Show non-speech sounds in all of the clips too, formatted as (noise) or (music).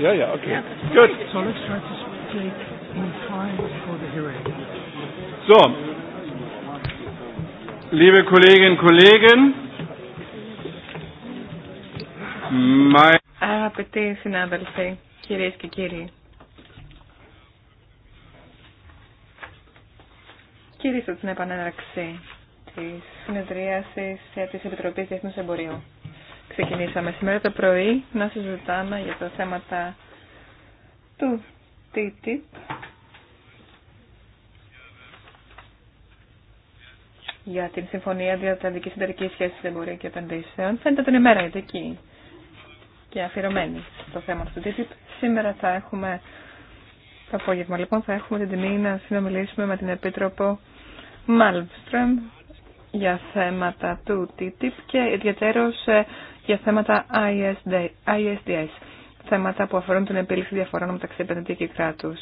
Yeah, yeah, okay. Yeah. Good. So let's try to speak in time for the hearing. So, liebe Kolleginnen und Kollegen, my... Αγαπητοί συνάδελφοι, κυρίες και κύριοι, κηρύσω την επανέναρξη της συνεδρίασης της Επιτροπής Διεθνούς Εμπορίου ξεκινήσαμε σήμερα το πρωί να συζητάμε για τα θέματα του TTIP. για την Συμφωνία Διατλαντικής Συντερικής Σχέσης Εμπορία και Επενδύσεων. Φαίνεται την ημέρα γιατί εκεί και αφιερωμένη στο θέμα του TTIP. Σήμερα θα έχουμε το απόγευμα λοιπόν θα έχουμε την τιμή να συνομιλήσουμε με την Επίτροπο Μάλμστρομ για θέματα του TTIP και ιδιαίτερως ε, για θέματα ISDS, θέματα που αφορούν την επίλυση διαφορών μεταξύ επενδυτή και κράτου.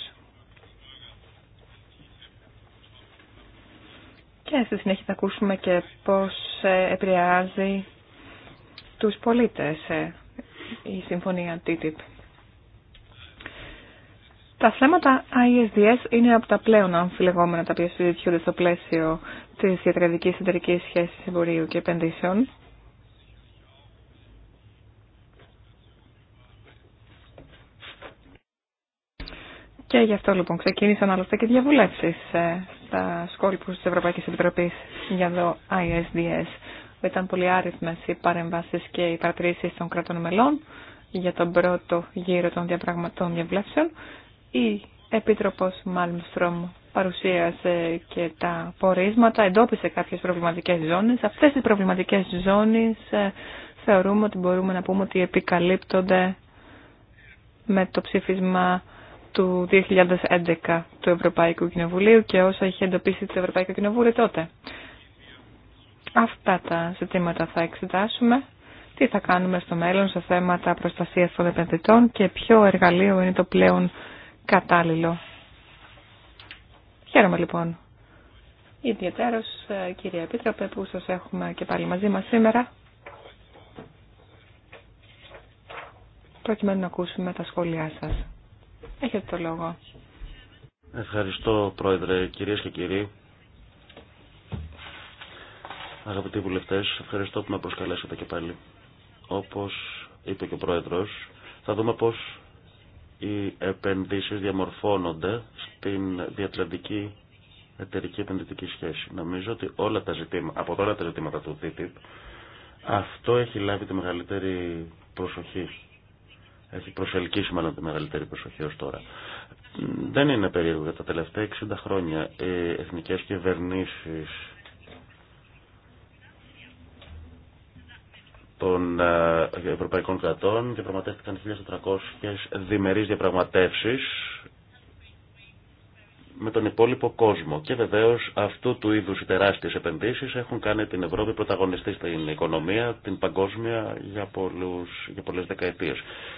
Και στη συνέχεια θα ακούσουμε και πώς επηρεάζει τους πολίτες ε, η συμφωνία TTIP. Τα θέματα ISDS είναι από τα πλέον αμφιλεγόμενα τα οποία συζητιούνται στο πλαίσιο της διατραδικής εταιρικής σχέσης εμπορίου και επενδύσεων Και γι' αυτό λοιπόν ξεκίνησαν άλλωστε και διαβουλεύσεις ε, στα σκόλπους της Ευρωπαϊκής Επιτροπής για το ISDS. Ήταν πολύ άριθμες οι παρεμβάσεις και οι παρατηρήσεις των κρατών μελών για τον πρώτο γύρο των, των διαβουλεύσεων. Η Επίτροπος Μάλμστρομ παρουσίασε και τα πορίσματα, εντόπισε κάποιες προβληματικές ζώνες. Αυτές οι προβληματικές ζώνες ε, θεωρούμε ότι μπορούμε να πούμε ότι επικαλύπτονται με το ψήφισμα του 2011 του Ευρωπαϊκού Κοινοβουλίου και όσα είχε εντοπίσει το Ευρωπαϊκό Κοινοβούλιο τότε. Αυτά τα ζητήματα θα εξετάσουμε. Τι θα κάνουμε στο μέλλον σε θέματα προστασίας των επενδυτών και ποιο εργαλείο είναι το πλέον κατάλληλο. Χαίρομαι λοιπόν. Ιδιαίτερος ε, κύριε Επίτροπε που σας έχουμε και πάλι μαζί μας σήμερα. προκειμένου να ακούσουμε τα σχόλιά σας. Έχετε το λόγο. Ευχαριστώ Πρόεδρε, κυρίες και κύριοι. Αγαπητοί βουλευτές, ευχαριστώ που με προσκαλέσατε και πάλι. Όπως είπε και ο Πρόεδρος, θα δούμε πώς οι επενδύσεις διαμορφώνονται στην διατλαντική εταιρική επενδυτική σχέση. Νομίζω ότι όλα τα ζητήματα, από όλα τα ζητήματα του TTIP αυτό έχει λάβει τη μεγαλύτερη προσοχή έχει προσελκύσει μάλλον τη μεγαλύτερη προσοχή ως τώρα. Δεν είναι περίεργο για τα τελευταία 60 χρόνια οι εθνικές κυβερνήσει των ε, ευρωπαϊκών κρατών διαπραγματεύτηκαν 1.400 διμερείς διαπραγματεύσεις με τον υπόλοιπο κόσμο. Και βεβαίω αυτού του είδου οι τεράστιε επενδύσει έχουν κάνει την Ευρώπη πρωταγωνιστή στην οικονομία, την παγκόσμια για, πολλούς, για πολλέ δεκαετίε.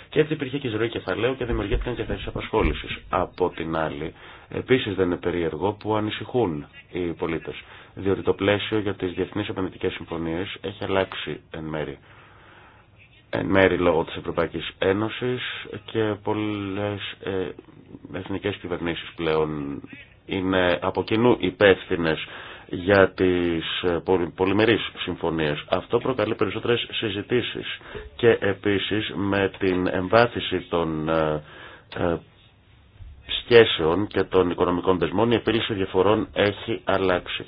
Και έτσι υπήρχε και ζωή κεφαλαίου και δημιουργήθηκαν και θέσει απασχόληση. Από την άλλη, επίση δεν είναι περίεργο που ανησυχούν οι πολίτε, διότι το πλαίσιο για τι διεθνεί επενδυτικέ συμφωνίε έχει αλλάξει εν μέρη εν μέρη λόγω της Ευρωπαϊκής Ένωσης και πολλές ε, εθνικές κυβερνήσεις πλέον είναι από κοινού υπεύθυνε για τις ε, πολυμερείς συμφωνίες. Αυτό προκαλεί περισσότερες συζητήσεις και επίσης με την εμβάθυνση των ε, ε, σχέσεων και των οικονομικών δεσμών η επίλυση διαφορών έχει αλλάξει.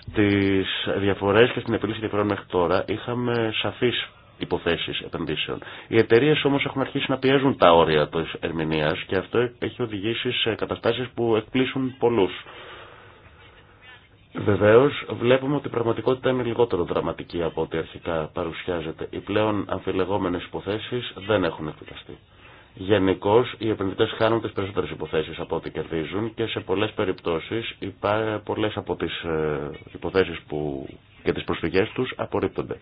Στις διαφορές και στην επίλυση διαφορών μέχρι τώρα είχαμε σαφείς υποθέσεις επενδύσεων. Οι εταιρείε όμως έχουν αρχίσει να πιέζουν τα όρια της ερμηνείας και αυτό έχει οδηγήσει σε καταστάσεις που εκπλήσουν πολλούς. Βεβαίω, βλέπουμε ότι η πραγματικότητα είναι λιγότερο δραματική από ό,τι αρχικά παρουσιάζεται. Οι πλέον αμφιλεγόμενε υποθέσει δεν έχουν εκδικαστεί. Γενικώ, οι επενδυτέ χάνουν τι περισσότερε υποθέσει από ό,τι κερδίζουν και σε πολλέ περιπτώσει πολλέ από τι ε, υποθέσει και τι προσφυγέ του απορρίπτονται.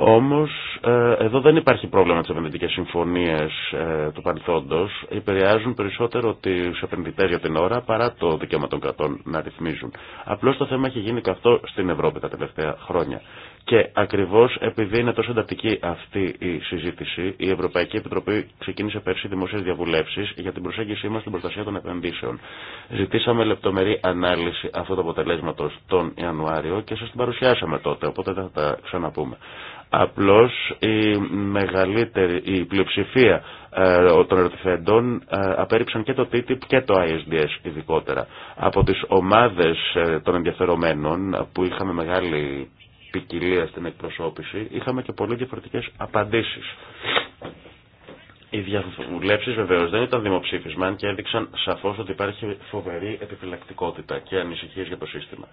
Όμως ε, εδώ δεν υπάρχει πρόβλημα τις επενδυτικές συμφωνίες ε, του παρελθόντος. Επηρεάζουν περισσότερο τους επενδυτές για την ώρα παρά το δικαίωμα των κρατών να ρυθμίζουν. Απλώς το θέμα έχει γίνει καυτό στην Ευρώπη τα τελευταία χρόνια. Και ακριβώς επειδή είναι τόσο εντατική αυτή η συζήτηση, η Ευρωπαϊκή Επιτροπή ξεκίνησε πέρσι δημόσιες διαβουλεύσεις για την προσέγγιση μας στην προστασία των επενδύσεων. Ζητήσαμε λεπτομερή ανάλυση αυτού του αποτελέσματος τον Ιανουάριο και σας την παρουσιάσαμε τότε, οπότε δεν θα τα ξαναπούμε. Απλώς η μεγαλύτερη, η πλειοψηφία ε, των ερωτηθέντων ε, απέρριψαν και το TTIP και το ISDS ειδικότερα. Από τις ομάδες ε, των ενδιαφερομένων που είχαμε μεγάλη ποικιλία στην εκπροσώπηση, είχαμε και πολύ διαφορετικές απαντήσεις. Οι διαβουλεύσει βεβαίω δεν ήταν δημοψήφισμα και έδειξαν σαφώ ότι υπάρχει φοβερή επιφυλακτικότητα και ανησυχίε για το σύστημα.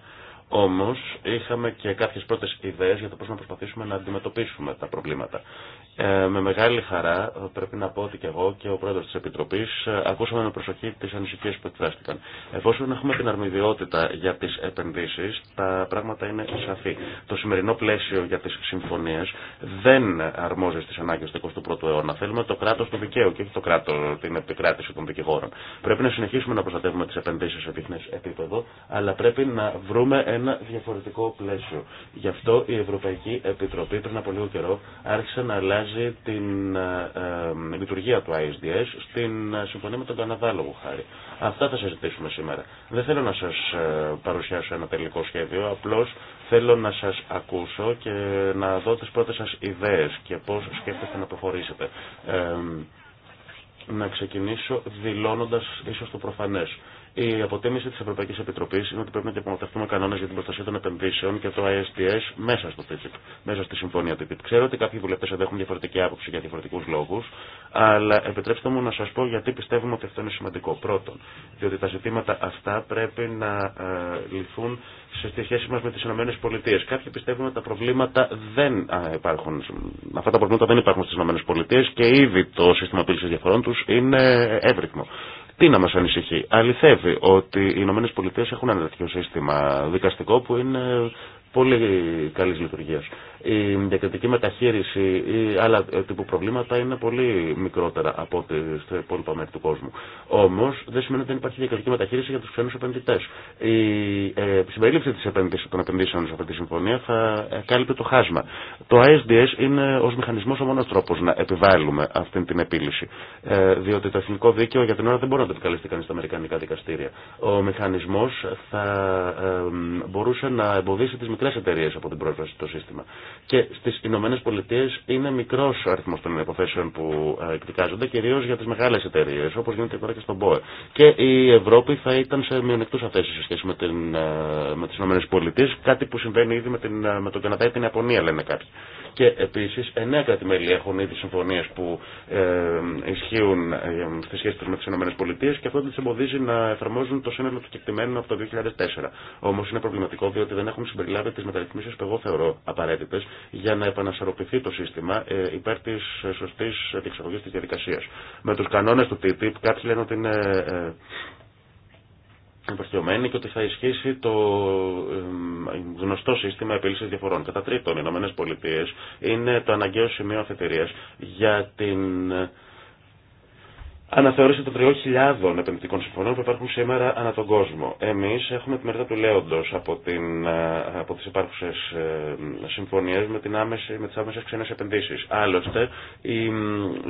Όμως είχαμε και κάποιες πρώτες ιδέες για το πώς να προσπαθήσουμε να αντιμετωπίσουμε τα προβλήματα. Ε, με μεγάλη χαρά πρέπει να πω ότι και εγώ και ο πρόεδρος της Επιτροπής ε, ακούσαμε με προσοχή τις ανησυχίες που εκφράστηκαν. Εφόσον έχουμε την αρμοδιότητα για τις επενδύσεις, τα πράγματα είναι σαφή. Το σημερινό πλαίσιο για τις συμφωνίες δεν αρμόζει στις ανάγκες του 21ου αιώνα. Θέλουμε το κράτος του δικαίου και όχι το κράτος, την επικράτηση των δικηγόρων. Πρέπει να συνεχίσουμε να προστατεύουμε τις επενδύσεις σε επίπεδο, αλλά πρέπει να βρούμε ένα διαφορετικό πλαίσιο. Γι' αυτό η Ευρωπαϊκή Επιτροπή πριν από λίγο καιρό άρχισε να αλλάζει την ε, ε, ε, λειτουργία του ISDS στην συμφωνία με τον Καναδά λόγω χάρη. Αυτά θα συζητήσουμε σήμερα. Δεν θέλω να σας παρουσιάσω ένα τελικό σχέδιο, απλώς θέλω να σας ακούσω και να δω τις πρώτες σας ιδέες και πώς σκέφτεστε να προχωρήσετε. να ξεκινήσω δηλώνοντας ίσως το προφανές η αποτίμηση τη Ευρωπαϊκή Επιτροπή είναι ότι πρέπει να διαπραγματευτούμε κανόνε για την προστασία των επενδύσεων και το ISDS μέσα στο TTIP, μέσα στη συμφωνία TTIP. Ξέρω ότι κάποιοι βουλευτέ εδώ έχουν διαφορετική άποψη για διαφορετικού λόγου, αλλά επιτρέψτε μου να σα πω γιατί πιστεύουμε ότι αυτό είναι σημαντικό. Πρώτον, διότι τα ζητήματα αυτά πρέπει να ε, λυθούν σε σχέση μα με τι ΗΠΑ. Κάποιοι πιστεύουν ότι τα προβλήματα δεν υπάρχουν. Αυτά τα προβλήματα δεν υπάρχουν στι ΗΠΑ και ήδη το σύστημα πύληση διαφορών του είναι εύρυθμο. Τι να μας ανησυχεί. Αληθεύει ότι οι Ηνωμένες Πολιτείες έχουν ένα τέτοιο σύστημα δικαστικό που είναι πολύ καλής λειτουργίας η διακριτική μεταχείριση ή άλλα τύπου προβλήματα είναι πολύ μικρότερα από ό,τι στο υπόλοιπα μέρη του κόσμου. Όμω δεν σημαίνει ότι δεν υπάρχει διακριτική μεταχείριση για του ξένου επενδυτέ. Η ε, συμπερίληψη επένδυση των επενδύσεων σε αυτή τη συμφωνία θα κάλυπτε το χάσμα. Το ISDS είναι ω μηχανισμό ο μόνο τρόπο να επιβάλλουμε αυτή την επίλυση. Ε, διότι το εθνικό δίκαιο για την ώρα δεν μπορεί να το επικαλεστεί κανεί στα αμερικανικά δικαστήρια. Ο μηχανισμό θα ε, μπορούσε να εμποδίσει τι μικρέ εταιρείε από την πρόσβαση στο σύστημα. Και στι Ηνωμένε Πολιτείε είναι μικρό ο αριθμό των υποθέσεων που ε, εκδικάζονται, κυρίω για τι μεγάλε εταιρείε, όπω γίνεται τώρα και στον ΠΟΕ. Και η Ευρώπη θα ήταν σε μειονεκτούσα θέση σε σχέση με, την, ε, με τι Ηνωμένε Πολιτείε, κάτι που συμβαίνει ήδη με, την, ε, με τον Καναδά ή την Ιαπωνία, λένε κάποιοι. Και επίση, εννέα έχουν ήδη συμφωνίε που ε, ισχύουν στη σχέση του με τι Ηνωμένε Πολιτείε, και αυτό δεν τι εμποδίζει να εφαρμόζουν το σύνολο του κεκτημένου από το 2004. Όμω είναι προβληματικό διότι δεν έχουν συμπεριλάβει τι μεταρρυθμίσει που εγώ θεωρώ απαραίτητε για να επανασορροπηθεί το σύστημα ε, υπέρ τη ε, σωστή διεξαγωγή τη διαδικασία. Με του κανόνε του TTIP κάποιοι λένε ότι είναι ε, και ότι θα ισχύσει το γνωστό σύστημα επίλυση διαφορών. Κατά τρίτον, οι ΗΠΑ είναι το αναγκαίο σημείο αφετηρία για την αναθεώρηση το 3.000 επενδυτικών συμφωνών που υπάρχουν σήμερα ανά τον κόσμο. Εμεί έχουμε τη μερίδα του λέοντο από, την, ε, από τις υπάρχουσες ε, συμφωνίες με, την άμεση, με τις άμεσες ξένες επενδύσεις. Άλλωστε, οι, οι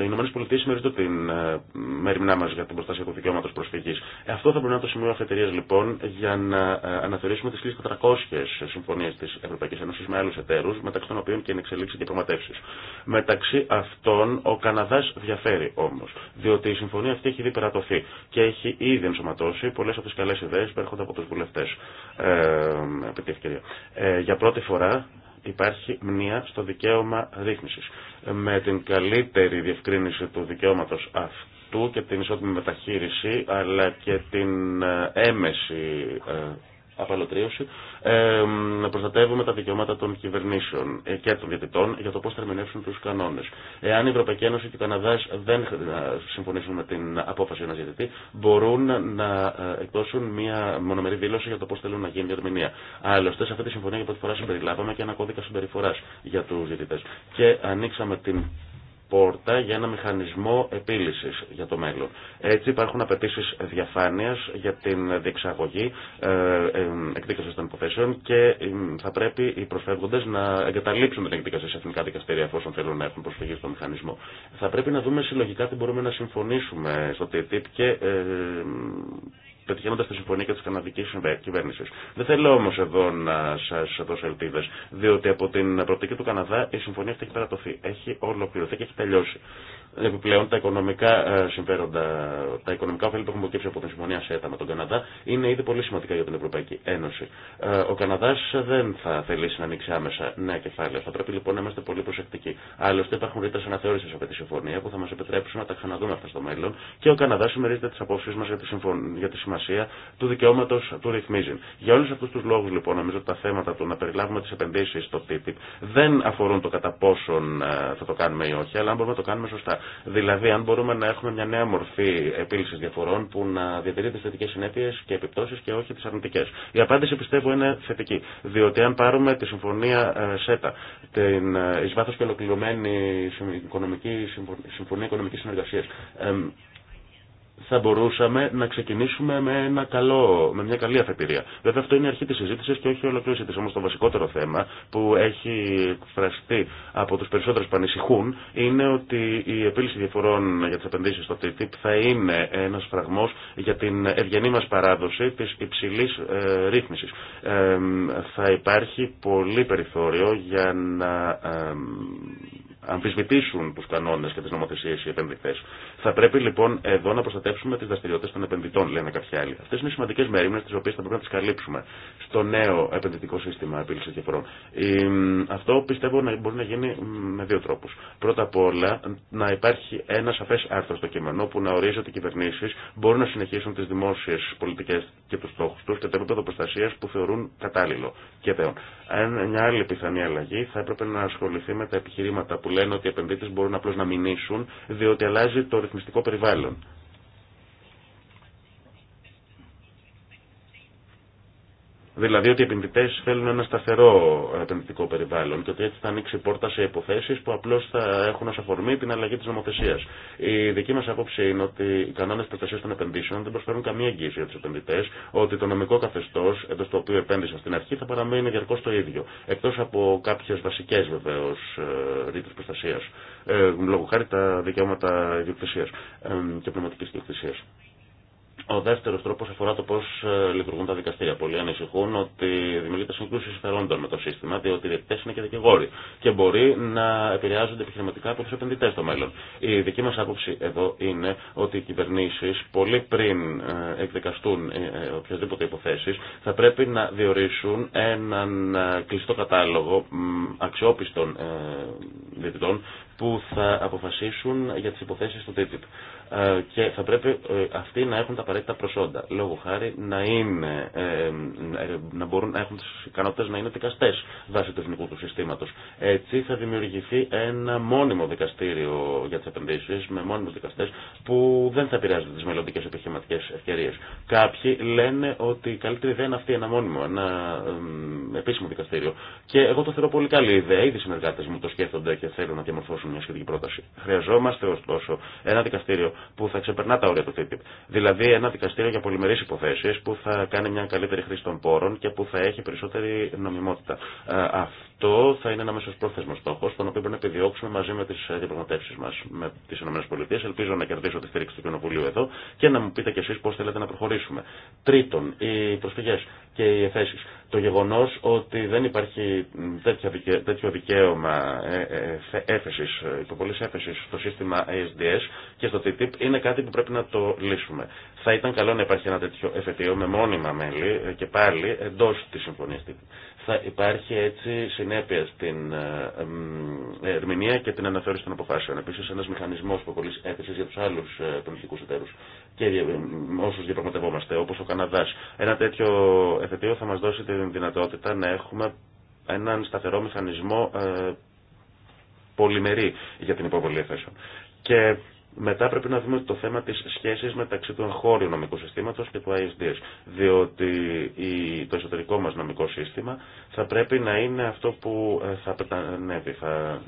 Ηνωμένες Πολιτείες συμμερίζονται την ε, μεριμνά μα για την προστασία του δικαιώματος προσφυγής. Αυτό θα πρέπει να είναι το σημείο αφετηρία λοιπόν για να αναθεωρήσουμε τι 1.400 συμφωνίε τη Ευρωπαϊκής Ένωσης με άλλου εταίρου, μεταξύ των οποίων και είναι εξελίξει και Μεταξύ αυτών ο Καναδά διαφέρει όμω συμφωνία αυτή έχει διπερατωθεί και έχει ήδη ενσωματώσει πολλέ από τι καλέ ιδέε που έρχονται από του βουλευτέ. Ε, Ε, για πρώτη φορά υπάρχει μνήμα στο δικαίωμα ρύθμιση. Με την καλύτερη διευκρίνηση του δικαιώματο αυτού και την ισότιμη μεταχείριση αλλά και την ε, έμεση ε, απαλωτρίωση, να προστατεύουμε τα δικαιώματα των κυβερνήσεων ε, και των διαιτητών για το πώ θα ερμηνεύσουν του κανόνε. Εάν η Ευρωπαϊκή Ένωση και ο Καναδά δεν συμφωνήσουν με την απόφαση ενό διαιτητή, μπορούν να ε, εκδώσουν μια μονομερή δήλωση για το πώ θέλουν να γίνει η ερμηνεία. Άλλωστε, σε αυτή τη συμφωνία για πρώτη φορά συμπεριλάβαμε και ένα κώδικα συμπεριφορά για του διαιτητέ. Και ανοίξαμε την πόρτα για ένα μηχανισμό επίλυση για το μέλλον. Έτσι υπάρχουν απαιτήσει διαφάνεια για την διεξαγωγή ε, ε, εκδίκαση των υποθέσεων και ε, θα πρέπει οι προσφεύγοντε να εγκαταλείψουν την εκδίκαση σε εθνικά δικαστήρια εφόσον θέλουν να έχουν προσφυγή στο μηχανισμό. Θα πρέπει να δούμε συλλογικά τι μπορούμε να συμφωνήσουμε στο TTIP και ε, πετυχαίνοντα τη συμφωνία και τη καναδική κυβέρνηση. Δεν θέλω όμω εδώ να σα δώσω ελπίδε, διότι από την προοπτική του Καναδά η συμφωνία αυτή έχει περατωθεί, έχει ολοκληρωθεί και έχει τελειώσει. Επιπλέον, τα οικονομικά ε, συμφέροντα, τα οικονομικά ωφέλη που έχουμε αποκύψει από την συμφωνία ΣΕΤΑ με τον Καναδά είναι ήδη πολύ σημαντικά για την Ευρωπαϊκή Ένωση. Ε, ο Καναδά δεν θα θελήσει να ανοίξει άμεσα νέα κεφάλαια. Θα πρέπει λοιπόν να είμαστε πολύ προσεκτικοί. Άλλωστε, υπάρχουν ρήτρε αναθεώρηση από τη συμφωνία που θα μα επιτρέψουν να τα ξαναδούμε αυτά στο μέλλον και ο Καναδά συμμερίζεται τι απόψει μα για, για τη σημασία του δικαιώματο του ρυθμίζει. Για όλου αυτού του λόγου, λοιπόν, νομίζω ότι τα θέματα του να περιλάβουμε τι επενδύσει στο TTIP δεν αφορούν το κατά πόσον ε, θα το κάνουμε ή όχι, αλλά αν μπορούμε να το κάνουμε σωστά. Δηλαδή, αν μπορούμε να έχουμε μια νέα μορφή επίλυση διαφορών που να διατηρεί τι θετικέ συνέπειε και επιπτώσει και όχι τι αρνητικέ. Η απάντηση πιστεύω είναι θετική. Διότι αν πάρουμε τη συμφωνία ε, ΣΕΤΑ, την ε, ει βάθο και ολοκληρωμένη οικονομική, συμφωνία οικονομική συνεργασία, θα μπορούσαμε να ξεκινήσουμε με, ένα καλό, με μια καλή αφετηρία. Βέβαια αυτό είναι η αρχή της συζήτησης και όχι ολοκλήρωση της. Όμως το βασικότερο θέμα που έχει εκφραστεί από τους περισσότερους που ανησυχούν είναι ότι η επίλυση διαφορών για τις επενδύσεις στο TTIP θα είναι ένας φραγμός για την ευγενή μας παράδοση της υψηλής ε, ρύθμισης. Ε, θα υπάρχει πολύ περιθώριο για να... Ε, αμφισβητήσουν του κανόνε και τι νομοθεσίε οι επενδυτέ. Θα πρέπει λοιπόν εδώ να προστατεύσουμε τι δραστηριότητε των επενδυτών, λένε κάποιοι άλλοι. Αυτέ είναι οι σημαντικέ μερίμνε τι οποίε θα πρέπει να τι καλύψουμε στο νέο επενδυτικό σύστημα επίλυση διαφορών. Αυτό πιστεύω να μπορεί να γίνει με δύο τρόπου. Πρώτα απ' όλα να υπάρχει ένα σαφέ άρθρο στο κείμενο που να ορίζει ότι οι κυβερνήσει μπορούν να συνεχίσουν τι δημόσιε πολιτικέ και του στόχου του και το επίπεδο προστασία που θεωρούν κατάλληλο και δέον. Μια άλλη πιθανή αλλαγή θα έπρεπε να ασχοληθεί με τα επιχειρήματα που λένε ότι οι επενδύτες μπορούν απλώς να μηνύσουν διότι αλλάζει το ρυθμιστικό περιβάλλον. Δηλαδή ότι οι επενδυτέ θέλουν ένα σταθερό επενδυτικό περιβάλλον και ότι έτσι θα ανοίξει πόρτα σε υποθέσει που απλώ θα έχουν ω αφορμή την αλλαγή τη νομοθεσία. Η δική μα άποψη είναι ότι οι κανόνε προστασία των επενδύσεων δεν προσφέρουν καμία εγγύηση για του επενδυτέ ότι το νομικό καθεστώ εντό του οποίου επένδυσαν στην αρχή θα παραμένει διαρκώ το ίδιο. Εκτό από κάποιε βασικέ βεβαίω ε, ρήτρε προστασία. Ε, λόγω χάρη τα δικαιώματα ιδιοκτησία ε, και πνευματική ιδιοκτησία. Ο δεύτερο τρόπο αφορά το πώ ε, λειτουργούν τα δικαστήρια. Πολλοί ανησυχούν ότι δημιουργείται σύγκρουση συμφερόντων με το σύστημα, διότι οι διαιτητέ είναι και δικηγόροι και μπορεί να επηρεάζονται επιχειρηματικά από του επενδυτέ στο μέλλον. Η δική μα άποψη εδώ είναι ότι οι κυβερνήσει, πολύ πριν ε, εκδικαστούν ε, οποιασδήποτε υποθέσει, θα πρέπει να διορίσουν έναν κλειστό κατάλογο αξιόπιστων διαιτητών που θα αποφασίσουν για τις υποθέσεις του TTIP. Ε, και θα πρέπει ε, αυτοί να έχουν τα απαραίτητα προσόντα. Λόγω χάρη να, είναι, ε, να μπορούν να έχουν τις ικανότητες να είναι δικαστές βάσει του εθνικού του συστήματος. Έτσι θα δημιουργηθεί ένα μόνιμο δικαστήριο για τις επενδύσεις με μόνιμους δικαστές που δεν θα επηρεάζεται τις μελλοντικές επιχειρηματικές ευκαιρίες. Κάποιοι λένε ότι η καλύτερη ιδέα είναι αυτή ένα μόνιμο, ένα επίσημο δικαστήριο. Και εγώ το θεωρώ πολύ καλή ιδέα. Ήδη μου το σκέφτονται και θέλουν να διαμορφώσουν μια σχετική πρόταση. Χρειαζόμαστε ωστόσο ένα δικαστήριο που θα ξεπερνά τα όρια του TTIP. Δηλαδή ένα δικαστήριο για πολυμερεί υποθέσει που θα κάνει μια καλύτερη χρήση των πόρων και που θα έχει περισσότερη νομιμότητα. Ε, αυτό θα είναι ένα μέσο πρόθεσμο στόχο, τον οποίο πρέπει να επιδιώξουμε μαζί με τι ε, διαπραγματεύσει μα με τι ΗΠΑ. Ελπίζω να κερδίσω τη στήριξη του Κοινοβουλίου εδώ και να μου πείτε κι εσεί πώ θέλετε να προχωρήσουμε. Τρίτον, οι προσφυγέ και οι εθέσει. Το γεγονός ότι δεν υπάρχει τέτοιο δικαίωμα ε, ε, ε, έφεσης, υποβολής έφεσης στο σύστημα ASDS και στο TTIP είναι κάτι που πρέπει να το λύσουμε. Θα ήταν καλό να υπάρχει ένα τέτοιο εφετείο με μόνιμα μέλη και πάλι εντός της συμφωνίας TTIP. Θα υπάρχει έτσι συνέπεια στην ε, ε, ερμηνεία και την αναθεώρηση των αποφάσεων. Επίση, ένα μηχανισμό προκολή έθεση για του άλλου ε, πολιτικού εταίρου και όσου διαπραγματευόμαστε, όπω ο Καναδά. Ένα τέτοιο εφετείο θα μα δώσει τη δυνατότητα να έχουμε έναν σταθερό μηχανισμό πολυμερή για την υποβολή εφέσεων. Και μετά πρέπει να δούμε το θέμα της σχέσης μεταξύ του εγχώριου νομικού συστήματος και του ISDS, διότι το εσωτερικό μας νομικό σύστημα θα πρέπει να είναι αυτό που ε, θα πετανεύει, θα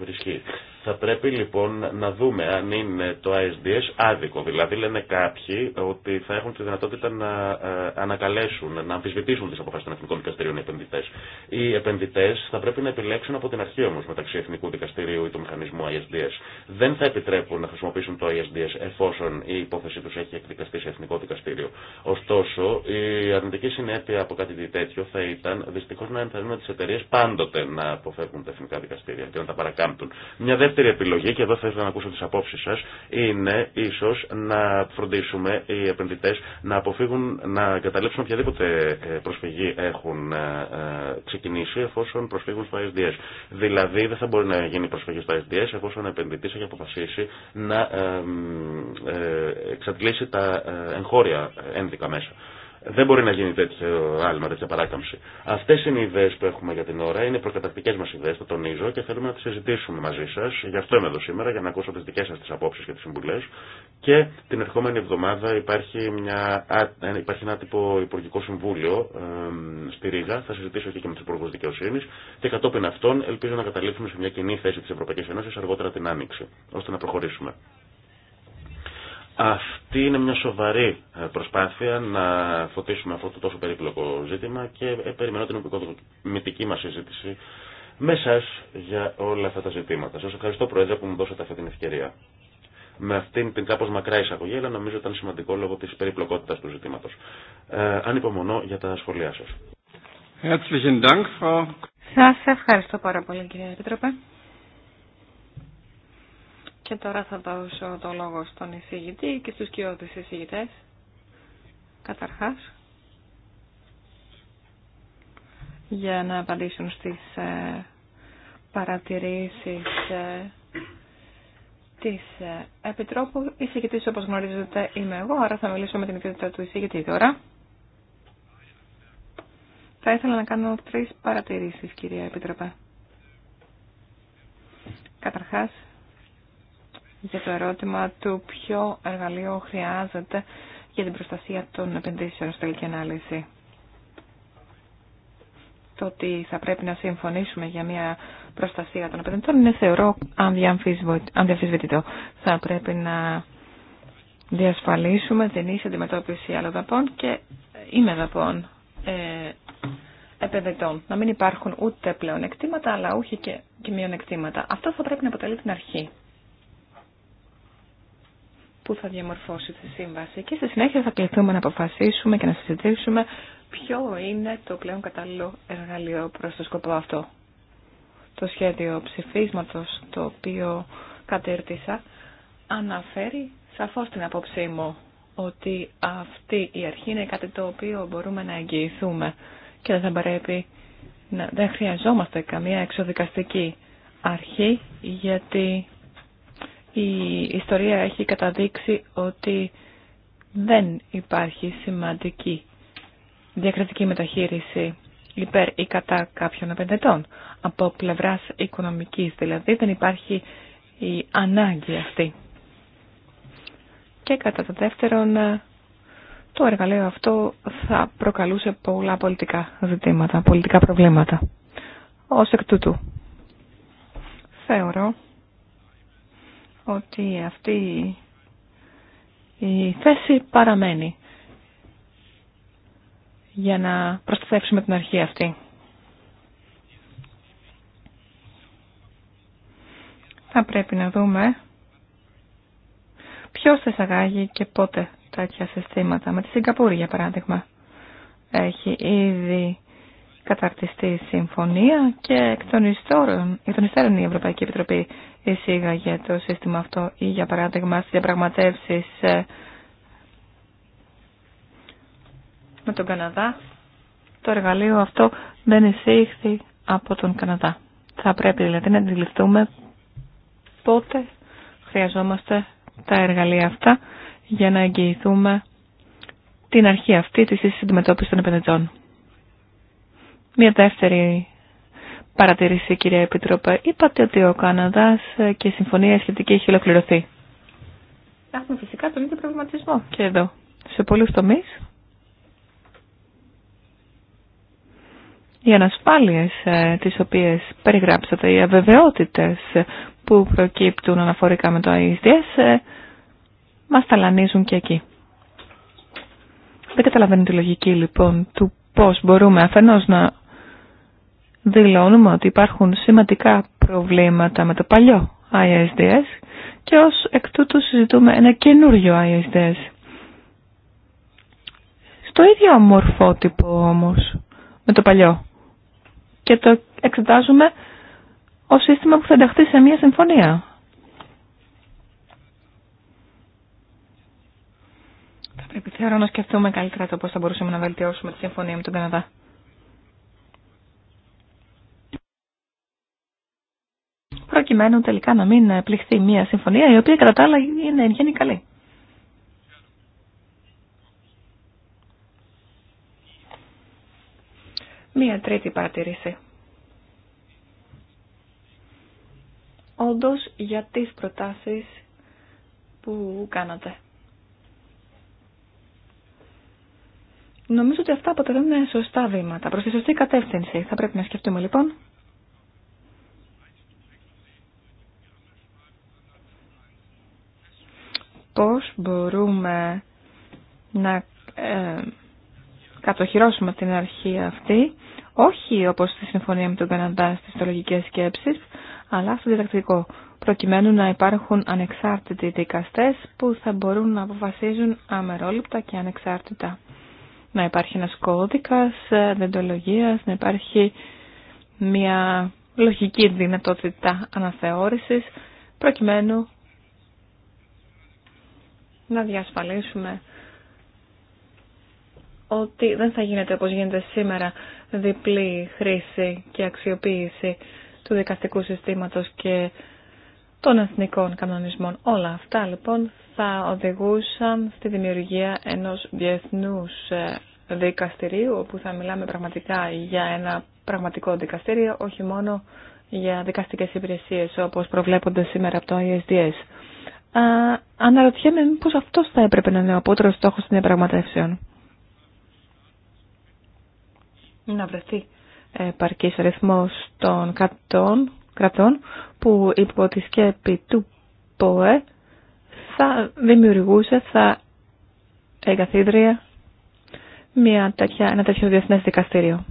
βρισκεί. Θα πρέπει λοιπόν να δούμε αν είναι το ISDS άδικο, δηλαδή λένε κάποιοι ότι θα έχουν τη δυνατότητα να ε, ανακαλέσουν, να αμφισβητήσουν τις αποφάσεις των εθνικών δικαστηρίων οι επενδυτές. Οι επενδυτές θα πρέπει να επιλέξουν από την αρχή όμως μεταξύ εθνικού δικαστηρίου ή του μηχανισμού ISDS. Δεν θα επιτρέπουν να χρησιμοποιήσουν το ISDS εφόσον η υπόθεσή του έχει εκδικαστεί σε εθνικό δικαστήριο. Ωστόσο, η αρνητική συνέπεια από κάτι τέτοιο θα ήταν δυστυχώ να ενθαρρύνουν τι εταιρείε πάντοτε να αποφεύγουν τα εθνικά δικαστήρια και να τα παρακάμπτουν. Μια δεύτερη επιλογή, και εδώ θα ήθελα να ακούσω τι απόψει σα, είναι ίσω να φροντίσουμε οι επενδυτέ να αποφύγουν, να καταλήψουν οποιαδήποτε ε, προσφυγή έχουν ε, ε, ξεκινήσει εφόσον προσφύγουν στο ISDS. Δηλαδή δεν θα μπορεί να γίνει προσφυγή στο SDS εφόσον ο επενδυτή έχει αποφασίσει να ε, ε, εξαντλήσει τα ε, εγχώρια ένδικα μέσα. Δεν μπορεί να γίνει τέτοιο άλμα, τέτοια παράκαμψη. Αυτέ είναι οι ιδέε που έχουμε για την ώρα, είναι προκατακτικέ μα ιδέε, το τονίζω και θέλουμε να τι συζητήσουμε μαζί σα. Γι' αυτό είμαι εδώ σήμερα, για να ακούσω τι δικέ σα τι απόψει και τι συμβουλέ. Και την ερχόμενη εβδομάδα υπάρχει, μια, ε, υπάρχει ένα τύπο Υπουργικό Συμβούλιο ε, στη Ρήγα. Θα συζητήσω εκεί και με του Υπουργού Δικαιοσύνη και κατόπιν αυτών ελπίζω να καταλήξουμε σε μια κοινή θέση τη Ευρωπαϊκή Ένωση αργότερα την Άνοιξη, ώστε να προχωρήσουμε. Αυτή είναι μια σοβαρή ε, προσπάθεια να φωτίσουμε αυτό το τόσο περίπλοκο ζήτημα και ε, περιμένω την οπικοδομητική μας συζήτηση με εσά για όλα αυτά τα ζητήματα. Σας ευχαριστώ Πρόεδρε που μου δώσατε αυτή την ευκαιρία. Με αυτήν την κάπως μακρά εισαγωγή, αλλά νομίζω ήταν σημαντικό λόγω της περιπλοκότητας του ζητήματος. Ε, υπομονώ για τα σχόλιά σας. Σας ευχαριστώ πάρα πολύ κύριε Επίτροπε. Και τώρα θα δώσω το λόγο στον εισηγητή και στους κοιότητες εισηγητές. Καταρχάς, για να απαντήσουν στις ε, παρατηρήσεις ε, της ε, Επιτρόπου. Εισηγητής, όπως γνωρίζετε, είμαι εγώ, άρα θα μιλήσω με την ιδιότητα του εισηγητή τώρα. Θα ήθελα να κάνω τρεις παρατηρήσεις, κυρία Επιτροπέ. Καταρχάς, για το ερώτημα του ποιο εργαλείο χρειάζεται για την προστασία των επενδύσεων στη τελική ανάλυση. Το ότι θα πρέπει να συμφωνήσουμε για μια προστασία των επενδυτών είναι θεωρώ ανδιαμφισβητητό. Θα πρέπει να διασφαλίσουμε την ίση αντιμετώπιση δαπών και είμαι ε, επενδυτών. Να μην υπάρχουν ούτε πλέον εκτήματα αλλά όχι και, και μειονεκτήματα. Αυτό θα πρέπει να αποτελεί την αρχή που θα διαμορφώσει τη σύμβαση και στη συνέχεια θα κληθούμε να αποφασίσουμε και να συζητήσουμε ποιο είναι το πλέον κατάλληλο εργαλείο προς το σκοπό αυτό. Το σχέδιο ψηφίσματος το οποίο κατέρτισα αναφέρει σαφώς την απόψή μου ότι αυτή η αρχή είναι κάτι το οποίο μπορούμε να εγγυηθούμε και δεν θα να, δεν χρειαζόμαστε καμία εξοδικαστική αρχή γιατί η ιστορία έχει καταδείξει ότι δεν υπάρχει σημαντική διακριτική μεταχείριση υπέρ ή κατά κάποιων επενδυτών. Από πλευράς οικονομικής δηλαδή δεν υπάρχει η ανάγκη αυτή. Και κατά το δεύτερον, το εργαλείο αυτό θα προκαλούσε πολλά πολιτικά ζητήματα, πολιτικά προβλήματα. Ως εκ τούτου, θεωρώ ότι αυτή η θέση παραμένει για να προστατεύσουμε την αρχή αυτή. Θα πρέπει να δούμε ποιος θα εισαγάγει και πότε τέτοια συστήματα. Με τη Σιγκαπούρη, για παράδειγμα, έχει ήδη καταρτιστεί συμφωνία και εκ των εκ των υστέρων η Ευρωπαϊκή Επιτροπή εισήγαγε το σύστημα αυτό ή για παράδειγμα στις διαπραγματεύσεις ε, με τον Καναδά. Το εργαλείο αυτό δεν εισήχθη από τον Καναδά. Θα πρέπει δηλαδή να αντιληφθούμε πότε χρειαζόμαστε τα εργαλεία αυτά για να εγγυηθούμε την αρχή αυτή της αντιμετώπισης των επενδυτών. Μια δεύτερη παρατηρήσει, κυρία Επιτροπέ. Είπατε ότι ο Καναδάς και η συμφωνία σχετική έχει ολοκληρωθεί. Έχουμε φυσικά τον ίδιο προβληματισμό και εδώ, σε πολλούς τομείς. Οι ανασφάλειες ε, τις οποίες περιγράψατε, οι αβεβαιότητες που προκύπτουν αναφορικά με το ISDS, ε, μας ταλανίζουν και εκεί. Δεν καταλαβαίνω τη λογική λοιπόν του πώς μπορούμε αφενός να δηλώνουμε ότι υπάρχουν σημαντικά προβλήματα με το παλιό ISDS και ως εκ τούτου συζητούμε ένα καινούριο ISDS. Στο ίδιο μορφότυπο όμως με το παλιό και το εξετάζουμε ως σύστημα που θα ενταχθεί σε μια συμφωνία. Θα πρέπει θεωρώ να σκεφτούμε καλύτερα το πώς θα μπορούσαμε να βελτιώσουμε τη συμφωνία με τον Καναδά. προκειμένου τελικά να μην πληχθεί μια συμφωνία η οποία κατά τα άλλα είναι εν γέννη καλή. Μία τρίτη παρατηρήση. Όντως για τις προτάσεις που κάνατε. Νομίζω ότι αυτά αποτελούν σωστά βήματα προς τη σωστή κατεύθυνση. Θα πρέπει να σκεφτούμε λοιπόν πώς μπορούμε να ε, κατοχυρώσουμε την αρχή αυτή, όχι όπως στη συμφωνία με τον Καναδά στις θεολογικές σκέψεις, αλλά στο διδακτικό, προκειμένου να υπάρχουν ανεξάρτητοι δικαστές που θα μπορούν να αποφασίζουν αμερόληπτα και ανεξάρτητα. Να υπάρχει ένας κώδικας ε, δεντολογίας, να υπάρχει μια λογική δυνατότητα αναθεώρησης, προκειμένου να διασφαλίσουμε ότι δεν θα γίνεται όπως γίνεται σήμερα διπλή χρήση και αξιοποίηση του δικαστικού συστήματος και των εθνικών κανονισμών. Όλα αυτά λοιπόν θα οδηγούσαν στη δημιουργία ενός διεθνούς ε, δικαστηρίου όπου θα μιλάμε πραγματικά για ένα πραγματικό δικαστήριο όχι μόνο για δικαστικές υπηρεσίες όπως προβλέπονται σήμερα από το ISDS αναρωτιέμαι μήπως αυτός θα έπρεπε να είναι ο απότερος στόχος των διαπραγματεύσεων. Να βρεθεί επαρκής αριθμός των κρατών, κρατών που υπό τη σκέπη του ΠΟΕ θα δημιουργούσε, θα εγκαθίδρυε μια τέτοια, ένα τέτοιο διεθνές δικαστήριο.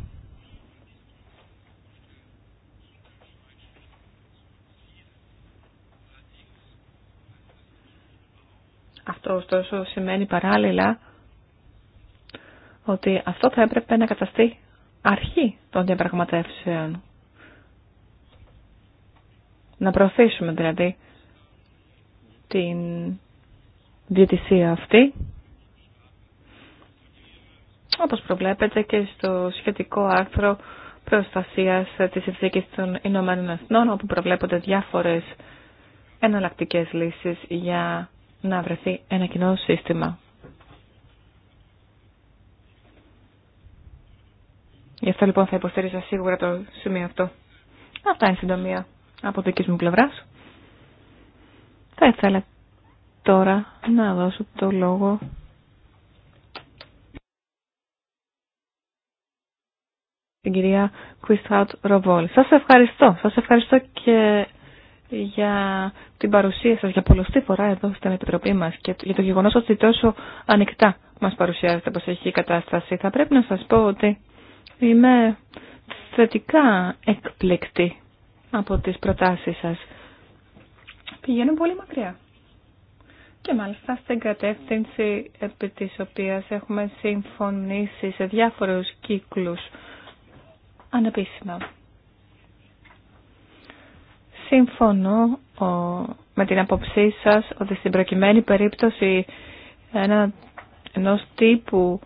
Αυτό ωστόσο σημαίνει παράλληλα ότι αυτό θα έπρεπε να καταστεί αρχή των διαπραγματεύσεων. Να προωθήσουμε δηλαδή την διαιτησία αυτή, όπως προβλέπεται και στο σχετικό άρθρο προστασίας της συνθήκη των Ηνωμένων Εθνών, όπου προβλέπονται διάφορες εναλλακτικές λύσεις για να βρεθεί ένα κοινό σύστημα. Γι' αυτό λοιπόν θα υποστήριζα σίγουρα το σημείο αυτό. Αυτά είναι συντομία από δική μου πλευρά. Θα ήθελα τώρα να δώσω το λόγο την κυρία Κουιστχάουτ Ροβόλ. Σας ευχαριστώ. Σας ευχαριστώ και για την παρουσία σας για πολλωστή φορά εδώ στην Επιτροπή μας και για το γεγονός ότι τόσο ανοιχτά μας παρουσιάζεται πως έχει η κατάσταση. Θα πρέπει να σας πω ότι είμαι θετικά εκπληκτή από τις προτάσεις σας. Πηγαίνουν πολύ μακριά. Και μάλιστα στην κατεύθυνση επί της οποίας έχουμε συμφωνήσει σε διάφορους κύκλους ανεπίσημα Συμφωνώ με την απόψή σας ότι στην προκειμένη περίπτωση ένα, ενός τύπου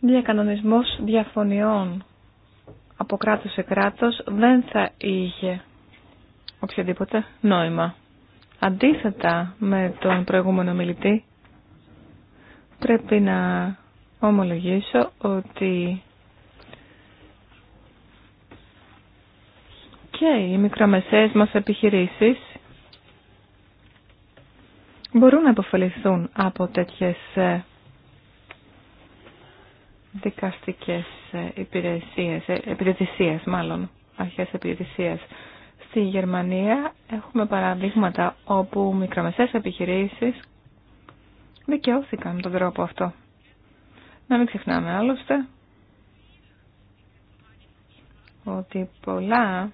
διακανονισμός διαφωνιών από κράτος σε κράτος δεν θα είχε οποιοδήποτε νόημα. Αντίθετα με τον προηγούμενο μιλητή πρέπει να ομολογήσω ότι και οι μικρομεσαίες μας επιχειρήσεις μπορούν να αποφεληθούν από τέτοιες ε, δικαστικές ε, υπηρεσίες, ε, επιδετησίες μάλλον, αρχές επιδετησίες. Στη Γερμανία έχουμε παραδείγματα όπου μικρομεσαίες επιχειρήσεις δικαιώθηκαν τον τρόπο αυτό. Να μην ξεχνάμε άλλωστε ότι πολλά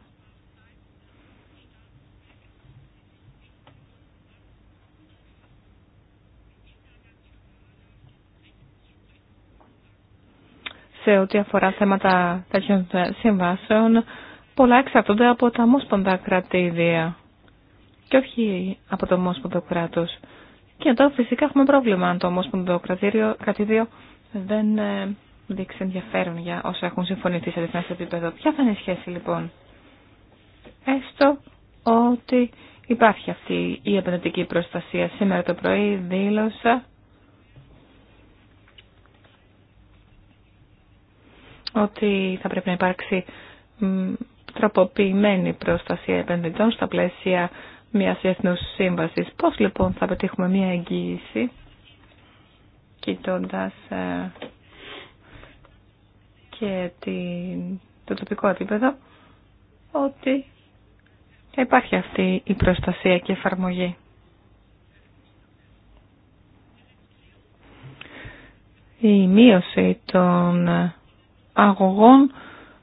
σε ό,τι αφορά θέματα τέτοιων συμβάσεων, πολλά εξαρτώνται από τα μόσπονδα κρατήδια και όχι από το μόσπονδο κράτο. Και εδώ φυσικά έχουμε πρόβλημα αν το μόσπονδο κρατήδιο δεν ε, δείξει ενδιαφέρον για όσα έχουν συμφωνηθεί σε διεθνέ επίπεδο. Ποια θα είναι η σχέση λοιπόν. Έστω ότι υπάρχει αυτή η επενδυτική προστασία. Σήμερα το πρωί δήλωσα ότι θα πρέπει να υπάρξει τροποποιημένη προστασία επενδυτών στα πλαίσια μιας διεθνούς σύμβασης. Πώς λοιπόν θα πετύχουμε μια εγγύηση κοιτώντας ε, και την, το τοπικό επίπεδο ότι θα υπάρχει αυτή η προστασία και εφαρμογή. Η μείωση των αγωγών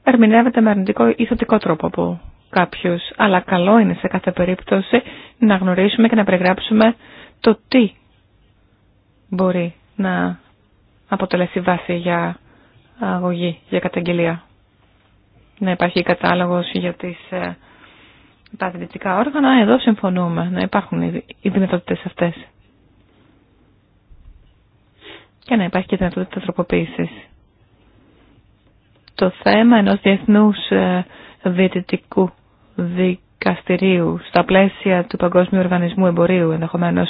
ερμηνεύεται με αρνητικό ή θετικό τρόπο από κάποιους. Αλλά καλό είναι σε κάθε περίπτωση να γνωρίσουμε και να περιγράψουμε το τι μπορεί να αποτελέσει βάση για αγωγή, για καταγγελία. Να υπάρχει κατάλογος για τις, ε, τα δυτικά όργανα, εδώ συμφωνούμε, να υπάρχουν οι δυνατότητες αυτές. Και να υπάρχει και δυνατότητα τροποποίησης το θέμα ενός διεθνούς ε, διαιτητικού δικαστηρίου στα πλαίσια του Παγκόσμιου Οργανισμού Εμπορίου ενδεχομένως.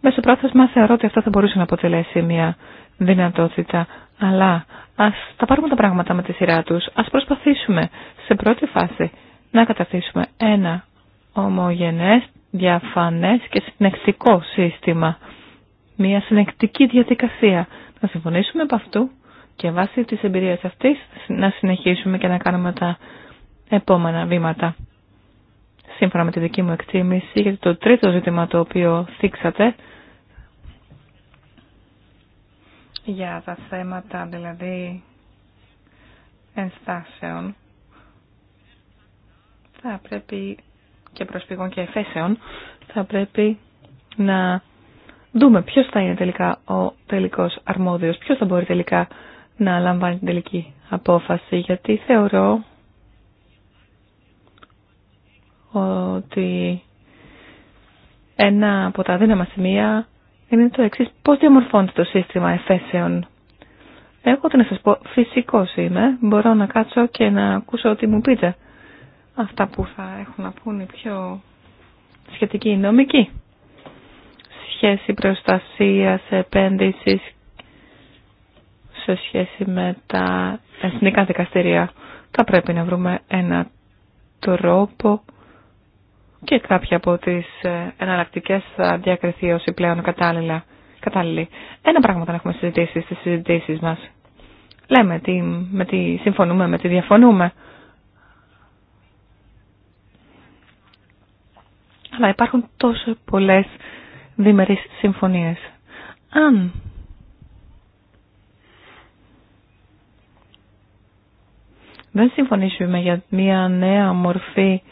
Μέσω πρόθεσμα θεωρώ ότι αυτό θα μπορούσε να αποτελέσει μια δυνατότητα. Αλλά ας τα πάρουμε τα πράγματα με τη σειρά τους. Ας προσπαθήσουμε σε πρώτη φάση να καταθήσουμε ένα ομογενές, διαφανές και συνεκτικό σύστημα. Μια συνεκτική διαδικασία. Να συμφωνήσουμε από αυτού και βάσει της εμπειρίας αυτής να συνεχίσουμε και να κάνουμε τα επόμενα βήματα. Σύμφωνα με τη δική μου εκτίμηση, γιατί το τρίτο ζήτημα το οποίο θίξατε για τα θέματα δηλαδή ενστάσεων θα πρέπει και προσφυγών και εφέσεων θα πρέπει να δούμε ποιος θα είναι τελικά ο τελικός αρμόδιος, ποιος θα μπορεί τελικά να λαμβάνει την τελική απόφαση, γιατί θεωρώ ότι ένα από τα δύναμα σημεία είναι το εξής Πώς διαμορφώνεται το σύστημα εφέσεων. Εγώ όταν να σας πω, φυσικός είμαι, μπορώ να κάτσω και να ακούσω ό,τι μου πείτε. Αυτά που θα έχουν να πούνε οι πιο σχετικοί νομικοί. Σχέση προστασίας, επένδυσης σε σχέση με τα εθνικά δικαστηρία. Θα πρέπει να βρούμε ένα τρόπο και κάποια από τις ε, εναλλακτικέ θα διακριθεί ως πλέον κατάλληλα. Κατάλληλη. Ένα πράγμα όταν έχουμε συζητήσει στις συζητήσεις μας. Λέμε τι, με τι συμφωνούμε, με τι διαφωνούμε. Αλλά υπάρχουν τόσο πολλές διμερείς συμφωνίες. Αν δεν συμφωνήσουμε για μια νέα μορφή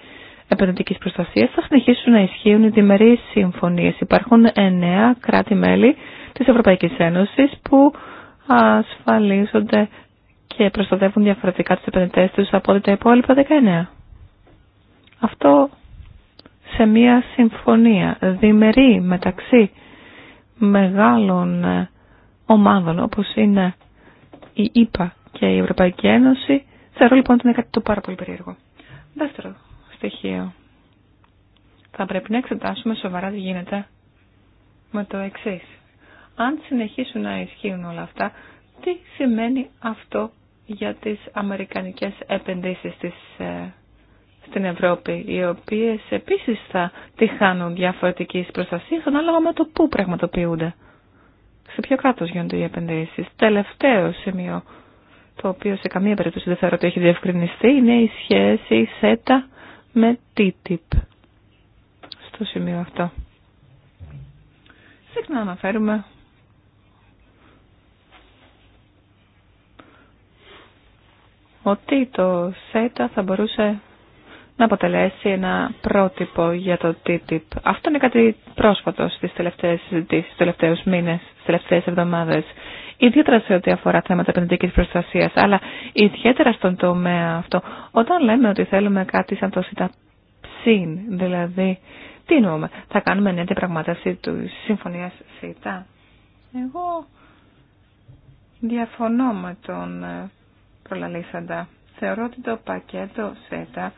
επενδυτική προστασία, θα συνεχίσουν να ισχύουν οι διμερεί συμφωνίε. Υπάρχουν εννέα κράτη-μέλη τη Ευρωπαϊκή Ένωση που ασφαλίζονται και προστατεύουν διαφορετικά του επενδυτέ του από τα υπόλοιπα 19. Αυτό σε μια συμφωνία διμερή μεταξύ μεγάλων ομάδων όπως είναι η ΕΠΑ και η Ευρωπαϊκή Ένωση Θεωρώ λοιπόν ότι είναι κάτι το πάρα πολύ περίεργο. Δεύτερο στοιχείο. Θα πρέπει να εξετάσουμε σοβαρά τι γίνεται με το εξή. Αν συνεχίσουν να ισχύουν όλα αυτά, τι σημαίνει αυτό για τις αμερικανικές επενδύσεις ε, στην Ευρώπη, οι οποίες επίσης θα τυχάνουν διαφορετικής προστασίας ανάλογα με το πού πραγματοποιούνται. Σε ποιο κράτος γίνονται οι επενδύσεις. Τελευταίο σημείο το οποίο σε καμία περίπτωση δεν θεωρώ ότι έχει διευκρινιστεί, είναι η σχέση ΣΕΤΑ με TTIP. Στο σημείο αυτό. Συχνά αναφέρουμε ότι το ΣΕΤΑ θα μπορούσε να αποτελέσει ένα πρότυπο για το TTIP. Αυτό είναι κάτι πρόσφατο στις τελευταίες συζητήσεις, στους τελευταίους μήνες, στις τελευταίες εβδομάδες ιδιαίτερα σε ό,τι αφορά θέματα επενδυτική προστασία, αλλά ιδιαίτερα στον τομέα αυτό. Όταν λέμε ότι θέλουμε κάτι σαν το ΣΥΤΑ-ΨΥΝ, δηλαδή, τι εννοούμε, θα κάνουμε μια διαπραγματεύση του συμφωνία ΣΥΤΑ. δηλαδη τι εννοουμε θα κανουμε νέα διαφωνώ με τον ε, προλαλήσαντα. Θεωρώ ότι το πακέτο ΣΕΤΑ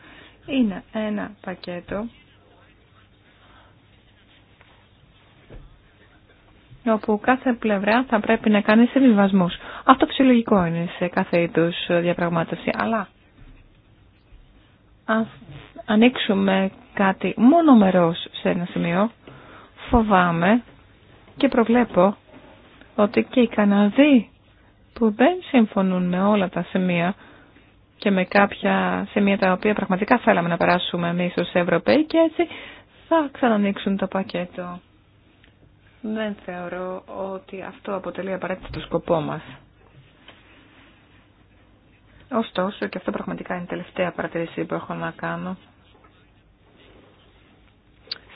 είναι ένα πακέτο όπου κάθε πλευρά θα πρέπει να κάνει συμβιβασμού. Αυτό φυσιολογικό είναι σε κάθε είδου διαπραγμάτευση, αλλά αν ανοίξουμε κάτι μόνο μερό σε ένα σημείο, φοβάμαι και προβλέπω ότι και οι Καναδοί που δεν συμφωνούν με όλα τα σημεία και με κάποια σημεία τα οποία πραγματικά θέλαμε να περάσουμε εμείς ως Ευρωπαίοι και έτσι θα ξανανοίξουν το πακέτο δεν θεωρώ ότι αυτό αποτελεί απαραίτητο το σκοπό μας. Ωστόσο, και αυτό πραγματικά είναι η τελευταία παρατηρήση που έχω να κάνω,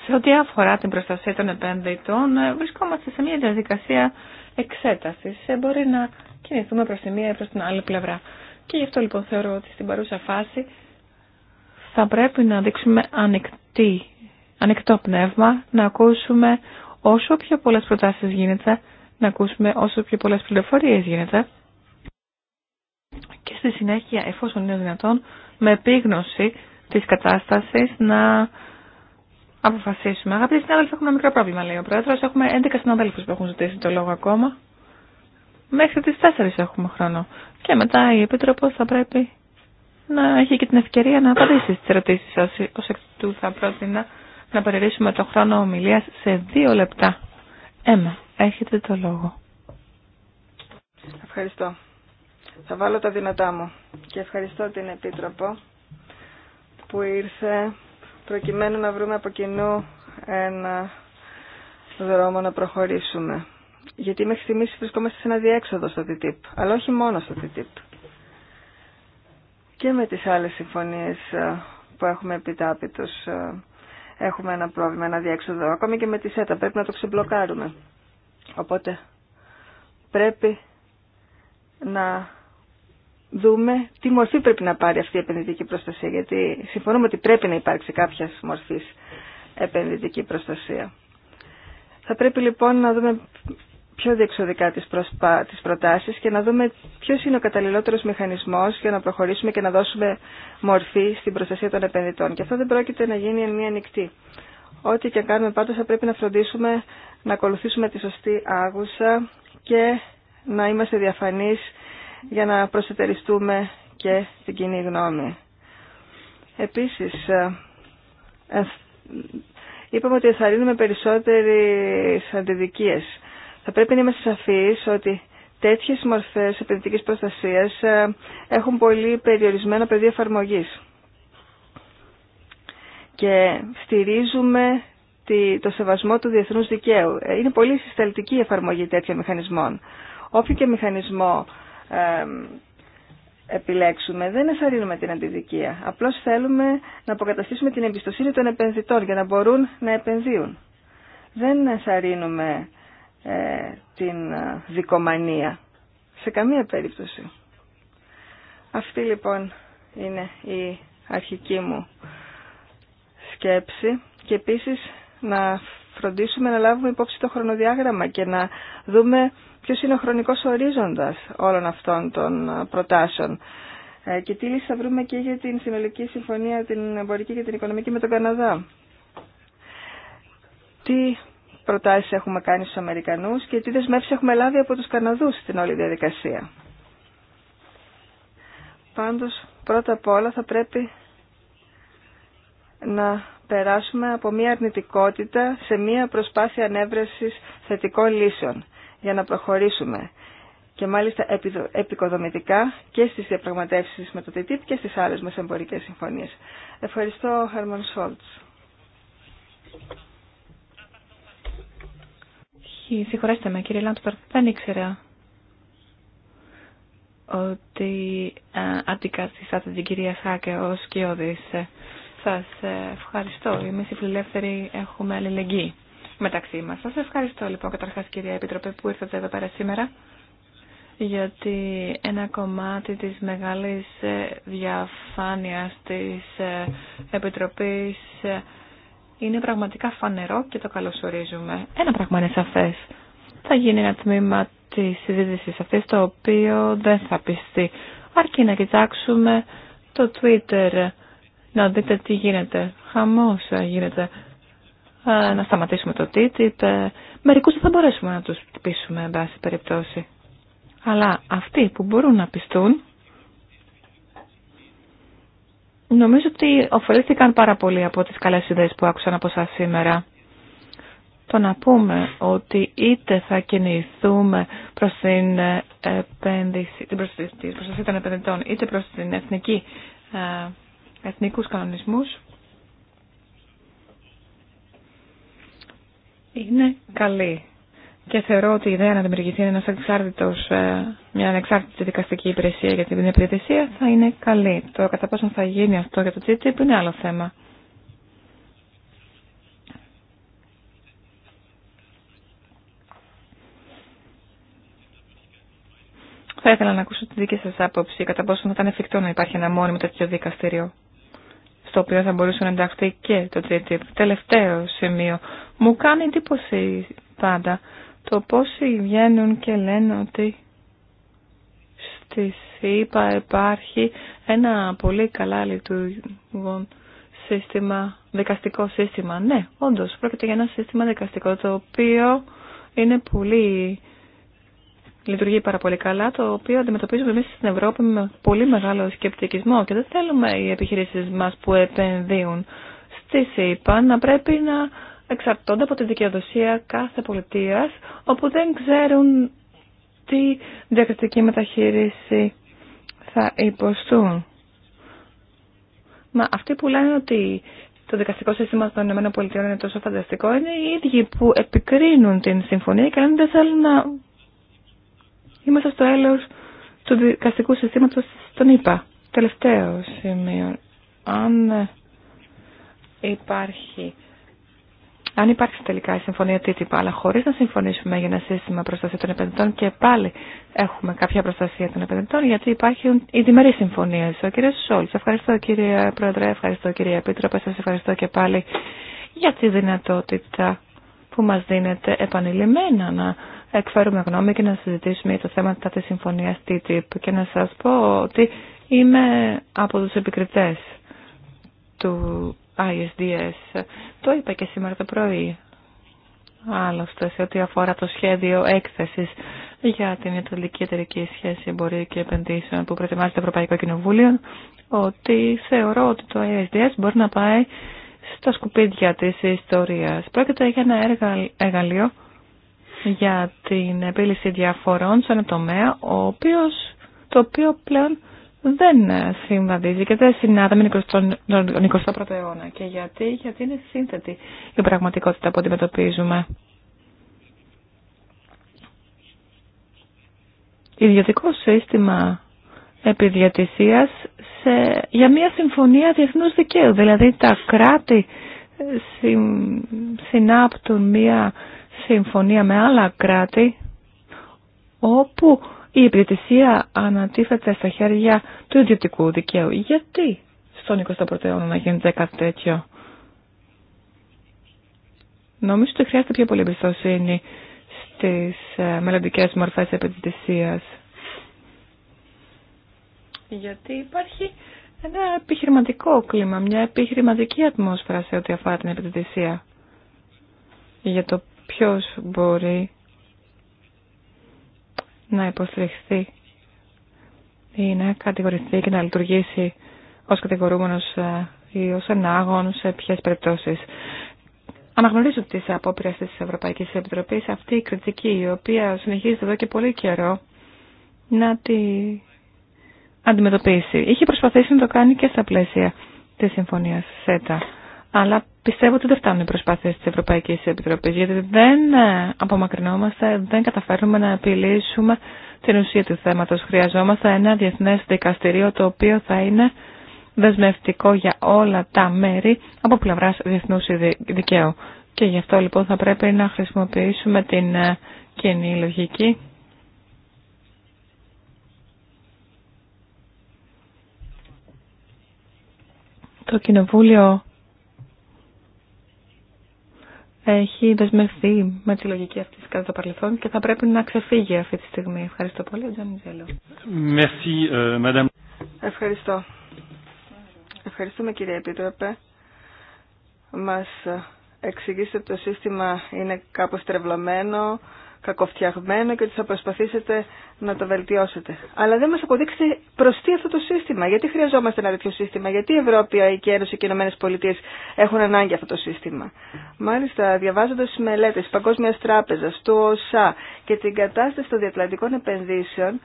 σε ό,τι αφορά την προστασία των επενδυτών, βρισκόμαστε σε μια διαδικασία εξέτασης. Ε, μπορεί να κινηθούμε προς τη μία ή προς την άλλη πλευρά. Και γι' αυτό λοιπόν θεωρώ ότι στην παρούσα φάση θα πρέπει να δείξουμε ανοιχτή, ανοιχτό πνεύμα, να ακούσουμε όσο πιο πολλές προτάσεις γίνεται, να ακούσουμε όσο πιο πολλές πληροφορίες γίνεται και στη συνέχεια, εφόσον είναι δυνατόν, με επίγνωση της κατάστασης να αποφασίσουμε. Αγαπητοί συνάδελφοι, έχουμε ένα μικρό πρόβλημα, λέει ο Πρόεδρος. Έχουμε 11 συναδέλφους που έχουν ζητήσει το λόγο ακόμα. Μέχρι τις 4 έχουμε χρόνο. Και μετά η Επίτροπος θα πρέπει να έχει και την ευκαιρία να απαντήσει στις ερωτήσεις σας. Ως εκ του θα πρότεινα να περιορίσουμε το χρόνο ομιλία σε δύο λεπτά. Έμα, έχετε το λόγο. Ευχαριστώ. Θα βάλω τα δυνατά μου και ευχαριστώ την Επίτροπο που ήρθε προκειμένου να βρούμε από κοινού ένα δρόμο να προχωρήσουμε. Γιατί μέχρι στιγμής βρισκόμαστε σε ένα διέξοδο στο TTIP, αλλά όχι μόνο στο TTIP. Και με τις άλλες συμφωνίες που έχουμε επιτάπητος έχουμε ένα πρόβλημα, ένα διέξοδο. Ακόμη και με τη ΣΕΤΑ πρέπει να το ξεμπλοκάρουμε. Οπότε πρέπει να δούμε τι μορφή πρέπει να πάρει αυτή η επενδυτική προστασία. Γιατί συμφωνούμε ότι πρέπει να υπάρξει κάποια μορφή επενδυτική προστασία. Θα πρέπει λοιπόν να δούμε πιο διεξοδικά τις, προσπά, τις προτάσεις και να δούμε ποιος είναι ο καταλληλότερος μηχανισμός για να προχωρήσουμε και να δώσουμε μορφή στην προστασία των επενδυτών. Και αυτό δεν πρόκειται να γίνει μία νυχτή. Ό,τι και κάνουμε πάντως θα πρέπει να φροντίσουμε να ακολουθήσουμε τη σωστή άγουσα και να είμαστε διαφανείς για να προσετεριστούμε και την κοινή γνώμη. Επίσης, ε, είπαμε ότι θα περισσότερες αντιδικίες θα πρέπει να είμαστε σαφείς ότι τέτοιες μορφές επενδυτικής προστασίας ε, έχουν πολύ περιορισμένο πεδίο εφαρμογή. Και στηρίζουμε το σεβασμό του διεθνούς δικαίου. Ε, είναι πολύ συσταλτική η εφαρμογή τέτοιων μηχανισμών. Όποιο και μηχανισμό επιλέξουμε, δεν εθαρρύνουμε την αντιδικία. Απλώς θέλουμε να αποκαταστήσουμε την εμπιστοσύνη των επενδυτών για να μπορούν να επενδύουν. Δεν εθαρρύνουμε ε, την ε, δικομανία. Σε καμία περίπτωση. Αυτή λοιπόν είναι η αρχική μου σκέψη και επίσης να φροντίσουμε να λάβουμε υπόψη το χρονοδιάγραμμα και να δούμε ποιος είναι ο χρονικός ορίζοντας όλων αυτών των προτάσεων ε, και τι λύση θα βρούμε και για την συνολική συμφωνία, την εμπορική και την οικονομική με τον Καναδά. Τι προτάσεις έχουμε κάνει στους Αμερικανούς και τι δεσμεύσεις έχουμε λάβει από τους Καναδούς στην όλη διαδικασία. Πάντως, πρώτα απ' όλα θα πρέπει να περάσουμε από μια αρνητικότητα σε μια προσπάθεια ανέβρεσης θετικών λύσεων για να προχωρήσουμε και μάλιστα επικοδομητικά και στις διαπραγματεύσεις με το TTIP και στις άλλες μας εμπορικές συμφωνίες. Ευχαριστώ, Χέρμαν Σόλτς. Όχι, συγχωρέστε με κύριε Λάντουπερ, δεν ήξερα ότι ε, αντικαθιστάτε την κυρία Σάκε ως κοιόδης. Ε, σας ε, ευχαριστώ. Εμεί οι φιλελεύθεροι έχουμε αλληλεγγύη μεταξύ μα. Σα ευχαριστώ λοιπόν καταρχάς κυρία Επιτροπέ που ήρθατε εδώ πέρα σήμερα γιατί ένα κομμάτι της μεγάλης διαφάνειας της Επιτροπής είναι πραγματικά φανερό και το καλωσορίζουμε. Ένα πράγμα είναι σαφές. Θα γίνει ένα τμήμα τη συζήτηση αυτή το οποίο δεν θα πιστεί. Αρκεί να κοιτάξουμε το Twitter, να δείτε τι γίνεται. Χαμός γίνεται. Να σταματήσουμε το TTIP. Μερικούς δεν θα μπορέσουμε να τους πείσουμε, εν πάση περιπτώσει. Αλλά αυτοί που μπορούν να πιστούν Νομίζω ότι ωφελήθηκαν πάρα πολύ από τις καλές ιδέες που άκουσαν από σας σήμερα. Το να πούμε ότι είτε θα κινηθούμε προς την, επένδυση, την προστασία των επενδυτών, είτε προς την εθνική, ε, εθνικούς κανονισμούς, είναι καλή και θεωρώ ότι η ιδέα να δημιουργηθεί ένας εξάρτητος, ε, μια ανεξάρτητη δικαστική υπηρεσία για την υπηρεσία θα είναι καλή. Το κατά πόσο θα γίνει αυτό για το TTIP είναι άλλο θέμα. Θα ήθελα να ακούσω τη δική σας άποψη κατά πόσο θα ήταν εφικτό να υπάρχει ένα μόνιμο τέτοιο δικαστήριο στο οποίο θα μπορούσε να ενταχθεί και το TTIP. Τελευταίο σημείο. Μου κάνει εντύπωση πάντα το πόσοι βγαίνουν και λένε ότι στη ΣΥΠΑ υπάρχει ένα πολύ καλά λειτουργούν σύστημα, δικαστικό σύστημα. Ναι, όντως πρόκειται για ένα σύστημα δικαστικό το οποίο είναι πολύ λειτουργεί πάρα πολύ καλά, το οποίο αντιμετωπίζουμε εμεί στην Ευρώπη με πολύ μεγάλο σκεπτικισμό και δεν θέλουμε οι επιχειρήσεις μα που επενδύουν στη ΣΥΠΑ να πρέπει να εξαρτώνται από τη δικαιοδοσία κάθε πολιτείας, όπου δεν ξέρουν τι διακριτική μεταχείριση θα υποστούν. Μα αυτοί που λένε ότι το δικαστικό σύστημα των ΗΠΑ είναι τόσο φανταστικό είναι οι ίδιοι που επικρίνουν την συμφωνία και λένε δεν θέλουν να είμαστε στο έλεος του δικαστικού συστήματος των ΗΠΑ. Τελευταίο σημείο. Αν υπάρχει αν υπάρξει τελικά η συμφωνία TTIP, αλλά χωρί να συμφωνήσουμε για ένα σύστημα προστασία των επενδυτών και πάλι έχουμε κάποια προστασία των επενδυτών, γιατί υπάρχουν οι διμερεί συμφωνίε. Ο κ. Σόλτ, ευχαριστώ κύριε Πρόεδρε, ευχαριστώ κύριε Επίτροπε, σα ευχαριστώ και πάλι για τη δυνατότητα που μα δίνεται επανειλημμένα να εκφέρουμε γνώμη και να συζητήσουμε για το θέμα τη συμφωνία TTIP και να σα πω ότι είμαι από του επικριτές του ISDS. Το είπα και σήμερα το πρωί. Άλλωστε, σε ό,τι αφορά το σχέδιο έκθεση για την Ιταλική Εταιρική Σχέση Εμπορίου και Επενδύσεων που προετοιμάζει το Ευρωπαϊκό Κοινοβούλιο, ότι θεωρώ ότι το ISDS μπορεί να πάει στα σκουπίδια της ιστορίας. Πρόκειται για ένα εργαλείο για την επίλυση διαφορών σε ένα τομέα, ο οποίος, το οποίο πλέον δεν συμβαδίζει και δεν συνάδει με τον 21ο αιώνα. Και γιατί, γιατί είναι σύνθετη η πραγματικότητα που αντιμετωπίζουμε. Ιδιωτικό σύστημα επιδιατησίας σε, για μια συμφωνία διεθνούς δικαίου. Δηλαδή τα κράτη συνάπτουν μια συμφωνία με άλλα κράτη όπου η υπηρετησία ανατίθεται στα χέρια του ιδιωτικού δικαίου. Γιατί στον 21ο αιώνα να γίνεται κάτι τέτοιο. Νομίζω ότι χρειάζεται πιο πολύ εμπιστοσύνη στις ε, μελλοντικέ μορφές επενδυσίας. Γιατί υπάρχει ένα επιχειρηματικό κλίμα, μια επιχειρηματική ατμόσφαιρα σε ό,τι αφορά την επενδυτησία. Για το ποιος μπορεί να υποστηριχθεί ή να κατηγορηθεί και να λειτουργήσει ως κατηγορούμενος ε, ή ως ενάγων σε ποιες περιπτώσεις. Αναγνωρίζω τις απόπειρες τη Ευρωπαϊκή Επιτροπής, αυτή η κριτική, η οποία συνεχίζεται εδώ και πολύ καιρό, να τη αντιμετωπίσει. Είχε προσπαθήσει να το κάνει και στα πλαίσια τη συμφωνία ΣΕΤΑ αλλά πιστεύω ότι δεν φτάνουν οι προσπάθειες τη Ευρωπαϊκή Επιτροπή, γιατί δεν ε, απομακρυνόμαστε, δεν καταφέρνουμε να επιλύσουμε την ουσία του θέματος. Χρειαζόμαστε ένα διεθνέ δικαστηρίο το οποίο θα είναι δεσμευτικό για όλα τα μέρη από πλευρά διεθνού δικαίου. Και γι' αυτό λοιπόν θα πρέπει να χρησιμοποιήσουμε την ε, κοινή λογική. Το Κοινοβούλιο έχει δεσμευθεί με τη λογική αυτή κατά το παρελθόν και θα πρέπει να ξεφύγει αυτή τη στιγμή. Ευχαριστώ πολύ, Τζανιζέλο. Euh, Ευχαριστώ. Ευχαριστούμε κύριε Επίτροπε. Μας εξηγήσετε ότι το σύστημα είναι κάπως τρευλωμένο, κακοφτιαγμένο και ότι θα προσπαθήσετε να το βελτιώσετε. Αλλά δεν μας αποδείξετε προς τι αυτό το σύστημα. Γιατί χρειαζόμαστε ένα τέτοιο σύστημα. Γιατί η Ευρώπη, η Ένωση και οι Ηνωμένε Πολιτείε έχουν ανάγκη αυτό το σύστημα. Μάλιστα, διαβάζοντας τι μελέτες τη Παγκόσμιας Τράπεζας, του ΟΣΑ και την κατάσταση των διατλαντικών επενδύσεων,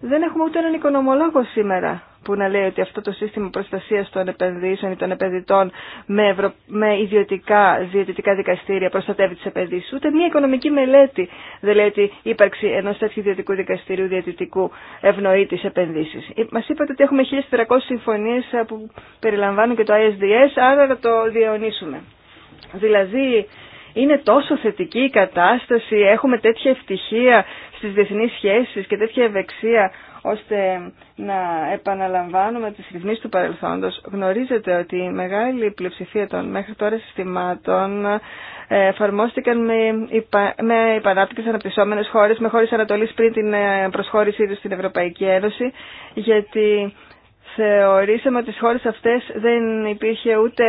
δεν έχουμε ούτε έναν οικονομολόγο σήμερα που να λέει ότι αυτό το σύστημα προστασίας των επενδύσεων ή των επενδυτών με, ευρω... ιδιωτικά διαιτητικά δικαστήρια προστατεύει τις επενδύσεις. Ούτε μια οικονομική μελέτη δεν λέει ότι η ύπαρξη ενός τέτοιου ιδιωτικού δικαστηρίου διαιτητικού ευνοεί τις επενδύσεις. Ε, μας είπατε ότι έχουμε 1.400 συμφωνίες ε, που περιλαμβάνουν και το ISDS, άρα να το διαιωνίσουμε. Δηλαδή, είναι τόσο θετική η κατάσταση, έχουμε τέτοια ευτυχία στις διεθνείς σχέσεις και τέτοια ευεξία ώστε να επαναλαμβάνουμε τις ρυθμίσεις του παρελθόντος. Γνωρίζετε ότι η μεγάλη πλειοψηφία των μέχρι τώρα συστημάτων ε, εφαρμόστηκαν με, υπα... με υπανάπτυξες αναπτυσσόμενες χώρες, με χώρες Ανατολής πριν την ε, προσχώρησή τους στην Ευρωπαϊκή Ένωση, γιατί θεωρήσαμε ότι στις χώρες αυτές δεν υπήρχε ούτε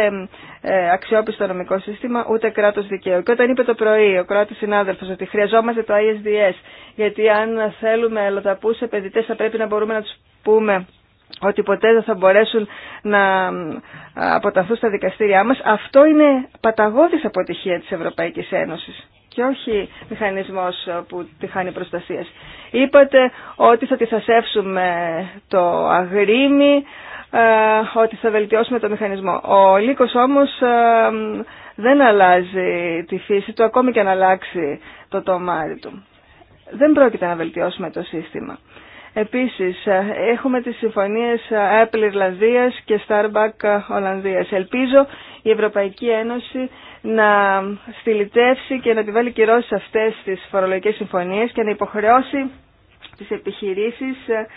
ε, αξιόπιστο νομικό σύστημα, ούτε κράτος δικαίου. Και όταν είπε το πρωί ο κράτος συνάδελφος ότι χρειαζόμαστε το ISDS, γιατί αν θέλουμε αλλοδαπούς επενδυτές θα πρέπει να μπορούμε να τους πούμε ότι ποτέ δεν θα μπορέσουν να ε, αποταθούν στα δικαστήριά μας, αυτό είναι παταγώδης αποτυχία της Ευρωπαϊκής Ένωσης και όχι μηχανισμός που τη χάνει προστασίας. Είπατε ότι θα τη το αγρίμι, ε, ότι θα βελτιώσουμε το μηχανισμό. Ο λύκος όμως ε, δεν αλλάζει τη φύση του, ακόμη και αν αλλάξει το τομάρι του. Δεν πρόκειται να βελτιώσουμε το σύστημα. Επίσης, ε, έχουμε τις συμφωνίες Apple Ιρλανδίας και Starbucks Ολλανδίας. Ελπίζω η Ευρωπαϊκή Ένωση να στυλιτεύσει και να επιβάλλει κυρώσεις αυτές τις φορολογικές συμφωνίες και να υποχρεώσει τις επιχειρήσεις ε,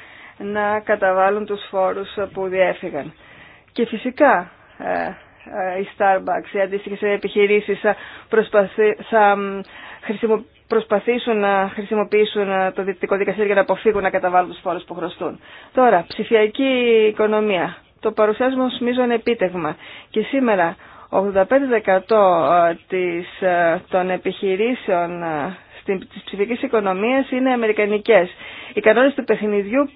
να καταβάλουν τους φόρους ε, που διέφυγαν. Και φυσικά ε, η Starbucks, οι αντίστοιχες επιχειρήσεις θα προσπαθήσουν να χρησιμοποιήσουν το Δυτικό Δικαστήριο για να αποφύγουν να καταβάλουν τους φόρους που χρωστούν. Τώρα, ψηφιακή οικονομία. Το παρουσιάζουμε ως μείζον επίτευγμα. Και σήμερα 85% ε, ε, των επιχειρήσεων ε, της ψηφικής οικονομίας είναι αμερικανικές. Οι κανόνες του παιχνιδιού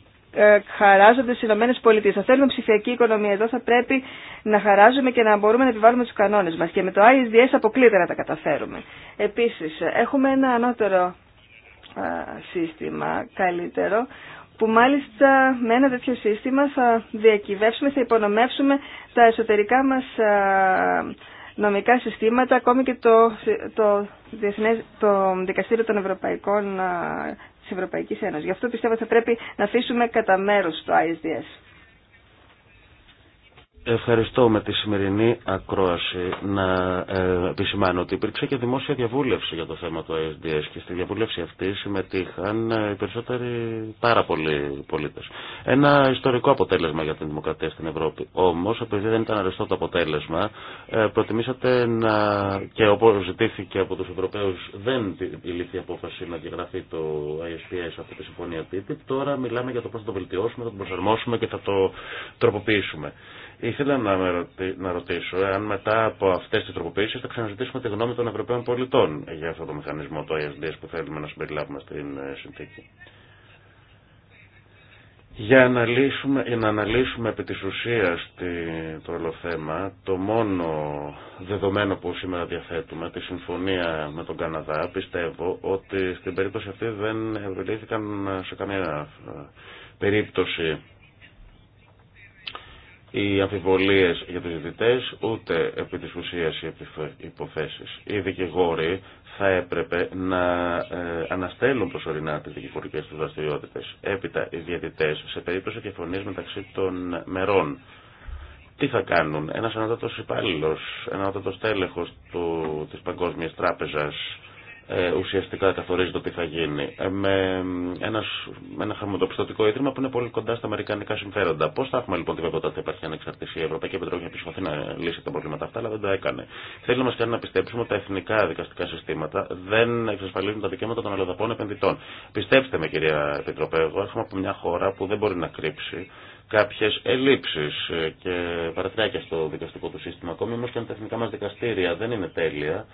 χαράζονται στι Ηνωμένε Πολιτείε. Θα θέλουμε ψηφιακή οικονομία εδώ, θα πρέπει να χαράζουμε και να μπορούμε να επιβάλλουμε του κανόνε μα. Και με το ISDS αποκλείται να τα καταφέρουμε. Επίση, έχουμε ένα ανώτερο σύστημα, καλύτερο, που μάλιστα με ένα τέτοιο σύστημα θα διακυβεύσουμε, θα υπονομεύσουμε τα εσωτερικά μας νομικά συστήματα, ακόμη και το, το, το Δικαστήριο των Ευρωπαϊκών, της Ευρωπαϊκής Ένωσης. Γι' αυτό πιστεύω θα πρέπει να αφήσουμε κατά μέρους το ISDS. Ευχαριστώ με τη σημερινή ακρόαση να ε, επισημάνω ότι υπήρξε και δημόσια διαβούλευση για το θέμα του ISDS και στη διαβούλευση αυτή συμμετείχαν ε, οι περισσότεροι πάρα πολλοί πολίτες. Ένα ιστορικό αποτέλεσμα για την δημοκρατία στην Ευρώπη. Όμως, επειδή δεν ήταν αρεστό το αποτέλεσμα, ε, προτιμήσατε να, και όπως ζητήθηκε από τους Ευρωπαίους δεν τη η απόφαση να διαγραφεί το ISDS από τη συμφωνία TTIP. Τώρα μιλάμε για το πώς θα το βελτιώσουμε, θα το προσαρμόσουμε και θα το τροποποιήσουμε. Ήθελα να, ρωτη... ρωτήσω αν μετά από αυτές τις τροποποιήσεις θα ξαναζητήσουμε τη γνώμη των Ευρωπαίων πολιτών για αυτό το μηχανισμό, το ISDS που θέλουμε να συμπεριλάβουμε στην ε, συνθήκη. Για να, λύσουμε, για να αναλύσουμε επί της ουσίας το όλο θέμα, το μόνο δεδομένο που σήμερα διαθέτουμε, τη συμφωνία με τον Καναδά, πιστεύω ότι στην περίπτωση αυτή δεν ευλήθηκαν σε καμία ε, περίπτωση οι αμφιβολίε για τους διαιτητέ, ούτε επί τη ουσία οι υποθέσεις. Οι δικηγόροι θα έπρεπε να ε, αναστέλουν προσωρινά τι δικηγορικές του δραστηριότητε. Έπειτα οι διαιτητέ, σε περίπτωση διαφωνία μεταξύ των μερών, τι θα κάνουν. Ένας ανώτατο υπάλληλο, ένα ανώτατο τέλεχος του, Παγκόσμια Τράπεζα ουσιαστικά καθορίζει το τι θα γίνει. Ε, με, ένας, με ένα χρηματοπιστωτικό ίδρυμα που είναι πολύ κοντά στα αμερικανικά συμφέροντα. Πώ θα έχουμε λοιπόν τη βεβαιότητα ότι υπάρχει ανεξαρτησία. Η Ευρωπαϊκή Επιτροπή έχει προσπαθεί να λύσει τα προβλήματα αυτά, αλλά δεν τα έκανε. Θέλει να μα κάνει να πιστέψουμε ότι τα εθνικά δικαστικά συστήματα δεν εξασφαλίζουν τα δικαιώματα των αλλοδαπών επενδυτών. Πιστέψτε με, κυρία Επιτροπέ, εγώ έρχομαι από μια χώρα που δεν μπορεί να κρύψει κάποιε ελλείψει ε, και παραθυράκια στο δικαστικό του σύστημα. Ακόμη όμω και αν τα εθνικά μα δικαστήρια δεν είναι τέλεια,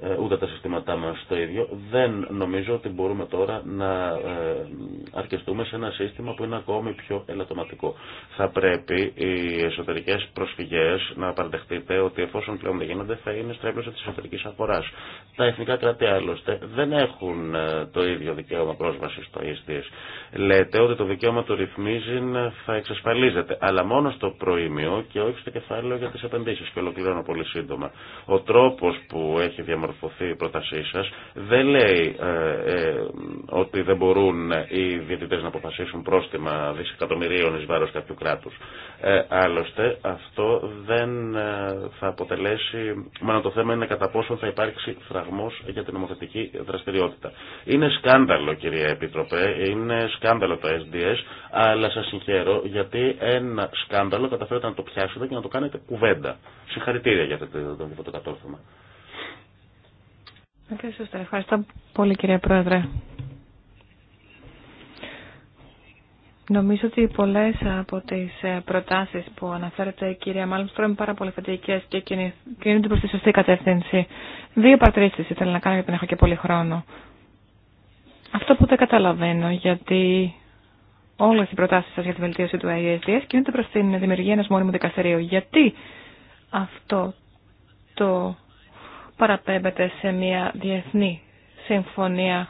ε, ούτε τα συστήματά μας το ίδιο, δεν νομίζω ότι μπορούμε τώρα να ε, αρκεστούμε σε ένα σύστημα που είναι ακόμη πιο ελαττωματικό. Θα πρέπει οι εσωτερικές προσφυγές να παραδεχτείτε ότι εφόσον πλέον δεν γίνονται θα είναι στρέβλωση της εσωτερικής αγοράς. Τα εθνικά κράτη άλλωστε δεν έχουν ε, το ίδιο δικαίωμα πρόσβαση στο ίστιες. Λέτε ότι το δικαίωμα του ρυθμίζει θα εξασφαλίζεται, αλλά μόνο στο προήμιο και όχι στο κεφάλαιο για τις επενδύσεις και ολοκληρώνω πολύ σύντομα. Ο τρόπος που έχει διαμορφωθεί διαμορφωθεί η πρότασή σας δεν λέει ε, ε, ότι δεν μπορούν οι διαιτητές να αποφασίσουν πρόστιμα δισεκατομμυρίων εις βάρος κάποιου κράτους. Ε, άλλωστε αυτό δεν ε, θα αποτελέσει, μόνο το θέμα είναι κατά πόσο θα υπάρξει φραγμός για την νομοθετική δραστηριότητα. Είναι σκάνδαλο κυρία Επίτροπε, είναι σκάνδαλο το SDS, αλλά σας συγχαίρω γιατί ένα σκάνδαλο καταφέρετε να το πιάσετε και να το κάνετε κουβέντα. Συγχαρητήρια για αυτό το κατόρθωμα. Ευχαριστώ. ευχαριστώ πολύ κυρία Πρόεδρε. Νομίζω ότι πολλές από τις ε, προτάσεις που αναφέρετε κυρία Μάλμστρο είναι πάρα πολύ θετικές και κινούνται προς τη σωστή κατεύθυνση. Δύο πατρίστες ήθελα να κάνω γιατί δεν έχω και πολύ χρόνο. Αυτό που δεν καταλαβαίνω γιατί όλες οι προτάσεις σας για τη βελτίωση του ISDS κινούνται προς την δημιουργία ενός μόνιμου δικαστηρίου. Γιατί αυτό το παραπέμπεται σε μια διεθνή συμφωνία.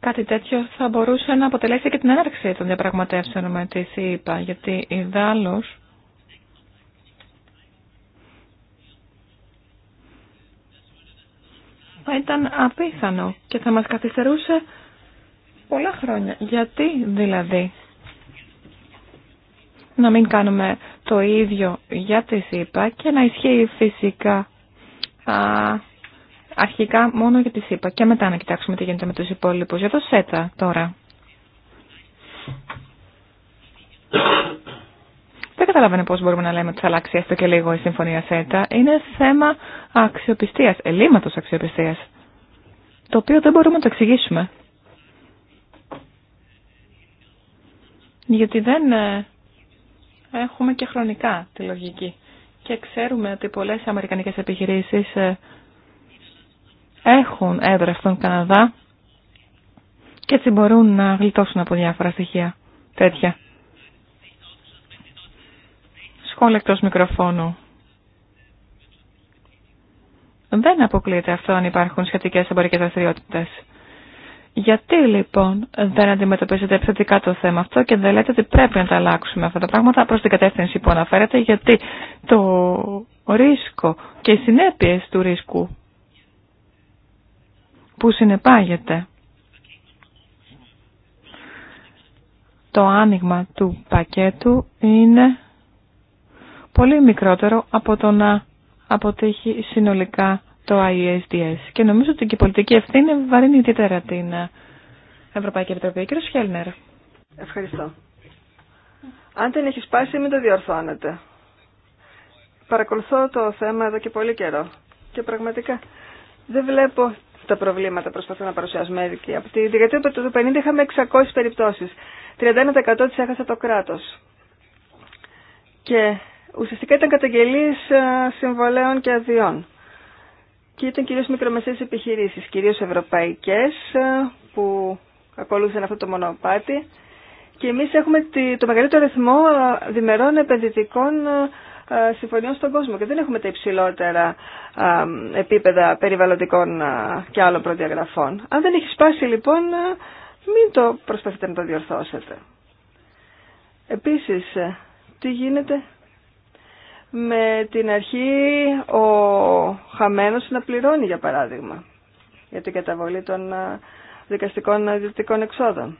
Κάτι τέτοιο θα μπορούσε να αποτελέσει και την έναρξη των διαπραγματεύσεων με τη ΣΥΠΑ, γιατί η Δάλος θα ήταν απίθανο και θα μας καθυστερούσε πολλά χρόνια. Γιατί δηλαδή να μην κάνουμε το ίδιο για τη ΣΥΠΑ και να ισχύει φυσικά αρχικά μόνο για τη ΣΥΠΑ και μετά να κοιτάξουμε τι γίνεται με τους υπόλοιπους. Για το ΣΕΤΑ τώρα. Δεν καταλαβαίνω πώς μπορούμε να λέμε ότι θα αλλάξει αυτό και λίγο η Συμφωνία ΣΕΤΑ. Είναι θέμα αξιοπιστίας, ελλείμματος αξιοπιστίας, το οποίο δεν μπορούμε να το εξηγήσουμε. Γιατί δεν ε, έχουμε και χρονικά τη λογική και ξέρουμε ότι πολλές αμερικανικές επιχειρήσεις ε, έχουν έδρα στον Καναδά και έτσι μπορούν να γλιτώσουν από διάφορα στοιχεία τέτοια. Σχόλια εκτός μικροφώνου. Δεν αποκλείεται αυτό αν υπάρχουν σχετικές εμπορικές δραστηριότητε. Γιατί λοιπόν δεν αντιμετωπίζετε επιθετικά το θέμα αυτό και δεν λέτε ότι πρέπει να τα αλλάξουμε αυτά τα πράγματα προς την κατεύθυνση που αναφέρετε γιατί το ρίσκο και οι συνέπειες του ρίσκου που συνεπάγεται το άνοιγμα του πακέτου είναι πολύ μικρότερο από το να αποτύχει συνολικά το ISDS. Και νομίζω ότι και η πολιτική ευθύνη βαρύνει ιδιαίτερα την ε, Ευρωπαϊκή Επιτροπή. Κύριε Σχέλνερ. Ευχαριστώ. Αν δεν έχει σπάσει, μην το διορθώνετε. Παρακολουθώ το θέμα εδώ και πολύ καιρό. Και πραγματικά δεν βλέπω τα προβλήματα προσπαθώ να παρουσιάσω Από τη δεκαετία του 50 είχαμε 600 περιπτώσεις. 31% τι έχασε το κράτος. Και ουσιαστικά ήταν καταγγελίες ε, συμβολέων και αδειών και ήταν κυρίως μικρομεσαίες επιχειρήσεις, κυρίως ευρωπαϊκές ε, που ακολούθησαν αυτό το μονοπάτι και εμείς έχουμε το μεγαλύτερο αριθμό ε, διμερών επενδυτικών ε, συμφωνιών στον κόσμο και δεν έχουμε τα υψηλότερα επίπεδα περιβαλλοντικών και άλλων προδιαγραφών. Αν δεν έχει σπάσει λοιπόν, μην το προσπαθείτε να το διορθώσετε. Επίσης, τι γίνεται με την αρχή ο χαμένος να πληρώνει για παράδειγμα για την καταβολή των δικαστικών δυτικών εξόδων.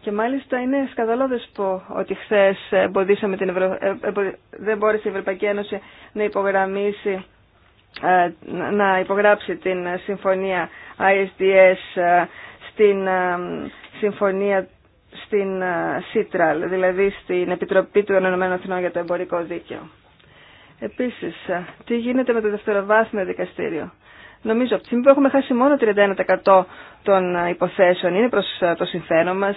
Και μάλιστα είναι σκαδαλώδες που ότι χθε εμποδίσαμε την ε, δεν μπόρεσε η Ευρωπαϊκή Ένωση να υπογραμμίσει να υπογράψει την συμφωνία ISDS στην συμφωνία στην CITRAL, δηλαδή στην Επιτροπή του Ενωμένου ΕΕ για το Εμπορικό Δίκαιο. Επίσης, τι γίνεται με το δευτεροβάθμιο δικαστήριο. Νομίζω από τη στιγμή που έχουμε χάσει μόνο 31% των υποθέσεων, είναι προς το συμφέρον μας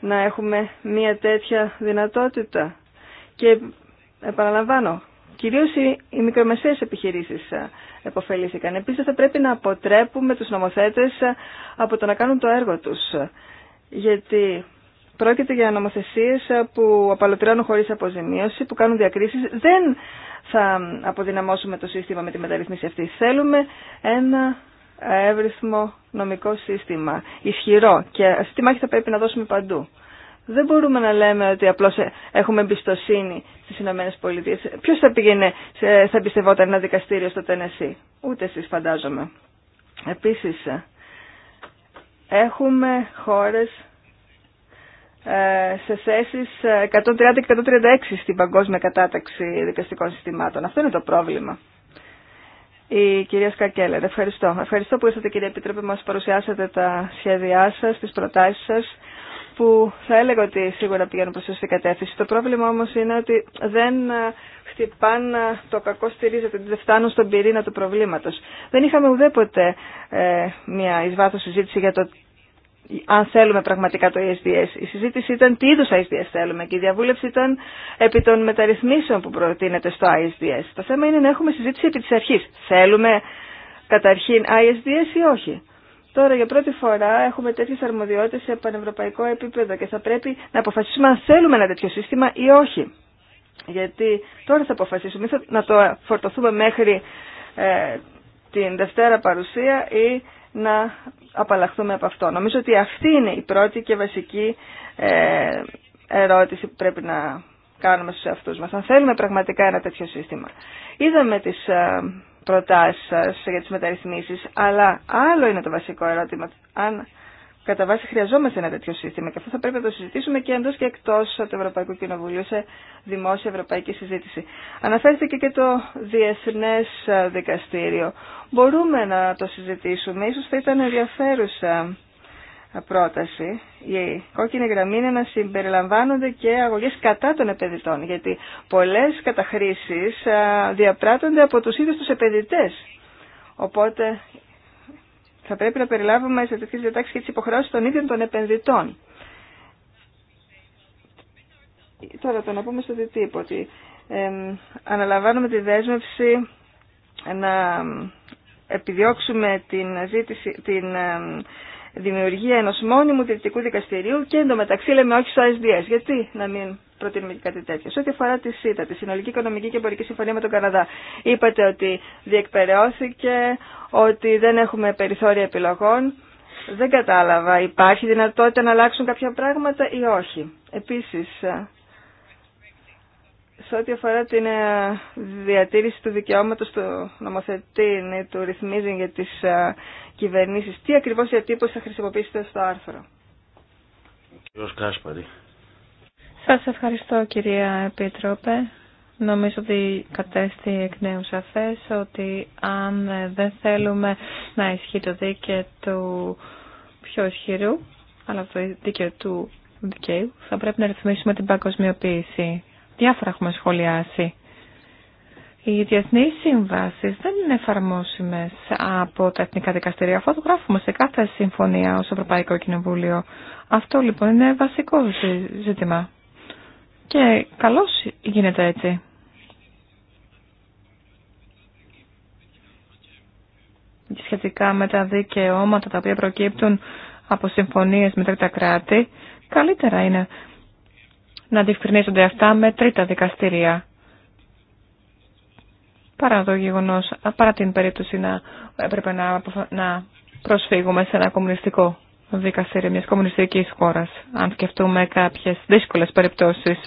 να έχουμε μια τέτοια δυνατότητα. Και επαναλαμβάνω, κυρίως οι, οι μικρομεσαίες επιχειρήσεις επωφελήθηκαν. Επίσης θα πρέπει να αποτρέπουμε τους νομοθέτες από το να κάνουν το έργο τους. Γιατί πρόκειται για νομοθεσίες που απαλωτριώνουν χωρίς αποζημίωση, που κάνουν διακρίσεις, δεν θα αποδυναμώσουμε το σύστημα με τη μεταρρυθμίση αυτή. Θέλουμε ένα εύρυθμο νομικό σύστημα, ισχυρό και αυτή τη μάχη θα πρέπει να δώσουμε παντού. Δεν μπορούμε να λέμε ότι απλώς έχουμε εμπιστοσύνη στις Ηνωμένες Πολιτείες. Ποιος θα πήγαινε, θα εμπιστευόταν ένα δικαστήριο στο Τενεσί. Ούτε εσείς φαντάζομαι. Επίσης, έχουμε χώρες ε, σε θέσεις 130 ε, και 136 στην παγκόσμια κατάταξη δικαστικών συστημάτων. Αυτό είναι το πρόβλημα. Η κυρία Σκακέλε, ευχαριστώ. Ευχαριστώ που ήρθατε κύριε Επίτροπε, μας παρουσιάσατε τα σχέδιά σας, τις προτάσεις σας, που θα έλεγα ότι σίγουρα πηγαίνουν προς την κατεύθυνση. Το πρόβλημα όμως είναι ότι δεν ε, χτυπάν το κακό στηρίζεται, δεν φτάνουν στον πυρήνα του προβλήματος. Δεν είχαμε ουδέποτε ε, μια εις συζήτηση για το αν θέλουμε πραγματικά το ISDS. Η συζήτηση ήταν τι είδους ISDS θέλουμε και η διαβούλευση ήταν επί των μεταρρυθμίσεων που προτείνεται στο ISDS. Το θέμα είναι να έχουμε συζήτηση επί της αρχής. Θέλουμε καταρχήν ISDS ή όχι. Τώρα για πρώτη φορά έχουμε τέτοιες αρμοδιότητες σε πανευρωπαϊκό επίπεδο και θα πρέπει να αποφασίσουμε αν θέλουμε ένα τέτοιο σύστημα ή όχι. Γιατί τώρα θα αποφασίσουμε θα να το φορτωθούμε μέχρι ε, την Δευτέρα παρουσία ή να απαλλαχθούμε από αυτό. Νομίζω ότι αυτή είναι η πρώτη και βασική ε, ερώτηση που πρέπει να κάνουμε στους εαυτούς μας. Αν θέλουμε πραγματικά ένα τέτοιο σύστημα. Είδαμε τις ε, προτάσεις σας για τις μεταρρυθμίσεις, αλλά άλλο είναι το βασικό ερώτημα. Αν Κατά βάση χρειαζόμαστε ένα τέτοιο σύστημα και αυτό θα πρέπει να το συζητήσουμε και εντό και εκτό του Ευρωπαϊκού Κοινοβουλίου σε δημόσια ευρωπαϊκή συζήτηση. Αναφέρθηκε και το Διεθνέ Δικαστήριο. Μπορούμε να το συζητήσουμε, ίσως θα ήταν ενδιαφέρουσα πρόταση. Η κόκκινη γραμμή είναι να συμπεριλαμβάνονται και αγωγέ κατά των επενδυτών, γιατί πολλέ καταχρήσει ε, διαπράττονται από του ίδιου του επενδυτέ. Οπότε θα πρέπει να περιλάβουμε σε τέτοιε διατάξει και τι υποχρεώσει των ίδιων των επενδυτών. Τώρα το να πούμε στο DTIP ότι αναλαμβάνουμε τη δέσμευση να επιδιώξουμε την, ζήτηση, την δημιουργία ενός μόνιμου διεκτικού δικαστηρίου και εντωμεταξύ λέμε όχι στο SDS. Γιατί να μην προτείνουμε και κάτι τέτοιο. Σε ό,τι αφορά τη ΣΥΤΑ, τη Συνολική Οικονομική και Εμπορική Συμφωνία με τον Καναδά, είπατε ότι διεκπαιρεώθηκε, ότι δεν έχουμε περιθώρια επιλογών. Δεν κατάλαβα. Υπάρχει δυνατότητα να αλλάξουν κάποια πράγματα ή όχι. Επίσης, σε ό,τι αφορά την ε, διατήρηση του δικαιώματος του νομοθετή, ναι, του ρυθμίζει για τις ε, κυβερνήσεις, τι ακριβώς διατύπωση θα χρησιμοποιήσετε στο άρθρο. Κύριος Κάσπαρη. Σας ευχαριστώ κυρία Επίτροπε. Νομίζω ότι κατέστη εκ νέου σαφές ότι αν ε, δεν θέλουμε να ισχύει το δίκαιο του πιο ισχυρού, αλλά το δίκαιο του δικαίου, θα πρέπει να ρυθμίσουμε την παγκοσμιοποίηση. Διάφορα έχουμε σχολιάσει. Οι διεθνεί συμβάσει δεν είναι εφαρμόσιμε από τα εθνικά δικαστήρια. αφού το γράφουμε σε κάθε συμφωνία ω Ευρωπαϊκό Κοινοβούλιο. Αυτό λοιπόν είναι βασικό ζήτημα. Και καλώς γίνεται έτσι. Σχετικά με τα δικαιώματα τα οποία προκύπτουν από συμφωνίες με τρίτα κράτη, καλύτερα είναι να διευκρινίζονται αυτά με τρίτα δικαστηρία. Παρά το γεγονός, παρά την περίπτωση να έπρεπε να, να προσφύγουμε σε ένα κομμουνιστικό δικαστήρια μιας κομμουνιστικής χώρας. Αν σκεφτούμε κάποιες δύσκολες περιπτώσεις,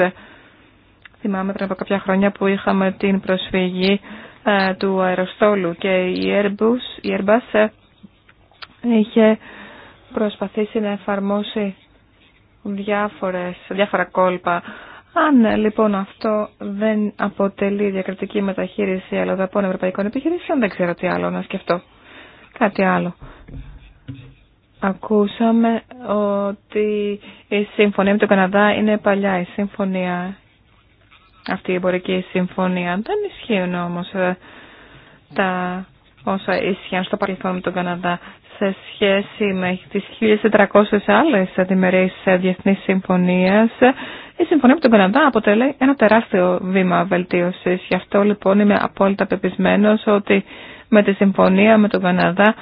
θυμάμαι πριν από κάποια χρόνια που είχαμε την προσφυγή ε, του αεροστόλου και η Airbus, η Airbus ε, είχε προσπαθήσει να εφαρμόσει διάφορες, διάφορα κόλπα. Αν λοιπόν αυτό δεν αποτελεί διακριτική μεταχείριση δαπών ευρωπαϊκών επιχειρήσεων, δεν ξέρω τι άλλο να σκεφτώ. Κάτι άλλο. Ακούσαμε ότι η συμφωνία με τον Καναδά είναι παλιά η συμφωνία, αυτή η εμπορική συμφωνία. Δεν ισχύουν όμως ε, τα όσα ισχύουν στο παρελθόν με τον Καναδά σε σχέση με τις 1.400 άλλες αντιμερείς ε, Διεθνής Συμφωνίας. Η συμφωνία με τον Καναδά αποτελεί ένα τεράστιο βήμα βελτίωσης. Γι' αυτό λοιπόν είμαι απόλυτα πεπισμένος ότι με τη συμφωνία με τον Καναδά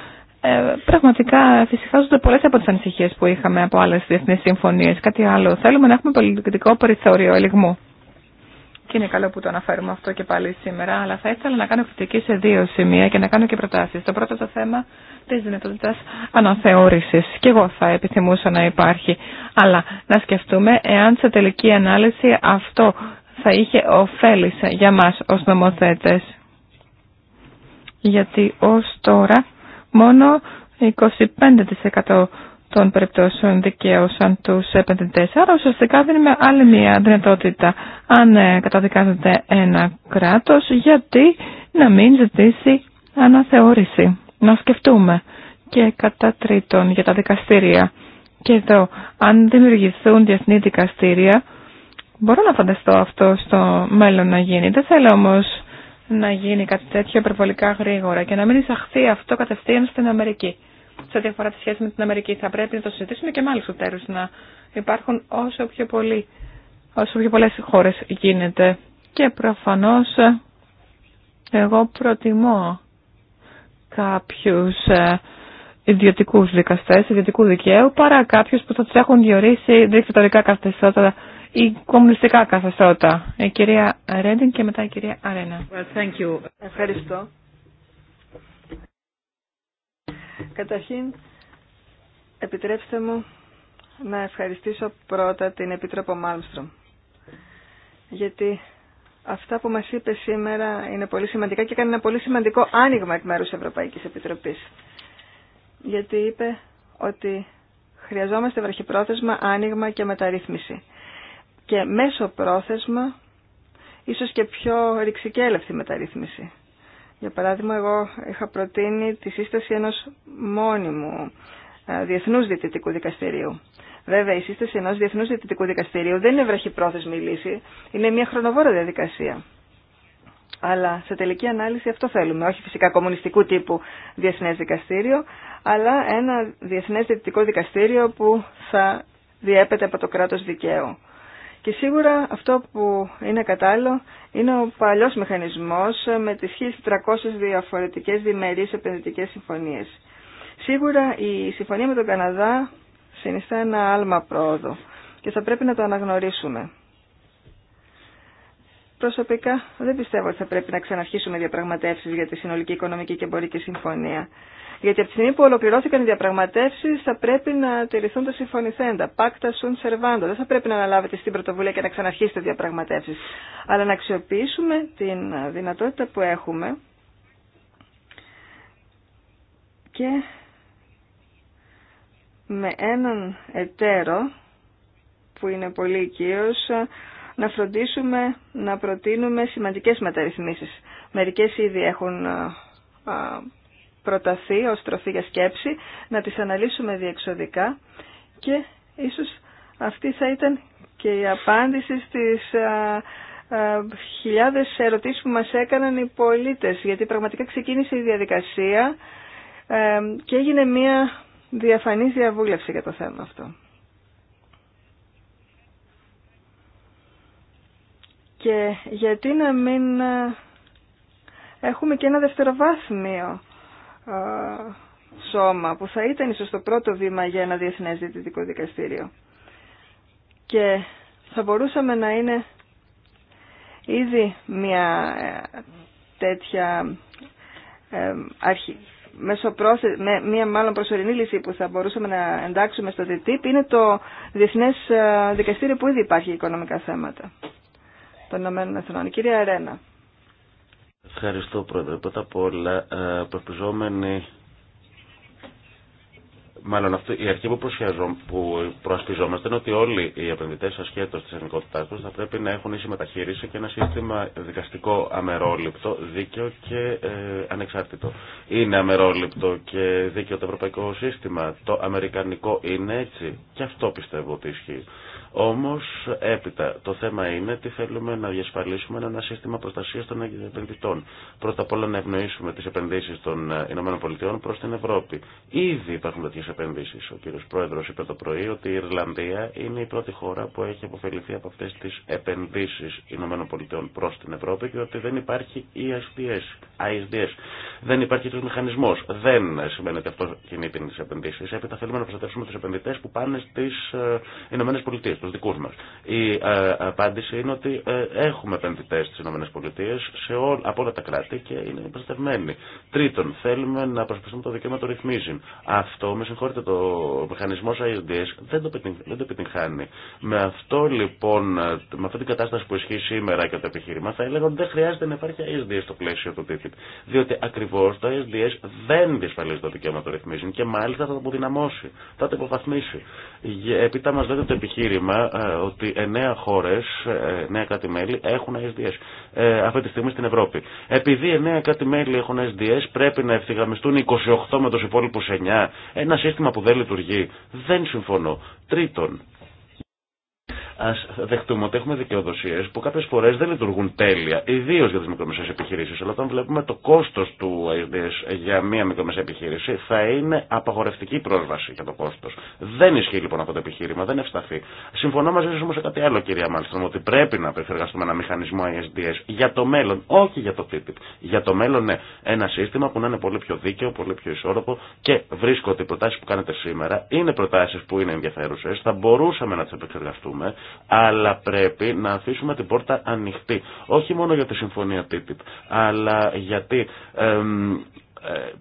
ε, πραγματικά φυσικάζονται πολλές από τις ανησυχίες που είχαμε από άλλες διεθνείς συμφωνίες. Κάτι άλλο. Θέλουμε να έχουμε πολιτικό περιθώριο ελιγμού. Και είναι καλό που το αναφέρουμε αυτό και πάλι σήμερα, αλλά θα ήθελα να κάνω κριτική σε δύο σημεία και να κάνω και προτάσεις. Το πρώτο το θέμα της δυνατότητας αναθεώρησης. Και εγώ θα επιθυμούσα να υπάρχει. Αλλά να σκεφτούμε εάν σε τελική ανάλυση αυτό θα είχε ωφέλη για μας ως νομοθέτες. Γιατί ω τώρα μόνο 25% των περιπτώσεων δικαίωσαν τους επενδυτές. Άρα ουσιαστικά δίνουμε άλλη μια δυνατότητα αν ε, καταδικάζεται ένα κράτος γιατί να μην ζητήσει αναθεώρηση. Να σκεφτούμε. Και κατά τρίτον για τα δικαστήρια. Και εδώ, αν δημιουργηθούν διεθνή δικαστήρια, μπορώ να φανταστώ αυτό στο μέλλον να γίνει. Δεν θέλω όμως να γίνει κάτι τέτοιο υπερβολικά γρήγορα και να μην εισαχθεί αυτό κατευθείαν στην Αμερική. Σε ό,τι αφορά τη σχέση με την Αμερική, θα πρέπει να το συζητήσουμε και με άλλου να υπάρχουν όσο πιο, πολύ, όσο πιο πολλέ χώρε γίνεται. Και προφανώ εγώ προτιμώ κάποιου ε, ιδιωτικού δικαστέ, ιδιωτικού δικαίου, παρά κάποιου που θα του έχουν διορίσει δικτατορικά καθεστώτα η κομμουνιστικά καθεστώτα. Η κυρία Ρέντιν και μετά η κυρία Αρένα. Well, thank you. Ευχαριστώ. Καταρχήν, επιτρέψτε μου να ευχαριστήσω πρώτα την Επίτροπο Μάλμστρομ. Γιατί αυτά που μας είπε σήμερα είναι πολύ σημαντικά και κάνει ένα πολύ σημαντικό άνοιγμα εκ μέρους Ευρωπαϊκής Επιτροπής. Γιατί είπε ότι χρειαζόμαστε βραχυπρόθεσμα, άνοιγμα και μεταρρύθμιση και μέσω πρόθεσμα ίσως και πιο ρηξικέλευτη μεταρρύθμιση. Για παράδειγμα, εγώ είχα προτείνει τη σύσταση ενός μόνιμου ε, διεθνούς διαιτητικού δικαστηρίου. Βέβαια, η σύσταση ενός διεθνούς διαιτητικού δικαστηρίου δεν είναι βραχυπρόθεσμη λύση, είναι μια χρονοβόρα διαδικασία. Αλλά σε τελική ανάλυση αυτό θέλουμε. Όχι φυσικά κομμουνιστικού τύπου διεθνέ δικαστήριο, αλλά ένα διεθνέ διαιτητικό δικαστήριο που θα διέπεται από το κράτο δικαίου. Και σίγουρα αυτό που είναι κατάλληλο είναι ο παλιός μηχανισμός με τις 1.300 διαφορετικές διμερείς επενδυτικές συμφωνίες. Σίγουρα η συμφωνία με τον Καναδά συνιστά ένα άλμα πρόοδο και θα πρέπει να το αναγνωρίσουμε. Προσωπικά δεν πιστεύω ότι θα πρέπει να ξαναρχίσουμε διαπραγματεύσεις για τη συνολική οικονομική και εμπορική συμφωνία. Γιατί από τη στιγμή που ολοκληρώθηκαν οι διαπραγματεύσει, θα πρέπει να τηρηθούν τα συμφωνηθέντα. Πάκτα σουν σερβάντο. Δεν θα πρέπει να αναλάβετε στην πρωτοβουλία και να ξαναρχίσετε διαπραγματεύσει. Αλλά να αξιοποιήσουμε την δυνατότητα που έχουμε και με έναν εταίρο που είναι πολύ οικείος να φροντίσουμε να προτείνουμε σημαντικές μεταρρυθμίσεις. Μερικές ήδη έχουν προταθεί ως τροφή για σκέψη, να τις αναλύσουμε διεξοδικά και ίσως αυτή θα ήταν και η απάντηση στις α, α, χιλιάδες ερωτήσεις που μας έκαναν οι πολίτες, γιατί πραγματικά ξεκίνησε η διαδικασία ε, και έγινε μια διαφανής διαβούλευση για το θέμα αυτό. Και γιατί να μην ε, έχουμε και ένα δευτεροβάθμιο σώμα που θα ήταν ίσως το πρώτο βήμα για ένα διεθνές διεθνικό δικαστήριο. Και θα μπορούσαμε να είναι ήδη μια ε, τέτοια ε, αρχή, μεσοπρόθε, με, μια μάλλον προσωρινή λύση που θα μπορούσαμε να εντάξουμε στο DTIP είναι το Διεθνές ε, Δικαστήριο που ήδη υπάρχει οικονομικά θέματα των Ηνωμένων Κυρία Αρένα. Ευχαριστώ πρόεδρε. Πρώτα απ' όλα ε, προσπιζόμενοι Μάλλον αυτο η αρχή που, που είναι ότι όλοι οι επενδυτές ασχέτως της εθνικότητά τους θα πρέπει να έχουν ίση μεταχείριση και ένα σύστημα δικαστικό αμερόληπτο, δίκαιο και ε, ανεξάρτητο. Είναι αμερόληπτο και δίκαιο το ευρωπαϊκό σύστημα. Το αμερικανικό είναι έτσι. Και αυτό πιστεύω ότι ισχύει. Όμως έπειτα το θέμα είναι τι θέλουμε να διασφαλίσουμε ένα σύστημα προστασίας των επενδυτών. Πρώτα απ' όλα να ευνοήσουμε τις επενδύσεις των ε, ΗΠΑ προς την Ευρώπη. Ήδη υπάρχουν τέτοιε επενδύσεις. Ο κύριος Πρόεδρος είπε το πρωί ότι η Ιρλανδία είναι η πρώτη χώρα που έχει αποφεληθεί από αυτές τις επενδύσεις ΗΠΑ προς την Ευρώπη και ότι δεν υπάρχει ISDS. E ISDS. Δεν υπάρχει τους μηχανισμό. Δεν σημαίνει ότι αυτό κινείται τι επενδύσει. Έπειτα θέλουμε να προστατεύσουμε του επενδυτέ που πάνε στι ε, ΗΠΑ τους δικούς μας. Η ε, απάντηση είναι ότι ε, έχουμε επενδυτές στις ΗΠΑ σε ό, από όλα τα κράτη και είναι προστευμένοι. Τρίτον, θέλουμε να προσπαθούμε το δικαίωμα το ρυθμίζει. Αυτό, με συγχωρείτε, το μηχανισμός ISDS δεν το, δεν το επιτυγχάνει. Με αυτό λοιπόν, ε, με αυτή την κατάσταση που ισχύει σήμερα και το επιχείρημα, θα έλεγα ότι δεν χρειάζεται να υπάρχει ISDS στο πλαίσιο του TTIP. Διότι ακριβώς το ISDS δεν δυσφαλίζει το δικαίωμα το ρυθμίζει και μάλιστα θα το αποδυναμώσει, θα το υποβαθμίσει. Επίτα μας λέτε το επιχείρημα ε, ότι εννέα χώρες, ε, νέα κάτι μέλη έχουν SDS ε, αυτή τη στιγμή στην Ευρώπη. Επειδή εννέα κάτι μέλη έχουν SDS πρέπει να ευθυγραμμιστούν 28 με τους υπόλοιπους 9. Ένα σύστημα που δεν λειτουργεί. Δεν συμφωνώ. Τρίτον, Α δεχτούμε ότι έχουμε δικαιοδοσίε που κάποιε φορέ δεν λειτουργούν τέλεια, ιδίω για τι μικρομεσαίε επιχειρήσει. Αλλά όταν βλέπουμε το κόστο του ISDS για μία μικρομεσαία επιχείρηση, θα είναι απαγορευτική πρόσβαση για το κόστο. Δεν ισχύει λοιπόν αυτό το επιχείρημα, δεν ευσταθεί. Συμφωνώ μαζί σα όμω σε κάτι άλλο, κυρία Μάλστρομ, ότι πρέπει να επεξεργαστούμε ένα μηχανισμό ISDS για το μέλλον, όχι για το TTIP. Για το μέλλον, ναι. Ένα σύστημα που να είναι πολύ πιο δίκαιο, πολύ πιο ισόρροπο και βρίσκω ότι οι προτάσει που κάνετε σήμερα είναι προτάσει που είναι ενδιαφέρουσε, θα μπορούσαμε να τι επεξεργαστούμε αλλά πρέπει να αφήσουμε την πόρτα ανοιχτή. Όχι μόνο για τη συμφωνία TTIP, αλλά γιατί εμ, ε,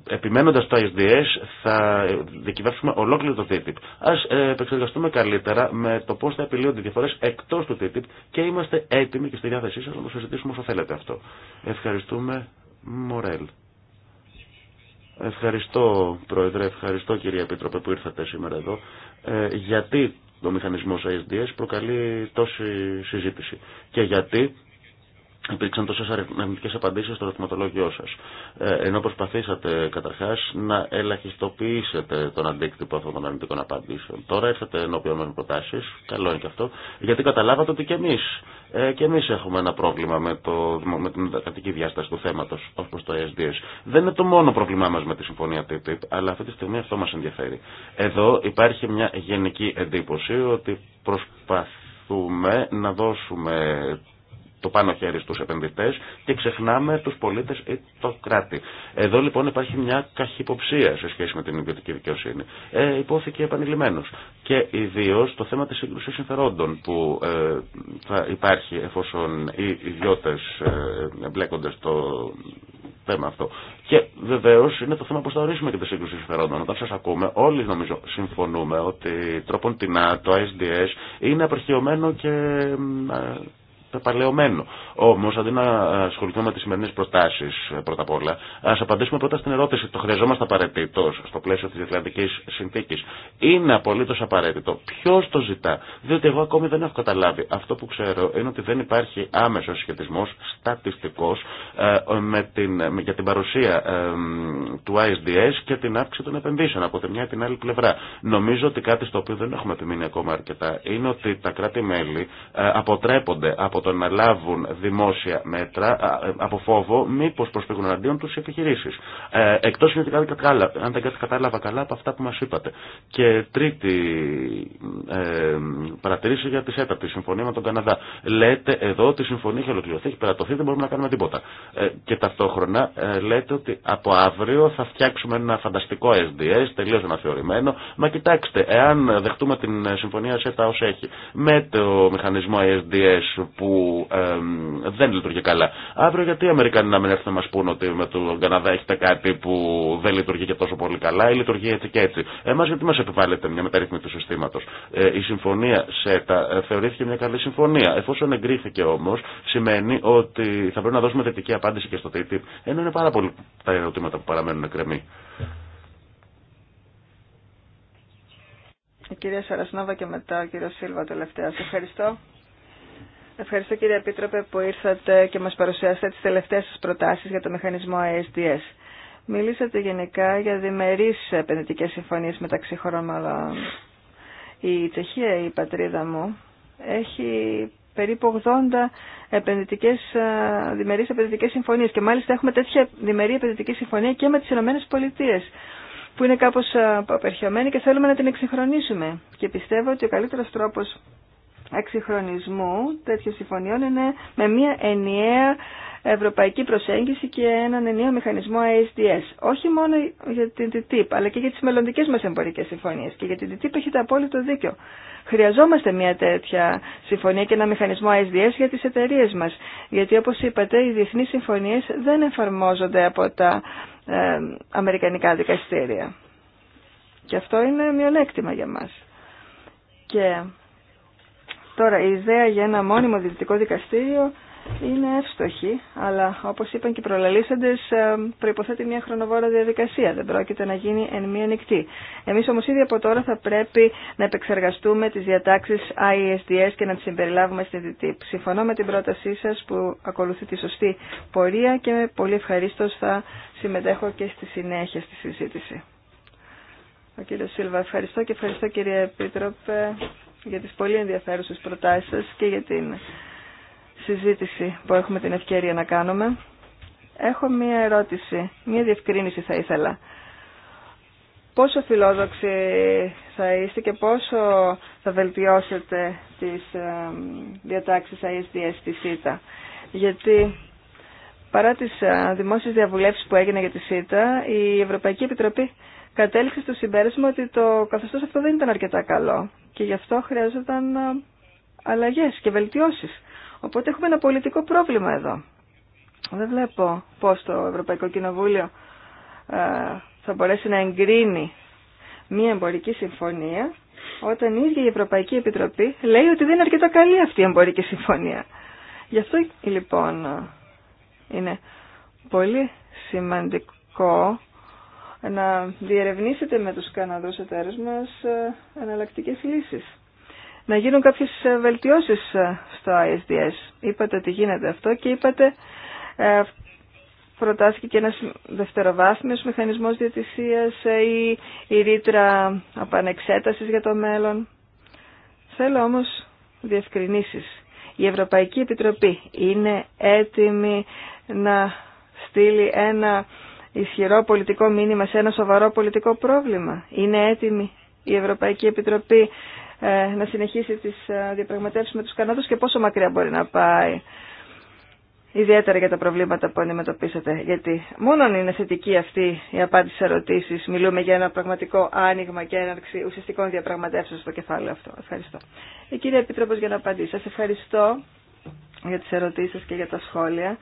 επιμένοντας το ISDS θα δικηβεύσουμε ολόκληρο το TTIP. Ας ε, επεξεργαστούμε καλύτερα με το πώς θα επιλύονται οι διαφορές εκτός του TTIP και είμαστε έτοιμοι και στη διάθεσή σας να το συζητήσουμε όσο θέλετε αυτό. Ευχαριστούμε. Μορέλ. Ευχαριστώ Πρόεδρε, ευχαριστώ κύριε Επίτροπε που ήρθατε σήμερα εδώ. Ε, γιατί το μηχανισμό ISDS προκαλεί τόση συζήτηση. Και γιατί υπήρξαν τόσε αρνητικέ απαντήσει στο σα. σας. Ε, ενώ προσπαθήσατε καταρχά να ελαχιστοποιήσετε τον αντίκτυπο αυτών των αρνητικών απαντήσεων. Τώρα ήρθατε ενώπιον με προτάσεις, καλό είναι και αυτό, γιατί καταλάβατε ότι και εμεί ε, και εμείς έχουμε ένα πρόβλημα με, το, με την κατοική διάσταση του θέματος ως το ESDS. Δεν είναι το μόνο πρόβλημά μας με τη συμφωνία TTIP, αλλά αυτή τη στιγμή αυτό μας ενδιαφέρει. Εδώ υπάρχει μια γενική εντύπωση ότι προσπαθούμε να δώσουμε το πάνω χέρι στους επενδυτές και ξεχνάμε τους πολίτες ή το κράτη. Εδώ λοιπόν υπάρχει μια καχυποψία σε σχέση με την ιδιωτική δικαιοσύνη. Ε, υπόθηκε επανειλημμένος. Και ιδίω το θέμα της σύγκρουσης συμφερόντων που ε, θα υπάρχει εφόσον οι ιδιώτες ε, εμπλέκονται στο θέμα αυτό. Και βεβαίω είναι το θέμα πώ θα ορίσουμε και τη σύγκρουση συμφερόντων. Όταν σα ακούμε, όλοι νομίζω συμφωνούμε ότι τρόπον τεινά το SDS είναι απερχιωμένο και πεπαλαιωμένο. Όμω, αντί να ασχοληθούμε με τι σημερινέ προτάσει πρώτα απ' όλα, α απαντήσουμε πρώτα στην ερώτηση. Το χρειαζόμαστε απαραίτητο στο πλαίσιο τη Ιθλανδική συνθήκη. Είναι απολύτω απαραίτητο. Ποιο το ζητά. Διότι εγώ ακόμη δεν έχω καταλάβει. Αυτό που ξέρω είναι ότι δεν υπάρχει άμεσο σχετισμό στατιστικό ε, με την, για την παρουσία του ISDS και την αύξηση των επενδύσεων από τη μια ή την άλλη πλευρά. Νομίζω ότι κάτι στο οποίο δεν έχουμε επιμείνει ακόμα αρκετά είναι ότι τα κράτη-μέλη ε, αποτρέπονται από το να λάβουν δημόσια μέτρα ε, από φόβο μήπως προσφύγουν αντίον τους οι επιχειρήσεις. Ε, εκτός είναι κάτι καλά, αν δεν κατάλαβα καλά από αυτά που μας είπατε. Και τρίτη ε, παρατηρήση για τη ΣΕΤΑ, τη συμφωνία με τον Καναδά. Λέτε εδώ ότι η συμφωνία έχει ολοκληρωθεί, έχει περατωθεί, δεν μπορούμε να κάνουμε τίποτα. Ε, και ταυτόχρονα ε, λέτε ότι από αύριο θα φτιάξουμε ένα φανταστικό SDS, τελείω αναθεωρημένο. Μα κοιτάξτε, εάν δεχτούμε την συμφωνία ΣΕΤΑ ως έχει, με το μηχανισμό SDS που δεν λειτουργεί καλά. Αύριο γιατί οι Αμερικανοί να μην έρθουν να μα πούνε ότι με τον Καναδά έχετε κάτι που δεν λειτουργεί και τόσο πολύ καλά ή λειτουργεί έτσι και έτσι. Εμά γιατί μα επιβάλλεται μια μεταρρύθμιση του συστήματο. Ε, η συμφωνία ΣΕΤΑ ε, θεωρήθηκε μια καλή συμφωνία. Εφόσον εγκρίθηκε όμω, σημαίνει ότι θα πρέπει να δώσουμε θετική απάντηση και στο TTIP, ενώ είναι πάρα πολύ τα ερωτήματα που παραμένουν εκκρεμή. κυρία Σαρασνόβα και μετά ο Σίλβα τελευταία. ευχαριστώ. Ευχαριστώ κύριε Επίτροπε που ήρθατε και μας παρουσιάσατε τις τελευταίες σας προτάσεις για το μηχανισμό ASDS. Μιλήσατε γενικά για διμερείς επενδυτικές συμφωνίες μεταξύ χωρών, αλλά η Τσεχία, η πατρίδα μου, έχει περίπου 80 επενδυτικές, διμερείς επενδυτικές συμφωνίες και μάλιστα έχουμε τέτοια διμερή επενδυτική συμφωνία και με τις Ηνωμένες Πολιτείες που είναι κάπως απερχιωμένη και θέλουμε να την εξυγχρονίσουμε. Και πιστεύω ότι ο καλύτερος τρόπος εξυγχρονισμού τέτοιων συμφωνιών είναι με μια ενιαία ευρωπαϊκή προσέγγιση και έναν ενιαίο μηχανισμό ASDS. Όχι μόνο για την TTIP, αλλά και για τις μελλοντικέ μας εμπορικές συμφωνίες. Και για την TTIP έχετε απόλυτο δίκιο. Χρειαζόμαστε μια τέτοια συμφωνία και ένα μηχανισμό ISDS για τις εταιρείε μας. Γιατί όπως είπατε, οι διεθνείς συμφωνίες δεν εφαρμόζονται από τα ε, αμερικανικά δικαστήρια. Και αυτό είναι μειονέκτημα για μας. Και Τώρα, η ιδέα για ένα μόνιμο διευθυντικό δικαστήριο είναι εύστοχη, αλλά όπως είπαν και οι προλαλήσαντες, ε, προϋποθέτει μια χρονοβόρα διαδικασία, δεν πρόκειται να γίνει εν μία νυχτή. Εμείς όμως ήδη από τώρα θα πρέπει να επεξεργαστούμε τις διατάξεις ISDS και να τις συμπεριλάβουμε στην DTIP. Συμφωνώ με την πρότασή σας που ακολουθεί τη σωστή πορεία και πολύ ευχαρίστω θα συμμετέχω και στη συνέχεια στη συζήτηση. Ο κύριος Σίλβα, ευχαριστώ και ευχαριστώ κύριε Επίτροπε για τις πολύ ενδιαφέρουσες προτάσεις σας και για την συζήτηση που έχουμε την ευκαιρία να κάνουμε. Έχω μία ερώτηση, μία διευκρίνηση θα ήθελα. Πόσο φιλόδοξη θα είστε και πόσο θα βελτιώσετε τις διατάξεις ISDS στη ΣΥΤΑ. Γιατί παρά τις ε, δημόσιες διαβουλεύσεις που έγινε για τη ΣΥΤΑ, η Ευρωπαϊκή Επιτροπή κατέληξε στο συμπέρασμα ότι το καθεστώς αυτό δεν ήταν αρκετά καλό και γι' αυτό χρειάζονταν ε, αλλαγές και βελτιώσεις. Οπότε έχουμε ένα πολιτικό πρόβλημα εδώ. Δεν βλέπω πώς το Ευρωπαϊκό Κοινοβούλιο ε, θα μπορέσει να εγκρίνει μία εμπορική συμφωνία όταν η ίδια η Ευρωπαϊκή Επιτροπή λέει ότι δεν είναι αρκετά καλή αυτή η εμπορική συμφωνία. Γι' αυτό λοιπόν ε, είναι πολύ σημαντικό να διερευνήσετε με τους Καναδούς εταίρους μας ε, εναλλακτικέ λύσεις. Να γίνουν κάποιες ε, βελτιώσεις ε, στο ISDS. Είπατε ότι γίνεται αυτό και είπατε προτάθηκε και ένας δευτεροβάθμιος μηχανισμός διατησίας ή η ρήτρα απανεξέτασης για το μέλλον. Θέλω όμως διευκρινήσεις. Η Ευρωπαϊκή Επιτροπή είναι έτοιμη να στείλει ένα ισχυρό πολιτικό μήνυμα σε ένα σοβαρό πολιτικό πρόβλημα. Είναι έτοιμη η Ευρωπαϊκή Επιτροπή ε, να συνεχίσει τις ε, διαπραγματεύσεις με τους Καναδούς και πόσο μακριά μπορεί να πάει. Ιδιαίτερα για τα προβλήματα που αντιμετωπίσατε. Γιατί μόνο είναι θετική αυτή η απάντηση σε ερωτήσει. Μιλούμε για ένα πραγματικό άνοιγμα και έναρξη ουσιαστικών διαπραγματεύσεων στο κεφάλαιο αυτό. Ευχαριστώ. Η ε, κυρία Επίτροπο για να απαντήσει. Σα ευχαριστώ για τι ερωτήσει και για τα σχόλια.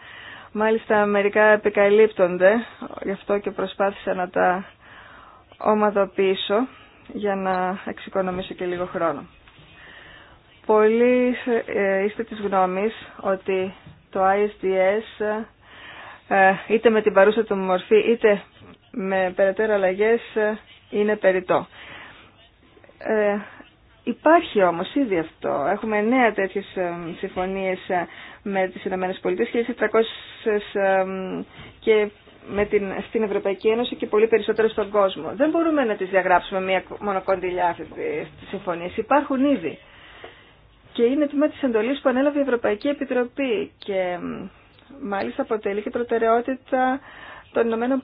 Μάλιστα μερικά επικαλύπτονται, γι' αυτό και προσπάθησα να τα ομαδοποιήσω για να εξοικονομήσω και λίγο χρόνο. Πολλοί ε, είστε της γνώμης ότι το ISDS ε, είτε με την παρούσα του μορφή είτε με περαιτέρω αλλαγές ε, είναι περιττό. Υπάρχει όμως ήδη αυτό. Έχουμε νέα τέτοιες ε, συμφωνίες ε, με τις ΗΠΑ Πολιτείες, ε, και με την, στην Ευρωπαϊκή Ένωση και πολύ περισσότερο στον κόσμο. Δεν μπορούμε να τις διαγράψουμε μία μονοκοντιλιά αυτές τις συμφωνίες. Υπάρχουν ήδη. Και είναι τμήμα της εντολής που ανέλαβε η Ευρωπαϊκή Επιτροπή και μάλιστα αποτελεί και προτεραιότητα των Ηνωμένων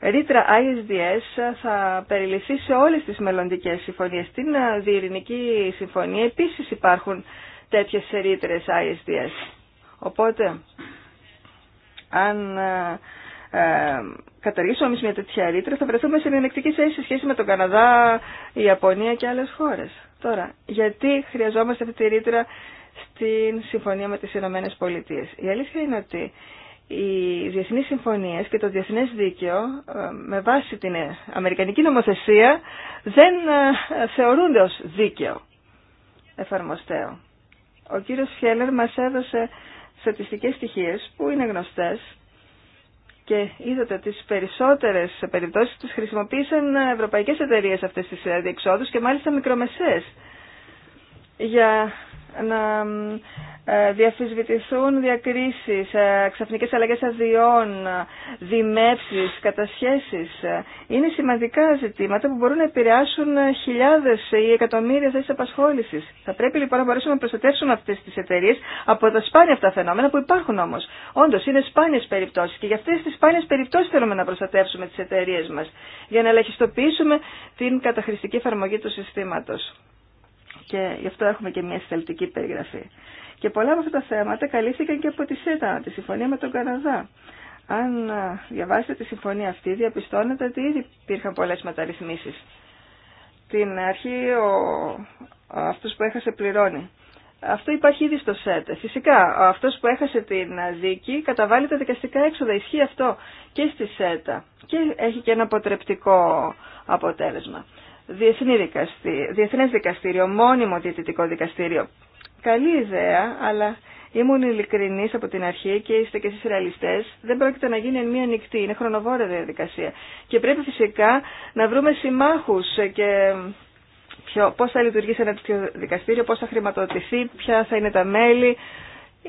ρήτρα ISDS θα περιληφθεί σε όλες τις μελλοντικές συμφωνίες. Στην ε, Διευρυνική συμφωνία επίσης υπάρχουν τέτοιες ρήτρες ISDS. Οπότε, αν ε, ε, καταργήσουμε εμείς μια τέτοια ρήτρα, θα βρεθούμε σε μειονεκτική θέση σε σχέση με τον Καναδά, η Ιαπωνία και άλλες χώρες. Τώρα, γιατί χρειαζόμαστε αυτή τη ρήτρα στην συμφωνία με τις Ηνωμένες Πολιτείες. Η αλήθεια είναι ότι οι διεθνείς συμφωνίες και το διεθνές δίκαιο ε, με βάση την Αμερικανική νομοθεσία δεν ε, θεωρούνται ως δίκαιο εφαρμοστέο. Ο κύριος Φιέλερ μας έδωσε στατιστικές στοιχείες που είναι γνωστές και είδατε τις περισσότερες περιπτώσεις τις χρησιμοποίησαν ευρωπαϊκές εταιρείες αυτές τις ε, διεξόδους και μάλιστα μικρομεσαίες για να ε, διαφυσβητηθούν διακρίσεις, ε, ξαφνικές αλλαγές αδειών, δημέψεις, κατασχέσεις. Ε, είναι σημαντικά ζητήματα που μπορούν να επηρεάσουν χιλιάδες ή εκατομμύρια θέσεις απασχόλησης. Θα πρέπει λοιπόν να μπορέσουμε να προστατεύσουμε αυτές τις εταιρείε από τα σπάνια αυτά φαινόμενα που υπάρχουν όμως. Όντως είναι σπάνιες περιπτώσεις και για αυτές τις σπάνιες περιπτώσεις θέλουμε να προστατεύσουμε τις εταιρείε μας για να ελαχιστοποιήσουμε την καταχρηστική εφαρμογή του συστήματος και γι' αυτό έχουμε και μια συσταλτική περιγραφή. Και πολλά από αυτά τα θέματα καλύφθηκαν και από τη ΣΕΤΑ, τη συμφωνία με τον Καναδά. Αν διαβάσετε τη συμφωνία αυτή, διαπιστώνετε ότι ήδη υπήρχαν πολλέ μεταρρυθμίσει. Την αρχή ο, αυτός που έχασε πληρώνει. Αυτό υπάρχει ήδη στο ΣΕΤΑ. Φυσικά, αυτό που έχασε την δίκη καταβάλει τα δικαστικά έξοδα. Ισχύει αυτό και στη ΣΕΤΑ και έχει και ένα αποτρεπτικό αποτέλεσμα διεθνή δικαστή, διεθνές δικαστήριο, μόνιμο διαιτητικό δικαστήριο. Καλή ιδέα, αλλά ήμουν ειλικρινή από την αρχή και είστε και εσείς ρεαλιστές. Δεν πρόκειται να γίνει εν μία νυχτή, είναι χρονοβόρα διαδικασία. Και πρέπει φυσικά να βρούμε συμμάχους και πώς θα λειτουργήσει ένα τέτοιο δικαστήριο, πώς θα χρηματοδοτηθεί, ποια θα είναι τα μέλη,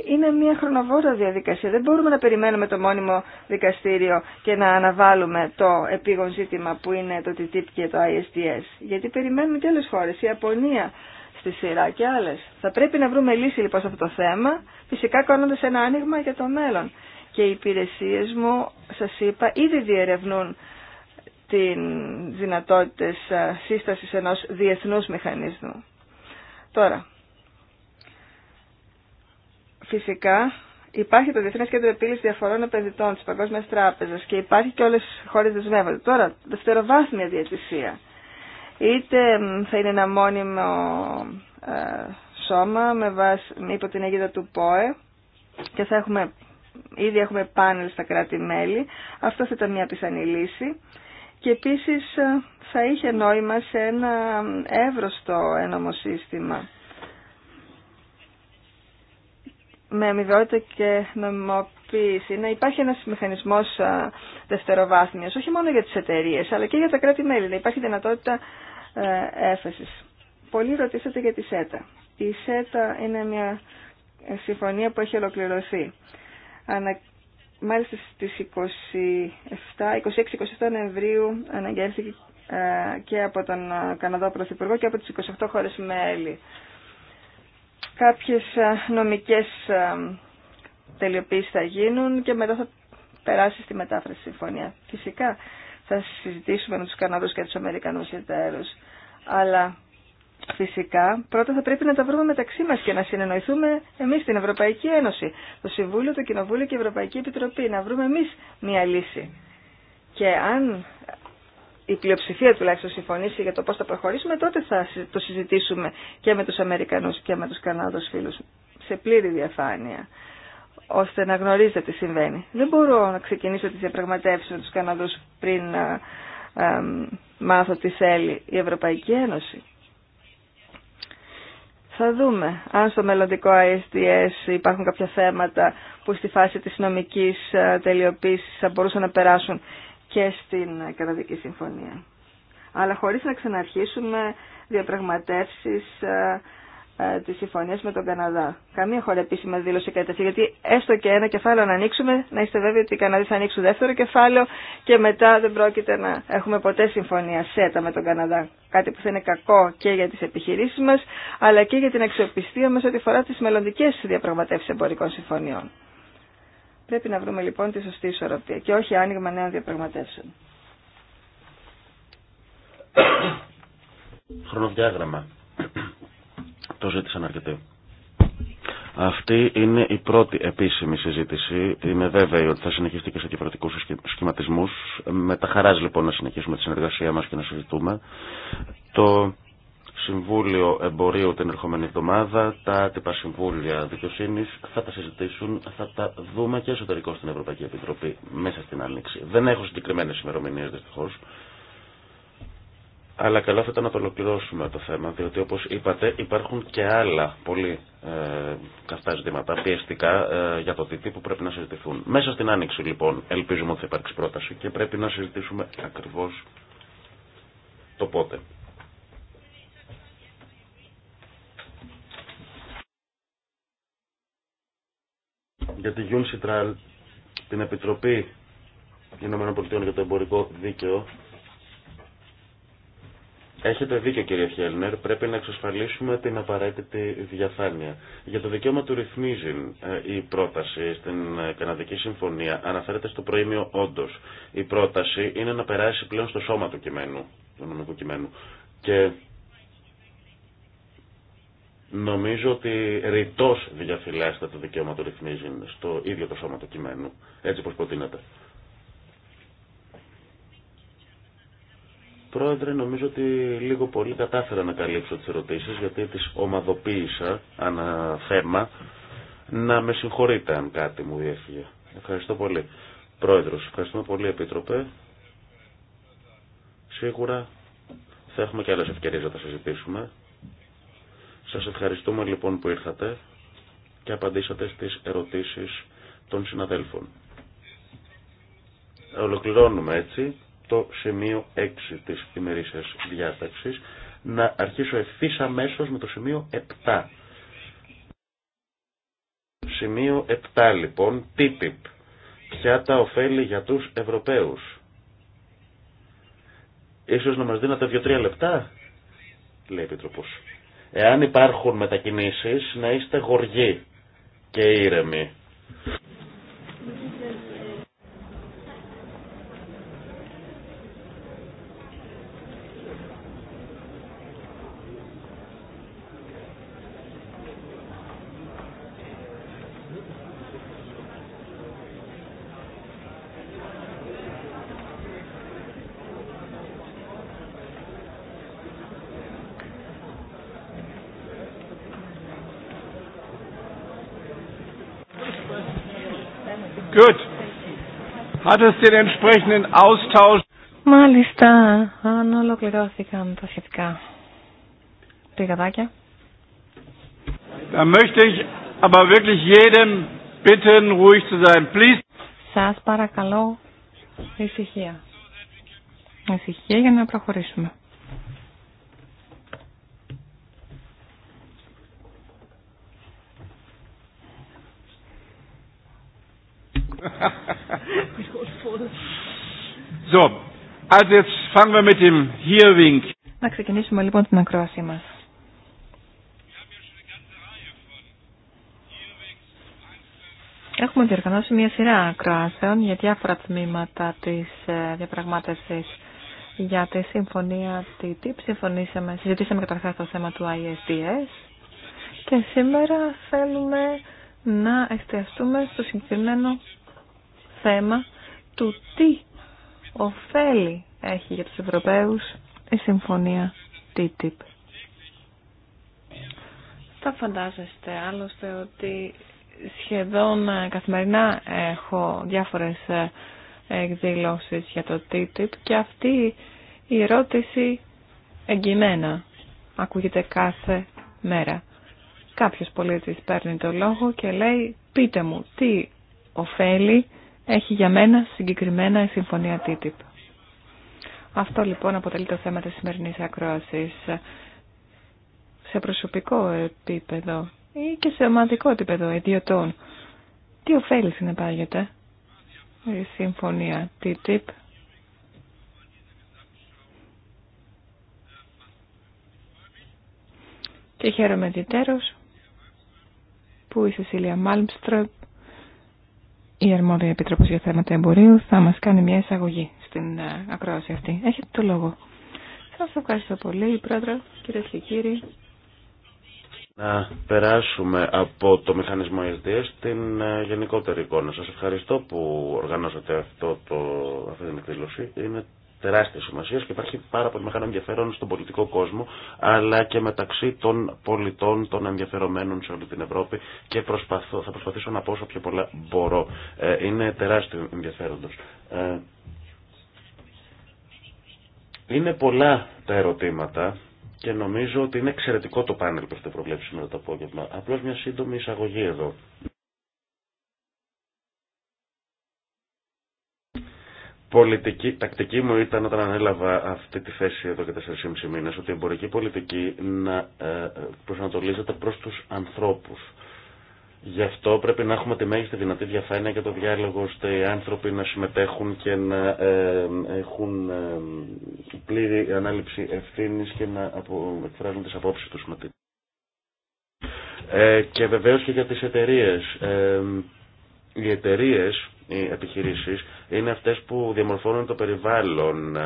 είναι μια χρονοβόρα διαδικασία. Δεν μπορούμε να περιμένουμε το μόνιμο δικαστήριο και να αναβάλουμε το επίγον ζήτημα που είναι το TTIP και το ISDS. Γιατί περιμένουμε και άλλες χώρες, η Ιαπωνία στη σειρά και άλλες. Θα πρέπει να βρούμε λύση λοιπόν σε αυτό το θέμα, φυσικά κάνοντας ένα άνοιγμα για το μέλλον. Και οι υπηρεσίες μου, σας είπα, ήδη διερευνούν την δυνατότητες ε, σύστασης ενός διεθνούς μηχανισμού. Τώρα, Φυσικά υπάρχει το Διεθνέ Κέντρο Επίλυση Διαφορών Επενδυτών τη Παγκόσμια Τράπεζα και υπάρχει και όλε οι χώρε δεσμεύονται. Τώρα, δευτεροβάθμια διατησία. Είτε θα είναι ένα μόνιμο ε, σώμα με βάση, υπό την αίγυδα του ΠΟΕ και θα έχουμε, ήδη έχουμε πάνελ στα κράτη-μέλη. Αυτό θα ήταν μια πιθανή λύση. Και επίσης ε, θα είχε νόημα σε ένα ε, εύρωστο ένομο σύστημα με αμοιβαιότητα και νομιμοποίηση να υπάρχει ένας μηχανισμός δευτεροβάθμιας, όχι μόνο για τις εταιρείε, αλλά και για τα κράτη-μέλη, να υπάρχει δυνατότητα ε, έφεσης. Πολλοί ρωτήσατε για τη ΣΕΤΑ. Η ΣΕΤΑ είναι μια συμφωνία που έχει ολοκληρωθεί. Ανα... Μάλιστα στις 27, 26-27 Νοεμβρίου αναγγέλθηκε ε, και από τον ε, Καναδό Πρωθυπουργό και από τις 28 χώρες μέλη. Κάποιες ε, νομικές ε, τελειοποίησεις θα γίνουν και μετά θα περάσει στη μετάφραση συμφωνία. Φυσικά θα συζητήσουμε με τους Καναδούς και τους Αμερικανούς εταίρους, αλλά Φυσικά, πρώτα θα πρέπει να τα βρούμε μεταξύ μας και να συνεννοηθούμε εμείς στην Ευρωπαϊκή Ένωση, το Συμβούλιο, το Κοινοβούλιο και η Ευρωπαϊκή Επιτροπή, να βρούμε εμείς μια λύση. Και αν η πλειοψηφία τουλάχιστον συμφωνήσει για το πώς θα προχωρήσουμε, τότε θα το συζητήσουμε και με τους Αμερικανούς και με τους Κανάδους φίλους σε πλήρη διαφάνεια ώστε να γνωρίζετε τι συμβαίνει. Δεν μπορώ να ξεκινήσω τις διαπραγματεύσεις με τους Καναδούς πριν α, ε, ε, μάθω τι θέλει η Ευρωπαϊκή Ένωση. Θα δούμε αν στο μελλοντικό ISDS υπάρχουν κάποια θέματα που στη φάση της νομικής ε, τελειοποίησης θα μπορούσαν να περάσουν και στην Καναδική Συμφωνία. Αλλά χωρίς να ξαναρχίσουμε διαπραγματεύσεις ε, ε, της συμφωνίας με τον Καναδά. Καμία χώρα επίσημα δήλωσε κάτι τέτοιο. Γιατί έστω και ένα κεφάλαιο να ανοίξουμε, να είστε βέβαιοι ότι οι Καναδοί θα ανοίξουν δεύτερο κεφάλαιο και μετά δεν πρόκειται να έχουμε ποτέ συμφωνία ΣΕΤΑ με τον Καναδά. Κάτι που θα είναι κακό και για τις επιχειρήσεις μας, αλλά και για την αξιοπιστία μας ό,τι αφορά τι μελλοντικέ διαπραγματεύσει εμπορικών συμφωνιών. Πρέπει να βρούμε λοιπόν τη σωστή ισορροπία και όχι άνοιγμα νέων διαπραγματεύσεων. Χρονοδιάγραμμα. Το ζήτησαν αρκετοί. Αυτή είναι η πρώτη επίσημη συζήτηση. Είμαι βέβαιη ότι θα συνεχιστεί και σε κυβερνητικού σχηματισμού. Με τα χαράς λοιπόν να συνεχίσουμε τη συνεργασία μα και να συζητούμε. Το Συμβούλιο Εμπορίου την ερχόμενη εβδομάδα, τα άτυπα συμβούλια δικαιοσύνη θα τα συζητήσουν, θα τα δούμε και εσωτερικό στην Ευρωπαϊκή Επιτροπή μέσα στην Άνοιξη. Δεν έχω συγκεκριμένε ημερομηνίε δυστυχώ. Αλλά καλά θα ήταν να το ολοκληρώσουμε το θέμα, διότι όπω είπατε υπάρχουν και άλλα πολύ ε, καυτά ζητήματα, πιεστικά ε, για το τι που πρέπει να συζητηθούν. Μέσα στην Άνοιξη λοιπόν ελπίζουμε ότι θα υπάρξει πρόταση και πρέπει να συζητήσουμε ακριβώ το πότε. για τη Γιούν την Επιτροπή Ηνωμένων Πολιτειών για το Εμπορικό Δίκαιο, Έχετε δίκιο κύριε Χέλνερ, πρέπει να εξασφαλίσουμε την απαραίτητη διαφάνεια. Για το δικαίωμα του ρυθμίζει ε, η πρόταση στην ε, Καναδική Συμφωνία αναφέρεται στο προήμιο όντω. Η πρόταση είναι να περάσει πλέον στο σώμα του κειμένου, του νομικού κειμένου. Και Νομίζω ότι ρητό διαφυλάσσεται το δικαίωμα του ρυθμίζει στο ίδιο το σώμα του κειμένου, έτσι όπω προτείνεται. Πρόεδρε, νομίζω ότι λίγο πολύ κατάφερα να καλύψω τις ερωτήσεις, γιατί τις ομαδοποίησα ανά θέμα. Να με συγχωρείτε αν κάτι μου διέφυγε. Ευχαριστώ πολύ. Πρόεδρο, ευχαριστούμε πολύ Επίτροπε. Σίγουρα θα έχουμε και άλλε ευκαιρίε να τα συζητήσουμε. Σας ευχαριστούμε λοιπόν που ήρθατε και απαντήσατε στις ερωτήσεις των συναδέλφων. Ολοκληρώνουμε έτσι το σημείο 6 της ημερήσιας διάταξης. Να αρχίσω ευθύ αμέσω με το σημείο 7. Σημείο 7 λοιπόν, TTIP. Ποια τα ωφέλη για τους Ευρωπαίους. Ίσως να μας δίνατε 2-3 λεπτά, λέει η Επιτροπός. Εάν υπάρχουν μετακινήσεις, να είστε γοργοί και ήρεμοι. Hat es den entsprechenden Austausch... Μάλιστα, αν ολοκληρώθηκαν τα σχετικά τριγαδάκια. Da möchte ich aber wirklich jedem bitten, ruhig zu sein. Please. Σας παρακαλώ, ησυχία. Ησυχία για να προχωρήσουμε. So, Να ξεκινήσουμε λοιπόν την ακρόασή μας. Έχουμε διοργανώσει μια σειρά ακροάσεων για διάφορα τμήματα της ε, διαπραγμάτευσης για τη συμφωνία TTIP. Συμφωνήσαμε, συζητήσαμε καταρχάς το θέμα του ISDS και σήμερα θέλουμε να εστιαστούμε στο συγκεκριμένο θέμα του τι Οφέλη έχει για τους Ευρωπαίους η συμφωνία TTIP. Θα φαντάζεστε άλλωστε ότι σχεδόν ε, καθημερινά έχω διάφορες ε, εκδηλώσεις για το TTIP και αυτή η ερώτηση εγκυμένα ακούγεται κάθε μέρα. Κάποιος πολίτης παίρνει το λόγο και λέει πείτε μου τι ωφέλη έχει για μένα συγκεκριμένα η συμφωνία TTIP. Αυτό λοιπόν αποτελεί το θέμα της σημερινής ακρόασης σε προσωπικό επίπεδο ή και σε ομαδικό επίπεδο ιδιωτών. Τι ωφέλη συνεπάγεται η συμφωνία TTIP και χαίρομαι ιδιαίτερος που η Σεσίλια Μάλμστροπ η αρμόδια επιτροπή για θέματα εμπορίου θα μας κάνει μια εισαγωγή στην ε, ακρόαση αυτή. Έχετε το λόγο. Σας ευχαριστώ πολύ, πρόεδρε, κυρίε και κύριοι. Να περάσουμε από το μηχανισμό ESDS στην ε, γενικότερη εικόνα. Σα ευχαριστώ που οργανώσατε αυτό το, αυτή την εκδήλωση. Είναι τεράστια σημασία και υπάρχει πάρα πολύ μεγάλο ενδιαφέρον στον πολιτικό κόσμο, αλλά και μεταξύ των πολιτών, των ενδιαφερομένων σε όλη την Ευρώπη και προσπαθώ, θα προσπαθήσω να πω όσο πιο πολλά μπορώ. Ε, είναι τεράστιο ενδιαφέροντος. Ε, είναι πολλά τα ερωτήματα και νομίζω ότι είναι εξαιρετικό το πάνελ που έχετε προβλέψει σήμερα το απόγευμα. Απλώς μια σύντομη εισαγωγή εδώ. πολιτική, τακτική μου ήταν όταν ανέλαβα αυτή τη θέση εδώ και 4,5 μήνες ότι η εμπορική πολιτική να ε, προσανατολίζεται προς τους ανθρώπους. Γι' αυτό πρέπει να έχουμε τη μέγιστη δυνατή διαφάνεια για το διάλογο ώστε οι άνθρωποι να συμμετέχουν και να ε, έχουν ε, πλήρη ανάληψη ευθύνη και να εκφράζουν τις απόψεις τους και βεβαίως και για τις εταιρείες οι εταιρείε, οι επιχειρήσει, είναι αυτέ που διαμορφώνουν το περιβάλλον, ε,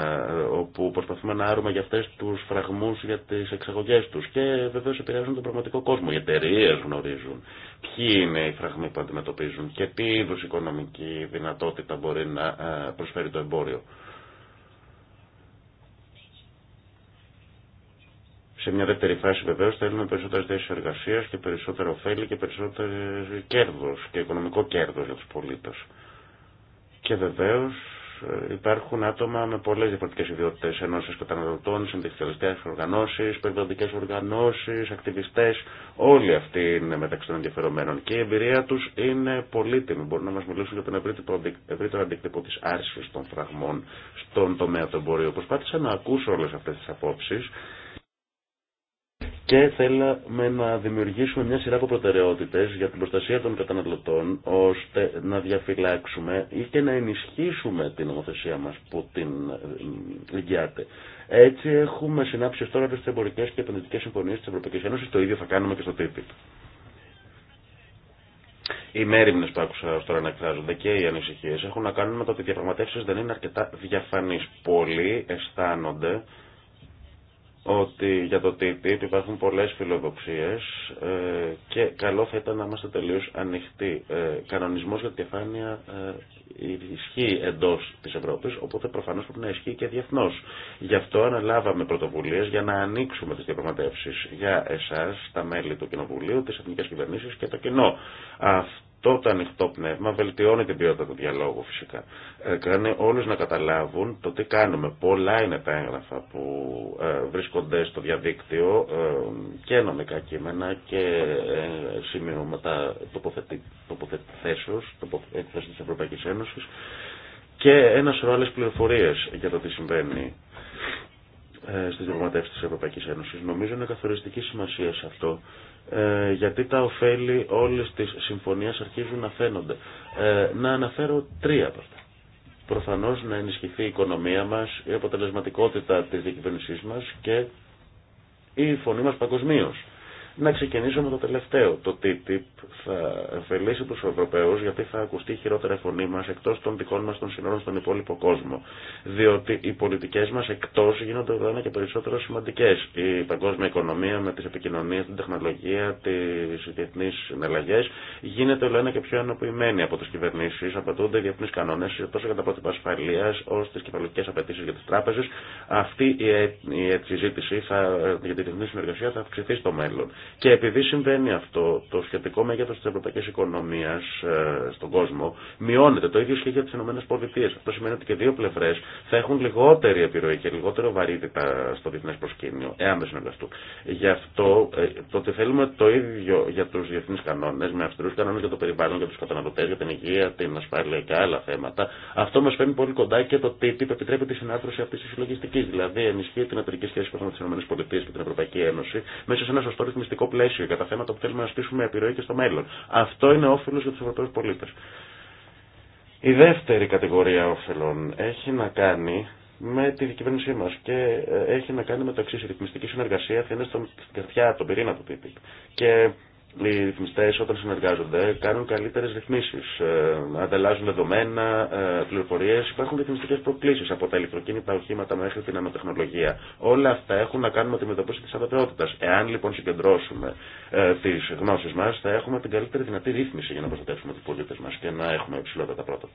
όπου προσπαθούμε να άρουμε για αυτέ του φραγμού για τι εξαγωγέ του. Και βεβαίω επηρεάζουν τον πραγματικό κόσμο. Οι εταιρείε γνωρίζουν ποιοι είναι οι φραγμοί που αντιμετωπίζουν και τι είδου οικονομική δυνατότητα μπορεί να ε, προσφέρει το εμπόριο. Σε μια δεύτερη φάση βεβαίω θέλουμε περισσότερε θέσει εργασία και περισσότερο ωφέλη και περισσότερο κέρδο και οικονομικό κέρδο για του πολίτε. Και βεβαίω ε, υπάρχουν άτομα με πολλέ διαφορετικέ ιδιότητε, ενώσει καταναλωτών, συνδικαλιστέ οργανώσει, περιβαλλοντικέ οργανώσει, ακτιβιστέ. Όλοι αυτοί είναι μεταξύ των ενδιαφερομένων και η εμπειρία του είναι πολύτιμη. Μπορούν να μα μιλήσουν για τον ευρύτερο αντίκτυπο τη άρση των φραγμών στον τομέα του εμπορίου. Προσπάθησα να ακούσω όλε αυτέ τι απόψει και θέλαμε να δημιουργήσουμε μια σειρά από προτεραιότητες για την προστασία των καταναλωτών ώστε να διαφυλάξουμε ή και να ενισχύσουμε την νομοθεσία μας που την ε, εγγυάται. Έτσι έχουμε συνάψει τώρα τι εμπορικές και επενδυτικές συμφωνίες της Ευρωπαϊκής Ένωσης, το ίδιο θα κάνουμε και στο TTIP. Οι μέρημνε που άκουσα τώρα να εκφράζονται και οι ανησυχίε έχουν να κάνουν με το ότι οι διαπραγματεύσει δεν είναι αρκετά διαφανεί. Πολλοί αισθάνονται ότι για το TTIP υπάρχουν πολλές φιλοδοξίες ε, και καλό θα ήταν να είμαστε τελείως ανοιχτοί. Ε, κανονισμός για τη διαφάνεια ε, ισχύει εντός της Ευρώπης, οπότε προφανώς πρέπει να ισχύει και διεθνώς. Γι' αυτό αναλάβαμε πρωτοβουλίες για να ανοίξουμε τις διαπραγματεύσεις για εσάς, τα μέλη του Κοινοβουλίου, τις εθνικές κυβερνήσεις και το κοινό. Αυτό αυτό το ανοιχτό πνεύμα βελτιώνει την ποιότητα του διαλόγου φυσικά. Ε, κάνει όλους να καταλάβουν το τι κάνουμε. Πολλά είναι τα έγγραφα που ε, βρίσκονται στο διαδίκτυο ε, και νομικά κείμενα και σημειώματα τοποθετήσεως, τοποθετήσεως της Ευρωπαϊκής Ένωσης και ένα σωρό άλλες πληροφορίες για το τι συμβαίνει στις διαπραγματεύσεις της Ευρωπαϊκής Ένωσης. Νομίζω είναι καθοριστική σημασία σε αυτό ε, γιατί τα ωφέλη όλες της συμφωνίας αρχίζουν να φαίνονται. Ε, να αναφέρω τρία από αυτά. Προφανώς να ενισχυθεί η οικονομία μας, η αποτελεσματικότητα της διακυβέρνησή μας και η φωνή μας παγκοσμίω. Να ξεκινήσω με το τελευταίο. Το TTIP θα ωφελήσει του Ευρωπαίου γιατί θα ακουστεί η χειρότερα φωνή μα εκτό των δικών μα των συνόρων στον υπόλοιπο κόσμο. Διότι οι πολιτικέ μα εκτό γίνονται εδώ ένα και περισσότερο σημαντικέ. Η παγκόσμια οικονομία με τι επικοινωνίε, την τεχνολογία, τι διεθνεί συναλλαγέ γίνεται όλο και πιο ενοποιημένη από τι κυβερνήσει. Απαιτούνται διεθνεί κανόνε τόσο για τα πρότυπα ασφαλεία ω τι κεφαλικέ απαιτήσει για τι τράπεζε. Αυτή η ε, ε, συζήτηση για τη διεθνή συνεργασία θα αυξηθεί στο μέλλον. Και επειδή συμβαίνει αυτό, το σχετικό μέγεθο τη ευρωπαϊκή οικονομία ε, στον κόσμο μειώνεται. Το ίδιο ισχύει για τι ΗΠΑ. Αυτό σημαίνει ότι και δύο πλευρέ θα έχουν λιγότερη επιρροή και λιγότερο βαρύτητα στο διεθνέ προσκήνιο, εάν δεν συνεργαστούν. Γι' αυτό ε, το ότι θέλουμε το ίδιο για του διεθνεί κανόνε, με αυστηρού κανόνε για το περιβάλλον, για του καταναλωτέ, για την υγεία, την ασφάλεια και άλλα θέματα, αυτό μα φέρνει πολύ κοντά και το TTIP επιτρέπει τη συνάρτηση αυτή τη συλλογιστική. Δηλαδή ενισχύει την εταιρική σχέση που έχουμε με τι ΗΠΑ και την Ευρωπαϊκή Ένωση μέσα σε ένα σωστό ρυθμιστικό ρεαλιστικό πλαίσιο για τα θέματα που θέλουμε να στήσουμε επιρροή και στο μέλλον. Αυτό είναι όφελο για του Ευρωπαίου πολίτε. Η δεύτερη κατηγορία όφελων έχει να κάνει με τη κυβέρνησή μα και ε, έχει να κάνει με το εξή. Η ρυθμιστική συνεργασία θα είναι στον καρδιά, τον πυρήνα του TTIP. Και οι ρυθμιστέ όταν συνεργάζονται κάνουν καλύτερε ρυθμίσει. Ε, ανταλλάζουν δεδομένα, ε, πληροφορίε. Υπάρχουν ρυθμιστικέ προκλήσει από τα ηλεκτροκίνητα οχήματα μέχρι την ανατεχνολογία. Όλα αυτά έχουν να κάνουν με τη μετωπίση τη αβεβαιότητα. Εάν λοιπόν συγκεντρώσουμε ε, τι γνώσει μα, θα έχουμε την καλύτερη δυνατή ρύθμιση για να προστατεύσουμε του πολίτε μα και να έχουμε υψηλότερα τα πρότυπα.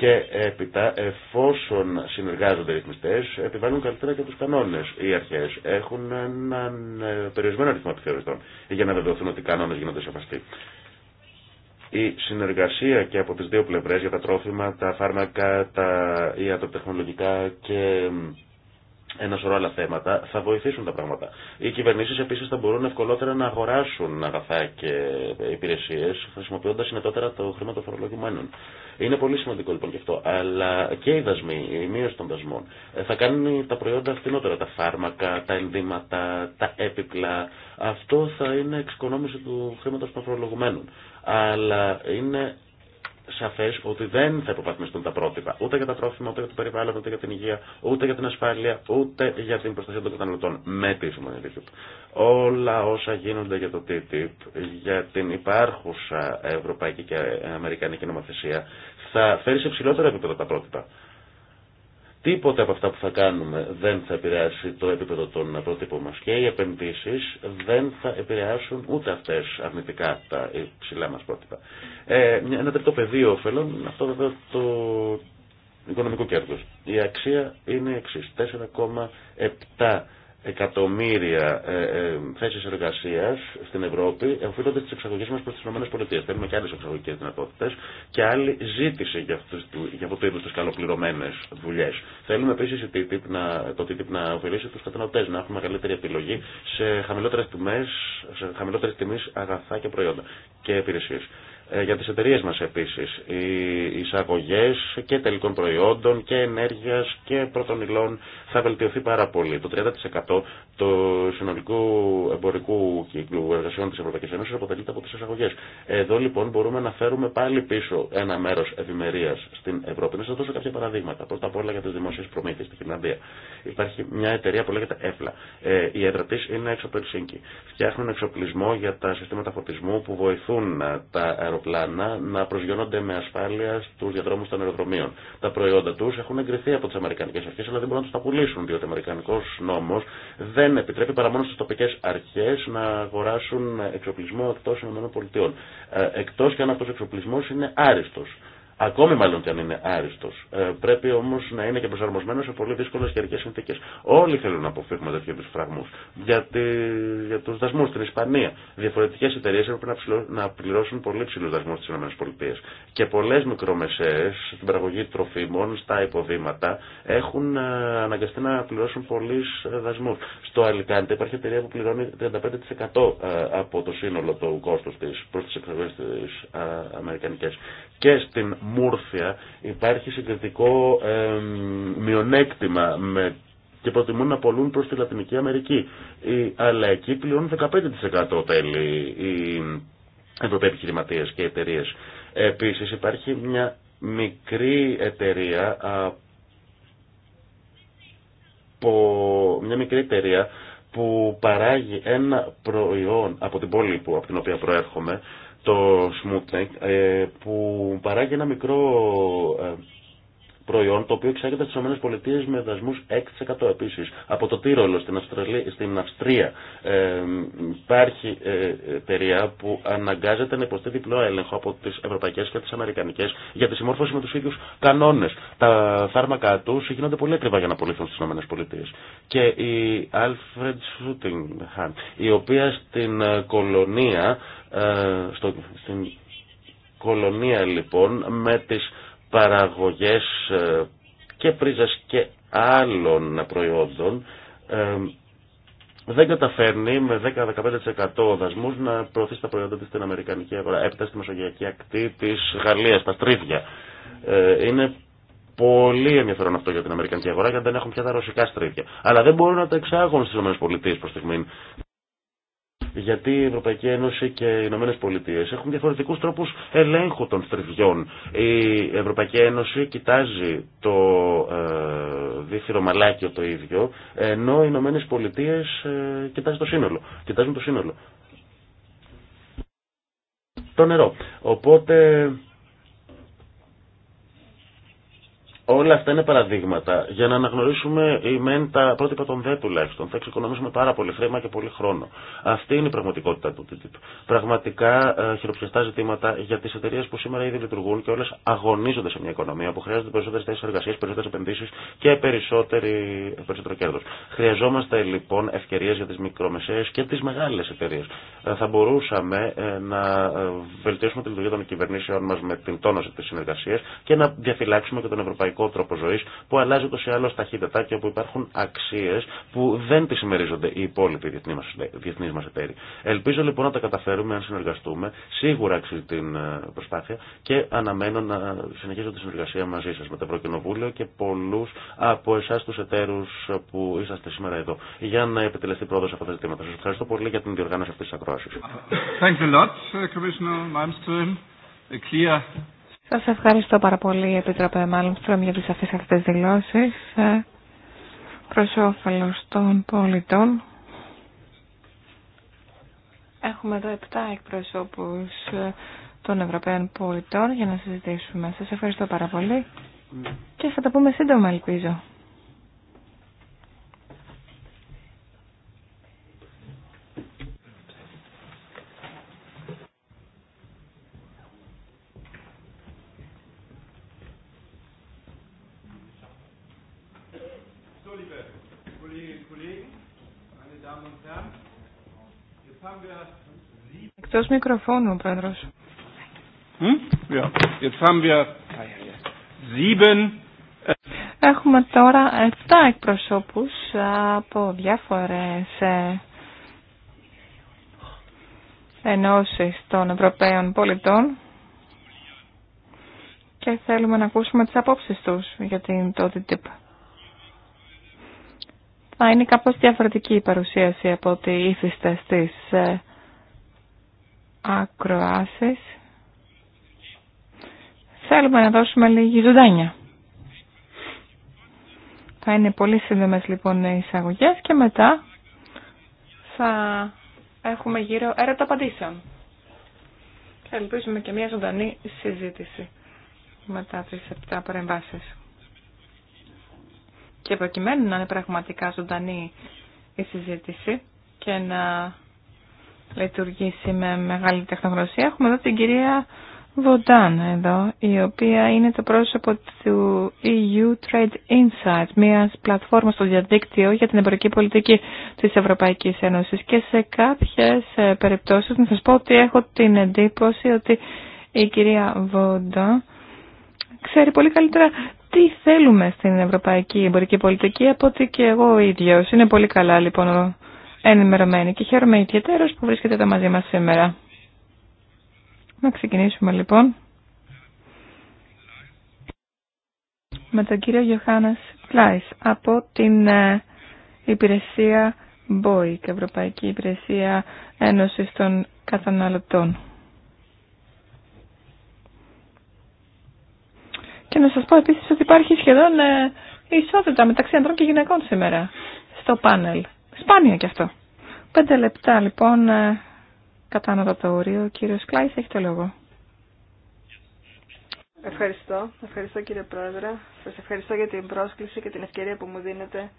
Και έπειτα, εφόσον συνεργάζονται οι ρυθμιστέ, επιβάλλουν καλύτερα και του κανόνε. Οι αρχέ έχουν έναν ε, περιορισμένο αριθμό επιθεωρητών για να βεβαιωθούν ότι οι κανόνε γίνονται σεβαστοί. Η συνεργασία και από τι δύο πλευρέ για τα τρόφιμα, τα φάρμακα, τα ιατροτεχνολογικά και ένα σωρό άλλα θέματα, θα βοηθήσουν τα πράγματα. Οι κυβερνήσει επίση θα μπορούν ευκολότερα να αγοράσουν αγαθά και υπηρεσίε χρησιμοποιώντα συνετότερα το χρήμα των φορολογημένων. Είναι πολύ σημαντικό λοιπόν και αυτό. Αλλά και οι δασμοί, η μείωση των δασμών ε, θα κάνουν τα προϊόντα φθηνότερα, τα φάρμακα, τα ενδύματα, τα έπιπλα. Αυτό θα είναι εξοικονόμηση του χρήματο των φορολογουμένων. Αλλά είναι σαφέ ότι δεν θα υποβαθμιστούν τα πρότυπα ούτε για τα τρόφιμα, ούτε για το περιβάλλον, ούτε για την υγεία, ούτε για την ασφάλεια, ούτε για την προστασία των καταναλωτών με τη συμφωνία TTIP. Όλα όσα γίνονται για το TTIP, για την υπάρχουσα ευρωπαϊκή και αμερικανική νομοθεσία, θα φέρει σε ψηλότερο επίπεδο τα πρότυπα. Τίποτα από αυτά που θα κάνουμε δεν θα επηρεάσει το επίπεδο των προτύπων μας και οι επενδύσεις δεν θα επηρεάσουν ούτε αυτές αρνητικά τα υψηλά μας πρότυπα. Ε, ένα τρίτο πεδίο ωφελών, αυτό βέβαια το οικονομικό κέρδος. Η αξία είναι εξής, 4,7 εκατομμύρια ε, ε, θέσει εργασία στην Ευρώπη οφείλονται στι εξαγωγέ μα προ τι ΗΠΑ. Θέλουμε και άλλε εξαγωγικέ δυνατότητε και άλλη ζήτηση για, αυτούς, για αυτό το τι καλοπληρωμένε δουλειέ. Θέλουμε επίση το TTIP να ωφελήσει του καταναλωτέ, να έχουν μεγαλύτερη επιλογή σε χαμηλότερε τιμέ χαμηλότερες τιμές αγαθά και προϊόντα και υπηρεσίε. Ε, για τις εταιρείες μας επίσης. Οι εισαγωγές και τελικών προϊόντων και ενέργειας και πρώτων υλών θα βελτιωθεί πάρα πολύ. Το 30% του συνολικού εμπορικού κύκλου εργασιών της Ευρωπαϊκής Ένωσης αποτελείται από τις εισαγωγές. Εδώ λοιπόν μπορούμε να φέρουμε πάλι πίσω ένα μέρος ευημερία στην Ευρώπη. Να σας δώσω κάποια παραδείγματα. Πρώτα απ' όλα για τις δημοσίες προμήθειες στη Φιλανδία. Υπάρχει μια εταιρεία που λέγεται ΕΦΛΑ. Ε, η έδρα της είναι έξω από Φτιάχνουν εξοπλισμό για τα συστήματα φωτισμού που βοηθούν ε, τα αεροπλάνα αεροπλάνα να προσγειώνονται με ασφάλεια στου διαδρόμου των αεροδρομίων. Τα προϊόντα του έχουν εγκριθεί από τι Αμερικανικέ αρχέ, αλλά δεν μπορούν να του τα πουλήσουν, διότι ο Αμερικανικό νόμο δεν επιτρέπει παρά μόνο στι τοπικέ αρχέ να αγοράσουν εξοπλισμό εκτό ΗΠΑ. Εκτό και αν αυτό ο εξοπλισμό είναι άριστο. Ακόμη μάλλον και αν είναι άριστο. Ε, πρέπει όμω να είναι και προσαρμοσμένο σε πολύ δύσκολε καιρικέ συνθήκε. Όλοι θέλουν να αποφύγουμε τέτοιου είδου φραγμού. Για, για του δασμού στην Ισπανία. Διαφορετικέ εταιρείε έπρεπε να, να πληρώσουν πολύ ψηλού δασμού στι ΗΠΑ. Και πολλέ μικρομεσαίε στην παραγωγή τροφίμων, στα υποδήματα, έχουν ε, αναγκαστεί να πληρώσουν πολλού ε, δασμού. Στο Αλικάντε υπάρχει εταιρεία που πληρώνει 35% από το σύνολο του κόστου τη προ τι εκλογέ τη Αμερικανικέ. Και στην υπάρχει συγκριτικό μειονέκτημα με και προτιμούν να πολλούν προς τη Λατινική Αμερική. αλλά εκεί πληρώνουν 15% τέλη οι ευρωπαίοι επιχειρηματίε και εταιρείε. Επίσης υπάρχει μια μικρή εταιρεία που μια μικρή εταιρεία που παράγει ένα προϊόν από την πόλη που, από την οποία προέρχομαι το Smoothneck ε, που παράγει ένα μικρό ε, προϊόν το οποίο εξάγεται στι ΗΠΑ με δασμού 6%. Επίση, από το Τύρολο στην, στην Αυστρία ε, υπάρχει ε, εταιρεία που αναγκάζεται να υποστεί διπλό έλεγχο από τι ευρωπαϊκέ και τι αμερικανικέ για τη συμμόρφωση με του ίδιου κανόνε. Τα φάρμακα του γίνονται πολύ ακριβά για να απολύθουν στι ΗΠΑ. Και η Alfred Schuttingham, η οποία στην ε, κολονία, ε, στο, στην κολονία λοιπόν με τις παραγωγές ε, και πρίζας και άλλων προϊόντων ε, δεν καταφέρνει με 10-15% δασμούς να προωθήσει τα προϊόντα της στην Αμερικανική αγορά. Έπειτα στη Μεσογειακή ακτή της Γαλλίας, τα στρίβια. Ε, είναι πολύ ενδιαφέρον αυτό για την Αμερικανική αγορά γιατί δεν έχουν πια τα ρωσικά στρίβια. Αλλά δεν μπορούν να τα εξάγουν στις ΗΠΑ προς τη στιγμή. Γιατί η Ευρωπαϊκή Ένωση και οι Ηνωμένε Πολιτείε έχουν διαφορετικού τρόπου ελέγχου των στριβιών. Η Ευρωπαϊκή Ένωση κοιτάζει το ε, δίθυρο μαλάκιο το ίδιο, ενώ οι Ηνωμένε Πολιτείε ε, κοιτάζει το σύνολο. Κοιτάζουν το σύνολο. Το νερό. Οπότε Όλα αυτά είναι παραδείγματα για να αναγνωρίσουμε η μεν τα πρότυπα των δε τουλάχιστον. Θα εξοικονομήσουμε πάρα πολύ χρήμα και πολύ χρόνο. Αυτή είναι η πραγματικότητα του TTIP. Πραγματικά ε, χειροπιαστά ζητήματα για τι εταιρείε που σήμερα ήδη λειτουργούν και όλε αγωνίζονται σε μια οικονομία που χρειάζονται περισσότερε θέσει εργασία, περισσότερε επενδύσει και περισσότερο κέρδο. Χρειαζόμαστε λοιπόν ευκαιρίε για τι μικρομεσαίε και τι μεγάλε εταιρείε. Ε, θα μπορούσαμε ε, να βελτιώσουμε τη λειτουργία των κυβερνήσεων μα με την τόνωση τη συνεργασία και να διαφυλάξουμε και τον ευρωπαϊκό τρόπο ζωή που αλλάζει ούτω ή άλλω ταχύτητα και όπου υπάρχουν αξίε που δεν τι συμμερίζονται οι υπόλοιποι διεθνεί μα εταίροι. Ελπίζω λοιπόν να τα καταφέρουμε αν συνεργαστούμε. Σίγουρα αξίζει την ε, προσπάθεια και αναμένω να συνεχίσω τη συνεργασία μαζί σα με το Ευρωκοινοβούλιο και πολλού από εσά του εταίρου που είσαστε σήμερα εδώ για να επιτελεστεί πρόοδο αυτά τα ζητήματα. Σα ευχαριστώ πολύ για την διοργάνωση αυτή τη ακρόαση. Σα ευχαριστώ πάρα πολύ, Επίτροπε Μάλμστρομ, για τις αυτές αυτές δηλώσεις ε, Προ όφελο των πολιτών. Έχουμε εδώ 7 εκπροσώπους ε, των Ευρωπαίων πολιτών για να συζητήσουμε. Σα ευχαριστώ πάρα πολύ και θα τα πούμε σύντομα, ελπίζω. Εκτός μικροφώνου, πρόεδρος. Hm? Äh, Έχουμε τώρα 7 εκπροσώπους από διάφορες ε, ενώσεις των Ευρωπαίων πολιτών και θέλουμε να ακούσουμε τις απόψεις τους για την τύπα. Θα είναι κάπως διαφορετική η παρουσίαση από ό,τι ήθιστε στις ε, ακροάσεις. Θέλουμε να δώσουμε λίγη ζωντάνια. Θα είναι πολύ σύντομε λοιπόν οι εισαγωγέ και μετά θα έχουμε γύρω έρωτα απαντήσεων. Και ελπίζουμε και μια ζωντανή συζήτηση μετά τις 7 παρεμβάσεις και προκειμένου να είναι πραγματικά ζωντανή η συζήτηση και να λειτουργήσει με μεγάλη τεχνογνωσία, έχουμε εδώ την κυρία Βοντάν εδώ, η οποία είναι το πρόσωπο του EU Trade Insights, μια πλατφόρμα στο διαδίκτυο για την εμπορική πολιτική της Ευρωπαϊκής Ένωσης. Και σε κάποιες ε, περιπτώσεις να σας πω ότι έχω την εντύπωση ότι η κυρία Βοντάν ξέρει πολύ καλύτερα τι θέλουμε στην ευρωπαϊκή εμπορική πολιτική από ότι και εγώ ο ίδιος. Είναι πολύ καλά λοιπόν ενημερωμένη και χαίρομαι ιδιαίτερω που βρίσκεται εδώ μαζί μα σήμερα. Να ξεκινήσουμε λοιπόν με τον κύριο Γιωχάννα Κλάις από την ε, υπηρεσία BOIC, Ευρωπαϊκή Υπηρεσία Ένωσης των Καταναλωτών. Και να σας πω επίσης ότι υπάρχει σχεδόν ε, ισότητα μεταξύ ανδρών και γυναικών σήμερα στο πάνελ. σπάνια κι αυτό. Πέντε λεπτά λοιπόν ε, κατά το όριο. Ο κύριος Κλάης έχει το λόγο. Ευχαριστώ. Ευχαριστώ κύριε Πρόεδρε. Σας ευχαριστώ για την πρόσκληση και την ευκαιρία που μου δίνετε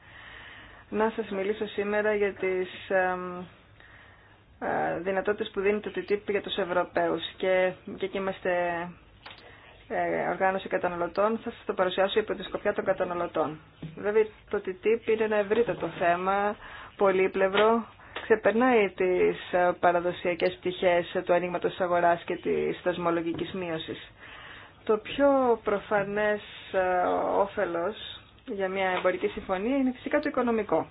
να σας μιλήσω σήμερα για τις ε, δυνατότητες που δίνει το TTIP για τους Ευρωπαίους και εκεί είμαστε ε, οργάνωση καταναλωτών, θα σας το παρουσιάσω υπό τη σκοπιά των καταναλωτών. Βέβαια το TTIP είναι ένα ευρύτατο θέμα, πολύπλευρο, ξεπερνάει τις ε, παραδοσιακές πτυχές του ανοίγματο αγοράς και της θεσμολογικής μείωσης. Το πιο προφανές ε, όφελος για μια εμπορική συμφωνία είναι φυσικά το οικονομικό.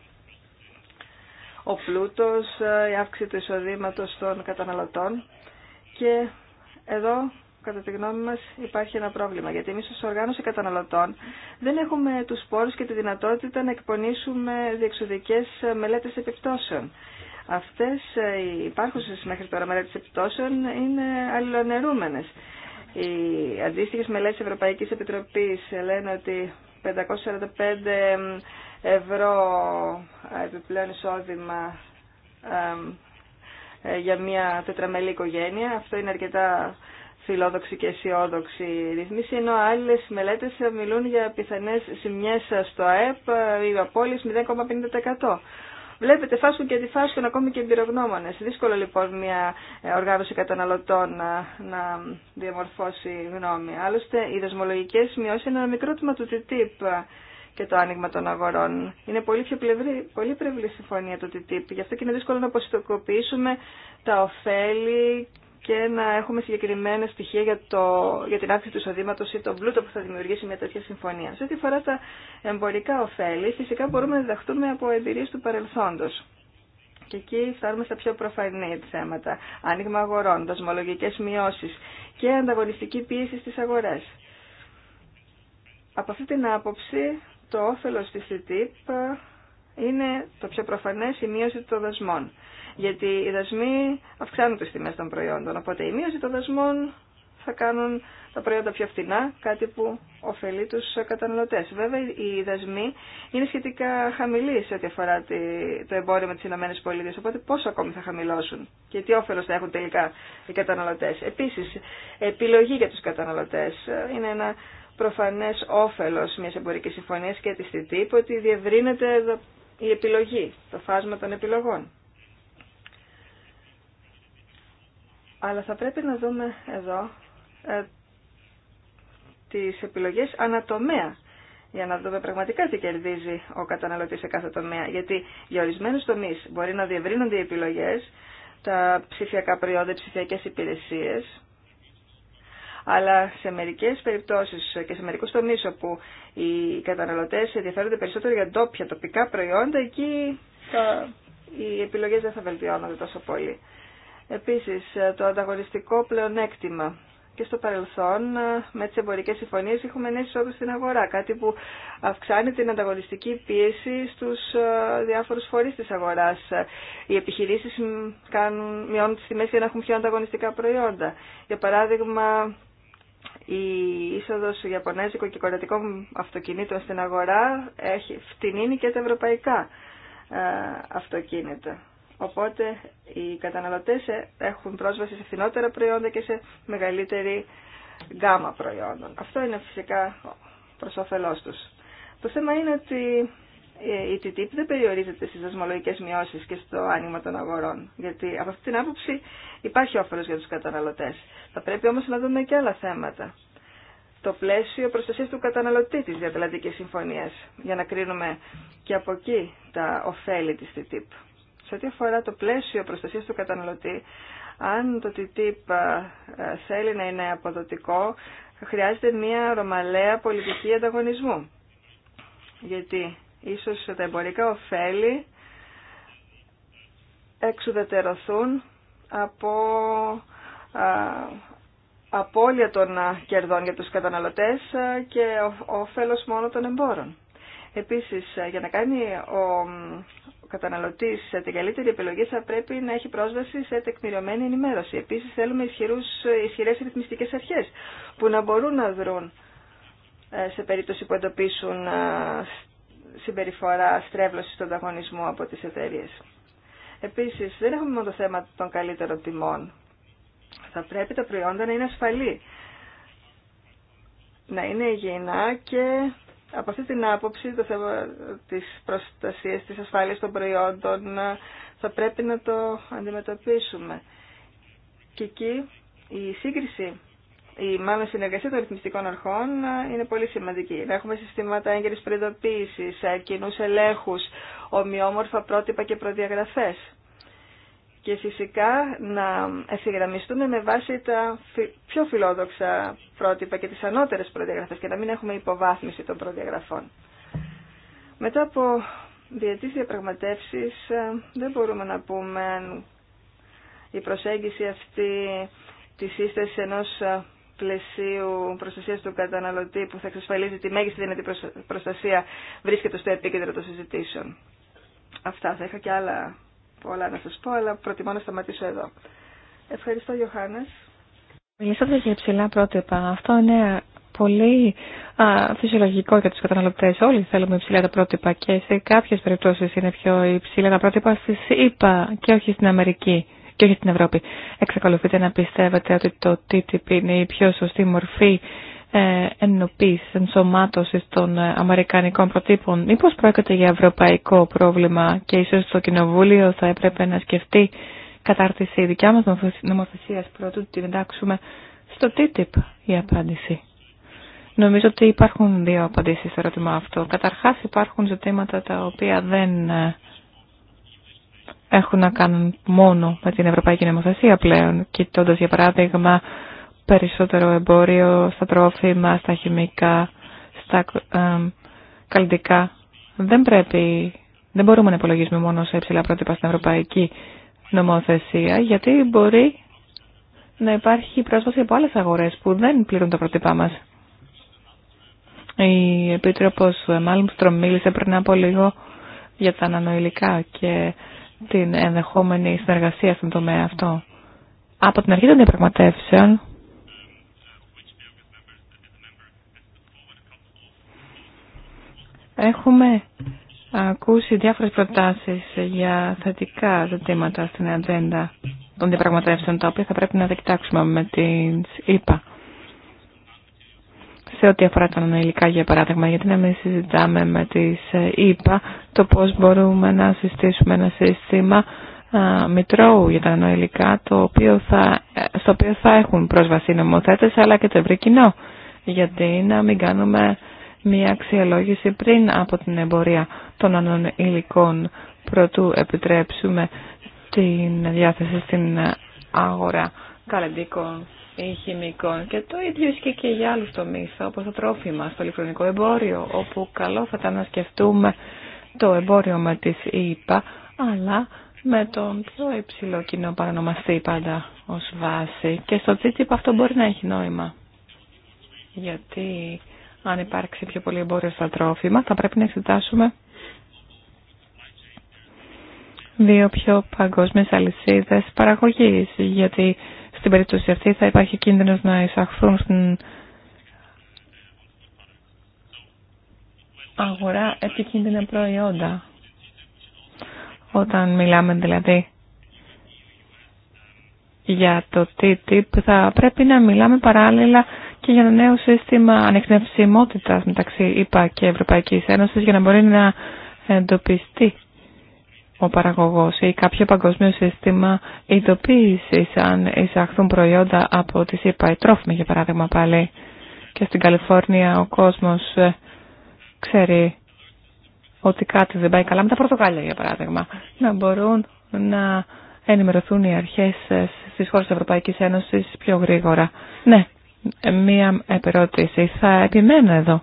Ο πλούτος, η αύξηση του εισοδήματος των καταναλωτών και εδώ κατά τη γνώμη μας υπάρχει ένα πρόβλημα, γιατί εμείς ως οργάνωση καταναλωτών δεν έχουμε τους πόρους και τη δυνατότητα να εκπονήσουμε διεξοδικές μελέτες επιπτώσεων. Αυτές ε, οι υπάρχουσες μέχρι τώρα μελέτες επιπτώσεων είναι αλληλονερούμενες. Οι αντίστοιχες μελέτες Ευρωπαϊκής Επιτροπής λένε ότι 545 ευρώ ε, επιπλέον εισόδημα ε, για μια τετραμελή οικογένεια. Αυτό είναι αρκετά φιλόδοξη και αισιόδοξη ρυθμίση, ενώ άλλε μελέτε μιλούν για πιθανέ σημειέ στο ΑΕΠ ή απόλυε 0,50%. Βλέπετε, φάσκουν και αντιφάσκουν ακόμη και εμπειρογνώμονε. Δύσκολο λοιπόν μια οργάνωση καταναλωτών να, να διαμορφώσει γνώμη. Άλλωστε, οι δεσμολογικέ μειώσει είναι ένα μικρό τμήμα του TTIP και το άνοιγμα των αγορών. Είναι πολύ πιο πλευρή, πολύ πλευρή συμφωνία το TTIP. Γι' αυτό και είναι δύσκολο να αποστοκοποιήσουμε τα ωφέλη και να έχουμε συγκεκριμένα στοιχεία για, το, για την αύξηση του εισοδήματο ή τον πλούτο που θα δημιουργήσει μια τέτοια συμφωνία. Σε ό,τι αφορά τα εμπορικά ωφέλη, φυσικά μπορούμε να διδαχτούμε από εμπειρίε του παρελθόντο. Και εκεί φτάνουμε στα πιο προφανή θέματα. Άνοιγμα αγορών, δοσμολογικέ μειώσει και ανταγωνιστική πίεση στι αγορέ. Από αυτή την άποψη, το όφελος της TTIP είναι το πιο προφανές η μείωση των δεσμών γιατί οι δασμοί αυξάνουν τις τιμές των προϊόντων, οπότε η μείωση των δασμών θα κάνουν τα προϊόντα πιο φτηνά, κάτι που ωφελεί τους καταναλωτές. Βέβαια, οι δασμοί είναι σχετικά χαμηλοί σε ό,τι αφορά το εμπόριο με τις ΗΠΑ, οπότε πόσο ακόμη θα χαμηλώσουν και τι όφελος θα έχουν τελικά οι καταναλωτές. Επίσης, επιλογή για τους καταναλωτές είναι ένα προφανές όφελος μιας εμπορικής συμφωνίας και της TTIP ότι διευρύνεται η επιλογή, το φάσμα των επιλογών. Αλλά θα πρέπει να δούμε εδώ ε, τις επιλογές ανατομέα για να δούμε πραγματικά τι κερδίζει ο καταναλωτής σε κάθε τομέα. Γιατί για ορισμένους τομεί μπορεί να διευρύνονται οι επιλογές, τα ψηφιακά προϊόντα, οι ψηφιακέ υπηρεσίε, αλλά σε μερικές περιπτώσεις και σε μερικού τομείς όπου οι καταναλωτέ ενδιαφέρονται περισσότερο για ντόπια τοπικά προϊόντα, εκεί τα... οι επιλογέ δεν θα βελτιώνονται τόσο πολύ. Επίσης, ε, το ανταγωνιστικό πλεονέκτημα. Και στο παρελθόν, ε, με τις εμπορικές συμφωνίες, έχουμε νέες εισόδους στην αγορά, κάτι που αυξάνει την ανταγωνιστική πίεση στους ε, διάφορους φορείς της αγοράς. Οι επιχειρήσεις κάνουν, μειώνουν τις τιμές για να έχουν πιο ανταγωνιστικά προϊόντα. Για παράδειγμα, η είσοδος Ιαπωνέζικων και Κορεατικών αυτοκινήτων στην αγορά έχει φτηνίνει και τα ευρωπαϊκά αυτοκίνητα. Οπότε οι καταναλωτές ε, έχουν πρόσβαση σε φθηνότερα προϊόντα και σε μεγαλύτερη γκάμα προϊόντων. Αυτό είναι φυσικά προς όφελός τους. Το θέμα είναι ότι ε, η TTIP δεν περιορίζεται στις δασμολογικές μειώσεις και στο άνοιγμα των αγορών. Γιατί από αυτή την άποψη υπάρχει όφελος για τους καταναλωτές. Θα πρέπει όμως να δούμε και άλλα θέματα. Το πλαίσιο προστασία του καταναλωτή της Διατλαντικής Συμφωνίας για να κρίνουμε και από εκεί τα ωφέλη της TTIP. Σε ό,τι αφορά το πλαίσιο προστασίας του καταναλωτή, αν το TTIP ε, θέλει να είναι αποδοτικό, χρειάζεται μια ρωμαλαία πολιτική ανταγωνισμού. Γιατί ίσως τα εμπορικά ωφέλη εξουδετερωθούν από ε, απώλεια των ε, κερδών για τους καταναλωτές και όφελος μόνο των εμπόρων. Επίσης, για να κάνει ο καταναλωτή την καλύτερη επιλογή θα πρέπει να έχει πρόσβαση σε τεκμηριωμένη ενημέρωση. Επίση, θέλουμε ισχυρέ ρυθμιστικέ αρχέ που να μπορούν να δρουν ε, σε περίπτωση που εντοπίσουν ε, συμπεριφορά στρέβλωση στον ανταγωνισμού από τι εταιρείε. Επίση, δεν έχουμε μόνο το θέμα των καλύτερων τιμών. Θα πρέπει τα προϊόντα να είναι ασφαλή, να είναι υγιεινά και από αυτή την άποψη το θέμα της προστασίας, της ασφάλειας των προϊόντων ε, θα πρέπει να το αντιμετωπίσουμε. Και εκεί η σύγκριση, η μάλλον συνεργασία των ρυθμιστικών αρχών ε, είναι πολύ σημαντική. Να έχουμε συστήματα έγκαιρης προειδοποίησης, ε, κοινούς ελέγχους, ομοιόμορφα πρότυπα και προδιαγραφές και φυσικά να ευθυγραμμιστούμε με βάση τα πιο φιλόδοξα πρότυπα και τις ανώτερες προδιαγραφές και να μην έχουμε υποβάθμιση των προδιαγραφών. Μετά από διετής διαπραγματεύσεις ε, δεν μπορούμε να πούμε αν η προσέγγιση αυτή τη σύσταση ενός ε, πλαισίου προστασίας του καταναλωτή που θα εξασφαλίζει τη μέγιστη δυνατή προστασία βρίσκεται στο επίκεντρο των συζητήσεων. Αυτά. Θα είχα και άλλα πολλά να σας πω, αλλά προτιμώ να σταματήσω εδώ. Ευχαριστώ, Ιωάννης. Μιλήσατε για υψηλά πρότυπα. Αυτό είναι πολύ α, φυσιολογικό για τους καταναλωτές. Όλοι θέλουμε υψηλά τα πρότυπα και σε κάποιες περιπτώσεις είναι πιο υψηλά τα πρότυπα στις ΗΠΑ και όχι στην Αμερική και όχι στην Ευρώπη. Εξακολουθείτε να πιστεύετε ότι το TTIP είναι η πιο σωστή μορφή εννοπής, ενσωμάτωση των ε, αμερικανικών προτύπων. Μήπω πρόκειται για ευρωπαϊκό πρόβλημα και ίσω το Κοινοβούλιο θα έπρεπε να σκεφτεί κατάρτιση δικιά μα νομοθεσία πρώτου την εντάξουμε στο TTIP η απάντηση. Νομίζω ότι υπάρχουν δύο απαντήσει στο ερώτημα αυτό. Καταρχά υπάρχουν ζητήματα τα οποία δεν ε, έχουν να κάνουν μόνο με την Ευρωπαϊκή Νομοθεσία πλέον, κοιτώντα για παράδειγμα περισσότερο εμπόριο στα τρόφιμα, στα χημικά, στα ε, καλλιτικά. Δεν πρέπει, δεν μπορούμε να υπολογίζουμε μόνο σε υψηλά πρότυπα στην ευρωπαϊκή νομοθεσία, γιατί μπορεί να υπάρχει πρόσβαση από άλλες αγορές που δεν πληρούν τα πρότυπά μας. Η Επίτροπος Μάλμστρομ μίλησε πριν από λίγο για τα ανανοηλικά και την ενδεχόμενη συνεργασία στον τομέα αυτό. Από την αρχή των διαπραγματεύσεων Έχουμε ακούσει διάφορες προτάσεις για θετικά ζητήματα στην ατζέντα των διαπραγματεύσεων, τα οποία θα πρέπει να δεκτάξουμε με την ΕΠΑ. Σε ό,τι αφορά τα ανηλικά, για παράδειγμα, γιατί να μην συζητάμε με τι ΕΠΑ το πώς μπορούμε να συστήσουμε ένα σύστημα μητρώου για τα νοηλικά, το στο οποίο θα έχουν πρόσβαση οι νομοθέτες αλλά και το ευρύ κοινό. Γιατί να μην κάνουμε μια αξιολόγηση πριν από την εμπορία των ανών υλικών προτού επιτρέψουμε την διάθεση στην αγορά καλλιντικών ή χημικών. Και το ίδιο ισχύει και για άλλους τομείς, όπως το τρόφιμα, στο ηλεκτρονικό εμπόριο, όπου καλό θα ήταν να σκεφτούμε το εμπόριο με τις ΙΠΑ, αλλά με τον πιο υψηλό κοινό παρανομαστή πάντα ως βάση. Και στο αυτό μπορεί να έχει νόημα. Γιατί αν υπάρξει πιο πολύ εμπόριο στα τρόφιμα, θα πρέπει να εξετάσουμε δύο πιο παγκόσμιες αλυσίδες παραγωγή γιατί στην περίπτωση αυτή θα υπάρχει κίνδυνο να εισαχθούν στην αγορά επικίνδυνα προϊόντα. Όταν μιλάμε δηλαδή για το TTIP θα πρέπει να μιλάμε παράλληλα για ένα νέο σύστημα ανεκνευσιμότητα μεταξύ ΕΠΑ και Ευρωπαϊκής Ένωσης για να μπορεί να εντοπιστεί ο παραγωγός ή κάποιο παγκοσμίο σύστημα ειδοποίησης αν εισαχθούν προϊόντα από τις ΙΠΑ, η τρόφιμα για παράδειγμα πάλι και στην Καλιφόρνια ο κόσμος ε, ξέρει ότι κάτι δεν πάει καλά με τα πορτοκάλια για παράδειγμα να μπορούν να ενημερωθούν οι αρχές ε, στις χώρες της Ευρωπαϊκής Ένωσης πιο γρήγορα. Ναι, μία επερώτηση. Θα επιμένω εδώ.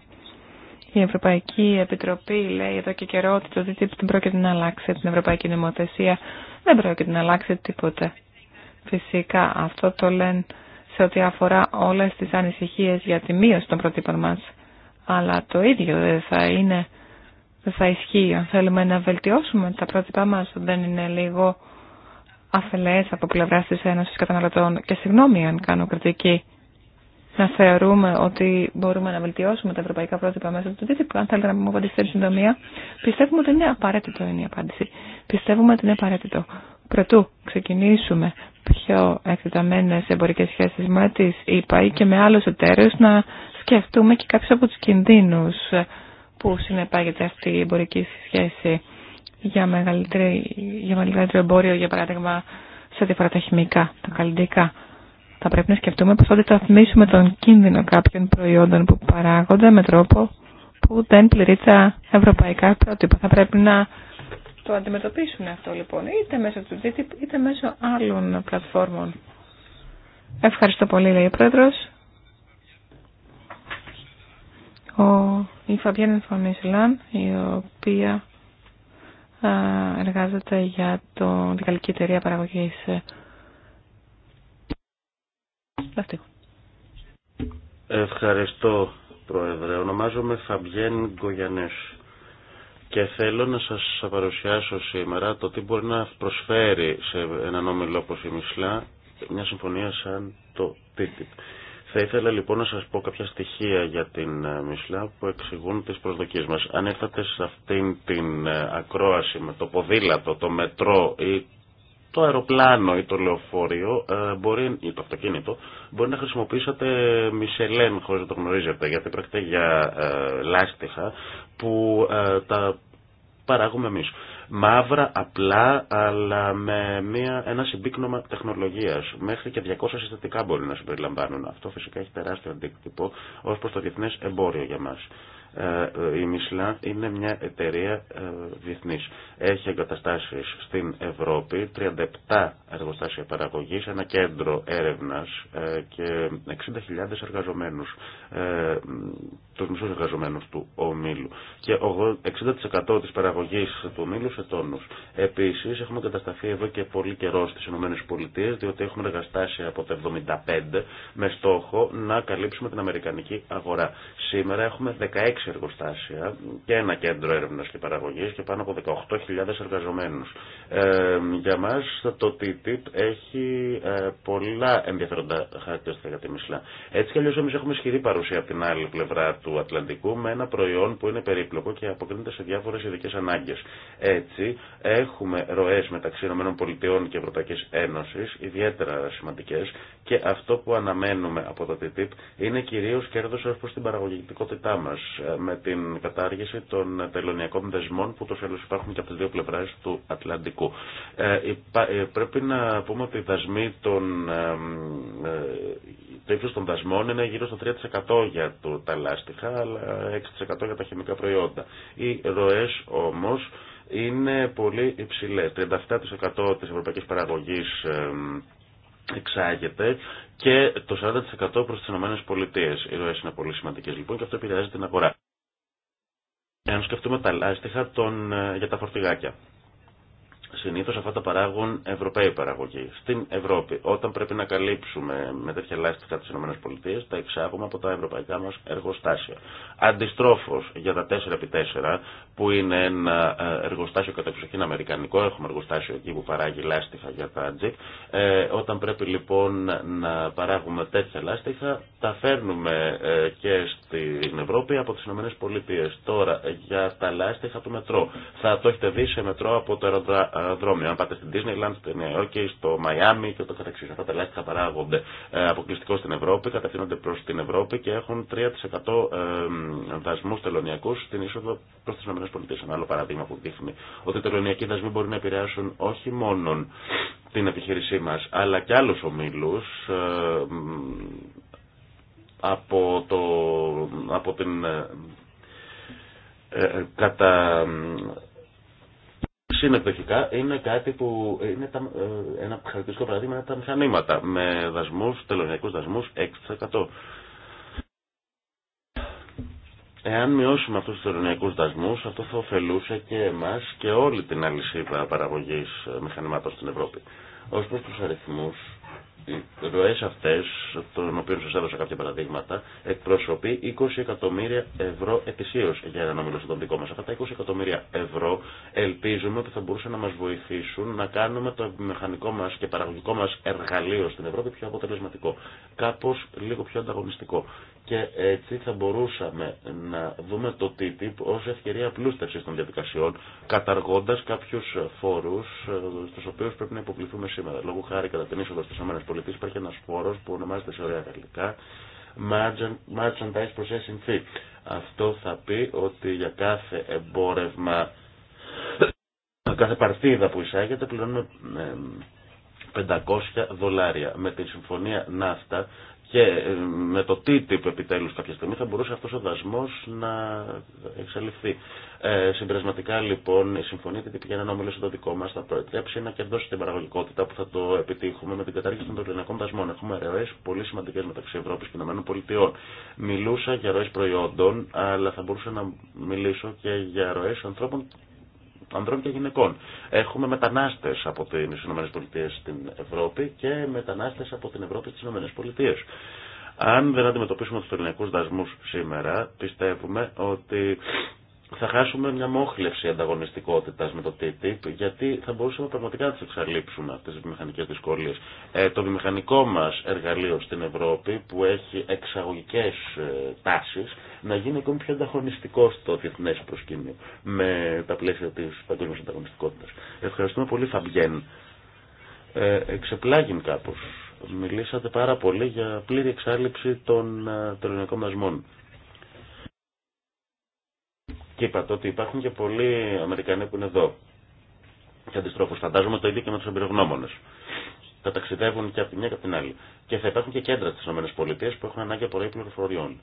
Η Ευρωπαϊκή Επιτροπή λέει εδώ και καιρό ότι το ΔΤΠ δεν πρόκειται να αλλάξει την Ευρωπαϊκή Νομοθεσία. Δεν πρόκειται να αλλάξει τίποτε. Φυσικά αυτό το λένε σε ό,τι αφορά όλες τις ανησυχίες για τη μείωση των προτύπων μας. Αλλά το ίδιο δεν θα είναι, δεν θα ισχύει. Αν θέλουμε να βελτιώσουμε τα πρότυπά μας, δεν είναι λίγο αφελές από πλευράς της Ένωσης Καταναλωτών. Και συγγνώμη αν κάνω κριτική να θεωρούμε ότι μπορούμε να βελτιώσουμε τα ευρωπαϊκά πρότυπα μέσα του TTIP. Αν θέλετε να μου απαντήσετε στην συντομία, πιστεύουμε ότι είναι απαραίτητο είναι η απάντηση. Πιστεύουμε ότι είναι απαραίτητο. Πρωτού ξεκινήσουμε πιο εκτεταμένε εμπορικέ σχέσει με τι ΗΠΑ και με άλλου εταίρου, να σκεφτούμε και κάποιου από του κινδύνου που συνεπάγεται αυτή η εμπορική σχέση για μεγαλύτερο, εμπόριο, για παράδειγμα, σε αφορά τα χημικά, τα καλλιτικά. Θα πρέπει να σκεφτούμε πώς θα αντισταθμίσουμε τον κίνδυνο κάποιων προϊόντων που παράγονται με τρόπο που δεν πληρεί τα ευρωπαϊκά πρότυπα. Θα πρέπει να το αντιμετωπίσουμε αυτό λοιπόν, είτε μέσω του DTIP είτε μέσω άλλων πλατφόρμων. Ευχαριστώ πολύ, λέει ο Πρόεδρος. Ο, η Φαμπιέν Φωνίσλαν, η οποία εργάζεται για την καλλική εταιρεία παραγωγής ε, Ευχαριστώ, Πρόεδρε. Ονομάζομαι Φαμπιέν Γκογιανές και θέλω να σας παρουσιάσω σήμερα το τι μπορεί να προσφέρει σε έναν όμιλο όπως η Μισλά μια συμφωνία σαν το TTIP. Θα ήθελα λοιπόν να σας πω κάποια στοιχεία για την ε, Μισλά που εξηγούν τις προσδοκίες μας. Αν έρθατε σε αυτήν την ε, ακρόαση με το ποδήλατο, το μετρό ή το αεροπλάνο ή το λεωφόριο ε, μπορεί, ή το αυτοκίνητο μπορεί να χρησιμοποιήσετε μισελέν χωρίς να το γνωρίζετε γιατί πρόκειται για ε, λάστιχα που ε, τα παράγουμε εμείς. Μαύρα, απλά, αλλά με μια, ένα συμπίκνωμα τεχνολογίας. Μέχρι και 200 συστατικά μπορεί να συμπεριλαμβάνουν. Αυτό φυσικά έχει τεράστιο αντίκτυπο ως προς το διεθνές εμπόριο για μας. Ε, ε, η Μισλά είναι μια εταιρεία ε, διεθνής. Έχει εγκαταστάσεις στην Ευρώπη, 37 εργοστάσια παραγωγής, ένα κέντρο έρευνας και 60.000 εργαζομένους. Του μισού εργαζομένου του ομίλου και 60% τη παραγωγή του ομίλου σε τόνου. Επίσης έχουμε κατασταθεί εδώ και πολύ καιρό στις ΗΠΑ διότι έχουμε εργαστάσει από το 1975 με στόχο να καλύψουμε την Αμερικανική αγορά. Σήμερα έχουμε 16 εργοστάσια και ένα κέντρο έρευνα και παραγωγή και πάνω από 18.000 εργαζομένου. Ε, για μα το TTIP έχει ε, πολλά ενδιαφέροντα χαρακτηριστικά για τη Μισλά. Έτσι κι αλλιώ, εμεί έχουμε ισχυρή παρουσία από την άλλη πλευρά του Ατλαντικού με ένα προϊόν που είναι περίπλοκο και αποκρίνεται σε διάφορες ειδικές ανάγκες. Έτσι, έχουμε ροές μεταξύ ΗΠΑ και Ευρωπαϊκής Ένωσης, ιδιαίτερα σημαντικές, και αυτό που αναμένουμε από το TTIP είναι κυρίως κέρδος ως προς την παραγωγικότητά μας, ε, με την κατάργηση των τελωνιακών δεσμών που τόσο άλλως υπάρχουν και από τις δύο πλευρέ του Ατλαντικού. Ε, ε, πρέπει να πούμε ότι οι δασμοί των, το ύψος των δασμών είναι γύρω στο 3% για το, τα αλλά 6% για τα χημικά προϊόντα. Οι ροές όμως είναι πολύ υψηλέ. 37% της ευρωπαϊκής παραγωγής εξάγεται και το 40% προς τι ΗΠΑ. Οι ροές είναι πολύ σημαντικέ λοιπόν και αυτό επηρεάζει την αγορά. Εάν σκεφτούμε τα λάστιχα ε, για τα φορτηγάκια. Συνήθω αυτά τα παράγουν Ευρωπαίοι παραγωγοί. Στην Ευρώπη, όταν πρέπει να καλύψουμε με τέτοια λάστιχα τι ΗΠΑ, τα εξάγουμε από τα ευρωπαϊκά μα εργοστάσια. Αντιστρόφω, για τα 4x4, που είναι ένα ε, εργοστάσιο εξοχήν αμερικανικό, έχουμε εργοστάσιο εκεί που παράγει λάστιχα για τα τζιπ. Ε, όταν πρέπει λοιπόν να παράγουμε τέτοια λάστιχα, τα φέρνουμε ε, και στην Ευρώπη από τι ΗΠΑ. Τώρα, για τα λάστιχα του μετρό. Θα το έχετε δει σε μετρό από τα αεροδρόμιο. Αν πάτε στην Disneyland, στο Νέα Υόρκη, στο Μαϊάμι και ούτω καθεξή. Αυτά τα ελάχιστα παράγονται ε, αποκλειστικώ στην Ευρώπη, κατευθύνονται προ την Ευρώπη και έχουν 3% ε, δασμού τελωνιακού στην είσοδο προ τι ΗΠΑ. Ένα άλλο παράδειγμα που δείχνει ότι οι τελωνιακοί δασμοί μπορεί να επηρεάσουν όχι μόνο την επιχείρησή μα, αλλά και άλλου ομίλου ε, από, το, από την κατά συνεπτοχικά είναι κάτι που είναι τα, ε, ένα χαρακτηριστικό παράδειγμα είναι τα μηχανήματα με δασμούς, τελωνιακούς δασμούς 6%. Εάν μειώσουμε αυτούς τους τελωνιακούς δασμούς, αυτό θα ωφελούσε και εμάς και όλη την αλυσίδα παραγωγής μηχανημάτων στην Ευρώπη. Ως προς τους αριθμούς, οι ροέ αυτέ, των οποίων σα έδωσα κάποια παραδείγματα, εκπροσωπεί 20 εκατομμύρια ευρώ ετησίω για να όμιλο στον δικό μα. Αυτά τα 20 εκατομμύρια ευρώ ελπίζουμε ότι θα μπορούσαν να μα βοηθήσουν να κάνουμε το μηχανικό μα και παραγωγικό μα εργαλείο στην Ευρώπη πιο αποτελεσματικό. Κάπω λίγο πιο ανταγωνιστικό και έτσι θα μπορούσαμε να δούμε το TTIP ως ευκαιρία πλούστευσης των διαδικασιών, καταργώντας κάποιους φόρους ε, στους οποίους πρέπει να υποκληθούμε σήμερα. Λόγω χάρη κατά την είσοδο στις ΗΠΑ υπάρχει ένας φόρος που ονομάζεται σε ωραία γαλλικά Merchandise Processing Fee. Αυτό θα πει ότι για κάθε εμπόρευμα, κάθε παρτίδα που εισάγεται πληρώνουμε 500 ε, δολάρια. Με τη συμφωνία ναύτα και ε, με το TTIP επιτέλους κάποια στιγμή θα μπορούσε αυτός ο δασμός να εξαλειφθεί. Ε, συμπερασματικά λοιπόν η συμφωνία TTIP για να όμιλο το δικό μας θα προετρέψει να κερδώσει την παραγωγικότητα που θα το επιτύχουμε με την κατάργηση των κλινικών δασμών. Έχουμε ροές πολύ σημαντικές μεταξύ Ευρώπης και ΗΠΑ. Μιλούσα για ροές προϊόντων αλλά θα μπορούσα να μιλήσω και για ροές ανθρώπων ανδρών και γυναικών. Έχουμε μετανάστες από τι ΗΠΑ στην Ευρώπη και μετανάστες από την Ευρώπη στι ΗΠΑ. Αν δεν αντιμετωπίσουμε του ελληνικού δασμού σήμερα, πιστεύουμε ότι θα χάσουμε μια μόχλευση ανταγωνιστικότητα με το TTIP, γιατί θα μπορούσαμε πραγματικά να τι εξαλείψουμε αυτέ τι βιομηχανικέ δυσκολίε. Ε, το βιομηχανικό μα εργαλείο στην Ευρώπη, που έχει εξαγωγικέ ε, τάσει, να γίνει ακόμη πιο ανταγωνιστικό στο διεθνέ προσκήνιο, με τα πλαίσια τη παγκόσμια ανταγωνιστικότητα. Ευχαριστούμε πολύ, Φαμπιέν. Ε, εξεπλάγην κάπω. Μιλήσατε πάρα πολύ για πλήρη εξάλληψη των ε, τελωνιακών δασμών. Και είπατε ότι υπάρχουν και πολλοί Αμερικανοί που είναι εδώ. Και αντιστρόφω, φαντάζομαι το ίδιο και με του εμπειρογνώμονε. Θα ταξιδεύουν και από τη μια και από την άλλη. Και θα υπάρχουν και κέντρα στι ΗΠΑ που έχουν ανάγκη από πληροφοριών.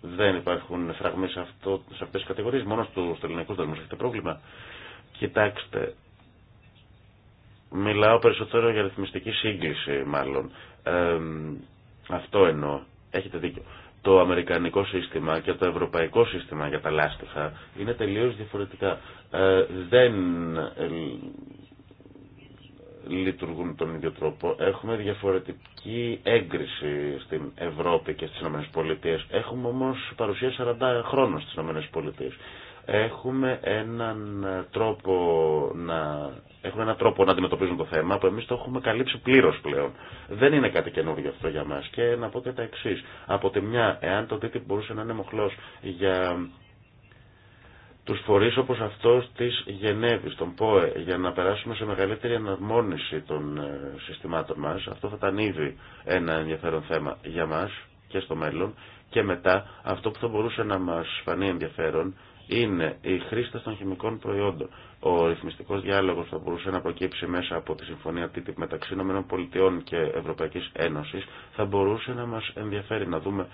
Δεν υπάρχουν φραγμοί σε, σε αυτέ τι κατηγορίε. Μόνο στου ελληνικού δεσμού έχετε πρόβλημα. Κοιτάξτε, μιλάω περισσότερο για ρυθμιστική σύγκληση μάλλον. Ε, αυτό εννοώ. Έχετε δίκιο το αμερικανικό σύστημα και το ευρωπαϊκό σύστημα για τα λάστιχα είναι τελείως διαφορετικά. Ε, δεν ε, λειτουργούν τον ίδιο τρόπο. Έχουμε διαφορετική έγκριση στην Ευρώπη και στις ΗΠΑ. Έχουμε όμως παρουσία 40 χρόνων στις ΗΠΑ έχουμε έναν τρόπο να, έχουμε έναν τρόπο να αντιμετωπίζουν το θέμα που εμείς το έχουμε καλύψει πλήρως πλέον. Δεν είναι κάτι καινούργιο αυτό για μας και να πω και τα εξή. Από τη μια, εάν το TTIP μπορούσε να είναι μοχλός για τους φορείς όπως αυτός της Γενέβης, τον ΠΟΕ, για να περάσουμε σε μεγαλύτερη αναρμόνιση των ε, συστημάτων μας, αυτό θα ήταν ήδη ένα ενδιαφέρον θέμα για μας και στο μέλλον, και μετά αυτό που θα μπορούσε να μας φανεί ενδιαφέρον είναι οι χρήστε των χημικών προϊόντων. Ο ρυθμιστικό διάλογο θα μπορούσε να προκύψει μέσα από τη συμφωνία TTIP μεταξύ ΗΠΑ και Ευρωπαϊκή Ένωση. Θα μπορούσε να μα ενδιαφέρει να δούμε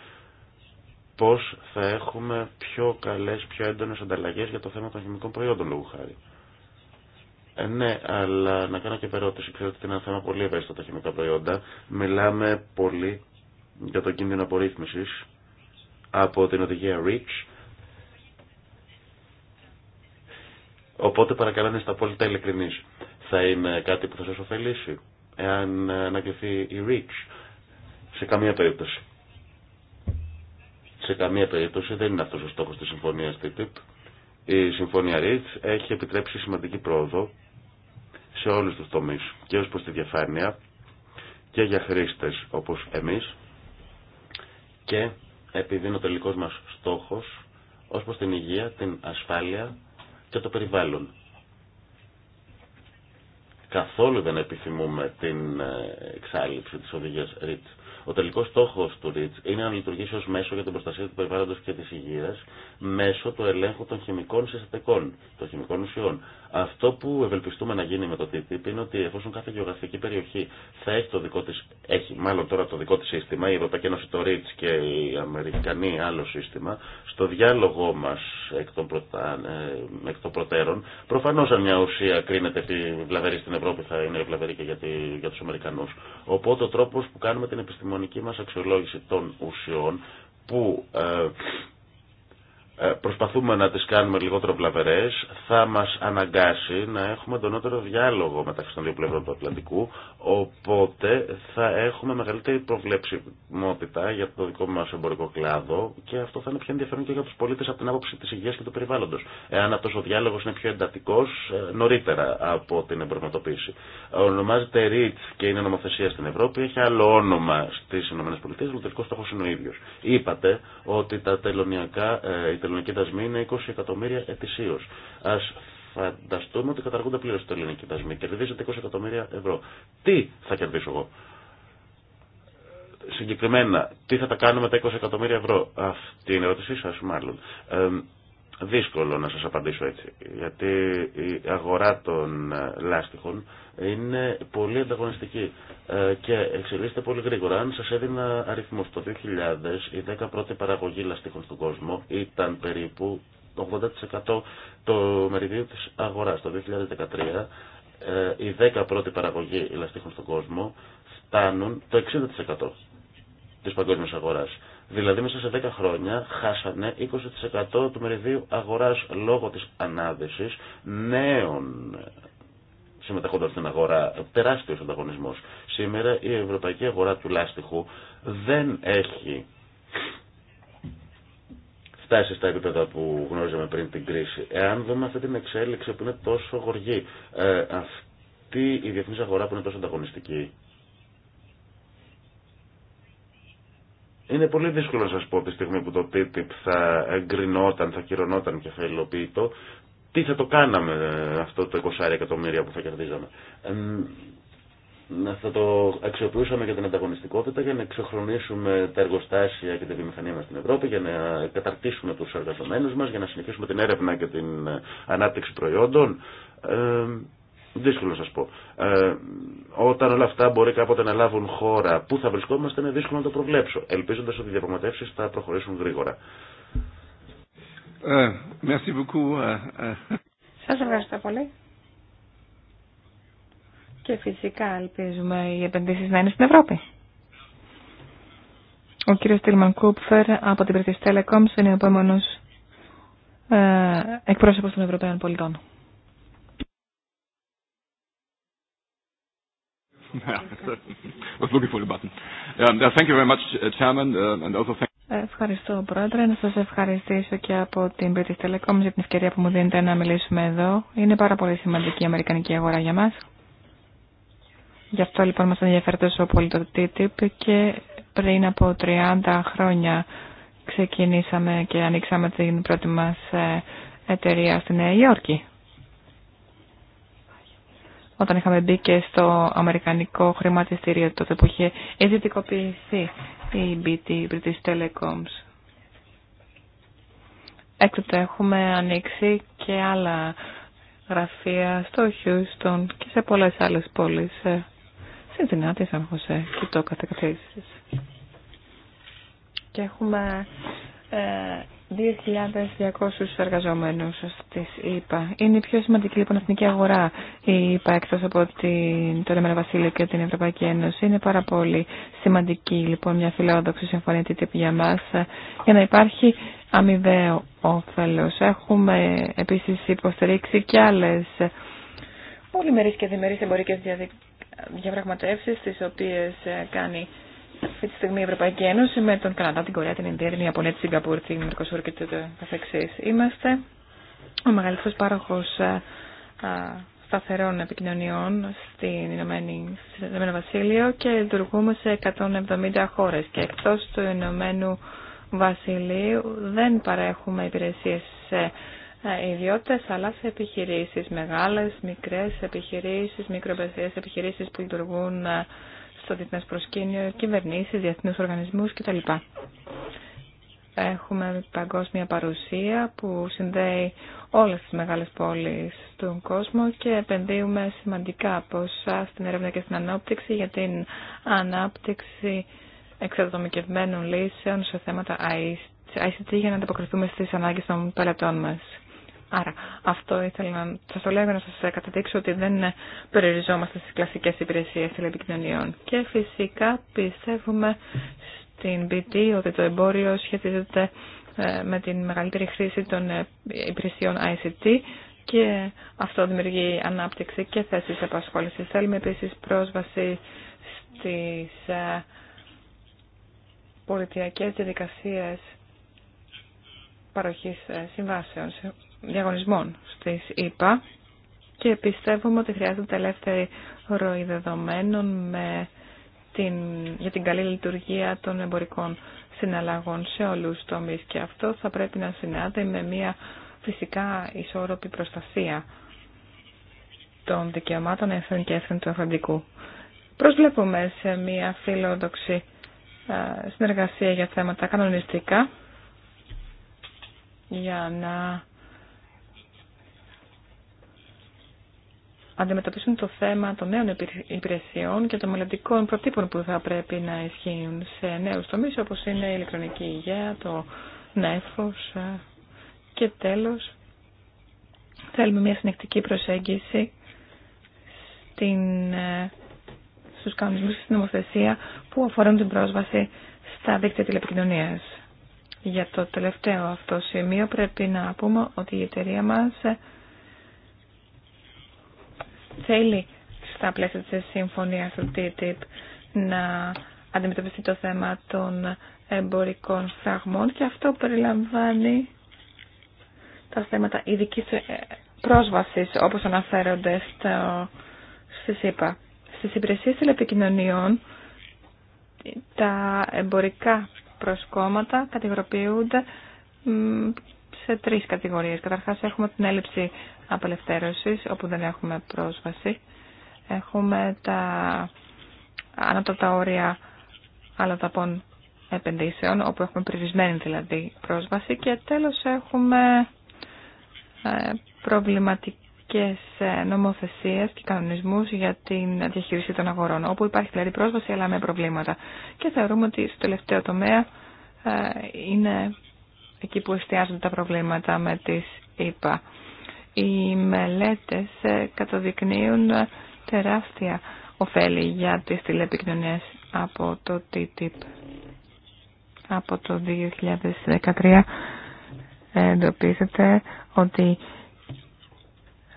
πώ θα έχουμε πιο καλέ, πιο έντονε ανταλλαγέ για το θέμα των χημικών προϊόντων, λόγου χάρη. Ε, ναι, αλλά να κάνω και περώτηση. Ξέρω ότι είναι ένα θέμα πολύ ευαίσθητο τα χημικά προϊόντα. Μιλάμε πολύ για τον κίνδυνο απορρίθμιση από την οδηγία REACH Οπότε παρακαλώ να είστε απόλυτα ειλικρινεί. Θα είναι κάτι που θα σα ωφελήσει, εάν ανακριθεί η REACH. Σε καμία περίπτωση. Σε καμία περίπτωση δεν είναι αυτό ο στόχο τη συμφωνία TTIP. Η συμφωνία REACH έχει επιτρέψει σημαντική πρόοδο σε όλου του τομεί και ω προ τη διαφάνεια και για χρήστε όπω εμεί και επειδή είναι ο τελικό μα στόχο ω προ την υγεία, την ασφάλεια και το περιβάλλον. Καθόλου δεν επιθυμούμε την ε, εξάλληψη της οδηγίας REACH. Ο τελικός στόχος του REACH είναι να λειτουργήσει ως μέσο για την προστασία του περιβάλλοντος και της υγείας μέσω του ελέγχου των χημικών συστατικών, των χημικών ουσιών. Αυτό που ευελπιστούμε να γίνει με το TTIP είναι ότι εφόσον κάθε γεωγραφική περιοχή θα έχει το δικό της, έχει μάλλον τώρα το δικό της σύστημα, η Ευρωπαϊκή Ένωση το REACH και η Αμερικανοί άλλο σύστημα, στο διάλογο μας ε, εκ των, προτέρων, προφανώς αν μια ουσία κρίνεται επί βλαβερή στην Ευρώπη θα είναι βλαβερή και για, για τους Αμερικανούς. Οπότε ο τρόπος που κάνουμε την επιστημονική μας αξιολόγηση των ουσιών που ε, ε, προσπαθούμε να τις κάνουμε λιγότερο βλαβερές, θα μας αναγκάσει να έχουμε εντονότερο διάλογο μεταξύ των δύο πλευρών του Ατλαντικού, οπότε θα έχουμε μεγαλύτερη προβλέψιμότητα για το δικό μας εμπορικό κλάδο και αυτό θα είναι πιο ενδιαφέρον και για τους πολίτες από την άποψη της υγείας και του περιβάλλοντος. Εάν αυτός ο διάλογος είναι πιο εντατικός ε, νωρίτερα από την εμπορματοποίηση. Ονομάζεται RIT και είναι νομοθεσία στην Ευρώπη, έχει άλλο όνομα στις ΗΠΑ, αλλά ο τελικός στόχος είναι ο ίδιος. Είπατε ότι τα τελωνιακά, ε, ελληνική δασμή είναι 20 εκατομμύρια ετησίω. Α φανταστούμε ότι καταργούνται πλήρω οι ελληνική δασμή. Κερδίζετε 20 εκατομμύρια ευρώ. Τι θα κερδίσω εγώ. Συγκεκριμένα, τι θα τα κάνουμε τα 20 εκατομμύρια ευρώ. Αυτή είναι η ερώτησή σα, μάλλον δύσκολο να σας απαντήσω έτσι, γιατί η αγορά των ε, λάστιχων είναι πολύ ανταγωνιστική ε, και εξελίσσεται πολύ γρήγορα. Αν σας έδινα αριθμούς το 2000, η 10 πρώτη παραγωγή λαστίχων στον κόσμο ήταν περίπου 80% το μεριδίου της αγοράς. Το 2013 η 10 πρώτη παραγωγή λαστίχων στον κόσμο φτάνουν το 60% της παγκόσμιας αγοράς. Δηλαδή μέσα σε 10 χρόνια χάσανε 20% του μεριδίου αγοράς λόγω της ανάδεσης νέων συμμετεχόντων στην αγορά. Τεράστιος ανταγωνισμός. Σήμερα η ευρωπαϊκή αγορά του λάστιχου δεν έχει φτάσει στα επίπεδα που γνώριζαμε πριν την κρίση. Εάν δούμε αυτή την εξέλιξη που είναι τόσο γοργή, ε, αυτή η διεθνής αγορά που είναι τόσο ανταγωνιστική, Είναι πολύ δύσκολο να σα πω τη στιγμή που το TTIP θα εγκρινόταν, θα κυρωνόταν και θα υλοποιητό, τι θα το κάναμε ε, αυτό το 20 εκατομμύρια που θα κερδίζαμε. Να θα το αξιοποιούσαμε για την ανταγωνιστικότητα, για να εξοχρονίσουμε τα εργοστάσια και τη βιομηχανία μα στην Ευρώπη, για να καταρτήσουμε του εργαζομένου μα, για να συνεχίσουμε την έρευνα και την ε, ανάπτυξη προϊόντων. Δύσκολο να σας πω. Ε, όταν όλα αυτά μπορεί κάποτε να λάβουν χώρα, πού θα βρισκόμαστε είναι δύσκολο να το προβλέψω, Ελπίζοντα ότι οι διαπραγματεύσει θα προχωρήσουν γρήγορα. Σα ε, ε, Σας ευχαριστώ πολύ. Και φυσικά ελπίζουμε οι επενδύσει να είναι στην Ευρώπη. Ο κύριο Τίλμαν Κούπφερ από την British Telecom είναι ο επόμενο ε, των Ευρωπαίων πολιτών. Ευχαριστώ, Πρόεδρε. Να σας ευχαριστήσω και από την British Telecom για την ευκαιρία που μου δίνετε να μιλήσουμε εδώ. Είναι πάρα πολύ σημαντική η Αμερικανική αγορά για μας. Γι' αυτό λοιπόν μας ενδιαφέρει τόσο πολύ το TTIP και πριν από 30 χρόνια ξεκινήσαμε και ανοίξαμε την πρώτη μας ε, εταιρεία στη Νέα Υόρκη όταν είχαμε μπει και στο αμερικανικό χρηματιστήριο τότε που είχε ιδιωτικοποιηθεί η BT, British Telecoms. Έκτοτε έχουμε ανοίξει και άλλα γραφεία στο Χιούστον και σε πολλές άλλες πόλεις. Ε, δυνάτη Σαν Χωσέ και το καθεξής. Και έχουμε ε, 2.200 εργαζομένους στις ΕΠΑ. Είναι η πιο σημαντική λοιπόν εθνική αγορά η ΕΠΑ εκτός από την, το Ρεμένο Βασίλειο και την Ευρωπαϊκή Ένωση. Είναι πάρα πολύ σημαντική λοιπόν μια φιλόδοξη συμφωνία TTIP για μας για να υπάρχει αμοιβαίο όφελο. Έχουμε επίσης υποστηρίξει και άλλες πολυμερείς και διμερείς εμπορικές διαδικασίες διαπραγματεύσεις τις οποίες ε, κάνει αυτή τη στιγμή η Ευρωπαϊκή Ένωση με τον Καναδά, την Κορέα, την Ινδία, την Ιαπωνία, τη Σιγκαπούρ, την Μερκοσούρ και το καθεξή. Είμαστε ο μεγαλύτερο πάροχο ε, ε, σταθερών επικοινωνιών στην Ηνωμένη, στο Ηνωμένο Βασίλειο και λειτουργούμε σε 170 χώρε. Και εκτό του Ηνωμένου Βασιλείου δεν παρέχουμε υπηρεσίε σε ε, ιδιώτε, αλλά σε επιχειρήσει, μεγάλε, μικρέ επιχειρήσει, μικροεπιστήμες επιχειρήσει που λειτουργούν στο διεθνές προσκήνιο, κυβερνήσει, διεθνού οργανισμού κτλ. Έχουμε παγκόσμια παρουσία που συνδέει όλες τις μεγάλες πόλεις στον κόσμο και επενδύουμε σημαντικά ποσά στην έρευνα και στην ανάπτυξη για την ανάπτυξη εξατομικευμένων λύσεων σε θέματα ICT για να ανταποκριθούμε στις ανάγκε των πελατών μας. Άρα αυτό ήθελα να σα το λέω να σα καταδείξω ότι δεν περιοριζόμαστε στις κλασικές υπηρεσίες τηλεπικοινωνιών. Και φυσικά πιστεύουμε στην BT ότι το εμπόριο σχετίζεται ε, με την μεγαλύτερη χρήση των ε, υπηρεσιών ICT και αυτό δημιουργεί ανάπτυξη και θέσεις απασχόλησης. Θέλουμε επίσης πρόσβαση στις ε, πολιτιακές διαδικασίες παροχής συμβάσεων διαγωνισμών στις ΕΠΑ και πιστεύουμε ότι χρειάζεται ελεύθερη ροή δεδομένων με την, για την καλή λειτουργία των εμπορικών συναλλαγών σε όλους τους τομείς και αυτό θα πρέπει να συνάδει με μια φυσικά ισόρροπη προστασία των δικαιωμάτων έθεν και έθεν του αφαντικού. Προσβλέπουμε σε μια φιλόδοξη συνεργασία για θέματα κανονιστικά για να αντιμετωπίσουν το θέμα των νέων υπηρεσιών και των μελλοντικών προτύπων που θα πρέπει να ισχύουν σε νέους τομείς όπως είναι η ηλεκτρονική υγεία, το νέφος ε, και τέλος θέλουμε μια συνεκτική προσέγγιση στην, ε, στους κανονισμούς στην νομοθεσία που αφορούν την πρόσβαση στα δίκτυα τηλεπικοινωνίας. Για το τελευταίο αυτό σημείο πρέπει να πούμε ότι η εταιρεία μας ε, θέλει στα πλαίσια της συμφωνία του TTIP να αντιμετωπιστεί το θέμα των εμπορικών φραγμών και αυτό περιλαμβάνει τα θέματα ειδική ε, πρόσβασης όπως αναφέρονται στο, στη ΣΥΠΑ. Στις υπηρεσίες τηλεπικοινωνιών τα εμπορικά προσκόμματα κατηγοροποιούνται σε τρεις κατηγορίες. Καταρχά έχουμε την έλλειψη απελευθέρωση όπου δεν έχουμε πρόσβαση. Έχουμε τα ανώτατα όρια αλλοδαπών επενδύσεων, όπου έχουμε περιορισμένη δηλαδή πρόσβαση. Και τέλος έχουμε ε, προβληματικές ε, νομοθεσίες και κανονισμούς για την διαχείριση των αγορών, όπου υπάρχει δηλαδή πρόσβαση αλλά με προβλήματα. Και θεωρούμε ότι στο τελευταίο τομέα ε, είναι εκεί που εστιάζονται τα προβλήματα με τις ΕΠΑ. Οι μελέτες ε, καταδεικνύουν ε, τεράστια ωφέλη για τις τηλεπικοινωνίες από το TTIP. Από το 2013 ε, εντοπίζεται ότι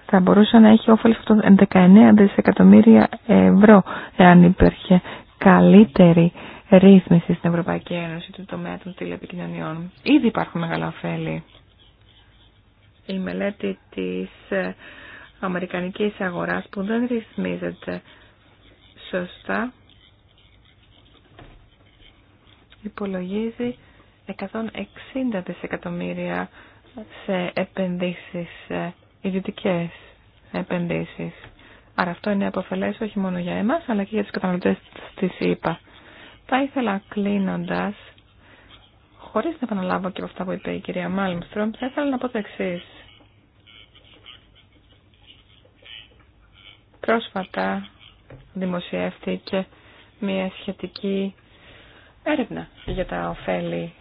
θα μπορούσε να έχει όφελος από 19 δισεκατομμύρια ευρώ εάν υπήρχε καλύτερη ρύθμιση στην Ευρωπαϊκή Ένωση του τομέα των τηλεπικοινωνιών. Ήδη υπάρχουν μεγάλα ωφέλη. Η μελέτη της αμερικανικής αγοράς που δεν ρυθμίζεται σωστά υπολογίζει 160 δισεκατομμύρια σε επενδύσεις ε, ιδιωτικές επενδύσεις. Άρα αυτό είναι αποφελές όχι μόνο για εμάς αλλά και για τους καταναλωτές της ΕΠΑ. ΕΕ. Θα ήθελα κλείνοντα χωρί να επαναλάβω και από αυτά που είπε η κυρία Μάλμστρομ, θα ήθελα να πω το εξή. Πρόσφατα δημοσιεύτηκε μια σχετική έρευνα για τα ωφέλη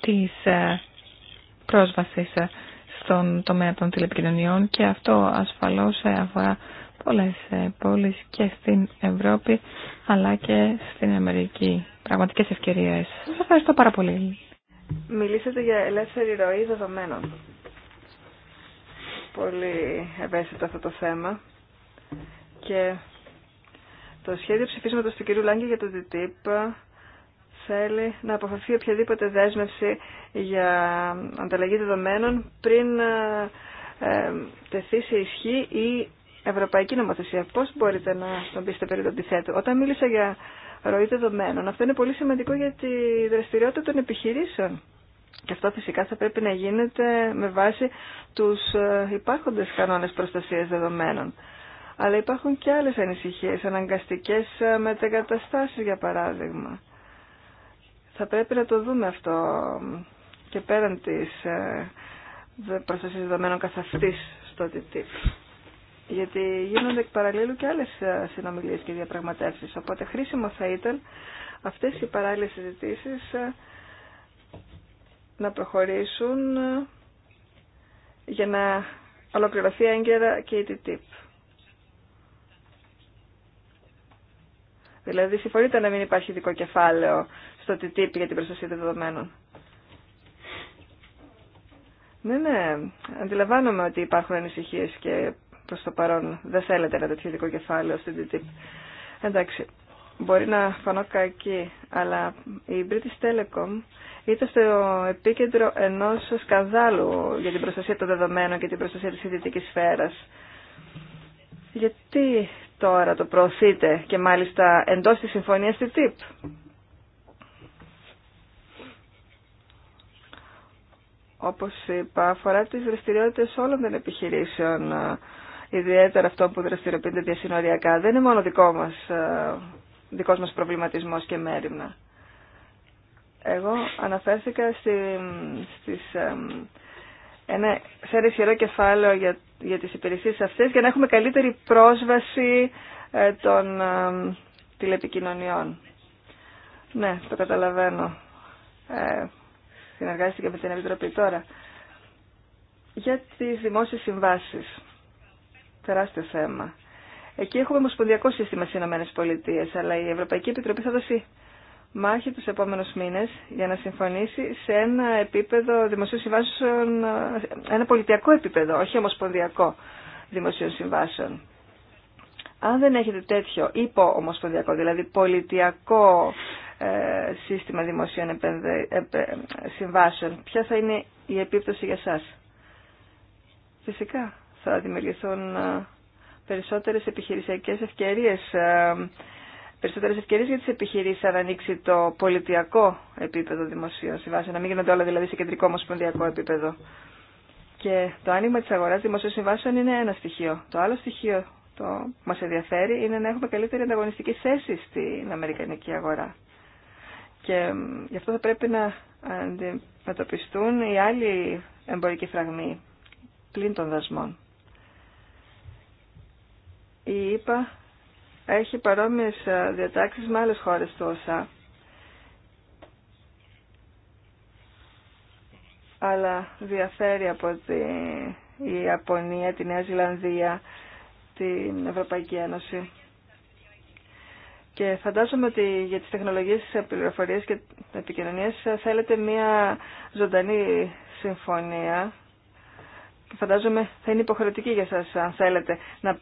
της ε, πρόσβασης ε, στον τομέα των τηλεπικοινωνιών και αυτό ασφαλώς αφορά πολλές ε, πόλεις και στην Ευρώπη αλλά και στην Αμερική. Πραγματικές ευκαιρίες. Σας ευχαριστώ πάρα πολύ. Μιλήσατε για ελεύθερη ροή δεδομένων. Πολύ ευαίσθητο αυτό το θέμα. Και το σχέδιο ψηφίσματος του κ. Λάγκη για το DTIP θέλει να αποφευθεί οποιαδήποτε δέσμευση για ανταλλαγή δεδομένων πριν ε, ε, τεθεί σε ισχύ η ευρωπαϊκή νομοθεσία. Πώ μπορείτε να τον πείσετε περί του αντιθέτου. Όταν μίλησα για ροή δεδομένων, αυτό είναι πολύ σημαντικό για τη δραστηριότητα των επιχειρήσεων. Και αυτό φυσικά θα πρέπει να γίνεται με βάση τους ε, υπάρχοντες κανόνες προστασίας δεδομένων. Αλλά υπάρχουν και άλλες ανησυχίες, αναγκαστικές μετεγκαταστάσεις για παράδειγμα. Θα πρέπει να το δούμε αυτό και πέραν της ε, προστασίας δεδομένων καθ' αυτής στο TTIP. Γιατί γίνονται εκ παραλλήλου και άλλες ε, συνομιλίες και διαπραγματεύσεις. Οπότε χρήσιμο θα ήταν αυτές οι παράλληλες συζητήσει ε, να προχωρήσουν για να ολοκληρωθεί έγκαιρα και η TTIP. Δηλαδή συμφωνείτε να μην υπάρχει ειδικό κεφάλαιο στο TTIP για την προστασία των δεδομένων. Ναι, ναι, αντιλαμβάνομαι ότι υπάρχουν ανησυχίε και προ το παρόν δεν θέλετε ένα τέτοιο ειδικό κεφάλαιο στην TTIP. Εντάξει, μπορεί να φανώ κακή, αλλά η British Telecom ήταν στο επίκεντρο ενό σκανδάλου για την προστασία των δεδομένων και την προστασία τη ιδιωτική σφαίρα. Γιατί τώρα το προωθείτε και μάλιστα εντός της συμφωνίας TTIP. όπως είπα, αφορά τις δραστηριότητες όλων των επιχειρήσεων, ε, ιδιαίτερα αυτών που δραστηριοποιούνται διασυνοριακά. Δεν είναι μόνο δικό μας, ε, δικός μας προβληματισμός και μέρημνα. Εγώ αναφέρθηκα στη, στις, ένα, σε ένα ισχυρό κεφάλαιο για, για τις υπηρεσίες αυτές για να έχουμε καλύτερη πρόσβαση ε, των τηλεπικοινωνιών. Ναι, το καταλαβαίνω συνεργάστηκε με την Επιτροπή τώρα. Για τι δημόσιε συμβάσει. Τεράστιο θέμα. Εκεί έχουμε ομοσπονδιακό σύστημα στι ΗΠΑ, αλλά η Ευρωπαϊκή Επιτροπή θα δώσει μάχη του επόμενου μήνε για να συμφωνήσει σε ένα επίπεδο δημοσίων συμβάσεων, ένα πολιτιακό επίπεδο, όχι ομοσπονδιακό δημοσίων συμβάσεων. Αν δεν έχετε τέτοιο υπό-ομοσπονδιακό, δηλαδή πολιτιακό ε, σύστημα δημοσίων επενδε... συμβάσεων. Ποια θα είναι η επίπτωση για σας. Φυσικά θα δημιουργηθούν ε, περισσότερες επιχειρησιακές ευκαιρίες, ε, περισσότερες ευκαιρίες για τις επιχειρήσεις να ανοίξει το πολιτιακό επίπεδο δημοσίων συμβάσεων, να μην γίνονται όλα δηλαδή σε κεντρικό ομοσπονδιακό επίπεδο. Και το άνοιγμα της αγοράς δημοσίων συμβάσεων είναι ένα στοιχείο. Το άλλο στοιχείο το που μας ενδιαφέρει είναι να έχουμε καλύτερη ανταγωνιστική θέση στην Αμερικανική αγορά. Και γι' αυτό θα πρέπει να αντιμετωπιστούν οι άλλοι εμπορικοί φραγμοί πλην των δασμών. Η ΕΠΑ έχει παρόμοιες διατάξεις με άλλες χώρες του ΩΣΑ. Αλλά διαφέρει από τη η Ιαπωνία, τη Νέα Ζηλανδία, την Ευρωπαϊκή Ένωση. Και φαντάζομαι ότι για τις τεχνολογίες της πληροφορίας και επικοινωνίας θέλετε μια ζωντανή συμφωνία. Και φαντάζομαι θα είναι υποχρεωτική για σας αν θέλετε να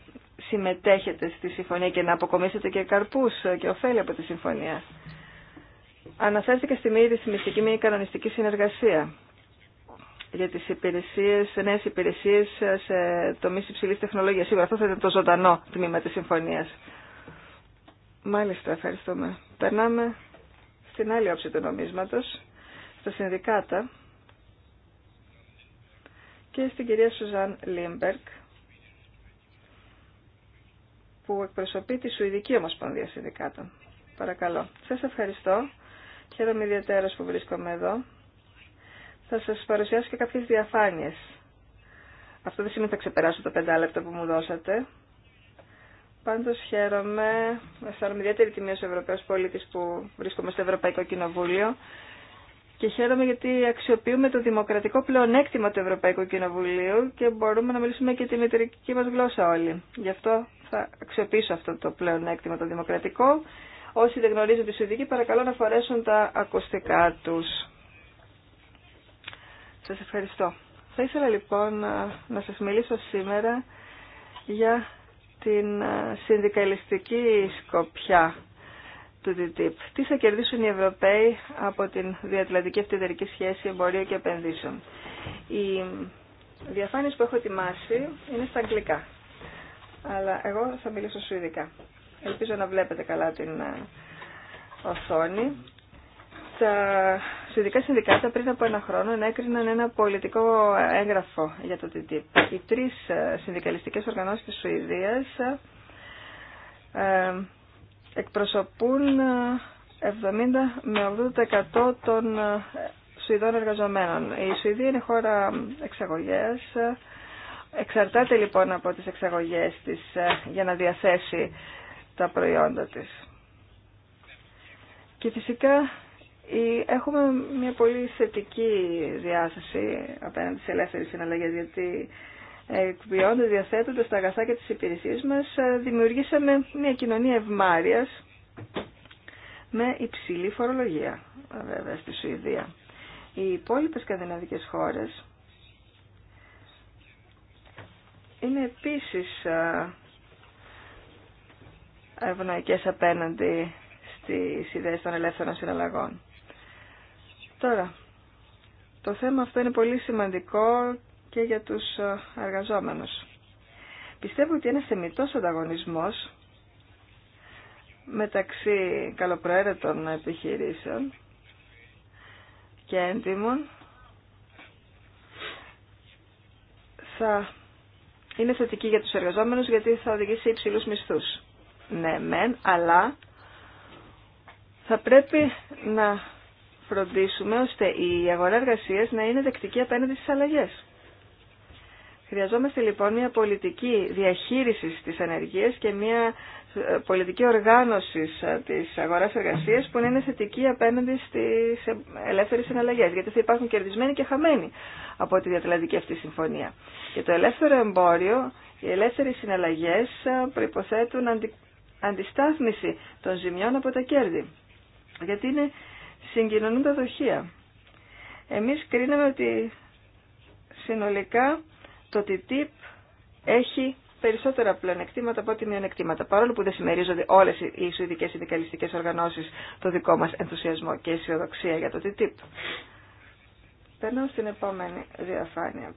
συμμετέχετε στη συμφωνία και να αποκομίσετε και καρπούς και ωφέλη από τη συμφωνία. Αναφέρθηκα στη της μυστική μη κανονιστική συνεργασία για τις υπηρεσίες, νέες υπηρεσίες σε τομείς υψηλής τεχνολογίας. Σίγουρα αυτό θα ήταν το ζωντανό τμήμα της συμφωνίας. Μάλιστα, ευχαριστούμε. Περνάμε στην άλλη όψη του νομίσματος, στα συνδικάτα και στην κυρία Σουζάν Λίμπερκ, που εκπροσωπεί τη Σουηδική Ομοσπονδία Συνδικάτων. Παρακαλώ. Σας ευχαριστώ. Χαίρομαι ιδιαίτερα που βρίσκομαι εδώ. Θα σας παρουσιάσω και κάποιες διαφάνειες. Αυτό δεν σημαίνει ότι θα ξεπεράσω τα πεντά λεπτά που μου δώσατε. Πάντως χαίρομαι, αισθάνομαι ιδιαίτερη τιμή ω Ευρωπαίο πολίτη που βρίσκομαι στο Ευρωπαϊκό Κοινοβούλιο και χαίρομαι γιατί αξιοποιούμε το δημοκρατικό πλεονέκτημα του Ευρωπαϊκού Κοινοβουλίου και μπορούμε να μιλήσουμε και τη μητρική μα γλώσσα όλοι. Γι' αυτό θα αξιοποιήσω αυτό το πλεονέκτημα το δημοκρατικό. Όσοι δεν γνωρίζουν τη Σουηδική παρακαλώ να φορέσουν τα ακουστικά του. Σα ευχαριστώ. Θα ήθελα λοιπόν να σα μιλήσω σήμερα για την συνδικαλιστική σκοπιά του TTIP. Τι θα κερδίσουν οι Ευρωπαίοι από την διατλαντική Ευθυντερική σχέση εμπορίου και επενδύσεων. Οι διαφάνειες που έχω ετοιμάσει είναι στα αγγλικά, αλλά εγώ θα μιλήσω σου Ελπίζω να βλέπετε καλά την ε, οθόνη ταξιδικά συνδικάτα πριν από ένα χρόνο ενέκριναν ένα πολιτικό έγγραφο για το TTIP. Οι τρεις ε, συνδικαλιστικές οργανώσεις της Σουηδίας ε, εκπροσωπούν 70 ε, με 80% των Σουηδών εργαζομένων. Η Σουηδία είναι χώρα εξαγωγές. Εξαρτάται λοιπόν από τις εξαγωγές της για να διαθέσει τα προϊόντα της. Και φυσικά Έχουμε μια πολύ θετική διάσταση απέναντι σε ελεύθερες συναλλαγές, γιατί ε, εκποιώντας, διαθέτοντας τα αγαθά και τις υπηρεσίες μας, ε, δημιουργήσαμε μια κοινωνία ευμάρειας με υψηλή φορολογία, βέβαια, στη Σουηδία. Οι υπόλοιπες σκανδιναβικές χώρες είναι επίσης ε, ευνοϊκές απέναντι στις ιδέες των ελεύθερων συναλλαγών. Τώρα, το θέμα αυτό είναι πολύ σημαντικό και για τους ε, εργαζόμενους. Πιστεύω ότι ένας θεμητός ανταγωνισμός μεταξύ καλοπροαίρετων επιχειρήσεων και έντιμων θα είναι θετική για τους εργαζόμενους γιατί θα οδηγήσει σε υψηλούς μισθούς. Ναι, μεν, αλλά θα πρέπει να φροντίσουμε ώστε η αγορά εργασία να είναι δεκτική απέναντι στι αλλαγέ. Χρειαζόμαστε λοιπόν μια πολιτική διαχείριση τη ανεργία και μια ε, πολιτική οργάνωση ε, τη αγορά εργασία που να είναι θετική απέναντι στι ε, ελεύθερε συναλλαγέ. γιατί θα υπάρχουν κερδισμένοι και χαμένοι από τη διατλαντική αυτή συμφωνία. Και το ελεύθερο εμπόριο, οι ελεύθερε συναλλαγέ προποθέτουν αντι... αντιστάθμιση των ζημιών από τα κέρδη. Γιατί είναι συγκοινωνούν τα δοχεία. Εμείς κρίναμε ότι συνολικά το TTIP έχει περισσότερα πλεονεκτήματα από ό,τι μειονεκτήματα. Παρόλο που δεν συμμερίζονται όλε οι ισουηδικέ Συνδικαλιστικέ Οργανώσει το δικό μα ενθουσιασμό και αισιοδοξία για το TTIP. Περνάω στην επόμενη διαφάνεια.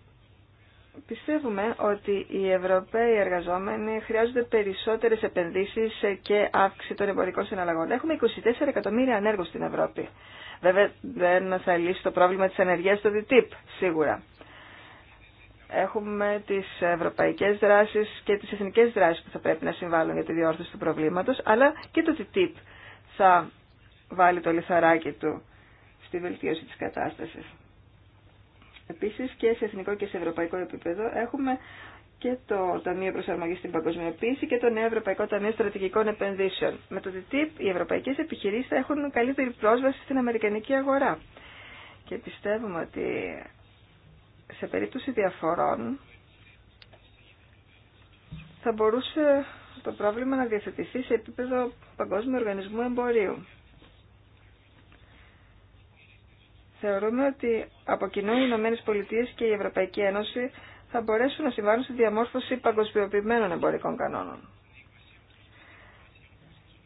Πιστεύουμε ότι οι Ευρωπαίοι εργαζόμενοι χρειάζονται περισσότερες επενδύσεις και αύξηση των εμπορικών συναλλαγών. Έχουμε 24 εκατομμύρια ανέργους στην Ευρώπη. Βέβαια δεν θα λύσει το πρόβλημα της ανεργία το DTIP, σίγουρα. Έχουμε τις ευρωπαϊκές δράσεις και τις εθνικές δράσεις που θα πρέπει να συμβάλλουν για τη διόρθωση του προβλήματο, αλλά και το DTIP θα βάλει το λιθαράκι του στη βελτίωση τη κατάσταση. Επίσης και σε εθνικό και σε ευρωπαϊκό επίπεδο έχουμε και το Ταμείο Προσαρμογής στην Παγκοσμιοποίηση και το Νέο Ευρωπαϊκό Ταμείο Στρατηγικών Επενδύσεων. Με το TTIP οι ευρωπαϊκές επιχειρήσεις θα έχουν καλύτερη πρόσβαση στην Αμερικανική αγορά. Και πιστεύουμε ότι σε περίπτωση διαφορών θα μπορούσε το πρόβλημα να διαθετηθεί σε επίπεδο Παγκόσμιου Οργανισμού Εμπορίου. Θεωρούμε ότι από κοινού οι Ηνωμένε Πολιτείε και η Ευρωπαϊκή Ένωση θα μπορέσουν να συμβάλλουν στη διαμόρφωση παγκοσμιοποιημένων εμπορικών κανόνων.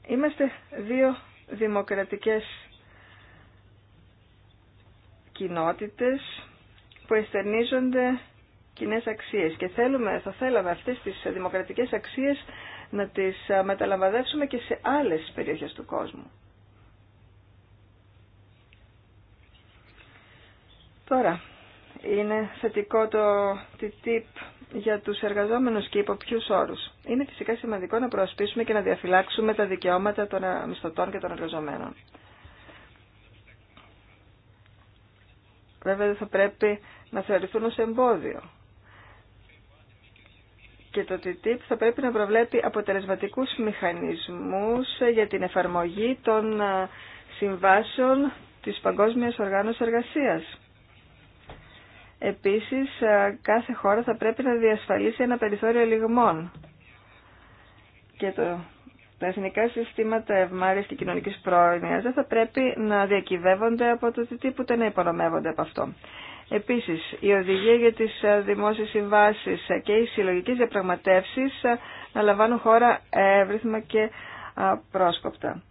Είμαστε δύο δημοκρατικές κοινότητες που εστερνίζονται κοινέ αξίες και θέλουμε, θα θέλαμε αυτές τις δημοκρατικές αξίες να τις μεταλαμβαδεύσουμε και σε άλλες περιοχές του κόσμου. Τώρα, είναι θετικό το TTIP για τους εργαζόμενους και υπό ποιου όρους. Είναι φυσικά σημαντικό να προασπίσουμε και να διαφυλάξουμε τα δικαιώματα των μισθωτών και των εργαζομένων. Βέβαια δεν θα πρέπει να θεωρηθούν ως εμπόδιο. Και το TTIP θα πρέπει να προβλέπει αποτελεσματικούς μηχανισμούς για την εφαρμογή των συμβάσεων της Παγκόσμιας Οργάνωσης Εργασίας Επίσης, ε, κάθε χώρα θα πρέπει να διασφαλίσει ένα περιθώριο λιγμών. Και το, τα εθνικά συστήματα ευμάρειας και κοινωνικής πρόνοιας δεν θα πρέπει να διακυβεύονται από το τι ούτε να υπονομεύονται από αυτό. Επίσης, η οδηγία για τις ε, δημόσιες συμβάσεις ε, και οι συλλογικές διαπραγματεύσεις να λαμβάνουν χώρα εύρυθμα και πρόσκοπτα.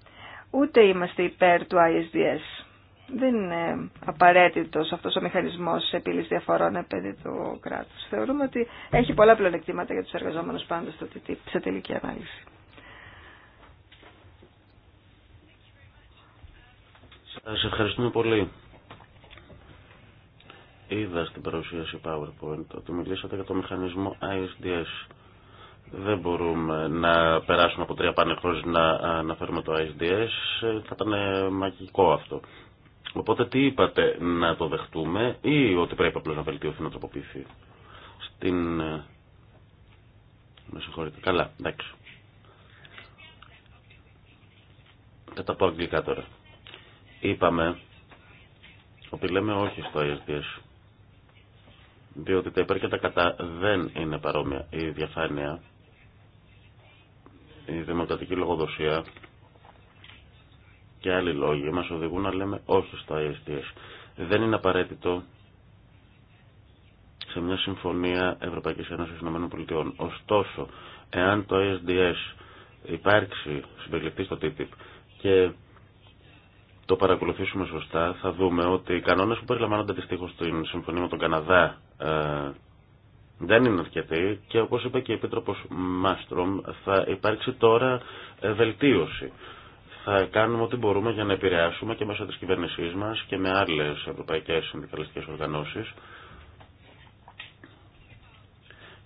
Ούτε είμαστε υπέρ του ISDS δεν είναι απαραίτητο αυτός ο μηχανισμός επίλυση διαφορών επένδυτου του κράτους. Θεωρούμε ότι έχει πολλά πλεονεκτήματα για τους εργαζόμενους πάντα στο TTIP, σε τελική ανάλυση. Σα ευχαριστούμε πολύ. Είδα στην παρουσίαση PowerPoint ότι μιλήσατε για το μηχανισμό ISDS. Δεν μπορούμε να περάσουμε από τρία πάνε να αναφέρουμε το ISDS. Θα ήταν μαγικό αυτό. Οπότε τι είπατε, να το δεχτούμε ή ότι πρέπει απλώς να βελτιωθεί, να τροποποιηθεί. Στην... Ε, με συγχωρείτε. Καλά, εντάξει. Θα τα πω τώρα. Είπαμε ότι λέμε όχι στο ISDS. Διότι τα υπέρ και τα κατά δεν είναι παρόμοια. Η διαφάνεια, η δημοκρατική λογοδοσία και άλλοι λόγοι μας οδηγούν να λέμε όχι στα ISDS. Δεν είναι απαραίτητο σε μια συμφωνία Ευρωπαϊκής Ένωσης ΗΠΑ. Ωστόσο, εάν το ISDS υπάρξει συμπεριληφθεί στο TTIP και το παρακολουθήσουμε σωστά, θα δούμε ότι οι κανόνες που περιλαμβάνονται δυστυχώς στην συμφωνία με τον Καναδά ε, δεν είναι αρκετοί και όπως είπε και η Επίτροπος Μάστρομ θα υπάρξει τώρα ε, βελτίωση θα κάνουμε ό,τι μπορούμε για να επηρεάσουμε και μέσω της κυβέρνησής μας και με άλλες ευρωπαϊκές συνδικαλιστικές οργανώσεις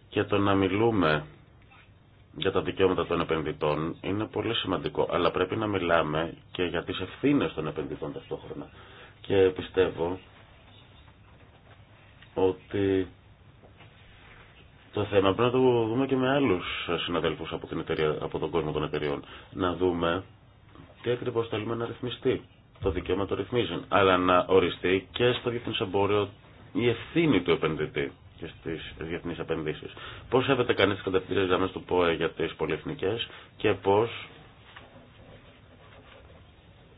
και το να μιλούμε για τα δικαιώματα των επενδυτών είναι πολύ σημαντικό, αλλά πρέπει να μιλάμε και για τις ευθύνες των επενδυτών ταυτόχρονα. Και πιστεύω ότι το θέμα πρέπει να το δούμε και με άλλους συναδέλφους από, από τον κόσμο των εταιριών. Να δούμε τι ακριβώ θέλουμε να ρυθμιστεί. Το δικαίωμα το ρυθμίζουν. Αλλά να οριστεί και στο διεθνέ εμπόριο η ευθύνη του επενδυτή και στι διεθνεί επενδύσει. Πώ έβεται κανεί τι κατευθυντήρε γραμμέ του ΠΟΕ για τι πολυεθνικέ και πώ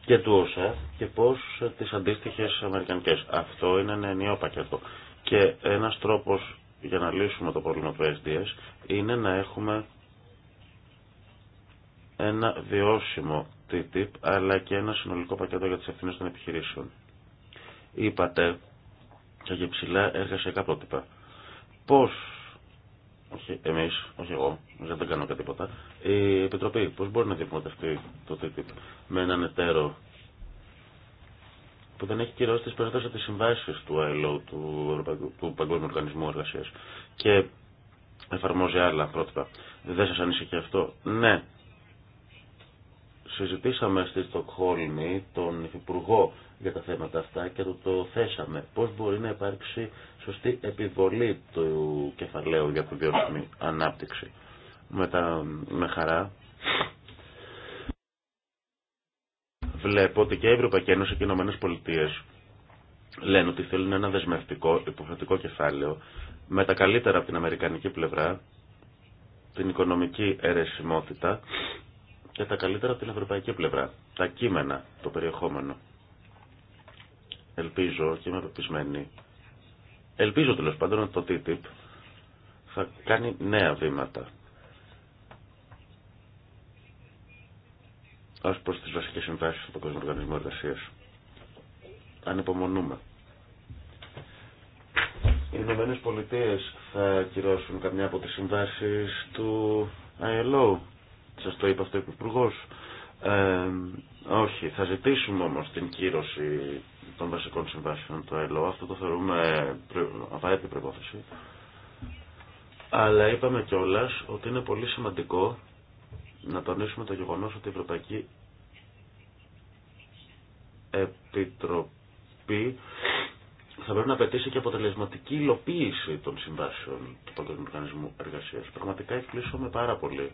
και του ΟΣΕ και πώ τι αντίστοιχε αμερικανικέ. Αυτό είναι ένα ενιαίο πακέτο. Και ένα τρόπο για να λύσουμε το πρόβλημα του SDS είναι να έχουμε ένα βιώσιμο TTIP, αλλά και ένα συνολικό πακέτο για τι ευθύνε των επιχειρήσεων. Είπατε και για ψηλά εργασιακά πρότυπα. πώ, όχι εμεί, όχι εγώ, δεν δεν κάνω κάτι τίποτα, η Επιτροπή πώ μπορεί να διαπραγματευτεί το TTIP με έναν εταίρο που δεν έχει κυρώσει τι περισσότερε από τι συμβάσει του ILO, του, του Παγκόσμιου Οργανισμού εργασία και εφαρμόζει άλλα πρότυπα. Δεν σα ανησυχεί αυτό. Ναι, συζητήσαμε στη Στοκχόλμη τον Υπουργό για τα θέματα αυτά και το, το θέσαμε. Πώς μπορεί να υπάρξει σωστή επιβολή του κεφαλαίου για την βιώσιμη ανάπτυξη. Με, τα, με χαρά βλέπω ότι και η Ευρωπαϊκή Ένωση και οι Ηνωμένες Πολιτείες λένε ότι θέλουν ένα δεσμευτικό υποχρεωτικό κεφάλαιο με τα καλύτερα από την Αμερικανική πλευρά την οικονομική αιρεσιμότητα και τα καλύτερα από την ευρωπαϊκή πλευρά. Τα κείμενα, το περιεχόμενο. Ελπίζω και είμαι πεπισμένη. Ελπίζω τέλο πάντων ότι το TTIP θα κάνει νέα βήματα. Ω προ τι βασικέ συμβάσει του Παγκόσμιου Οργανισμού Εργασία. Ανυπομονούμε. Οι Ηνωμένε Πολιτείε θα κυρώσουν καμιά από τι συμβάσει του ILO σας το είπε αυτό ο Υπουργός. Ε, όχι, θα ζητήσουμε όμως την κύρωση των βασικών συμβάσεων του ΕΛΟ. Αυτό το θεωρούμε απαραίτητη προπόθεση. Αλλά είπαμε κιόλα ότι είναι πολύ σημαντικό να τονίσουμε το γεγονός ότι η Ευρωπαϊκή Επιτροπή θα πρέπει να απαιτήσει και αποτελεσματική υλοποίηση των συμβάσεων του Παγκόσμιου Οργανισμού Εργασίας. Πραγματικά με πάρα πολύ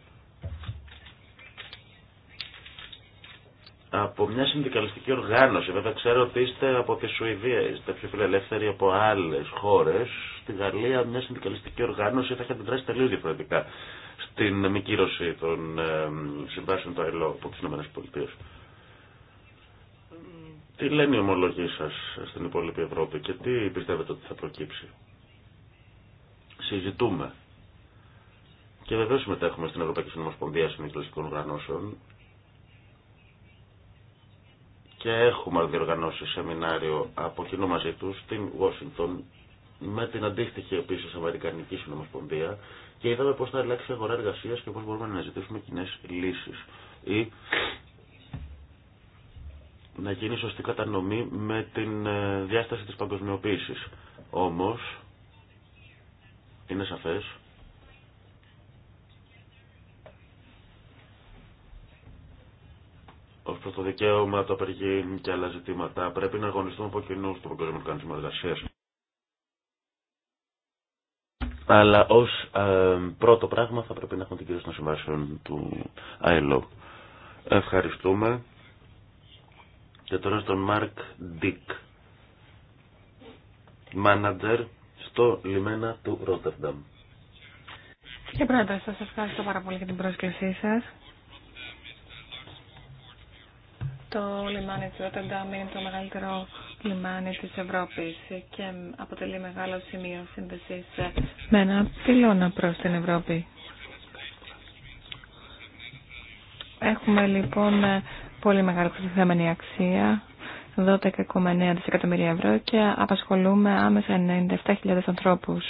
από μια συνδικαλιστική οργάνωση. Βέβαια ξέρω ότι είστε από τη Σουηδία, είστε πιο φιλελεύθεροι από άλλε χώρε. Στη Γαλλία μια συνδικαλιστική οργάνωση θα είχε αντιδράσει τελείω διαφορετικά στην μη κύρωση των συμβάσεων του ΑΕΛΟ από τι ΗΠΑ. Τι λένε οι ομολογοί σα στην υπόλοιπη Ευρώπη και τι πιστεύετε ότι θα προκύψει. Συζητούμε. Και βεβαίω συμμετέχουμε στην Ευρωπαϊκή Συνομοσπονδία Συνδικαλιστικών Οργανώσεων και έχουμε διοργανώσει σεμινάριο από κοινού μαζί του στην Washington με την αντίστοιχη επίση Αμερικανική Συνομοσπονδία και είδαμε πώ θα αλλάξει η αγορά εργασία και πώς μπορούμε να ζητήσουμε κοινέ λύσεις ή να γίνει σωστή κατανομή με την ε, διάσταση της παγκοσμιοποίηση. Όμως, είναι σαφές ω προ το δικαίωμα, το απεργή και άλλα ζητήματα. Πρέπει να αγωνιστούμε από κοινού στο Παγκόσμιο Οργανισμό Εργασία. Αλλά ω ε, πρώτο πράγμα θα πρέπει να έχουμε την κυρίωση των συμβάσεων του ΑΕΛΟ. Ευχαριστούμε. Και τώρα στον Μάρκ Ντίκ, μάνατζερ στο λιμένα του Ρότερνταμ. Κύριε Πρόεδρε, σας ευχαριστώ πάρα πολύ για την πρόσκλησή σα. Το λιμάνι του Ρότερνταμ είναι το μεγαλύτερο λιμάνι της Ευρώπης και αποτελεί μεγάλο σημείο σύνδεσης με ένα πυλώνα προς την Ευρώπη. Έχουμε λοιπόν πολύ μεγάλη προστιθέμενη αξία, 12,9 δισεκατομμύρια ευρώ και απασχολούμε άμεσα 97.000 ανθρώπους.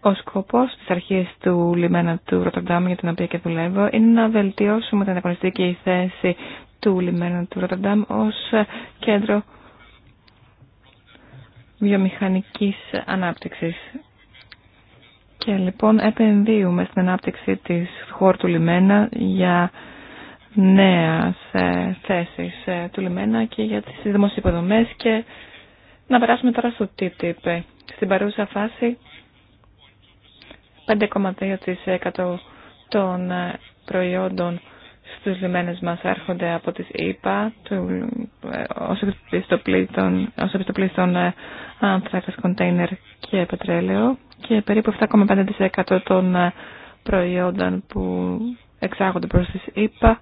Ο σκοπό τη αρχή του λιμένα του Ρότερνταμ, για την οποία και δουλεύω είναι να βελτιώσουμε την η θέση του λιμένα του Ρότερνταμ ως κέντρο βιομηχανικής ανάπτυξης. Και λοιπόν επενδύουμε στην ανάπτυξη της χώρου του λιμένα για νέα ε, θέσεις ε, του λιμένα και για τις δημοσιοποδομέ και να περάσουμε τώρα στο TTIP. Στην παρούσα φάση 5,2% των ε, προϊόντων στους λιμένες μας έρχονται από τις ΕΙΠΑ ε, ως των ε, ανθράκας κοντέινερ και πετρέλαιο και περίπου 7,5% των προϊόντων που εξάγονται προς τις ΕΠΑ,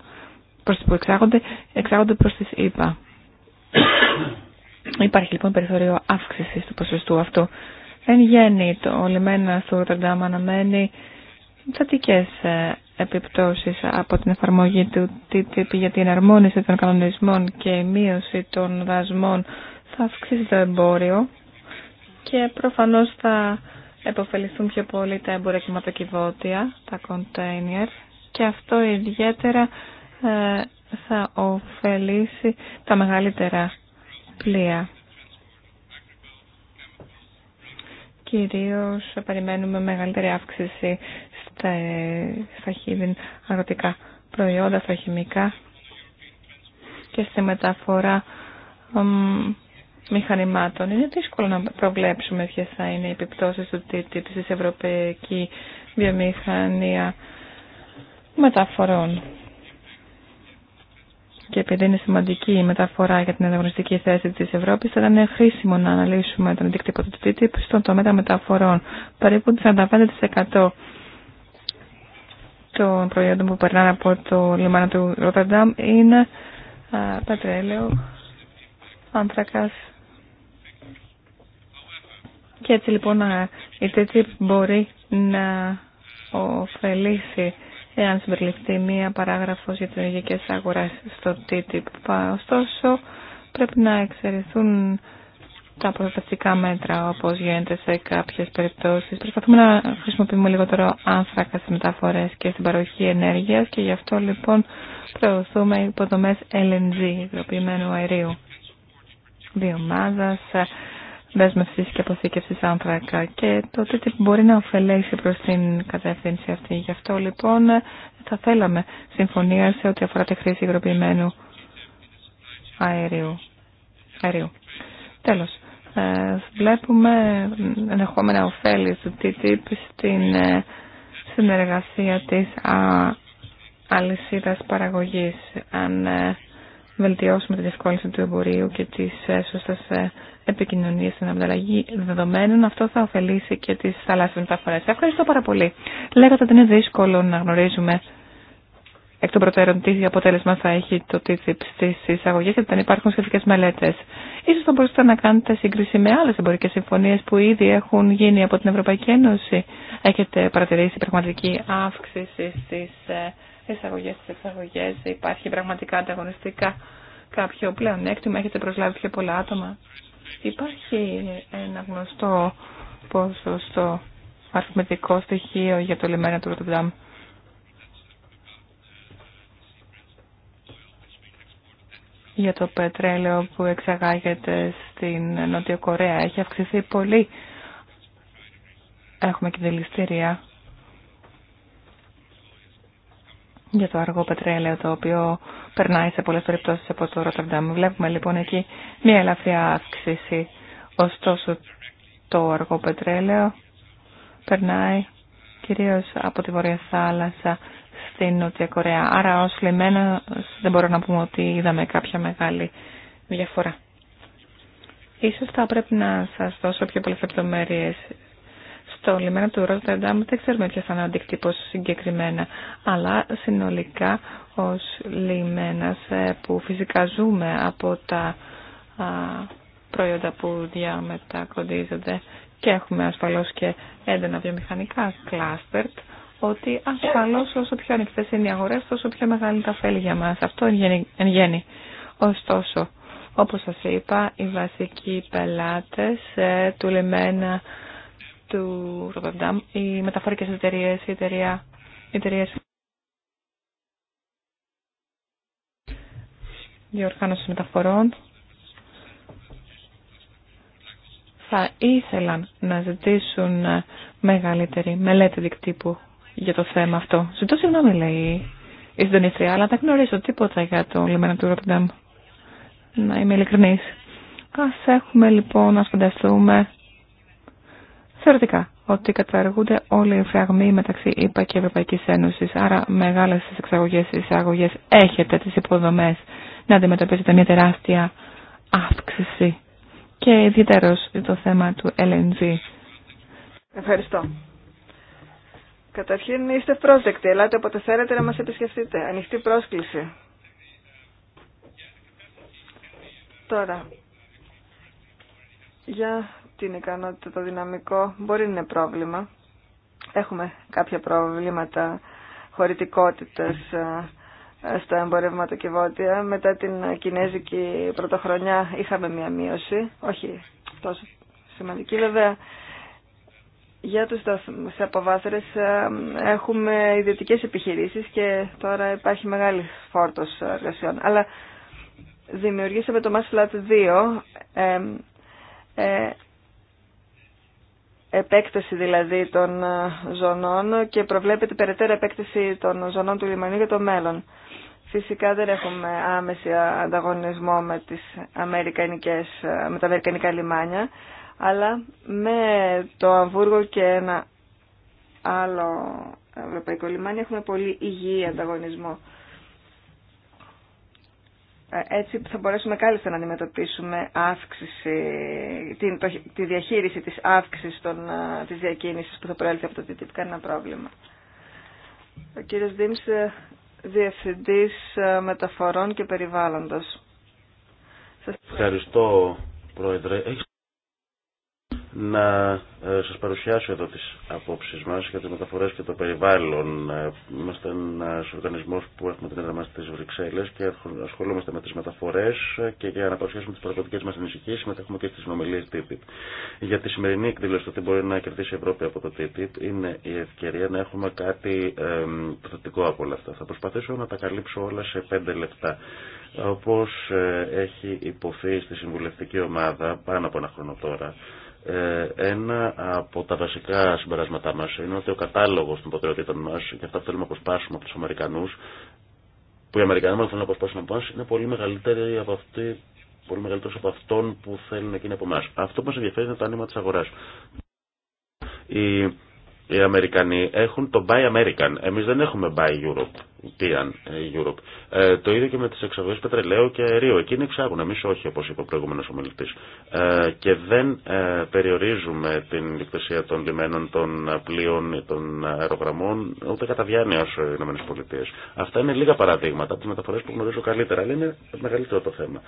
προς που εξάγονται, εξάγονται προς τις ΕΙΠΑ. (coughs) Υπάρχει λοιπόν περιθώριο αύξησης του ποσοστού αυτού. Εν γέννη το λιμένα στο Ροτερντάμ αναμένει θετικέ ε, επιπτώσεις από την εφαρμογή του TTIP για την αρμόνιση των κανονισμών και η μείωση των δασμών θα αυξήσει το εμπόριο και προφανώς θα επωφεληθούν πιο πολύ τα εμπόρια τα container και αυτό ιδιαίτερα ε, θα ωφελήσει τα μεγαλύτερα πλοία. Κυρίως περιμένουμε μεγαλύτερη αύξηση στα, στα χίλιν αγροτικά προϊόντα, στα χημικά και στη μεταφορά μηχανημάτων. Είναι δύσκολο να προβλέψουμε ποιε θα είναι οι επιπτώσεις του TTIP της ευρωπαϊκή βιομηχανία μεταφορών και επειδή είναι σημαντική η μεταφορά για την ανταγωνιστική θέση της Ευρώπης, θα ήταν χρήσιμο να αναλύσουμε τον αντίκτυπο του TTIP στον τομέα μεταφορών. Περίπου 45% των προϊόντων που περνάνε από το λιμάνι του Ροταρντάμ είναι πετρέλαιο, άνθρακας. Και έτσι λοιπόν η TTIP μπορεί να ωφελήσει εάν συμπεριληφθεί μία παράγραφος για τις ενεργειακές στο TTIP. Ωστόσο, πρέπει να εξαιρεθούν τα προστατευτικά μέτρα, όπως γίνεται σε κάποιες περιπτώσεις. Προσπαθούμε να χρησιμοποιούμε λιγότερο άνθρακα στις μεταφορές και στην παροχή ενέργειας και γι' αυτό λοιπόν προωθούμε υποδομές LNG, υγροποιημένου αερίου, βιομάζας, δέσμευση και αποθήκευση άνθρακα και το τι μπορεί να ωφελέσει προ την κατεύθυνση αυτή. Γι' αυτό λοιπόν θα θέλαμε συμφωνία σε ό,τι αφορά τη χρήση υγροποιημένου αερίου. αερίου. Τέλος, ε, βλέπουμε ενδεχόμενα ωφέλη του TTIP στην ε, συνεργασία τη αλυσίδα παραγωγή παραγωγής. Αν ε, βελτιώσουμε τη διευκόλυνση του εμπορίου και τις Ε, επικοινωνία στην ανταλλαγή δεδομένων. Αυτό θα ωφελήσει και τι θαλάσσιε μεταφορέ. Ευχαριστώ πάρα πολύ. Λέγατε ότι είναι δύσκολο να γνωρίζουμε εκ των προτέρων τι αποτέλεσμα θα έχει το TTIP στι εισαγωγέ, γιατί δεν υπάρχουν σχετικέ μελέτε. σω θα μπορούσατε να κάνετε σύγκριση με άλλε εμπορικέ συμφωνίε που ήδη έχουν γίνει από την Ευρωπαϊκή Ένωση. Έχετε παρατηρήσει πραγματική αύξηση στι ε, εισαγωγέ, στι εξαγωγέ, υπάρχει πραγματικά ανταγωνιστικά κάποιο πλέον έκτημα, έχετε προσλάβει πιο πολλά άτομα. Υπάρχει ένα γνωστό ποσοστό αριθμητικό στοιχείο για το λιμένα του Ροτερνταμ. για το πετρέλαιο που εξαγάγεται στην Νότιο Κορέα. Έχει αυξηθεί πολύ. Έχουμε και δηληστήρια για το αργό πετρέλαιο το οποίο περνάει σε πολλές περιπτώσεις από το Ρότερνταμ. Βλέπουμε λοιπόν εκεί μια ελαφριά αύξηση. Ωστόσο το αργό πετρέλαιο περνάει κυρίως από τη Βορεια Θάλασσα στην Νότια Κορέα. Άρα ως λιμένα δεν μπορώ να πούμε ότι είδαμε κάποια μεγάλη διαφορά. Ίσως θα πρέπει να σας δώσω πιο πολλές λεπτομέρειες το λιμένα του Ρότερνταμ δεν ξέρουμε ποιο θα είναι ο αντικτύπος συγκεκριμένα, αλλά συνολικά ως λιμένας ε, που φυσικά ζούμε από τα προϊόντα που διαμετακοντίζονται και έχουμε ασφαλώ και έντονα βιομηχανικά κλάστερτ, ότι ασφαλώ όσο πιο ανοιχτέ είναι οι αγορέ, τόσο πιο μεγάλη τα φέλη για μα. Αυτό εν γέννη. Ωστόσο, όπως σας είπα, οι βασικοί πελάτες ε, του λιμένα του Ροβερντάμ, οι μεταφορικέ εταιρείε, η εταιρεία, οι εταιρείε διοργάνωση μεταφορών θα ήθελαν να ζητήσουν μεγαλύτερη μελέτη δικτύπου για το θέμα αυτό. Ζητώ συγγνώμη, λέει η συντονίστρια, αλλά δεν γνωρίζω τίποτα για το λιμένα του Να είμαι ειλικρινής. Ας έχουμε λοιπόν να φανταστούμε θεωρητικά ότι καταργούνται όλοι οι φραγμοί μεταξύ ΕΠΑ και Ευρωπαϊκής Άρα μεγάλες εξαγωγέ ή εισαγωγές έχετε τις υποδομές να αντιμετωπίσετε μια τεράστια αύξηση και ιδιαίτερος το θέμα του LNG. Ευχαριστώ. Καταρχήν είστε πρόσδεκτοι. Ελάτε όποτε θέλετε να μας επισκεφτείτε. Ανοιχτή πρόσκληση. Τώρα, για την ικανότητα, το δυναμικό μπορεί να είναι πρόβλημα. Έχουμε κάποια προβλήματα χωρητικότητας ε, στα βότια. Μετά την κινέζικη πρωτοχρονιά είχαμε μια μείωση, όχι τόσο σημαντική βέβαια. Για τους σε αποβάθρες ε, έχουμε ιδιωτικές επιχειρήσεις και τώρα υπάρχει μεγάλη φόρτος εργασιών. Αλλά δημιουργήσαμε το Mass 2 επέκταση δηλαδή των ε, ζωνών και προβλέπεται περαιτέρω επέκταση των ζωνών του λιμανιού για το μέλλον. Φυσικά δεν έχουμε άμεση ανταγωνισμό με, τις αμερικανικές, ε, με τα αμερικανικά λιμάνια, αλλά με το Αμβούργο και ένα άλλο ευρωπαϊκό λιμάνι έχουμε πολύ υγιή ανταγωνισμό. Ε, έτσι θα μπορέσουμε κάλλιστα να αντιμετωπίσουμε αύξηση, την, τη διαχείριση της αύξησης των, ε, της διακίνησης που θα προέλθει από το TTIP. Κανένα πρόβλημα. Ο κύριος Δήμς, ε, Διευθυντής Μεταφορών και Περιβάλλοντος. Ευχαριστώ, Πρόεδρε να ε, σας παρουσιάσω εδώ τις απόψεις μας για τις μεταφορές και το περιβάλλον. Ε, είμαστε ένας οργανισμός που έχουμε την έδρα μας στις Βρυξέλλες και ασχολούμαστε με τις μεταφορές ε, και για να παρουσιάσουμε τις πραγματικές μας ενισχύσεις συμμετέχουμε και στις συνομιλίες TTIP. Για τη σημερινή εκδήλωση το τι μπορεί να κερδίσει η Ευρώπη από το TTIP είναι η ευκαιρία να έχουμε κάτι θετικό από όλα αυτά. Θα προσπαθήσω να τα καλύψω όλα σε πέντε λεπτά. Όπως έχει υποθεί στη συμβουλευτική ομάδα πάνω από ένα χρόνο τώρα, ε, ένα από τα βασικά συμπεράσματά μα είναι ότι ο κατάλογο των προτεραιοτήτων μα και αυτά που θέλουμε να αποσπάσουμε από του Αμερικανού, που οι Αμερικανοί μας θέλουν να αποσπάσουν από εμά είναι πολύ μεγαλύτεροι από αυτή πολύ από αυτόν που θέλουν εκείνοι από εμά. Αυτό που μα ενδιαφέρει είναι το άνοιγμα τη αγορά. Οι, Αμερικανοί έχουν το Buy American. Εμεί δεν έχουμε Buy Europe. Ε, Europe. Ε, το ίδιο και με τι εξαγωγέ πετρελαίου και αερίου. Εκείνοι εξάγουν, εμεί όχι, όπω είπε ο προηγούμενο ομιλητή. Ε, και δεν ε, περιορίζουμε την υπηρεσία των λιμένων, των πλοίων ή των αερογραμμών, ούτε κατά διάνοια ω ΗΠΑ. Αυτά είναι λίγα παραδείγματα από τι μεταφορέ που γνωρίζω καλύτερα, αλλά είναι μεγαλύτερο το θέμα.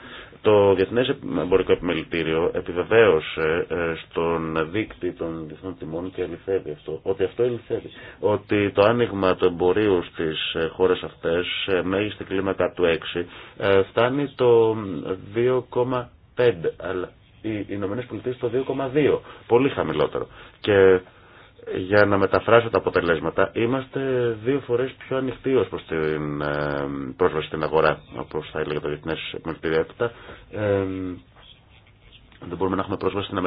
Το Διεθνέ Εμπορικό Επιμελητήριο επιβεβαίωσε ε, στον δίκτυο των διεθνών τιμών και αληθεύει αυτό, ότι αυτό αληθεύει, ότι το άνοιγμα του εμπορίου στις ε, χώρες αυτές σε μέγιστη κλίμακα του 6 ε, φτάνει το 2,5 αλλά οι Ηνωμένε Πολιτείε το 2,2 πολύ χαμηλότερο και για να μεταφράσω τα αποτελέσματα είμαστε δύο φορές πιο ανοιχτοί ως προς την ε, πρόσβαση στην αγορά όπως θα έλεγε το Διεθνές Μελτιδιότητα ε, δεν μπορούμε να έχουμε πρόσβαση στην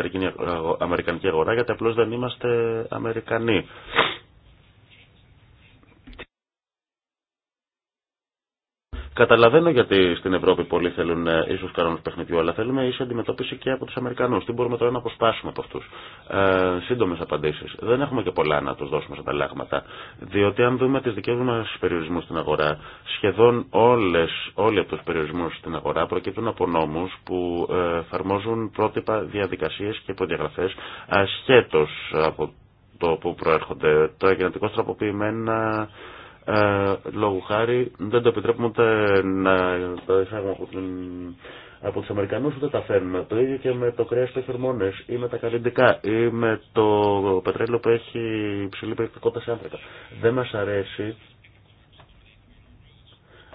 Αμερικανική αγορά γιατί απλώς δεν είμαστε Αμερικανοί. Καταλαβαίνω γιατί στην Ευρώπη πολλοί θέλουν ε, ίσω κανόνε παιχνιδιού, αλλά θέλουμε ίση αντιμετώπιση και από του Αμερικανού. Τι μπορούμε τώρα να αποσπάσουμε από αυτού. Ε, Σύντομε απαντήσει. Δεν έχουμε και πολλά να του δώσουμε σαν ταλλάγματα. Διότι αν δούμε τι δικέ μα περιορισμού στην αγορά, σχεδόν όλες, όλοι από του περιορισμού στην αγορά προκύπτουν από νόμου που ε, εφαρμόζουν πρότυπα διαδικασίε και υποδιαγραφέ ασχέτω από το που προέρχονται. Τα γενετικώ τροποποιημένα ε, λόγου χάρη δεν το επιτρέπουμε ούτε να το εισάγουμε από, την, από τους Αμερικανούς ούτε τα φέρνουμε. Το ίδιο και με το κρέας των χερμόνες ή με τα καλλιντικά ή με το πετρέλαιο που έχει υψηλή περιεκτικότητα σε άνθρακα. Δεν μας αρέσει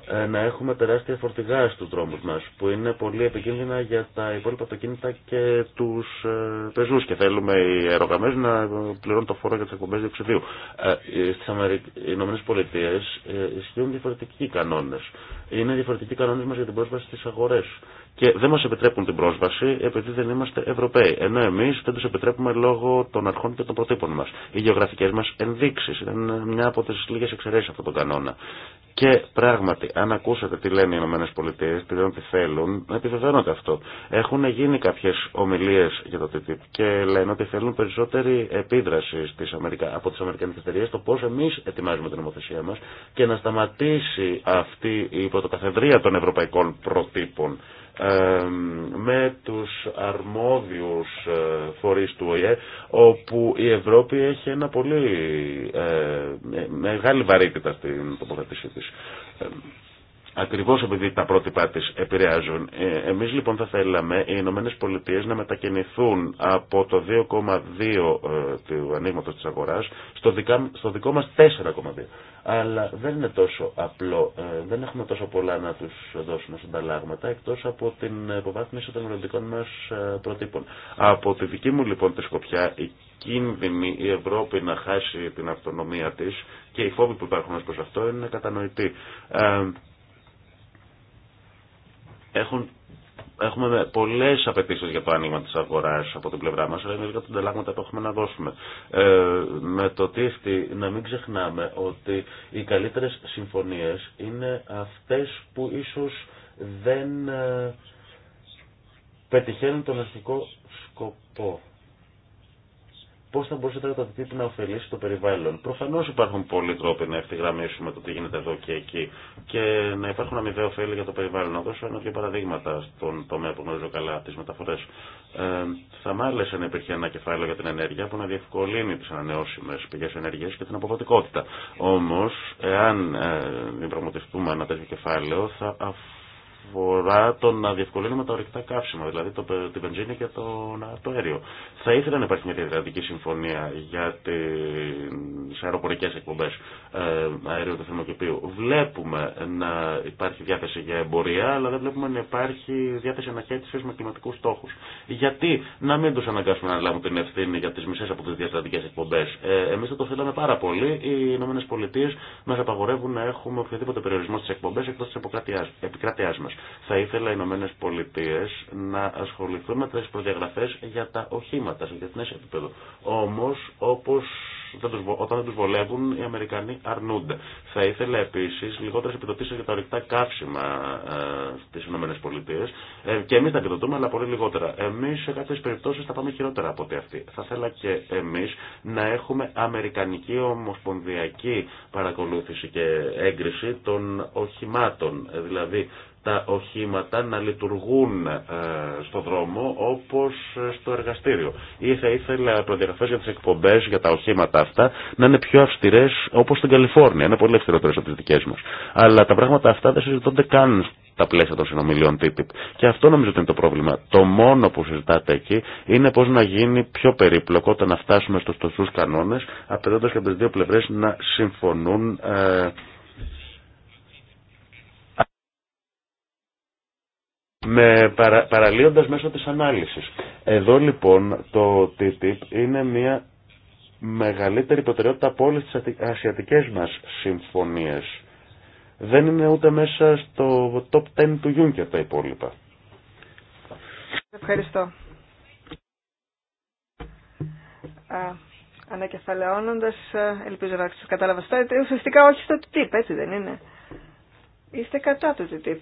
ε, να έχουμε τεράστια φορτηγά στους δρόμους μας που είναι πολύ επικίνδυνα για τα υπόλοιπα αυτοκίνητα και τους ε, πεζούς και θέλουμε οι αερογραμμές να πληρώνουν το φόρο για τις εκπομπές διεξιδίου. Ε, στις Πολιτείες ε, ισχύουν διαφορετικοί κανόνες. Είναι διαφορετικοί κανόνες μας για την πρόσβαση στις αγορές και δεν μας επιτρέπουν την πρόσβαση επειδή δεν είμαστε Ευρωπαίοι. Ενώ εμείς δεν τους επιτρέπουμε λόγω των αρχών και των προτύπων μας. Οι γεωγραφικές μας ενδείξεις ήταν μια από τις λίγες εξαιρέσεις αυτόν τον κανόνα. Και πράγματι, αν ακούσατε τι λένε οι Ηνωμένε Πολιτείε, τι λένε ότι θέλουν, επιβεβαιώνεται αυτό. Έχουν γίνει κάποιε ομιλίε για το TTIP και λένε ότι θέλουν περισσότερη επίδραση στις Αμερικα... από τι Αμερικανικέ εταιρείε στο πώ εμεί ετοιμάζουμε την νομοθεσία μα και να σταματήσει αυτή η πρωτοκαθεδρία των ευρωπαϊκών προτύπων με τους αρμόδιους ε, φορείς του ΟΗΕ όπου η Ευρώπη έχει ένα πολύ ε, μεγάλη βαρύτητα στην τοποθέτησή της. Ακριβώ επειδή τα πρότυπά τη επηρεάζουν. Ε, Εμεί λοιπόν θα θέλαμε οι Ηνωμένε Πολιτείε να μετακινηθούν από το 2,2 του ανοίγματο τη αγορά στο δικό μα 4,2 αλλά δεν είναι τόσο απλό, ε, δεν έχουμε τόσο πολλά να τους δώσουμε συνταλλάγματα εκτός από την υποβάθμιση των μα μας ε, προτύπων. Από τη δική μου λοιπόν τη σκοπιά η κίνδυνη η Ευρώπη να χάσει την αυτονομία της και οι φόβοι που υπάρχουν προ αυτό είναι κατανοητοί. Ε, έχουν Έχουμε πολλέ απαιτήσει για το άνοιγμα τη αγορά από την πλευρά μα, αλλά είναι λίγα τα ανταλλάγματα που έχουμε να δώσουμε. Ε, με το TFT να μην ξεχνάμε ότι οι καλύτερε συμφωνίε είναι αυτέ που ίσω δεν ε, πετυχαίνουν τον αρχικό σκοπό. Πώ θα μπορούσε το να ωφελήσει το περιβάλλον. Προφανώ υπάρχουν πολλοί τρόποι να ευθυγραμμίσουμε το τι γίνεται εδώ και εκεί και να υπάρχουν αμοιβαία ωφέλη για το περιβάλλον. Να δώσω ένα-δύο παραδείγματα στον τομέα που γνωρίζω καλά, τι μεταφορέ. Ε, θα μ' άρεσε να υπήρχε ένα κεφάλαιο για την ενέργεια που να διευκολύνει τι ανανεώσιμε πηγέ ενέργεια και την αποδοτικότητα. Όμω, εάν ε, διαπραγματευτούμε ένα τέτοιο κεφάλαιο, θα αφορά το να διευκολύνουμε τα ορυκτά καύσιμα, δηλαδή το, τη βενζίνη και το, το αέριο. Θα ήθελα να υπάρχει μια διαδρατική συμφωνία για τις αεροπορικές εκπομπές ε, αέριου του θερμοκηπίου. Βλέπουμε να υπάρχει διάθεση για εμπορία, αλλά δεν βλέπουμε να υπάρχει διάθεση αναχέτησης με κλιματικού στόχους. Γιατί να μην τους αναγκάσουμε να λάβουν την ευθύνη για τις μισές από τις διαστατικές εκπομπές. Ε, εμείς θα το θέλαμε πάρα πολύ. Οι ΗΠΑ Πολιτείες μας απαγορεύουν να έχουμε οποιοδήποτε περιορισμό στις εκπομπές εκτός τη επικράτειάς μα. Θα ήθελα οι Ηνωμένε Πολιτείε να ασχοληθούν με τι προδιαγραφέ για τα οχήματα σε διεθνέ επίπεδο. Όμω, όπως όταν δεν του βολεύουν, οι Αμερικανοί αρνούνται. Θα ήθελα επίση λιγότερε επιδοτήσει για τα ορυκτά καύσιμα ε, στι ΗΠΑ. Ε, και εμεί τα επιδοτούμε, αλλά πολύ λιγότερα. Εμεί σε κάποιε περιπτώσει θα πάμε χειρότερα από ό,τι αυτοί. Θα ήθελα και εμεί να έχουμε αμερικανική ομοσπονδιακή παρακολούθηση και έγκριση των οχημάτων. Ε, δηλαδή τα οχήματα να λειτουργούν ε, στο δρόμο όπως ε, στο εργαστήριο. Ή θα ήθελα προδιαγραφές για τις εκπομπές για τα οχήματα αυτά να είναι πιο αυστηρές όπως στην Καλιφόρνια. Είναι πολύ αυστηρότερες από τις δικές μας. Αλλά τα πράγματα αυτά δεν συζητώνται καν τα πλαίσια των συνομιλίων TTIP. Και αυτό νομίζω ότι είναι το πρόβλημα. Το μόνο που συζητάτε εκεί είναι πώς να γίνει πιο περίπλοκο όταν φτάσουμε στου τόσους κανόνε, απαιτώντας και από τις δύο πλευρές να συμφωνούν ε, με παρα, παραλύοντας μέσω της ανάλυσης. Εδώ λοιπόν το TTIP είναι μια μεγαλύτερη προτεραιότητα από όλες τις ασιατικές μας συμφωνίες. Δεν είναι ούτε μέσα στο top 10 του Juncker τα υπόλοιπα. Ευχαριστώ. Α, ανακεφαλαιώνοντας, ελπίζω να σας κατάλαβα ουσιαστικά όχι στο TTIP, έτσι δεν είναι. Είστε κατά το TTIP.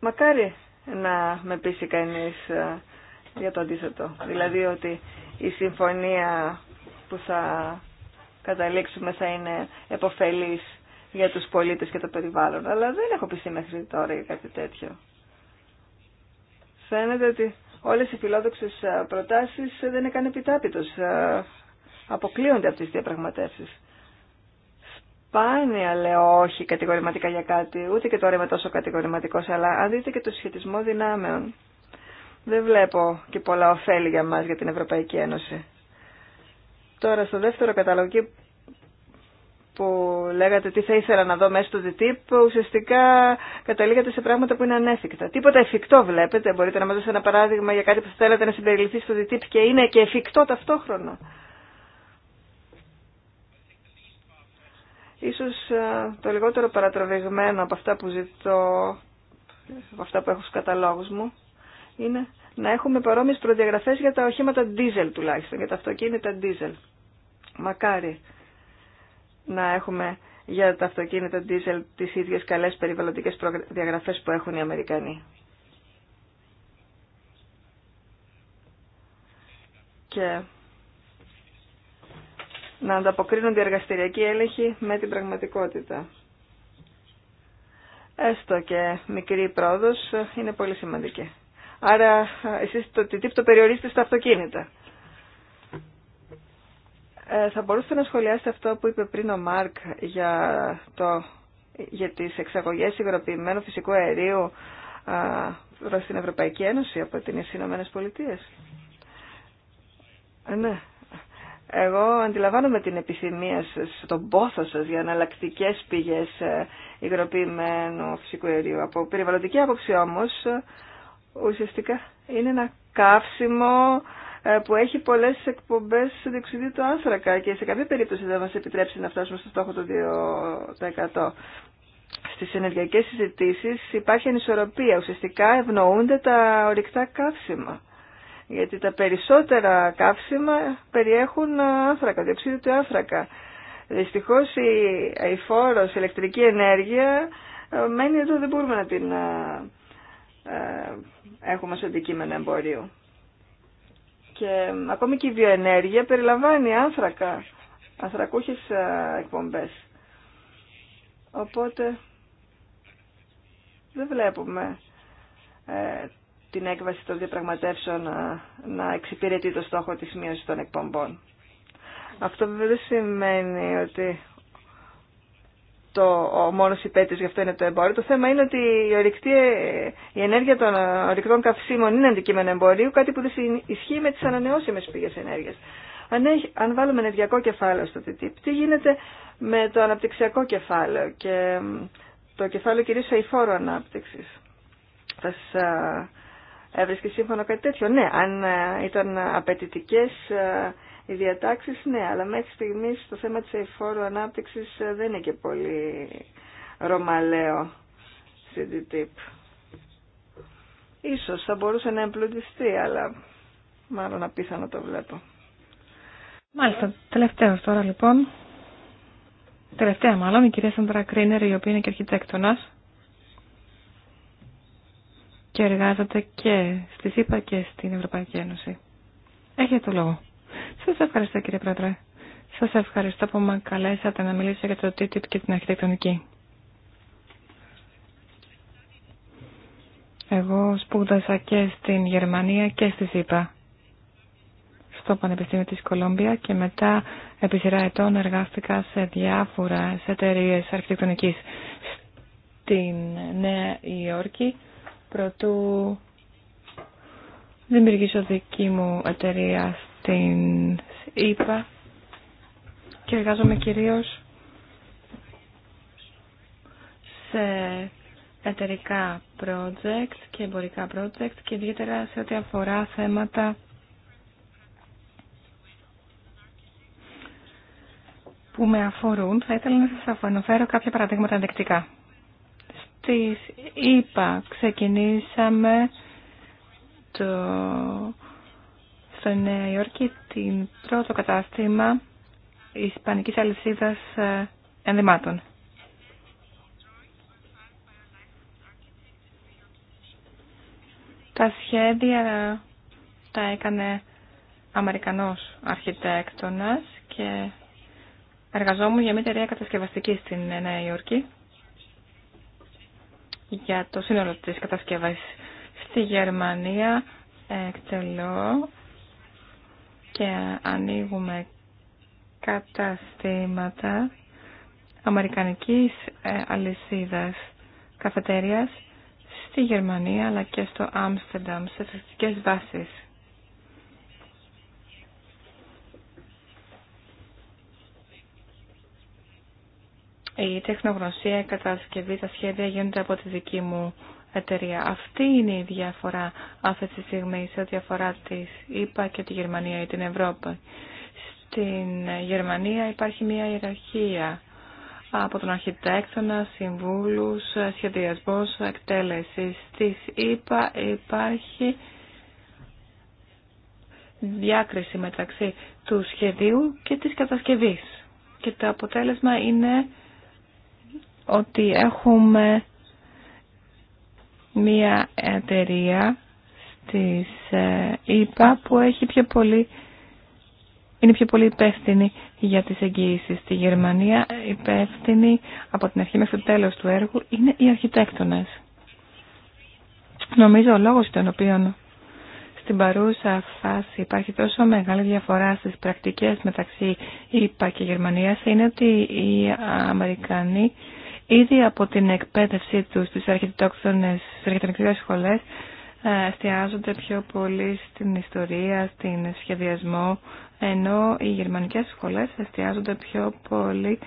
Μακάρι να με πείσει κανείς ε, για το αντίθετο. Δηλαδή ότι η συμφωνία που θα καταλήξουμε θα είναι επωφελής για τους πολίτες και το περιβάλλον. Αλλά δεν έχω πει μέχρι τώρα για κάτι τέτοιο. Φαίνεται ότι όλες οι φιλόδοξες ε, προτάσεις δεν έκανε επιτάπητος. Ε, αποκλείονται από τις διαπραγματεύσεις σπάνια λέω όχι κατηγορηματικά για κάτι, ούτε και τώρα είμαι τόσο κατηγορηματικός, αλλά αν δείτε και το σχετισμό δυνάμεων, δεν βλέπω και πολλά ωφέλη για μας, για την Ευρωπαϊκή Ένωση. Τώρα στο δεύτερο καταλογή που λέγατε τι θα ήθελα να δω μέσα στο DTIP, ουσιαστικά καταλήγατε σε πράγματα που είναι ανέφικτα. Τίποτα εφικτό βλέπετε, μπορείτε να μας δώσετε ένα παράδειγμα για κάτι που θέλετε να συμπεριληφθεί στο DTIP και είναι και εφικτό ταυτόχρονα. Ίσως ε, το λιγότερο παρατροβηγμένο από αυτά που ζητώ, από αυτά που έχω στους καταλόγους μου, είναι να έχουμε παρόμοιες προδιαγραφές για τα οχήματα diesel τουλάχιστον, για τα αυτοκίνητα diesel. Μακάρι να έχουμε για τα αυτοκίνητα diesel τις ίδιες καλές περιβαλλοντικές προδιαγραφές που έχουν οι Αμερικανοί. Και να ανταποκρίνονται οι εργαστηριακοί έλεγχοι με την πραγματικότητα. Έστω και μικρή πρόοδος είναι πολύ σημαντική. Άρα εσείς το τι το περιορίζετε στα αυτοκίνητα. Ε, θα μπορούσατε να σχολιάσετε αυτό που είπε πριν ο Μάρκ για, το, για τις εξαγωγές υγροποιημένου φυσικού αερίου α, προς την Ευρωπαϊκή Ένωση από την Ηνωμένες Πολιτείες. Ε, ναι. Εγώ αντιλαμβάνομαι την επιθυμία σας, τον πόθο σας για εναλλακτικέ πηγές ε, υγροποιημένου φυσικού αερίου. Από περιβαλλοντική άποψη όμως, ουσιαστικά είναι ένα καύσιμο ε, που έχει πολλές εκπομπές διοξιδίου του άνθρακα και σε καμία περίπτωση δεν μας επιτρέψει να φτάσουμε στο στόχο του 2%. Στις ενεργειακές συζητήσεις υπάρχει ανισορροπία. Ουσιαστικά ευνοούνται τα ορυκτά καύσιμα γιατί τα περισσότερα καύσιμα περιέχουν άνθρακα, διοξείδιο του άνθρακα. Δυστυχώς η φόρο η ηλεκτρική ενέργεια ε, μένει εδώ, δεν μπορούμε να την ε, ε, έχουμε σε αντικείμενο εμπορίου. Και ακόμη και η βιοενέργεια περιλαμβάνει άνθρακα, ανθρακούχες εκπομπές. Οπότε δεν βλέπουμε την έκβαση των διαπραγματεύσεων να, ε, να εξυπηρετεί το στόχο της μείωσης των εκπομπών. Αυτό βέβαια δεν σημαίνει ότι το, ο μόνος υπέτης γι' αυτό είναι το εμπόριο. Το θέμα είναι ότι η, ορυκτή, η ενέργεια των ορυκτών καυσίμων είναι αντικείμενο εμπορίου, κάτι που δεν ισχύει με τις ανανεώσιμες πηγές ενέργειας. Αν, έχει, αν βάλουμε ενεργειακό κεφάλαιο στο TTIP, τι γίνεται με το αναπτυξιακό κεφάλαιο και το κεφάλαιο κυρίως αηφόρου ανάπτυξης. Θα έβρισκε σύμφωνο κάτι τέτοιο. Ναι, αν ε, ήταν απαιτητικέ ε, οι διατάξει, ναι, αλλά μέχρι στιγμή το θέμα τη εφόρου ανάπτυξη ε, δεν είναι και πολύ ρωμαλαίο στην TTIP. Ίσως θα μπορούσε να εμπλουτιστεί, αλλά μάλλον απίθανο το βλέπω. Μάλιστα, τελευταίο τώρα λοιπόν. Τελευταία μάλλον, η κυρία Σαντρά Κρίνερ, η οποία είναι και αρχιτέκτονας και εργάζονται και στη ΣΥΠΑ και στην Ευρωπαϊκή Ένωση. Έχετε το λόγο. Σα ευχαριστώ κύριε Πρόεδρε. Σα ευχαριστώ που με καλέσατε να μιλήσω για το TTIP και την αρχιτεκτονική. Εγώ σπούδασα και στην Γερμανία και στη ΣΥΠΑ στο Πανεπιστήμιο της Κολόμπια και μετά επί σειρά ετών εργάστηκα σε διάφορε εταιρείε αρχιτεκτονικής στην Νέα Υόρκη, Πρωτού δημιουργήσω δική μου εταιρεία στην ΕΙΠΑ και εργάζομαι κυρίως σε εταιρικά project και εμπορικά project και ιδιαίτερα σε ό,τι αφορά θέματα που με αφορούν. Θα ήθελα να σας αναφέρω κάποια παραδείγματα ενδεικτικά της είπα ξεκινήσαμε το... στο Νέα Υόρκη την πρώτο κατάστημα Ισπανικής αλυσίδας ε, ενδυμάτων. Τα σχέδια τα έκανε Αμερικανός αρχιτέκτονας και εργαζόμουν για μια εταιρεία κατασκευαστική στην Νέα Υόρκη για το σύνολο της κατασκευής. Στη Γερμανία εκτελώ και ανοίγουμε καταστήματα αμερικανικής ε, αλυσίδας καφετέριας στη Γερμανία αλλά και στο Άμστερνταμ σε θετικές βάσεις. η τεχνογνωσία, η κατασκευή, τα σχέδια γίνονται από τη δική μου εταιρεία. Αυτή είναι η διαφορά αυτή τη στιγμή σε ό,τι αφορά τις ΗΠΑ και τη Γερμανία ή την Ευρώπη. Στην Γερμανία υπάρχει μια ιεραρχία από τον αρχιτέκτονα, συμβούλους, σχεδιασμός, εκτέλεση. Στις ΗΠΑ υπάρχει διάκριση μεταξύ του σχεδίου και της κατασκευής. Και το αποτέλεσμα είναι ότι έχουμε μία εταιρεία στις ΕΠΑ που έχει πιο πολύ, είναι πιο πολύ υπεύθυνη για τις εγγύησεις. Στη Γερμανία υπεύθυνη από την αρχή μέχρι το τέλος του έργου είναι οι αρχιτέκτονες. Νομίζω ο λόγος των οποίων στην παρούσα φάση υπάρχει τόσο μεγάλη διαφορά στις πρακτικές μεταξύ ΙΠΑ και Γερμανίας είναι ότι οι Αμερικανοί Ήδη από την εκπαίδευσή του στις αρχιτεκτονικές σχολές ε, εστιάζονται πιο πολύ στην ιστορία, στην σχεδιασμό, ενώ οι γερμανικές σχολές εστιάζονται πιο πολύ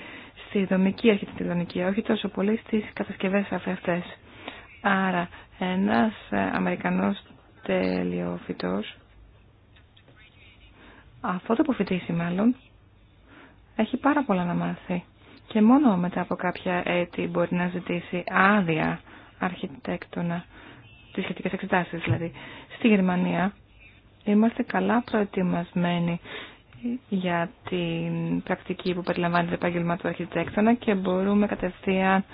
στη δομική αρχιτεκτονική, όχι τόσο πολύ στις κατασκευές αυτές. Άρα, ένας ε, Αμερικανός τελειοφυτός, αυτό το αποφυτίσει μάλλον, έχει πάρα πολλά να μάθει και μόνο μετά από κάποια έτη μπορεί να ζητήσει άδεια αρχιτέκτονα, τις σχετικές εξετάσεις δηλαδή. Στη Γερμανία είμαστε καλά προετοιμασμένοι για την πρακτική που περιλαμβάνει το επάγγελμα του αρχιτέκτονα και μπορούμε κατευθείαν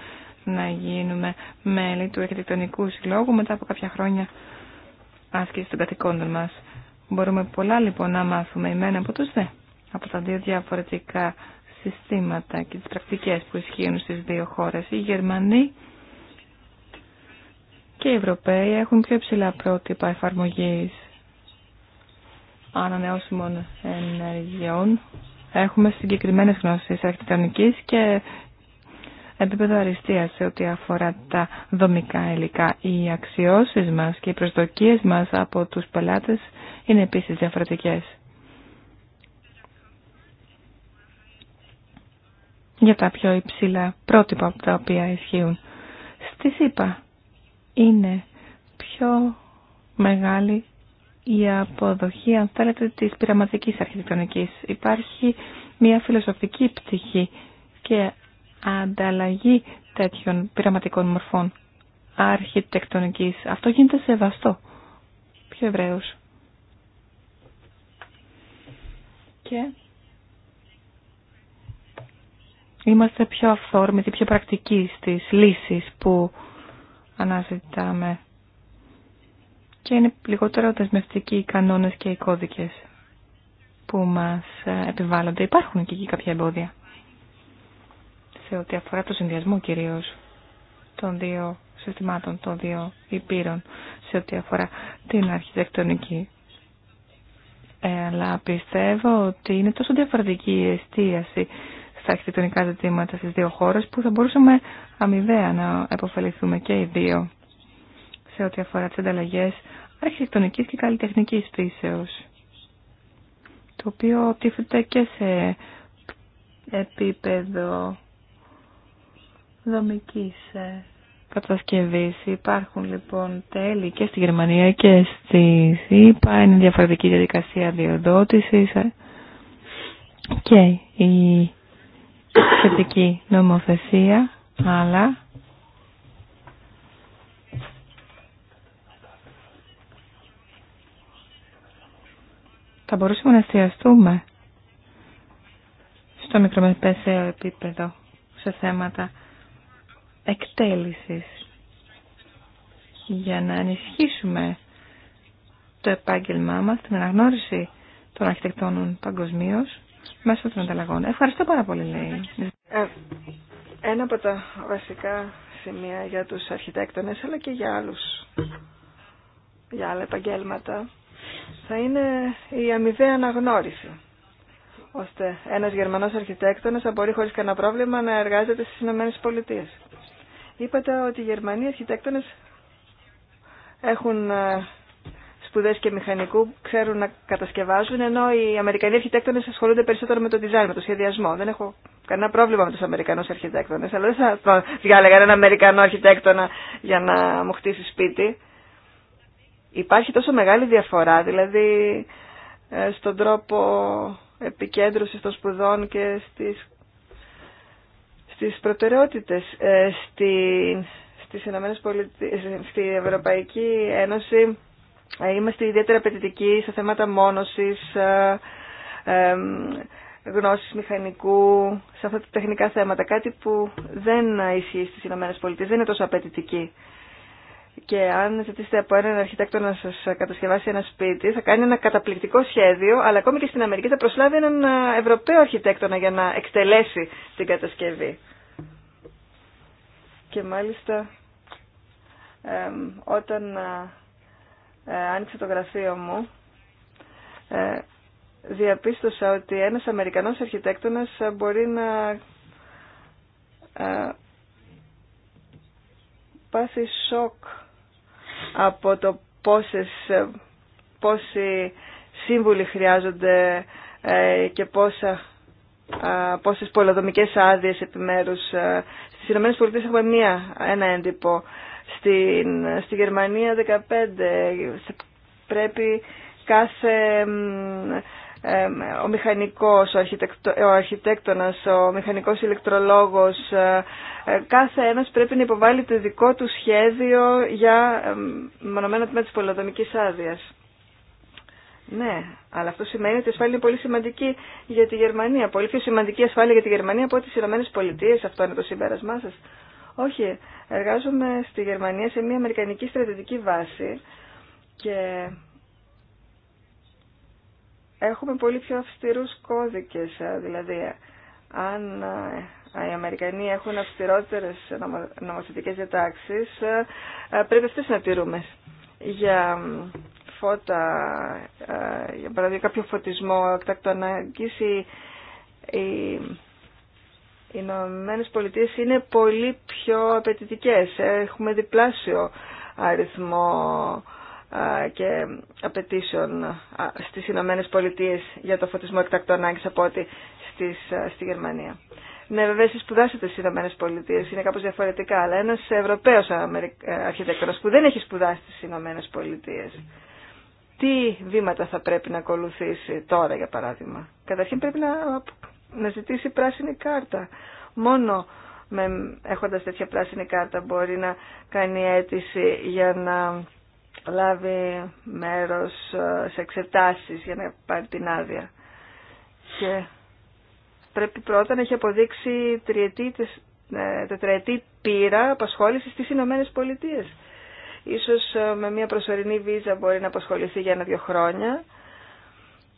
να γίνουμε μέλη του αρχιτεκτονικού συλλόγου μετά από κάποια χρόνια άσκηση των κατοικών μας. Μπορούμε πολλά λοιπόν να μάθουμε ημένα από τους δε, από τα δύο διαφορετικά συστήματα και τις πρακτικές που ισχύουν στις δύο χώρες. Οι Γερμανοί και οι Ευρωπαίοι έχουν πιο υψηλά πρότυπα εφαρμογής ανανεώσιμων ενεργειών. Έχουμε συγκεκριμένες γνώσεις αρχιτεκτονικής και επίπεδο αριστείας σε ό,τι αφορά τα δομικά υλικά. Οι αξιώσεις μας και οι προσδοκίες μας από τους πελάτες είναι επίσης διαφορετικές. για τα πιο υψηλά πρότυπα από τα οποία ισχύουν. Στη ΣΥΠΑ είναι πιο μεγάλη η αποδοχή, αν θέλετε, της πειραματικής αρχιτεκτονικής. Υπάρχει μια φιλοσοφική πτυχή και ανταλλαγή τέτοιων πειραματικών μορφών αρχιτεκτονικής. Αυτό γίνεται σεβαστό. Πιο ευρέως. Και είμαστε πιο αυθόρμητοι, πιο πρακτικοί στις λύσεις που αναζητάμε και είναι λιγότερο δεσμευτικοί οι κανόνες και οι κώδικες που μας ε, επιβάλλονται. Υπάρχουν και εκεί κάποια εμπόδια σε ό,τι αφορά το συνδυασμό κυρίως των δύο συστημάτων, των δύο υπήρων σε ό,τι αφορά την αρχιτεκτονική. Ε, αλλά πιστεύω ότι είναι τόσο διαφορετική η εστίαση στα αρχιτεκτονικά ζητήματα στις δύο χώρες που θα μπορούσαμε αμοιβαία να επωφεληθούμε και οι δύο σε ό,τι αφορά τις ανταλλαγές αρχιτεκτονικής και καλλιτεχνικής φύσεως το οποίο τύφεται και σε επίπεδο δομικής ε, κατασκευής. Υπάρχουν λοιπόν τέλη και στη Γερμανία και στη ΣΥΠΑ, είναι διαφορετική διαδικασία διοδότησης ε, και η σχετική νομοθεσία, αλλά θα μπορούσαμε να εστιαστούμε στο μικρομεσαίο επίπεδο σε θέματα εκτέλησης για να ενισχύσουμε το επάγγελμά μας, την αναγνώριση των αρχιτεκτών παγκοσμίως μέσω των ανταλλαγών. Ευχαριστώ πάρα πολύ, ε, ένα από τα βασικά σημεία για τους αρχιτέκτονες, αλλά και για άλλους, για άλλα επαγγέλματα, θα είναι η αμοιβαία αναγνώριση. Ώστε ένας Γερμανός αρχιτέκτονας θα μπορεί χωρίς κανένα πρόβλημα να εργάζεται στις Ηνωμένες Πολιτείες. Είπατε ότι οι Γερμανοί αρχιτέκτονες έχουν ε, Σπουδέ και μηχανικού ξέρουν να κατασκευάζουν, ενώ οι Αμερικανοί αρχιτέκτονε ασχολούνται περισσότερο με το design, με το σχεδιασμό. Δεν έχω κανένα πρόβλημα με του Αμερικανού αρχιτέκτονε, αλλά δεν θα διάλεγα έναν Αμερικανό αρχιτέκτονα για να μου χτίσει σπίτι. Υπάρχει τόσο μεγάλη διαφορά, δηλαδή ε, στον τρόπο επικέντρωσης των σπουδών και στις, στις προτεραιότητες. Ε, στην, στις Ηνωμένες Πολιτι... Ε, στη Ευρωπαϊκή Ένωση ε, είμαστε ιδιαίτερα απαιτητικοί σε θέματα μόνωσης, ε, ε, γνώσης μηχανικού, σε αυτά τα τεχνικά θέματα. Κάτι που δεν ισχύει στις Ηνωμένες δεν είναι τόσο απαιτητική. Και αν ζητήσετε από έναν αρχιτέκτο να σας κατασκευάσει ένα σπίτι, θα κάνει ένα καταπληκτικό σχέδιο, αλλά ακόμη και στην Αμερική θα προσλάβει έναν Ευρωπαίο αρχιτέκτονα για να εκτελέσει την κατασκευή. Και μάλιστα όταν ε, άνοιξα το γραφείο μου, ε, διαπίστωσα ότι ένας Αμερικανός αρχιτέκτονας ε, μπορεί να πάθει σοκ από το πόσες, πόσοι σύμβουλοι χρειάζονται και πόσα, πόσες πολεοδομικές άδειες επιμέρους. Στις ΗΠΑ έχουμε μία, ένα έντυπο στην, στη Γερμανία 15 πρέπει κάθε ο μηχανικός, ο, αρχιτεκτο, ο αρχιτέκτονας, ο μηχανικός ηλεκτρολόγος, ε, ε, κάθε ένας πρέπει να υποβάλει το δικό του σχέδιο για μονομένα τμήμα της πολυοδομικής άδεια. Ναι, αλλά αυτό σημαίνει ότι η ασφάλεια είναι πολύ σημαντική για τη Γερμανία. Πολύ πιο σημαντική ασφάλεια για τη Γερμανία από τι Ηνωμένε Αυτό είναι το συμπέρασμά σα. Όχι, εργάζομαι στη Γερμανία σε μια αμερικανική στρατιωτική βάση και έχουμε πολύ πιο αυστηρούς κώδικες, ε, δηλαδή ε, αν ε, οι Αμερικανοί έχουν αυστηρότερες νομοθετικές διατάξεις, πρέπει αυτές να τηρούμε. Για φώτα, για παράδειγμα κάποιο φωτισμό εκτακτοναγκής ή, ή οι Ηνωμένε Πολιτείε είναι πολύ πιο απαιτητικέ. Έχουμε διπλάσιο αριθμό και απαιτήσεων στις Ηνωμένε Πολιτείε για το φωτισμό εκτακτών ανάγκης από ό,τι στη Γερμανία. Ναι, βέβαια, εσεί σπουδάσατε στι Ηνωμένε Πολιτείε, είναι κάπω διαφορετικά, αλλά ένα Ευρωπαίο ε, αρχιτέκτονα που δεν έχει σπουδάσει στι Ηνωμένε Πολιτείε, τι βήματα θα πρέπει να ακολουθήσει τώρα, για παράδειγμα. Καταρχήν πρέπει να να ζητήσει πράσινη κάρτα. Μόνο με, έχοντας τέτοια πράσινη κάρτα μπορεί να κάνει αίτηση για να λάβει μέρος ε, σε εξετάσεις για να πάρει την άδεια. Και πρέπει πρώτα να έχει αποδείξει τριετή, ε, τετραετή πείρα απασχόληση στις Ηνωμένε Πολιτείε. Ίσως ε, με μια προσωρινή βίζα μπορεί να απασχοληθεί για ένα-δύο χρόνια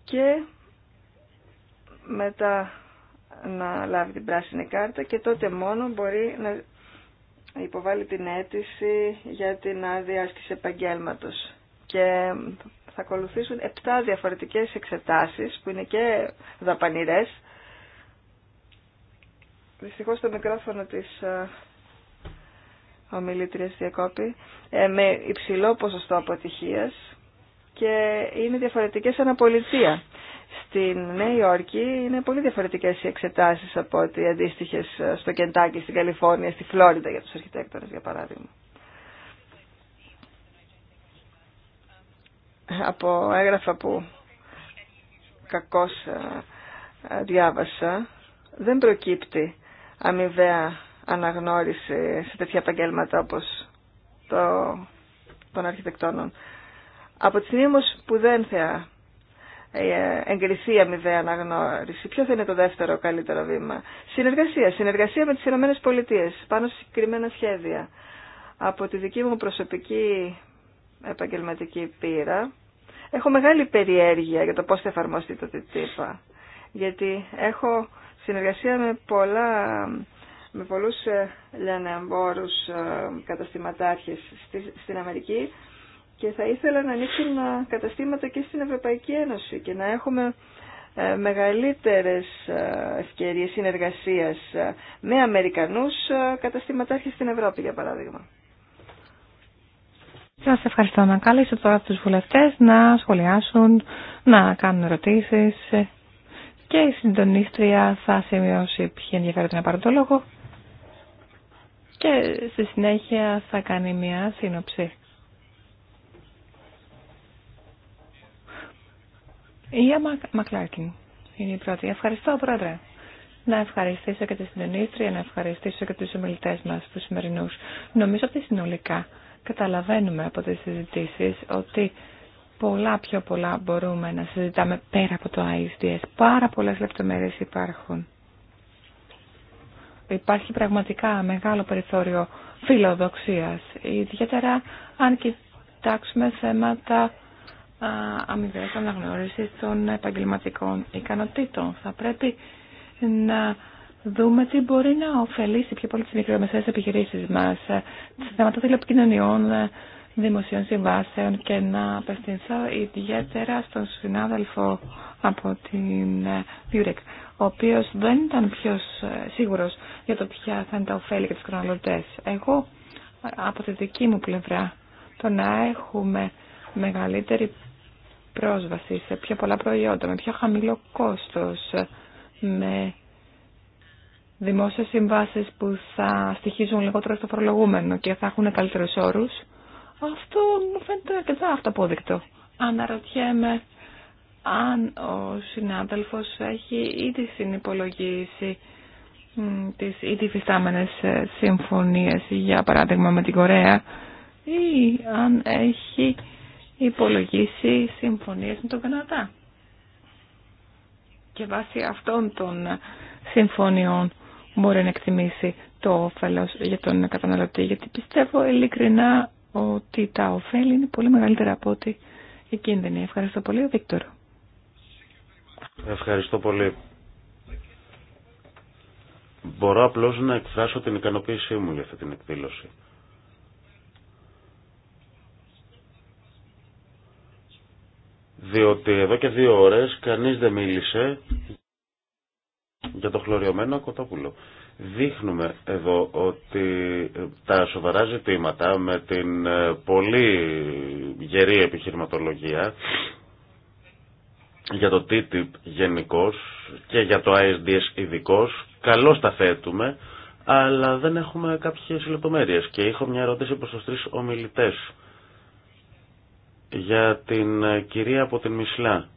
και μετά να λάβει την πράσινη κάρτα και τότε μόνο μπορεί να υποβάλει την αίτηση για την άδεια άσκηση επαγγέλματος. Και θα ακολουθήσουν 7 διαφορετικές εξετάσεις που είναι και δαπανηρές. Δυστυχώς το μικρόφωνο της ε, ομιλήτριας διακόπη ε, με υψηλό ποσοστό αποτυχίας και είναι διαφορετικές αναπολιτεία. Στην Νέα Υόρκη είναι πολύ διαφορετικέ οι εξετάσεις από ό,τι αντίστοιχες ε, στο Κεντάκι, στην Καλιφόρνια, στη Φλόριντα για τους αρχιτέκτονες για παράδειγμα. Από έγγραφα που κακώς ε, ε, διάβασα, δεν προκύπτει αμοιβαία αναγνώριση σε τέτοια επαγγέλματα όπως το, των αρχιτεκτόνων. Από τη στιγμή όμως που δεν θεά ε, εγκριθεί η αμοιβαία αναγνώριση. Ποιο θα είναι το δεύτερο καλύτερο βήμα. Συνεργασία. Συνεργασία με τις Ηνωμένες Πολιτείες πάνω σε συγκεκριμένα σχέδια. Από τη δική μου προσωπική επαγγελματική πείρα έχω μεγάλη περιέργεια για το πώς θα εφαρμοστεί το TTIP. Γιατί έχω συνεργασία με πολλά με πολλούς ε, εμπόρους ε, καταστηματάρχες στην Αμερική και θα ήθελα να ανοίξουν ε, καταστήματα και στην Ευρωπαϊκή Ένωση και να έχουμε ε, μεγαλύτερες ε, ευκαιρίες συνεργασίας με Αμερικανούς καταστηματάρχες στην Ευρώπη, για παράδειγμα. Σας ευχαριστώ να κάλεσε τώρα τους βουλευτές να σχολιάσουν, να κάνουν ερωτήσεις και η συντονίστρια θα σημειώσει ποιοι ενδιαφέρονται να πάρουν το λόγο και στη συνέχεια θα κάνει μια σύνοψη. Η Αμα Μακλάκιν είναι η πρώτη. Ευχαριστώ, Πρόεδρε. Να ευχαριστήσω και τη συντονίστρια, να ευχαριστήσω και τους ομιλητέ μας, τους σημερινούς. Νομίζω ότι συνολικά καταλαβαίνουμε από τις συζητήσεις ότι πολλά πιο πολλά μπορούμε να συζητάμε πέρα από το ISDS. Πάρα πολλές λεπτομέρειες υπάρχουν. Υπάρχει πραγματικά μεγάλο περιθώριο φιλοδοξίας, ιδιαίτερα αν κοιτάξουμε θέματα αμοιβές αναγνώρισης των επαγγελματικών ικανοτήτων. Θα πρέπει να δούμε τι μπορεί να ωφελήσει πιο πολύ τις μικρομεσαίες επιχειρήσεις μας τι ε, θέματα τηλεπικοινωνιών, ε, δημοσίων συμβάσεων και να απευθυνθώ ιδιαίτερα στον συνάδελφο από την Βιουρέκ, ε, ο οποίος δεν ήταν πιο σίγουρος για το ποια θα είναι τα ωφέλη και του καταναλωτές. Εγώ από τη δική μου πλευρά το να έχουμε μεγαλύτερη σε πιο πολλά προϊόντα, με πιο χαμηλό κόστος, με δημόσιες συμβάσεις που θα στοιχίζουν λιγότερο στο προλογούμενο και θα έχουν καλύτερους όρους, αυτό μου φαίνεται αρκετά αυτοπόδεικτο. Αναρωτιέμαι αν ο συνάδελφος έχει ήδη συνυπολογίσει τις ήδη φυστάμενες ε, συμφωνίες, για παράδειγμα με την Κορέα, ή αν έχει υπολογίσει συμφωνίες με τον Καναδά. Και βάσει αυτών των συμφωνιών μπορεί να εκτιμήσει το όφελος για τον καταναλωτή, γιατί πιστεύω ειλικρινά ότι τα ωφέλη είναι πολύ μεγαλύτερα από ό,τι η κίνδυνη. Ευχαριστώ πολύ, Βίκτορ. Ευχαριστώ πολύ. Μπορώ απλώς να εκφράσω την ικανοποίησή μου για αυτή την εκδήλωση. διότι εδώ και δύο ώρες κανείς δεν μίλησε για το χλωριωμένο κοτόπουλο. Δείχνουμε εδώ ότι ε, τα σοβαρά ζητήματα με την ε, πολύ γερή επιχειρηματολογία για το TTIP γενικώ και για το ISDS ειδικώ, καλώς τα θέτουμε, αλλά δεν έχουμε κάποιες λεπτομέρειες και έχω μια ερώτηση προς τους τρεις ομιλητές για την ε, κυρία από την Μισλά.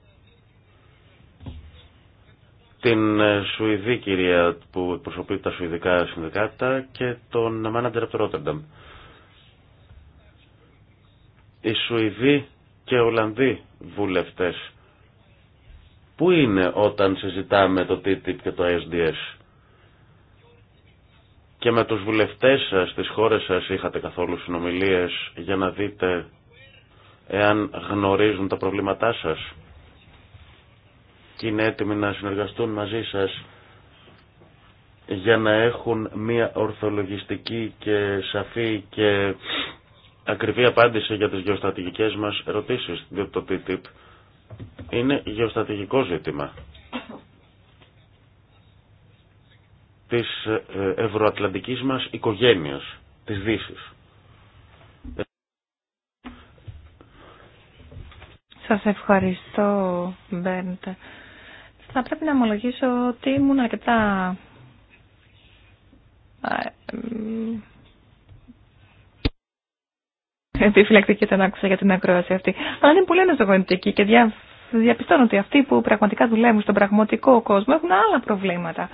Την ε, Σουηδή κυρία που εκπροσωπεί τα Σουηδικά Συνδικάτα και τον μάνατζερ από το Ρότερνταμ. Οι Σουηδοί και Ολλανδοί βουλευτές. Πού είναι όταν συζητάμε το TTIP και το SDS. Και με τους βουλευτές σας στις χώρες σας είχατε καθόλου συνομιλίες για να δείτε εάν γνωρίζουν τα προβλήματά σας και είναι έτοιμοι να συνεργαστούν μαζί σας για να έχουν μια ορθολογιστική και σαφή και ακριβή απάντηση για τις γεωστρατηγικές μας ερωτήσεις, διότι το TTIP είναι γεωστρατηγικό ζήτημα της ε, ευρωατλαντικής μας οικογένειας, της Δύσης. Σας ευχαριστώ, Μπέρντ. Θα πρέπει να ομολογήσω ότι ήμουν αρκετά... Επιφυλακτική όταν άκουσα για την ακρόαση αυτή. Αλλά είναι πολύ αναζωογονητική και δια... διαπιστώνω ότι αυτοί που πραγματικά δουλεύουν στον πραγματικό κόσμο έχουν άλλα προβλήματα,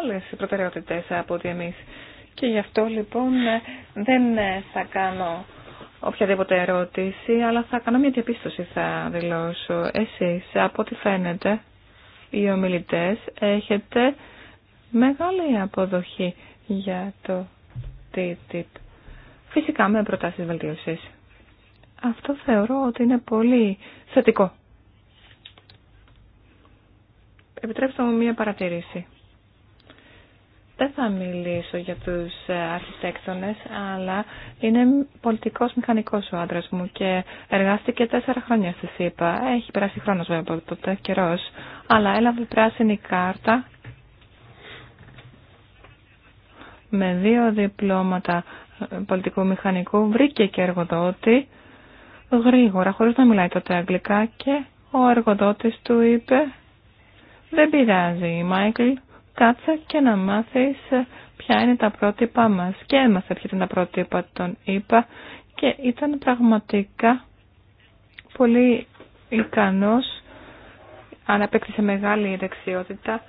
άλλες προτεραιότητες από ότι εμείς. Και γι' αυτό λοιπόν δεν θα κάνω οποιαδήποτε ερώτηση, αλλά θα κάνω μια διαπίστωση θα δηλώσω. Εσείς, από ό,τι φαίνεται, οι ομιλητές έχετε μεγάλη αποδοχή για το TTIP. Φυσικά με προτάσεις βελτίωσης. Αυτό θεωρώ ότι είναι πολύ θετικό. Επιτρέψτε μου μία παρατηρήση. Δεν θα μιλήσω για τους ε, αρχιτέκτονες, αλλά είναι πολιτικός μηχανικός ο άντρας μου και εργάστηκε τέσσερα χρόνια στη ΣΥΠΑ. Έχει περάσει χρόνος βέβαια από τότε καιρός, αλλά έλαβε πράσινη κάρτα με δύο διπλώματα ε, πολιτικού μηχανικού. Βρήκε και εργοδότη γρήγορα, χωρίς να μιλάει τότε αγγλικά και ο εργοδότης του είπε «Δεν πειράζει, Μάικλ, κάτσε και να μάθεις ποια είναι τα πρότυπά μας. Και έμαθα ποια ήταν τα πρότυπα των είπα και ήταν πραγματικά πολύ ικανός, αν μεγάλη δεξιότητα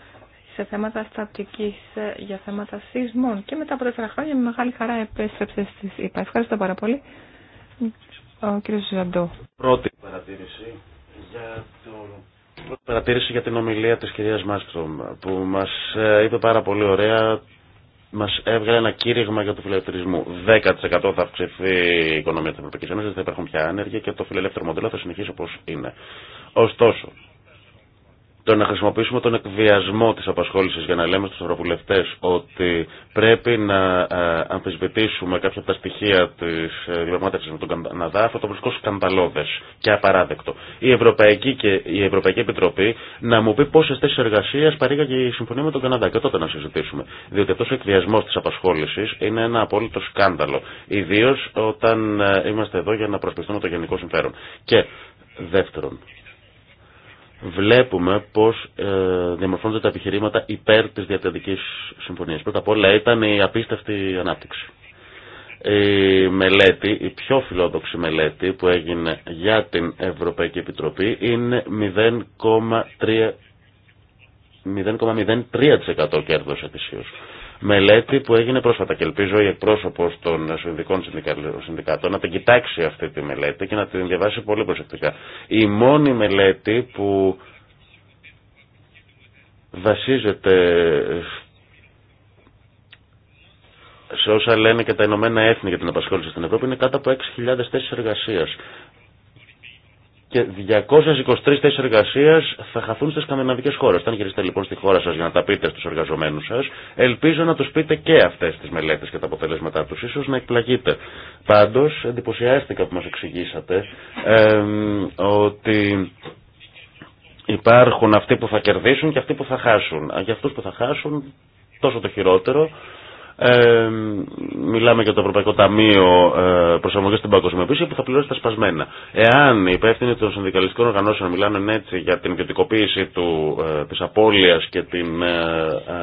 σε θέματα στατικής, ε, για θέματα σεισμών. Και μετά από τέσσερα χρόνια με μεγάλη χαρά επέστρεψε στις είπα Ευχαριστώ πάρα πολύ. Ο κύριος Ζαντού. Πρώτη παρατήρηση για τον Παρατήρηση για την ομιλία της κυρίας Μάστρομ που μας ε, είπε πάρα πολύ ωραία μας έβγαλε ένα κήρυγμα για το φιλελευθερισμό. 10% θα αυξηθεί η οικονομία τη Ευρωπαϊκή δεν θα υπάρχουν πια άνεργοι και το φιλελεύθερο μοντέλο θα συνεχίσει όπως είναι. Ωστόσο, το να χρησιμοποιήσουμε τον εκβιασμό της απασχόλησης για να λέμε στους ευρωβουλευτές ότι πρέπει να ε, αμφισβητήσουμε κάποια από τα στοιχεία της ε, διαπραγμάτευσης με τον Καναδά, αυτό το βρίσκω σκανδαλώδες και απαράδεκτο. Η Ευρωπαϊκή, και η Ευρωπαϊκή Επιτροπή να μου πει πόσες θέσεις εργασίας παρήγαγε η συμφωνία με τον Καναδά και τότε να συζητήσουμε. Διότι αυτός ο εκβιασμός της απασχόλησης είναι ένα απόλυτο σκάνδαλο. Ιδίως όταν ε, είμαστε εδώ για να προσπιστούμε το γενικό συμφέρον. Και δεύτερον, βλέπουμε πώς ε, διαμορφώνονται τα επιχειρήματα υπέρ της διατηρητικής συμφωνίας. Πρώτα απ' όλα ήταν η απίστευτη ανάπτυξη. Η μελέτη, η πιο φιλόδοξη μελέτη που έγινε για την Ευρωπαϊκή Επιτροπή είναι 0,3% κέρδος ετησίως μελέτη που έγινε πρόσφατα και ελπίζω η εκπρόσωπο των Συνδικών Συνδικατών να την κοιτάξει αυτή τη μελέτη και να την διαβάσει πολύ προσεκτικά. Η μόνη μελέτη που βασίζεται σε όσα λένε και τα Ηνωμένα Έθνη για την απασχόληση στην Ευρώπη είναι κάτω από 6.000 θέσει εργασία και 223 θέσει εργασία θα χαθούν στι σκανδιναβικέ χώρε. Όταν γυρίσετε λοιπόν στη χώρα σα για να τα πείτε στου εργαζομένου σα, ελπίζω να του πείτε και αυτέ τι μελέτε και τα αποτελέσματά του. ίσω να εκπλαγείτε. Πάντω, εντυπωσιάστηκα που μα εξηγήσατε ότι υπάρχουν αυτοί που θα κερδίσουν και αυτοί που θα χάσουν. Για αυτού που θα χάσουν, τόσο το χειρότερο, ε, μιλάμε για το Ευρωπαϊκό Ταμείο ε, Προσαρμογή στην Παγκοσμιοποίηση που θα πληρώσει τα σπασμένα. Εάν οι υπεύθυνοι των συνδικαλιστικών οργανώσεων μιλάνε έτσι για την ιδιωτικοποίηση του, ε, της απώλειας και την ε,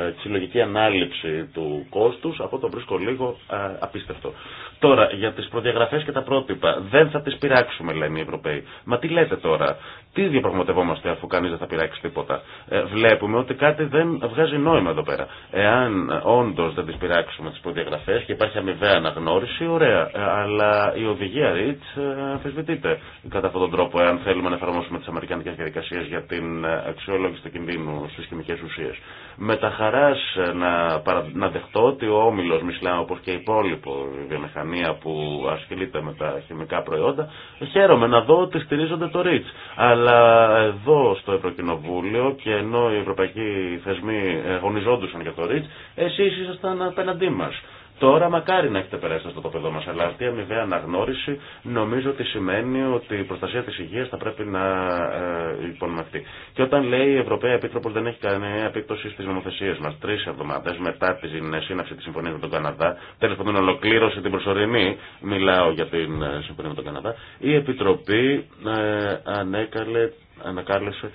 ε συλλογική ανάληψη του κόστους, αυτό το βρίσκω λίγο ε, απίστευτο. Τώρα, για τις προδιαγραφές και τα πρότυπα, δεν θα τι πειράξουμε λένε οι Ευρωπαίοι. Μα τι λέτε τώρα, τι διαπραγματευόμαστε αφού κανεί δεν θα πειράξει τίποτα. Ε, βλέπουμε ότι κάτι δεν βγάζει νόημα εδώ πέρα. Εάν ε, όντω δεν τι πειράξουμε τι προδιαγραφέ και υπάρχει αμοιβαία αναγνώριση, ωραία. Ε, αλλά η οδηγία REACH αμφισβητείται κατά αυτόν τον τρόπο, εάν θέλουμε να εφαρμόσουμε τι αμερικανικέ διαδικασίε για την αξιολόγηση του κινδύνου στι χημικέ ουσίε. Με τα χαρά να, να δεχτώ ότι ο όμιλο Μισλά, όπω και η υπόλοιπο βιομηχανία που ασχολείται με τα χημικά προϊόντα, χαίρομαι να δω ότι στηρίζονται το Ρίτ. Αλλά αλλά εδώ στο Ευρωκοινοβούλιο και ενώ οι ευρωπαϊκοί θεσμοί αγωνιζόντουσαν για το ΡΙΤ, εσείς ήσασταν απέναντί μας. Τώρα μακάρι να έχετε περάσει στο τοπεδό μα, αλλά αυτή η αμοιβαία αναγνώριση νομίζω ότι σημαίνει ότι η προστασία τη υγεία θα πρέπει να ε, υπονομευτεί. Και όταν λέει η Ευρωπαία Επίτροπο δεν έχει κανένα επίπτωση στι νομοθεσίε μα, τρει εβδομάδε μετά τη σύναψη τη συμφωνία με τον Καναδά, τέλο πάντων ολοκλήρωσε την προσωρινή, μιλάω για την ε, συμφωνία με τον Καναδά, η Επιτροπή ε, ανέκαλε ανακάλεσε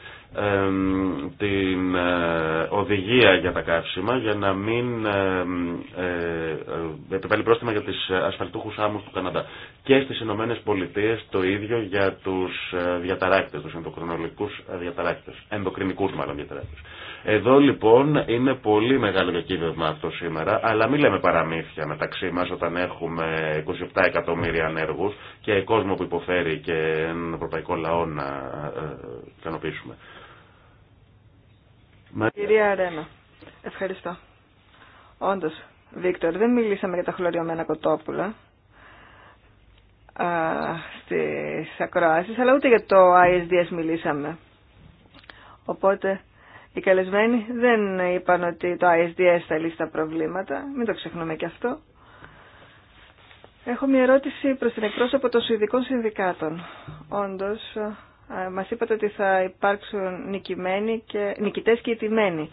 την ε, οδηγία για τα καύσιμα για να μην ε, ε, επιβάλλει πρόστιμα για τις ασφαλτούχους άμμους του Καναδά. Και στις Ηνωμένε Πολιτείες το ίδιο για τους διαταράκτες, τους ενδοκρινικούς διαταράκτες, ενδοκρινικούς μάλλον διαταράκτες. Εδώ λοιπόν είναι πολύ μεγάλο διακύβευμα αυτό σήμερα, αλλά μην λέμε παραμύθια μεταξύ μας όταν έχουμε 27 εκατομμύρια ανέργους και κόσμο που υποφέρει και έναν ευρωπαϊκό λαό να ε, ικανοποιήσουμε. Κυρία Αρένα, ευχαριστώ. Όντως, Βίκτορ, δεν μιλήσαμε για τα χλωριωμένα κοτόπουλα α, στις ακροάσεις, αλλά ούτε για το ISDS μιλήσαμε. Οπότε οι καλεσμένοι δεν είπαν ότι το ISDS θα λύσει τα προβλήματα. Μην το ξεχνούμε και αυτό. Έχω μια ερώτηση προς την εκπρόσωπο των Σουηδικών Συνδικάτων. Όντως, ε, μας είπατε ότι θα υπάρξουν νικημένοι και, νικητές και ιτημένοι.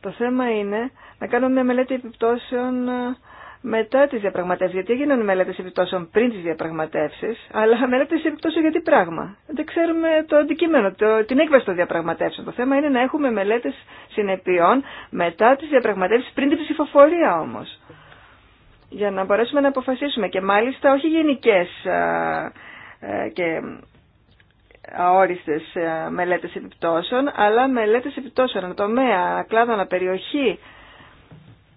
Το θέμα είναι να κάνουμε μια μελέτη επιπτώσεων ε, μετά τι διαπραγματεύσει, γιατί έγιναν μελέτε επιπτώσεων πριν τι διαπραγματεύσει, αλλά μελέτε επιπτώσεων για τι πράγμα. Δεν ξέρουμε το αντικείμενο, το, την έκβαση των διαπραγματεύσεων. Το θέμα είναι να έχουμε μελέτε συνεπειών μετά τι διαπραγματεύσει, πριν την ψηφοφορία όμω. Για να μπορέσουμε να αποφασίσουμε και μάλιστα όχι γενικέ ε, και αόριστες ε, μελέτες επιπτώσεων, αλλά μελέτες επιπτώσεων, τομέα, κλάδο, περιοχή,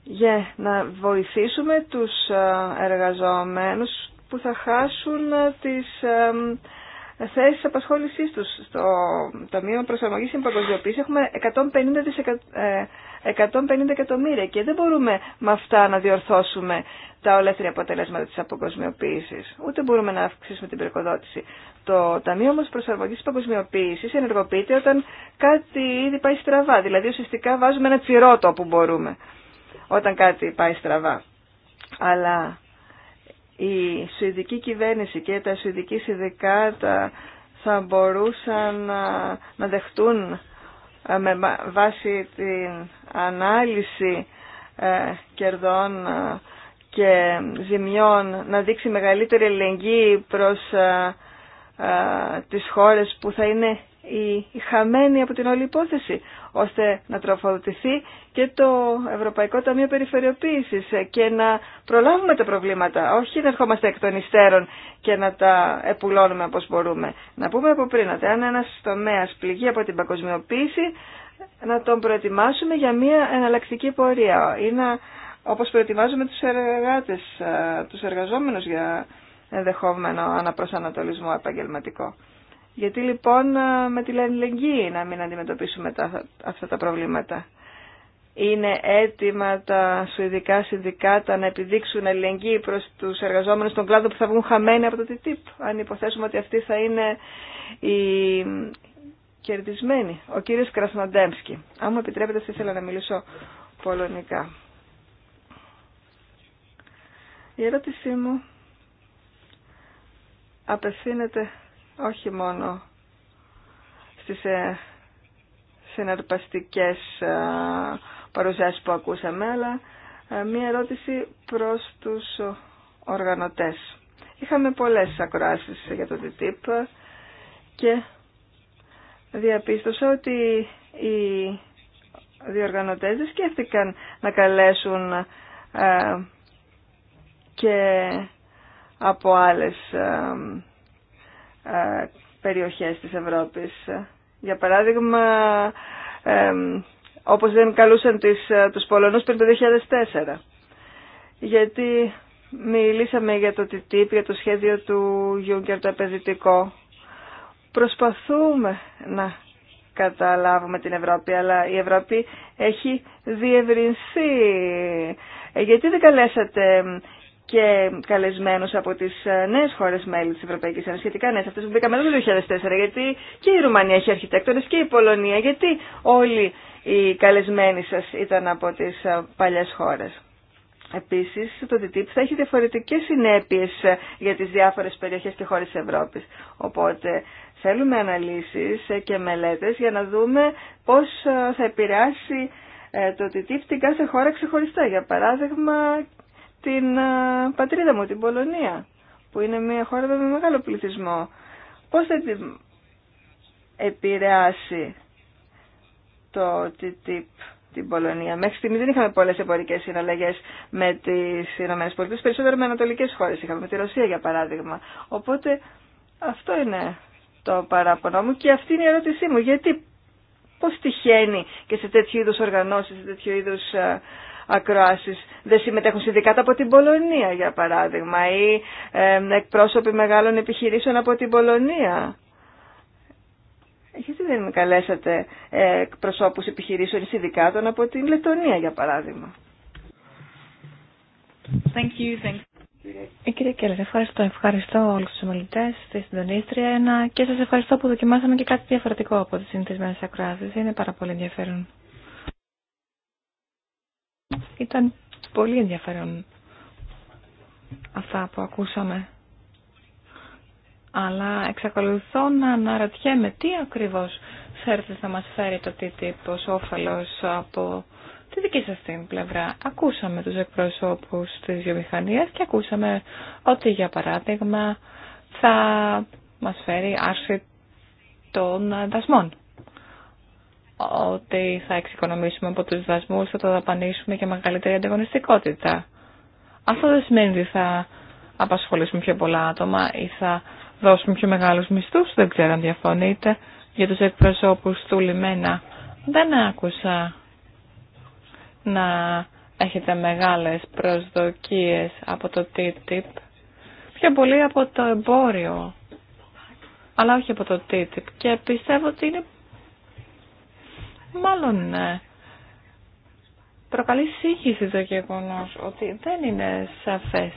για να βοηθήσουμε τους ε, εργαζομένους που θα χάσουν ε, τις ε, θέσεις απασχόλησής τους. Στο Ταμείο Προσαρμογής και Παγκοσμιοποίησης έχουμε 150, εκατομμύρια και δεν μπορούμε με αυτά να διορθώσουμε τα ολέθρια αποτελέσματα της αποκοσμιοποίησης. Ούτε μπορούμε να αυξήσουμε την προκοδότηση. Το Ταμείο όμως Προσαρμογής και Παγκοσμιοποίησης ενεργοποιείται όταν κάτι ήδη πάει στραβά. Δηλαδή ουσιαστικά βάζουμε ένα τσιρότο όπου μπορούμε όταν κάτι πάει στραβά. Αλλά η Σουηδική κυβέρνηση και τα Σουηδική συνδικάτα θα μπορούσαν να δεχτούν ε, με βάση την ανάλυση ε, κερδών ε, και ζημιών να δείξει μεγαλύτερη ελεγγύη προς τις χώρες που θα είναι οι χαμένοι από την όλη υπόθεση ώστε να τροφοδοτηθεί και το Ευρωπαϊκό Ταμείο Περιφερειοποίησης και να προλάβουμε τα προβλήματα, όχι να ερχόμαστε εκ των υστέρων και να τα επουλώνουμε όπως μπορούμε. Να πούμε από πριν ότι αν ένας τομέας πληγεί από την παγκοσμιοποίηση, να τον προετοιμάσουμε για μια εναλλακτική πορεία ή να, όπως προετοιμάζουμε τους εργάτες, ε, τους εργαζόμενους για ενδεχόμενο αναπροσανατολισμό επαγγελματικό. Γιατί λοιπόν ε, με τη λεγγύη να μην αντιμετωπίσουμε τα, αυτά τα προβλήματα. Είναι έτοιμα τα σουηδικά συνδικάτα να επιδείξουν αλληλεγγύη προς τους εργαζόμενους στον κλάδο που θα βγουν χαμένοι από το TTIP. Αν υποθέσουμε ότι αυτοί θα είναι οι κερδισμένοι. Ο κύριος Κρασνοντέμσκι. Αν μου επιτρέπετε θα ήθελα να μιλήσω πολωνικά. Η ερώτησή μου απευθύνεται όχι μόνο στις ε, συναρπαστικές ε, παρουσιάσεις που ακούσαμε, αλλά ε, μία ερώτηση προς τους οργανωτές. Είχαμε πολλές ακροάσεις για το DTIP και διαπίστωσα ότι οι διοργανωτές δεν σκέφτηκαν να καλέσουν και από άλλες ε, περιοχές της Ευρώπης. Για παράδειγμα, ε, όπως δεν καλούσαν τις, ε, τους Πολωνούς πριν το 2004. Γιατί μιλήσαμε για το TTIP, για το σχέδιο του Γιούγκερ, το επενδυτικό. Προσπαθούμε να καταλάβουμε την Ευρώπη, αλλά η Ευρώπη έχει διευρυνθεί. Ε, γιατί δεν καλέσατε και καλεσμένου από τις ε, νέες χώρες μέλη της Ευρωπαϊκής Ένωσης, σχετικά νέες ναι, αυτές που μπήκαμε το 2004, γιατί και η Ρουμανία έχει αρχιτέκτονες και η Πολωνία, γιατί όλοι οι καλεσμένοι σας ήταν από τις ε, παλιές χώρες. Επίσης, το TTIP θα έχει διαφορετικές συνέπειες ε, για τις διάφορες περιοχές και χώρες της Ευρώπης. Οπότε, θέλουμε αναλύσεις και μελέτες για να δούμε πώς θα επηρεάσει το TTIP την κάθε χώρα ξεχωριστά. Για παράδειγμα, την ε, πατρίδα μου, την Πολωνία, που είναι μια χώρα με μεγάλο πληθυσμό. Πώς θα την επηρεάσει το TTIP την Πολωνία. Μέχρι στιγμή δεν είχαμε πολλές εμπορικές συναλλαγές με τις Ηνωμένες Πολιτείες, περισσότερο με ανατολικές χώρες είχαμε, με τη Ρωσία για παράδειγμα. Οπότε αυτό είναι το παράπονο μου και αυτή είναι η ερώτησή μου. Γιατί πώς τυχαίνει και σε τέτοιου είδους οργανώσεις, σε τέτοιου είδους ε, ακροάσεις δεν συμμετέχουν συνδικάτα από την Πολωνία για παράδειγμα ή εκπρόσωποι μεγάλων επιχειρήσεων από την Πολωνία. Γιατί δεν με καλέσατε ε, εκπροσώπους επιχειρήσεων ή συνδικάτων από την Λετωνία για παράδειγμα. Thank you, thank you. Ε, κύριε Κέλλερ, ευχαριστώ. Ευχαριστώ όλους τους ομιλητές, τη συντονίστρια ένα, και σας ευχαριστώ που δοκιμάσαμε και κάτι διαφορετικό από τις συνηθισμένες ακροάσεις. Είναι πάρα πολύ ενδιαφέρον. Ήταν πολύ ενδιαφέρον αυτά που ακούσαμε. Αλλά εξακολουθώ να αναρωτιέμαι τι ακριβώς θέλετε να μας φέρει το TTIP ως όφελος από Στη δική σας την πλευρά ακούσαμε τους εκπροσώπους της βιομηχανίας και ακούσαμε ότι για παράδειγμα θα μας φέρει άρση των δασμών. Ότι θα εξοικονομήσουμε από τους δασμούς, θα το δαπανίσουμε και μεγαλύτερη ανταγωνιστικότητα. Αυτό δεν σημαίνει ότι θα απασχολήσουμε πιο πολλά άτομα ή θα δώσουμε πιο μεγάλους μισθούς, δεν ξέρω αν διαφωνείτε, για τους εκπροσώπους του Λιμένα. Δεν άκουσα να έχετε μεγάλες προσδοκίες από το TTIP, πιο πολύ από το εμπόριο, αλλά όχι από το TTIP. Και πιστεύω ότι είναι μάλλον ε, προκαλεί σύγχυση το γεγονό ότι δεν είναι σαφές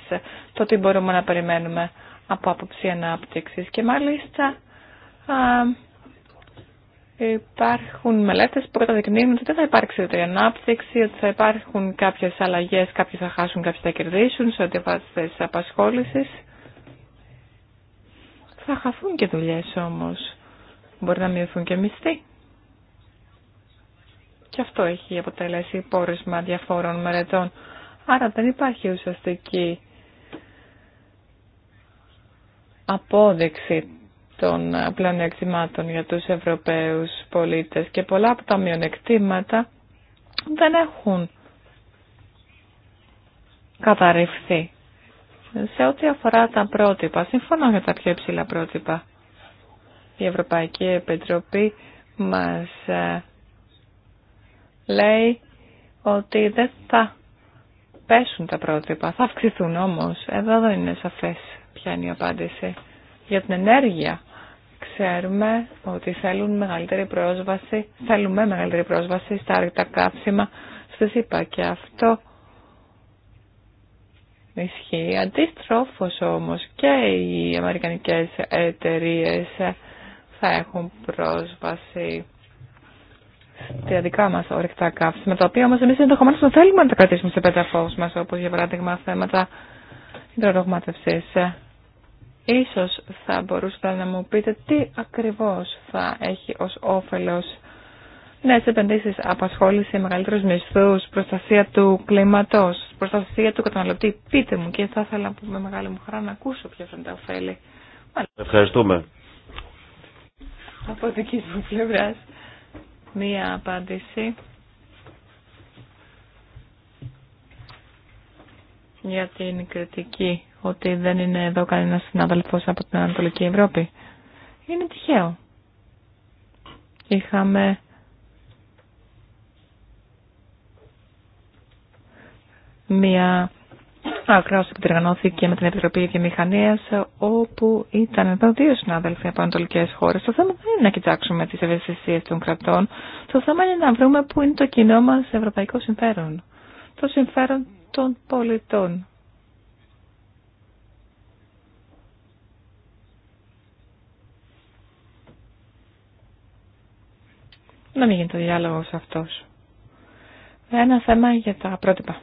το τι μπορούμε να περιμένουμε από άποψη ανάπτυξης και μάλιστα Υπάρχουν μελέτες που καταδεικνύουν ότι δεν θα υπάρξει ούτε η ανάπτυξη, ότι θα υπάρχουν κάποιες αλλαγές, κάποιοι θα χάσουν, κάποιοι θα κερδίσουν σε ό,τι αφορά τις απασχόλησης. Θα χαθούν και δουλειές όμως. Μπορεί να μειωθούν και μισθοί. Και αυτό έχει αποτελέσει πόρισμα διαφόρων μελετών. Άρα δεν υπάρχει ουσιαστική απόδειξη των πλεονεκτημάτων για τους Ευρωπαίους πολίτες και πολλά από τα μειονεκτήματα δεν έχουν καταρριφθεί. Σε ό,τι αφορά τα πρότυπα, συμφωνώ για τα πιο υψηλά πρότυπα. Η Ευρωπαϊκή Επιτροπή μας ε, λέει ότι δεν θα πέσουν τα πρότυπα, θα αυξηθούν όμως. Εδώ δεν είναι σαφές ποια είναι η απάντηση. Για την ενέργεια Ξέρουμε ότι θέλουν μεγαλύτερη πρόσβαση, θέλουμε μεγαλύτερη πρόσβαση στα αρκετά καύσιμα στις είπα. και αυτό ισχύει. Αντίστροφος όμω, και οι αμερικανικές εταιρείε θα έχουν πρόσβαση στα δικά μα ορεικτά καύσιμα, τα οποία όμω εμεί ενδεχομένω δεν θέλουμε να τα κρατήσουμε σε πέταφος μα όπως για παράδειγμα θέματα υδρορογμάτευσης. Ίσως θα μπορούσατε να μου πείτε τι ακριβώς θα έχει ως όφελος νέες επενδύσεις, απασχόληση, μεγαλύτερους μισθούς, προστασία του κλίματος, προστασία του καταναλωτή. Πείτε μου και θα ήθελα με μεγάλη μου χαρά να ακούσω ποια θα είναι τα ωφέλη. Ευχαριστούμε. Από δική μου πλευρά, μία απάντηση για την κριτική ότι δεν είναι εδώ κανένα συνάδελφο από την Ανατολική Ευρώπη. Είναι τυχαίο. Είχαμε μία ακρόαση που διοργανώθηκε με την Επιτροπή Βιομηχανία, όπου ήταν εδώ δύο συνάδελφοι από ανατολικέ χώρε. Το θέμα δεν είναι να κοιτάξουμε τι ευαισθησίε των κρατών. Το θέμα είναι να βρούμε πού είναι το κοινό μα ευρωπαϊκό συμφέρον το συμφέρον των πολιτών. Να μην το το διάλογος αυτός. Ένα θέμα για τα πρότυπα.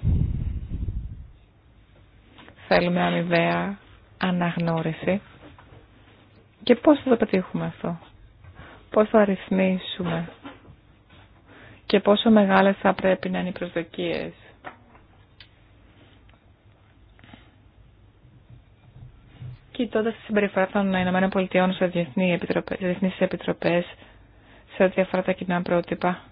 Θέλουμε αμοιβαία αναγνώριση. Και πώς θα το πετύχουμε αυτό. Πώς θα αριθμίσουμε. Και πόσο μεγάλες θα πρέπει να είναι οι προσδοκίες κοιτώντα τη συμπεριφορά των Ηνωμένων Πολιτειών σε διεθνεί επιτροπέ, σε ό,τι αφορά τα κοινά πρότυπα,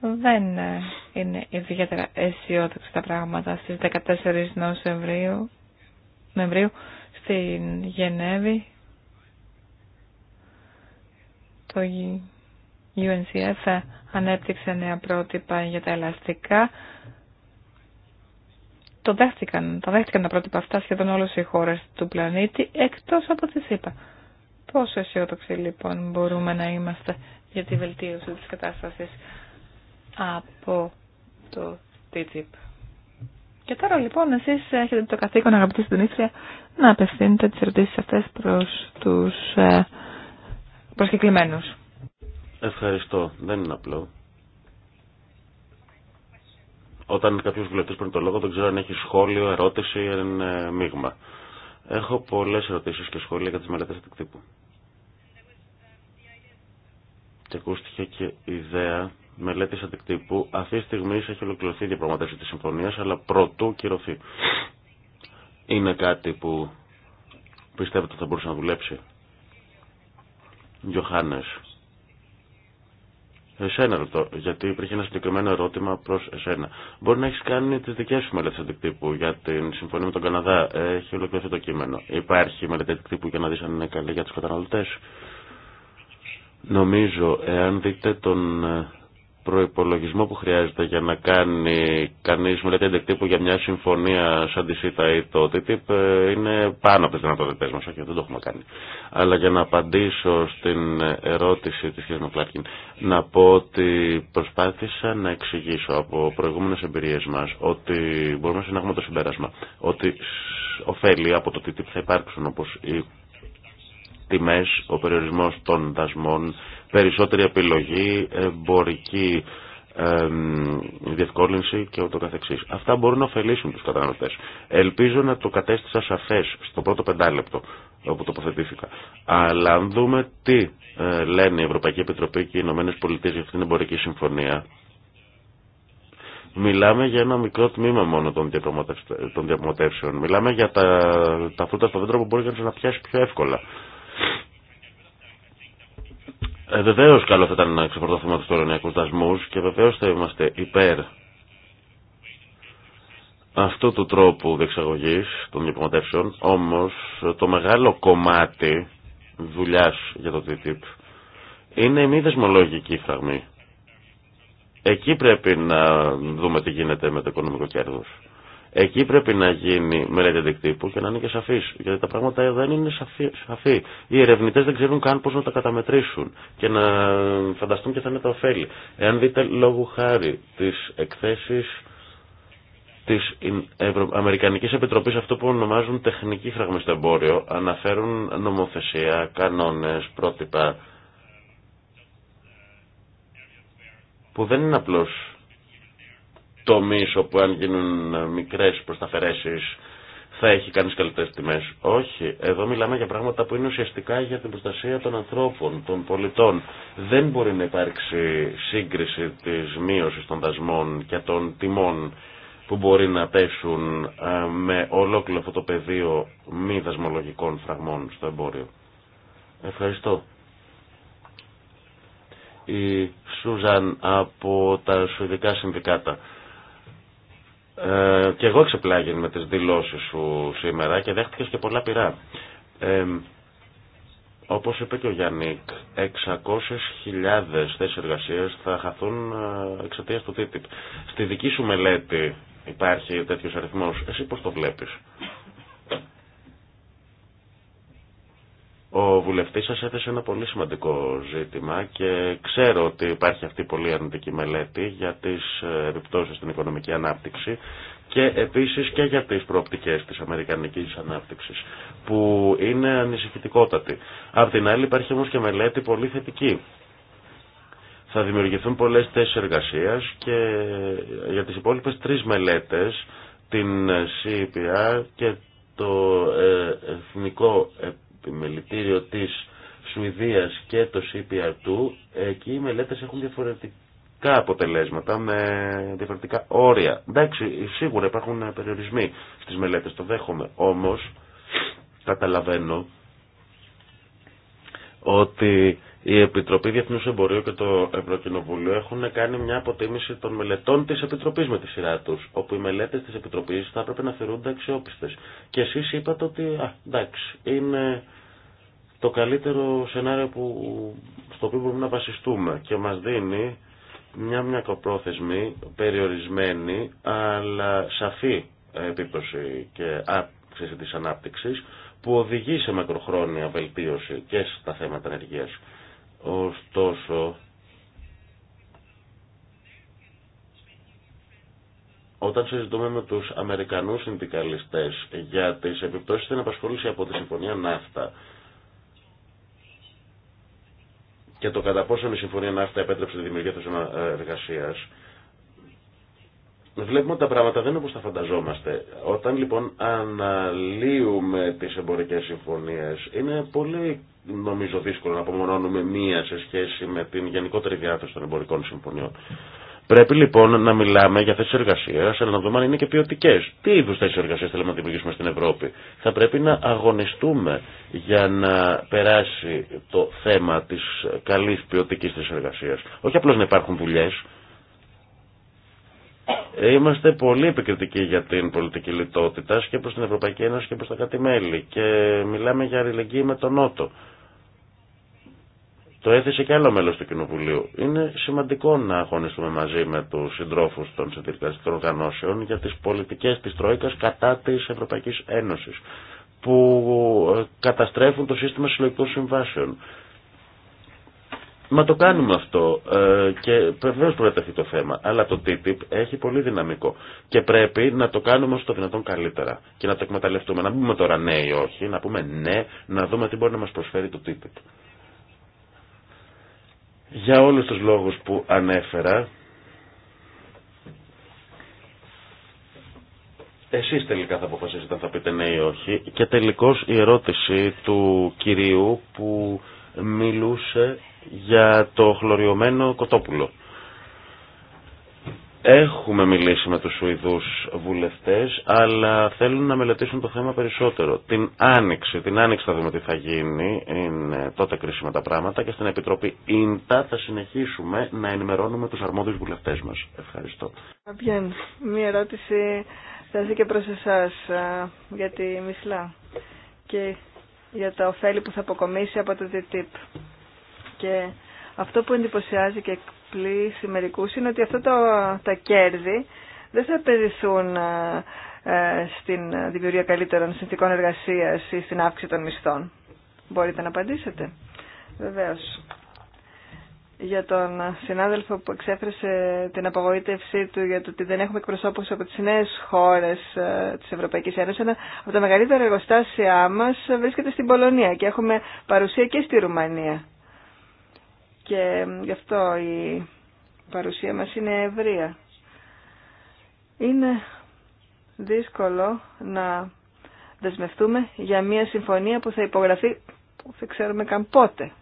δεν ε, είναι ιδιαίτερα αισιόδοξα τα πράγματα στις 14 Νοεμβρίου, Νοεμβρίου στην Γενέβη. Το UNCF ανέπτυξε νέα πρότυπα για τα ελαστικά το δέχτηκαν, τα δέχτηκαν τα πρότυπα αυτά σχεδόν όλες οι χώρες του πλανήτη, εκτός από τη ΣΥΠΑ. Πόσο αισιόδοξοι λοιπόν μπορούμε να είμαστε για τη βελτίωση της κατάστασης από το TTIP. Και τώρα λοιπόν εσείς έχετε το καθήκον αγαπητή συντονίστρια να απευθύνετε τις ερωτήσεις αυτές προς τους ε, προσκεκλημένους. Ευχαριστώ. Δεν είναι απλό. Όταν κάποιο βουλευτή πριν το λόγο, δεν ξέρω αν έχει σχόλιο, ερώτηση ή ε, μείγμα. Έχω πολλέ ερωτήσει και σχόλια για τι μελέτε αντικτύπου. Και ακούστηκε και ιδέα μελέτη αντικτύπου. Αυτή τη στιγμή έχει ολοκληρωθεί η διαπραγματεύση τη συμφωνία, αλλά πρωτού κυρωθεί. Είναι κάτι που πιστεύετε θα μπορούσε να δουλέψει. Γιωχάνες, Εσένα ρωτώ, γιατί υπήρχε ένα συγκεκριμένο ερώτημα προ εσένα. Μπορεί να έχει κάνει τι δικέ σου μελέτε αντικτύπου για την συμφωνία με τον Καναδά. Έχει ολοκληρωθεί το κείμενο. Υπάρχει μελέτη αντικτύπου για να δει αν είναι καλή για του καταναλωτέ. Νομίζω, εάν δείτε τον ε, προϋπολογισμό που χρειάζεται για να κάνει κανείς μελέτη αντικτύπου για μια συμφωνία σαν τη ΣΥΤΑ ή το TTIP ε, είναι πάνω από τις δυνατότητες μας, όχι δεν το έχουμε κάνει. Αλλά για να απαντήσω στην ερώτηση της κ. Μακλάρκιν, να πω ότι προσπάθησα να εξηγήσω από προηγούμενες εμπειρίες μας ότι μπορούμε να συνάγουμε το συμπέρασμα, ότι ωφέλει από το TTIP θα υπάρξουν όπως οι τιμές, ο περιορισμός των δασμών, περισσότερη επιλογή, εμπορική διευκόλυνση και ούτω καθεξής. Αυτά μπορούν να ωφελήσουν τους καταναλωτές. Ελπίζω να το κατέστησα σαφές στο πρώτο πεντάλεπτο όπου τοποθετήθηκα. Αλλά αν δούμε τι ε, λένε η Ευρωπαϊκή Επιτροπή και οι Ηνωμένες Πολιτείες για αυτήν την εμπορική συμφωνία, Μιλάμε για ένα μικρό τμήμα μόνο των διαπραγματεύσεων. Μιλάμε για τα, τα φρούτα στο δέντρο που μπορεί να πιάσει πιο εύκολα. Ε, καλό θα ήταν να ξεφορτωθούμε του τωρονιακού δασμού και βεβαίω θα είμαστε υπέρ αυτού του τρόπου διεξαγωγή των διαπραγματεύσεων, όμως το μεγάλο κομμάτι δουλειά για το TTIP είναι η μη δεσμολογική φραγμή. Εκεί πρέπει να δούμε τι γίνεται με το οικονομικό κέρδος. Εκεί πρέπει να γίνει μελέτη αντικτύπου και να είναι και σαφή. Γιατί τα πράγματα δεν είναι σαφή. Οι ερευνητέ δεν ξέρουν καν πώ να τα καταμετρήσουν και να φανταστούν και θα είναι τα ωφέλη. Εάν δείτε λόγου χάρη τι εκθέσει τη Ευρω... Αμερικανική Επιτροπή, αυτό που ονομάζουν τεχνική φραγμή στο εμπόριο, αναφέρουν νομοθεσία, κανόνε, πρότυπα. Που δεν είναι απλώς τομείς όπου αν γίνουν ε, μικρές προσταφερέσει θα έχει κάνει καλύτερε τιμέ. Όχι, εδώ μιλάμε για πράγματα που είναι ουσιαστικά για την προστασία των ανθρώπων, των πολιτών. Δεν μπορεί να υπάρξει σύγκριση της μείωση των δασμών και των τιμών που μπορεί να πέσουν ε, με ολόκληρο αυτό το πεδίο μη δασμολογικών φραγμών στο εμπόριο. Ευχαριστώ. Η Σούζαν από τα Σουηδικά Συνδικάτα. Ε, και εγώ ξεπλάγει με τις δηλώσεις σου σήμερα και δέχτηκες και πολλά πειρά. Ε, όπως είπε και ο Γιάννικ, 600.000 θέσεις εργασίας θα χαθούν ε, εξαιτίας του TTIP. Στη δική σου μελέτη υπάρχει τέτοιος αριθμός. Εσύ πώς το βλέπεις. Ο βουλευτής σας έθεσε ένα πολύ σημαντικό ζήτημα και ξέρω ότι υπάρχει αυτή η πολύ αρνητική μελέτη για τις ε, επιπτώσεις στην οικονομική ανάπτυξη και επίσης και για τις προοπτικές της αμερικανικής ανάπτυξης που είναι ανησυχητικότατη. Απ' την άλλη υπάρχει όμως και μελέτη πολύ θετική. Θα δημιουργηθούν πολλές θέσει εργασίας και για τις υπόλοιπες τρεις μελέτες την CPR και το ε, Εθνικό Επίπεδο επιμελητήριο της Σουηδίας και το CPR 2 εκεί οι μελέτες έχουν διαφορετικά αποτελέσματα με διαφορετικά όρια. Εντάξει, σίγουρα υπάρχουν περιορισμοί στις μελέτες, το δέχομαι. Όμως, καταλαβαίνω ότι η Επιτροπή Διεθνού Εμπορίου και το Ευρωκοινοβούλιο έχουν κάνει μια αποτίμηση των μελετών τη επιτροπή με τη σειρά του, όπου οι μελέτε τη Επιτροπή θα έπρεπε να θεωρούνται αξιόπιστε. Και εσείς είπατε ότι, α, εντάξει, είναι το καλύτερο σενάριο που, στο οποίο μπορούμε να βασιστούμε και μα δίνει μια μιακοπρόθεσμη, περιορισμένη, αλλά σαφή επίπτωση και άξιση τη ανάπτυξη που οδηγεί σε μακροχρόνια βελτίωση και στα θέματα ενεργείας. Ωστόσο, όταν συζητούμε με τους Αμερικανούς συνδικαλιστές για τις επιπτώσεις στην απασχόληση από τη Συμφωνία Ναύτα και το κατά πόσο η Συμφωνία Ναύτα επέτρεψε τη δημιουργία θέσεων εργασίας, βλέπουμε ότι τα πράγματα δεν είναι όπως τα φανταζόμαστε. Όταν λοιπόν αναλύουμε τις εμπορικές συμφωνίες, είναι πολύ νομίζω δύσκολο να απομονώνουμε μία σε σχέση με την γενικότερη διάθεση των εμπορικών συμφωνιών. Πρέπει λοιπόν να μιλάμε για θέσει εργασία, αλλά να δούμε αν είναι και ποιοτικέ. Τι είδου θέσει εργασία θέλουμε να δημιουργήσουμε στην Ευρώπη. Θα πρέπει να αγωνιστούμε για να περάσει το θέμα τη καλή ποιοτική θέση εργασία. Όχι απλώ να υπάρχουν δουλειέ, Είμαστε πολύ επικριτικοί για την πολιτική λιτότητα και προ την Ευρωπαϊκή Ένωση και προ τα κάτι μελη Και μιλάμε για αλληλεγγύη με τον Νότο. Το έθεσε και άλλο μέλο του Κοινοβουλίου. Είναι σημαντικό να αγωνιστούμε μαζί με του συντρόφου των συντηρητικών οργανώσεων για τι πολιτικέ τη Τρόικα κατά τη Ευρωπαϊκή Ένωση που ε, καταστρέφουν το σύστημα συλλογικών συμβάσεων Μα το κάνουμε αυτό ε, και βεβαίω προεταθεί το θέμα. Αλλά το TTIP έχει πολύ δυναμικό και πρέπει να το κάνουμε όσο το δυνατόν καλύτερα και να το εκμεταλλευτούμε. Να πούμε τώρα ναι ή όχι, να πούμε ναι, να δούμε τι μπορεί να μα προσφέρει το TTIP. Για όλους τους λόγους που ανέφερα, Εσείς τελικά θα αποφασίσετε αν θα πείτε ναι ή όχι. Και τελικώς η ερώτηση του κυρίου που μιλούσε για το χλωριωμένο κοτόπουλο. Έχουμε μιλήσει με τους Σουηδούς βουλευτές, αλλά θέλουν να μελετήσουν το θέμα περισσότερο. Την άνοιξη, την άνοιξη θα δούμε τι θα γίνει, είναι τότε κρίσιμα τα πράγματα και στην Επιτροπή ΙΝΤΑ θα συνεχίσουμε να ενημερώνουμε τους αρμόδιους βουλευτές μας. Ευχαριστώ. μία ερώτηση θα και προς εσάς ε, γιατί Μισλά και για τα ωφέλη που θα αποκομίσει από το DTIP. Και αυτό που εντυπωσιάζει και εκπλήσει μερικού είναι ότι αυτά τα κέρδη δεν θα επενδυθούν ε, ε, στην δημιουργία καλύτερων συνθήκων εργασίας ή στην αύξηση των μισθών. Μπορείτε να απαντήσετε. Βεβαίως για τον συνάδελφο που εξέφρασε την απογοήτευσή του για το ότι δεν έχουμε εκπροσώπους από τις νέες χώρες ε, της Ευρωπαϊκής Ένωσης. Ένα από τα μεγαλύτερα εργοστάσια μας βρίσκεται στην Πολωνία και έχουμε παρουσία και στη Ρουμανία. Και γι' αυτό η παρουσία μας είναι ευρεία. Είναι δύσκολο να δεσμευτούμε για μια συμφωνία που θα υπογραφεί που δεν ξέρουμε καν πότε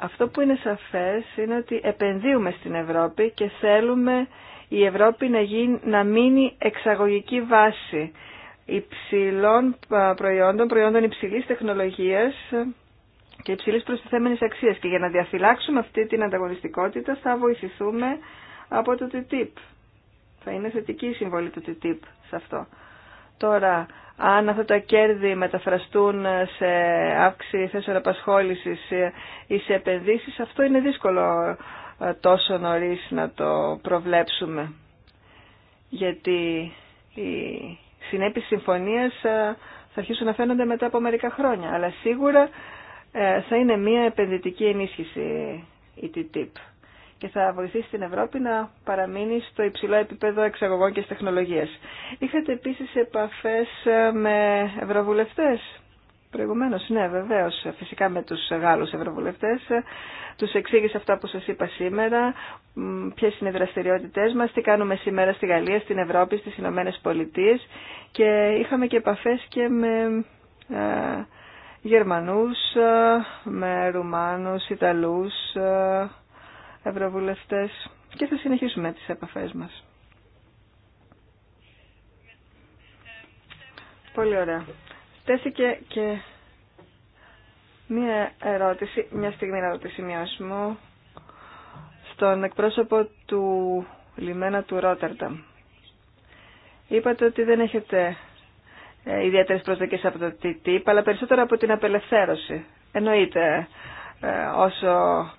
αυτό που είναι σαφές είναι ότι επενδύουμε στην Ευρώπη και θέλουμε η Ευρώπη να, γίνει, να μείνει εξαγωγική βάση υψηλών προϊόντων, προϊόντων υψηλής τεχνολογίας και υψηλής προστιθέμενης αξίας. Και για να διαφυλάξουμε αυτή την ανταγωνιστικότητα θα βοηθηθούμε από το TTIP. Θα είναι θετική η συμβολή του TTIP σε αυτό. Τώρα, αν αυτά τα κέρδη μεταφραστούν σε αύξηση θέσεων απασχόληση ή σε επενδύσεις, αυτό είναι δύσκολο ε, τόσο νωρίς να το προβλέψουμε. Γιατί οι συνέπειες συμφωνίας ε, θα αρχίσουν να φαίνονται μετά από μερικά χρόνια. Αλλά σίγουρα ε, θα είναι μια επενδυτική ενίσχυση η TTIP και θα βοηθήσει την Ευρώπη να παραμείνει στο υψηλό επίπεδο εξαγωγών και τεχνολογίες. Είχατε επίσης επαφές ε, με ευρωβουλευτές. Προηγουμένως, ναι, βεβαίως, φυσικά με τους Γάλλους ευρωβουλευτές. Ε, τους εξήγησα αυτά που σας είπα σήμερα, ποιες είναι οι δραστηριότητές μας, τι κάνουμε σήμερα στη Γαλλία, στην Ευρώπη, στις Ηνωμένε Πολιτείες και είχαμε και επαφές και με ε, Γερμανούς, ε, με Ρουμάνους, Ιταλούς, ευρωβουλευτές και θα συνεχίσουμε τις επαφές μας. Πολύ ωραία. Τέθηκε και μία ερώτηση, μια στιγμή να ρωτήσει μου, στον εκπρόσωπο του λιμένα του Ρότερνταμ. Είπατε ότι δεν έχετε ε, ιδιαίτερες προσδοκίες από το TTIP, αλλά περισσότερο από την απελευθέρωση. Εννοείται ε, όσο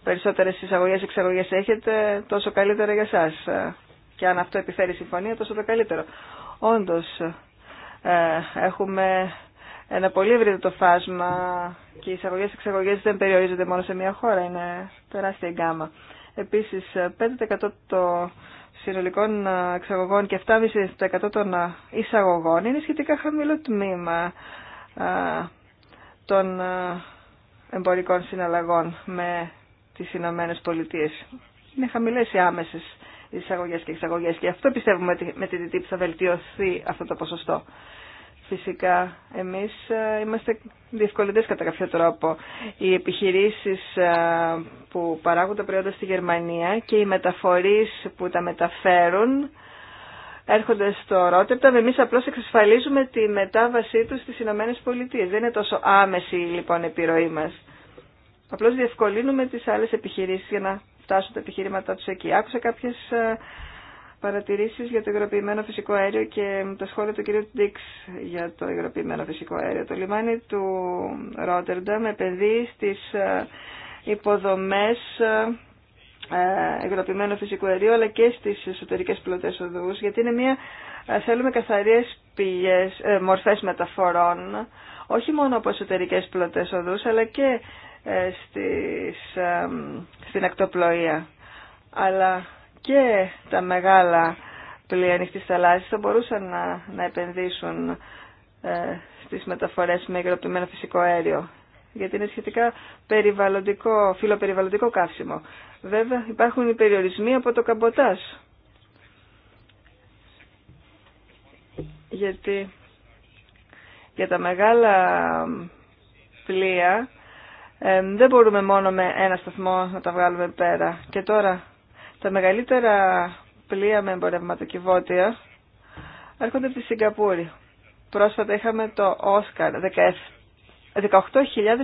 περισσότερες εισαγωγές εξαγωγές έχετε, τόσο καλύτερα για σας. Ε, και αν αυτό επιφέρει συμφωνία, τόσο το καλύτερο. Όντως, ε, έχουμε ένα πολύ ευρύτερο φάσμα και οι εισαγωγές εξαγωγές δεν περιορίζονται μόνο σε μια χώρα, είναι τεράστια γκάμα. Επίσης, 5% των συνολικών εξαγωγών και 7,5% των εισαγωγών είναι σχετικά χαμηλό τμήμα των εμπορικών συναλλαγών με τις Ηνωμένε Πολιτείε. Είναι χαμηλές οι άμεσε εισαγωγέ και εξαγωγές και αυτό πιστεύουμε ότι με την που θα βελτιωθεί αυτό το ποσοστό. Φυσικά εμείς ε, είμαστε διευκολυντέ κατά κάποιο τρόπο. Οι επιχειρήσεις ε, που παράγουν τα προϊόντα στη Γερμανία και οι μεταφορεί που τα μεταφέρουν έρχονται στο Ρότερνταμ, εμεί απλώς εξασφαλίζουμε τη μετάβασή του στι Ηνωμένε Πολιτείε. Δεν είναι τόσο άμεση λοιπόν επιρροή μας. Απλώς διευκολύνουμε τις άλλες επιχειρήσεις για να φτάσουν τα επιχειρήματά του εκεί. Άκουσα κάποιες ε, παρατηρήσεις για το υγροποιημένο φυσικό αέριο και ε, τα σχόλια του κ. Ντίξ για το υγροποιημένο φυσικό αέριο. Το λιμάνι του Ρότερνταμ επενδύει στι ε, υποδομές υγροποιημένο ε, φυσικό αερίο αλλά και στις εσωτερικές πλωτές οδούς γιατί είναι μια, ε, θέλουμε καθαρίες πηγές, ε, μορφές μεταφορών όχι μόνο από εσωτερικές πλωτές οδούς αλλά και ε, στις, στην ακτοπλοεία αλλά και τα μεγάλα πλοία ανοιχτής θαλάσσης θα μπορούσαν να, να επενδύσουν ε, στις μεταφορές με υγροπημένο φυσικό αέριο γιατί είναι σχετικά περιβαλλοντικό, φιλοπεριβαλλοντικό καύσιμο. Βέβαια υπάρχουν οι περιορισμοί από το καμποτάζ. Γιατί για τα μεγάλα πλοία ε, δεν μπορούμε μόνο με ένα σταθμό να τα βγάλουμε πέρα. Και τώρα τα μεγαλύτερα πλοία με εμπορευματοκιβώτια έρχονται από τη Σιγκαπούρη. Πρόσφατα είχαμε το Όσκαρ 18.000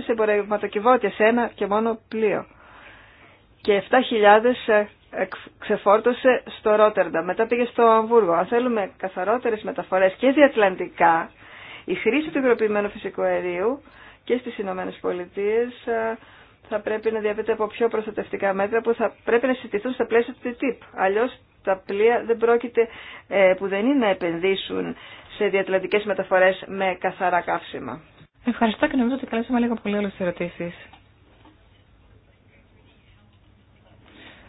εμπορευματοκιβώτια σε ένα και μόνο πλοίο. Και 7.000 ε, ξεφόρτωσε στο Ρότερντα, μετά πήγε στο Αμβούργο. Αν θέλουμε καθαρότερες μεταφορές και διατλαντικά, η χρήση του υγροποιημένου φυσικού αερίου και στις Ηνωμένε Πολιτείε ε, θα πρέπει να διαβείται από πιο προστατευτικά μέτρα που θα πρέπει να συζητηθούν στα πλαίσια του TTIP. Αλλιώς τα πλοία δεν πρόκειται ε, που δεν είναι να επενδύσουν σε διατλαντικές μεταφορές με καθαρά καύσιμα. Ευχαριστώ και νομίζω ότι καλέσαμε λίγο πολύ όλες τις ερωτήσεις.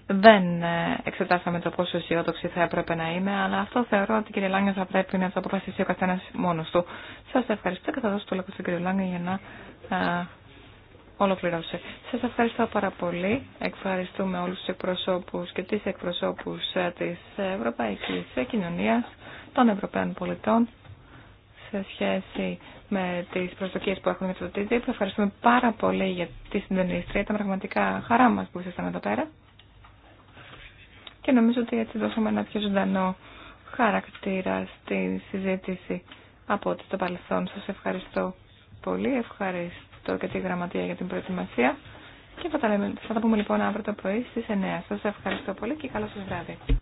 Δεν ε, εξετάσαμε το πόσο αισιόδοξη θα έπρεπε να είμαι, αλλά αυτό θεωρώ ότι κύριε Λάγκα θα πρέπει να το αποφασίσει ο καθένα μόνο του. Σα ευχαριστώ και θα δώσω το λόγο στον κύριο Λάγκα για να α, ε, ολοκληρώσει. Σα ευχαριστώ πάρα πολύ. Ευχαριστούμε όλου του εκπροσώπου και τι εκπροσώπου ε, τη Ευρωπαϊκή Κοινωνία των Ευρωπαίων Πολιτών σε σχέση με τι προσδοκίε που έχουμε για το TTIP. Ευχαριστούμε πάρα πολύ για τη συντονίστρια. Ήταν πραγματικά χαρά μα που ήσασταν εδώ πέρα. Και νομίζω ότι έτσι δώσαμε ένα πιο ζωντανό χαρακτήρα στη συζήτηση από ό,τι στο παρελθόν. Σα ευχαριστώ πολύ. Ευχαριστώ και τη γραμματεία για την προετοιμασία. Και θα τα, λέμε, θα τα πούμε λοιπόν αύριο το πρωί στι 9. Σα ευχαριστώ πολύ και καλό σα βράδυ.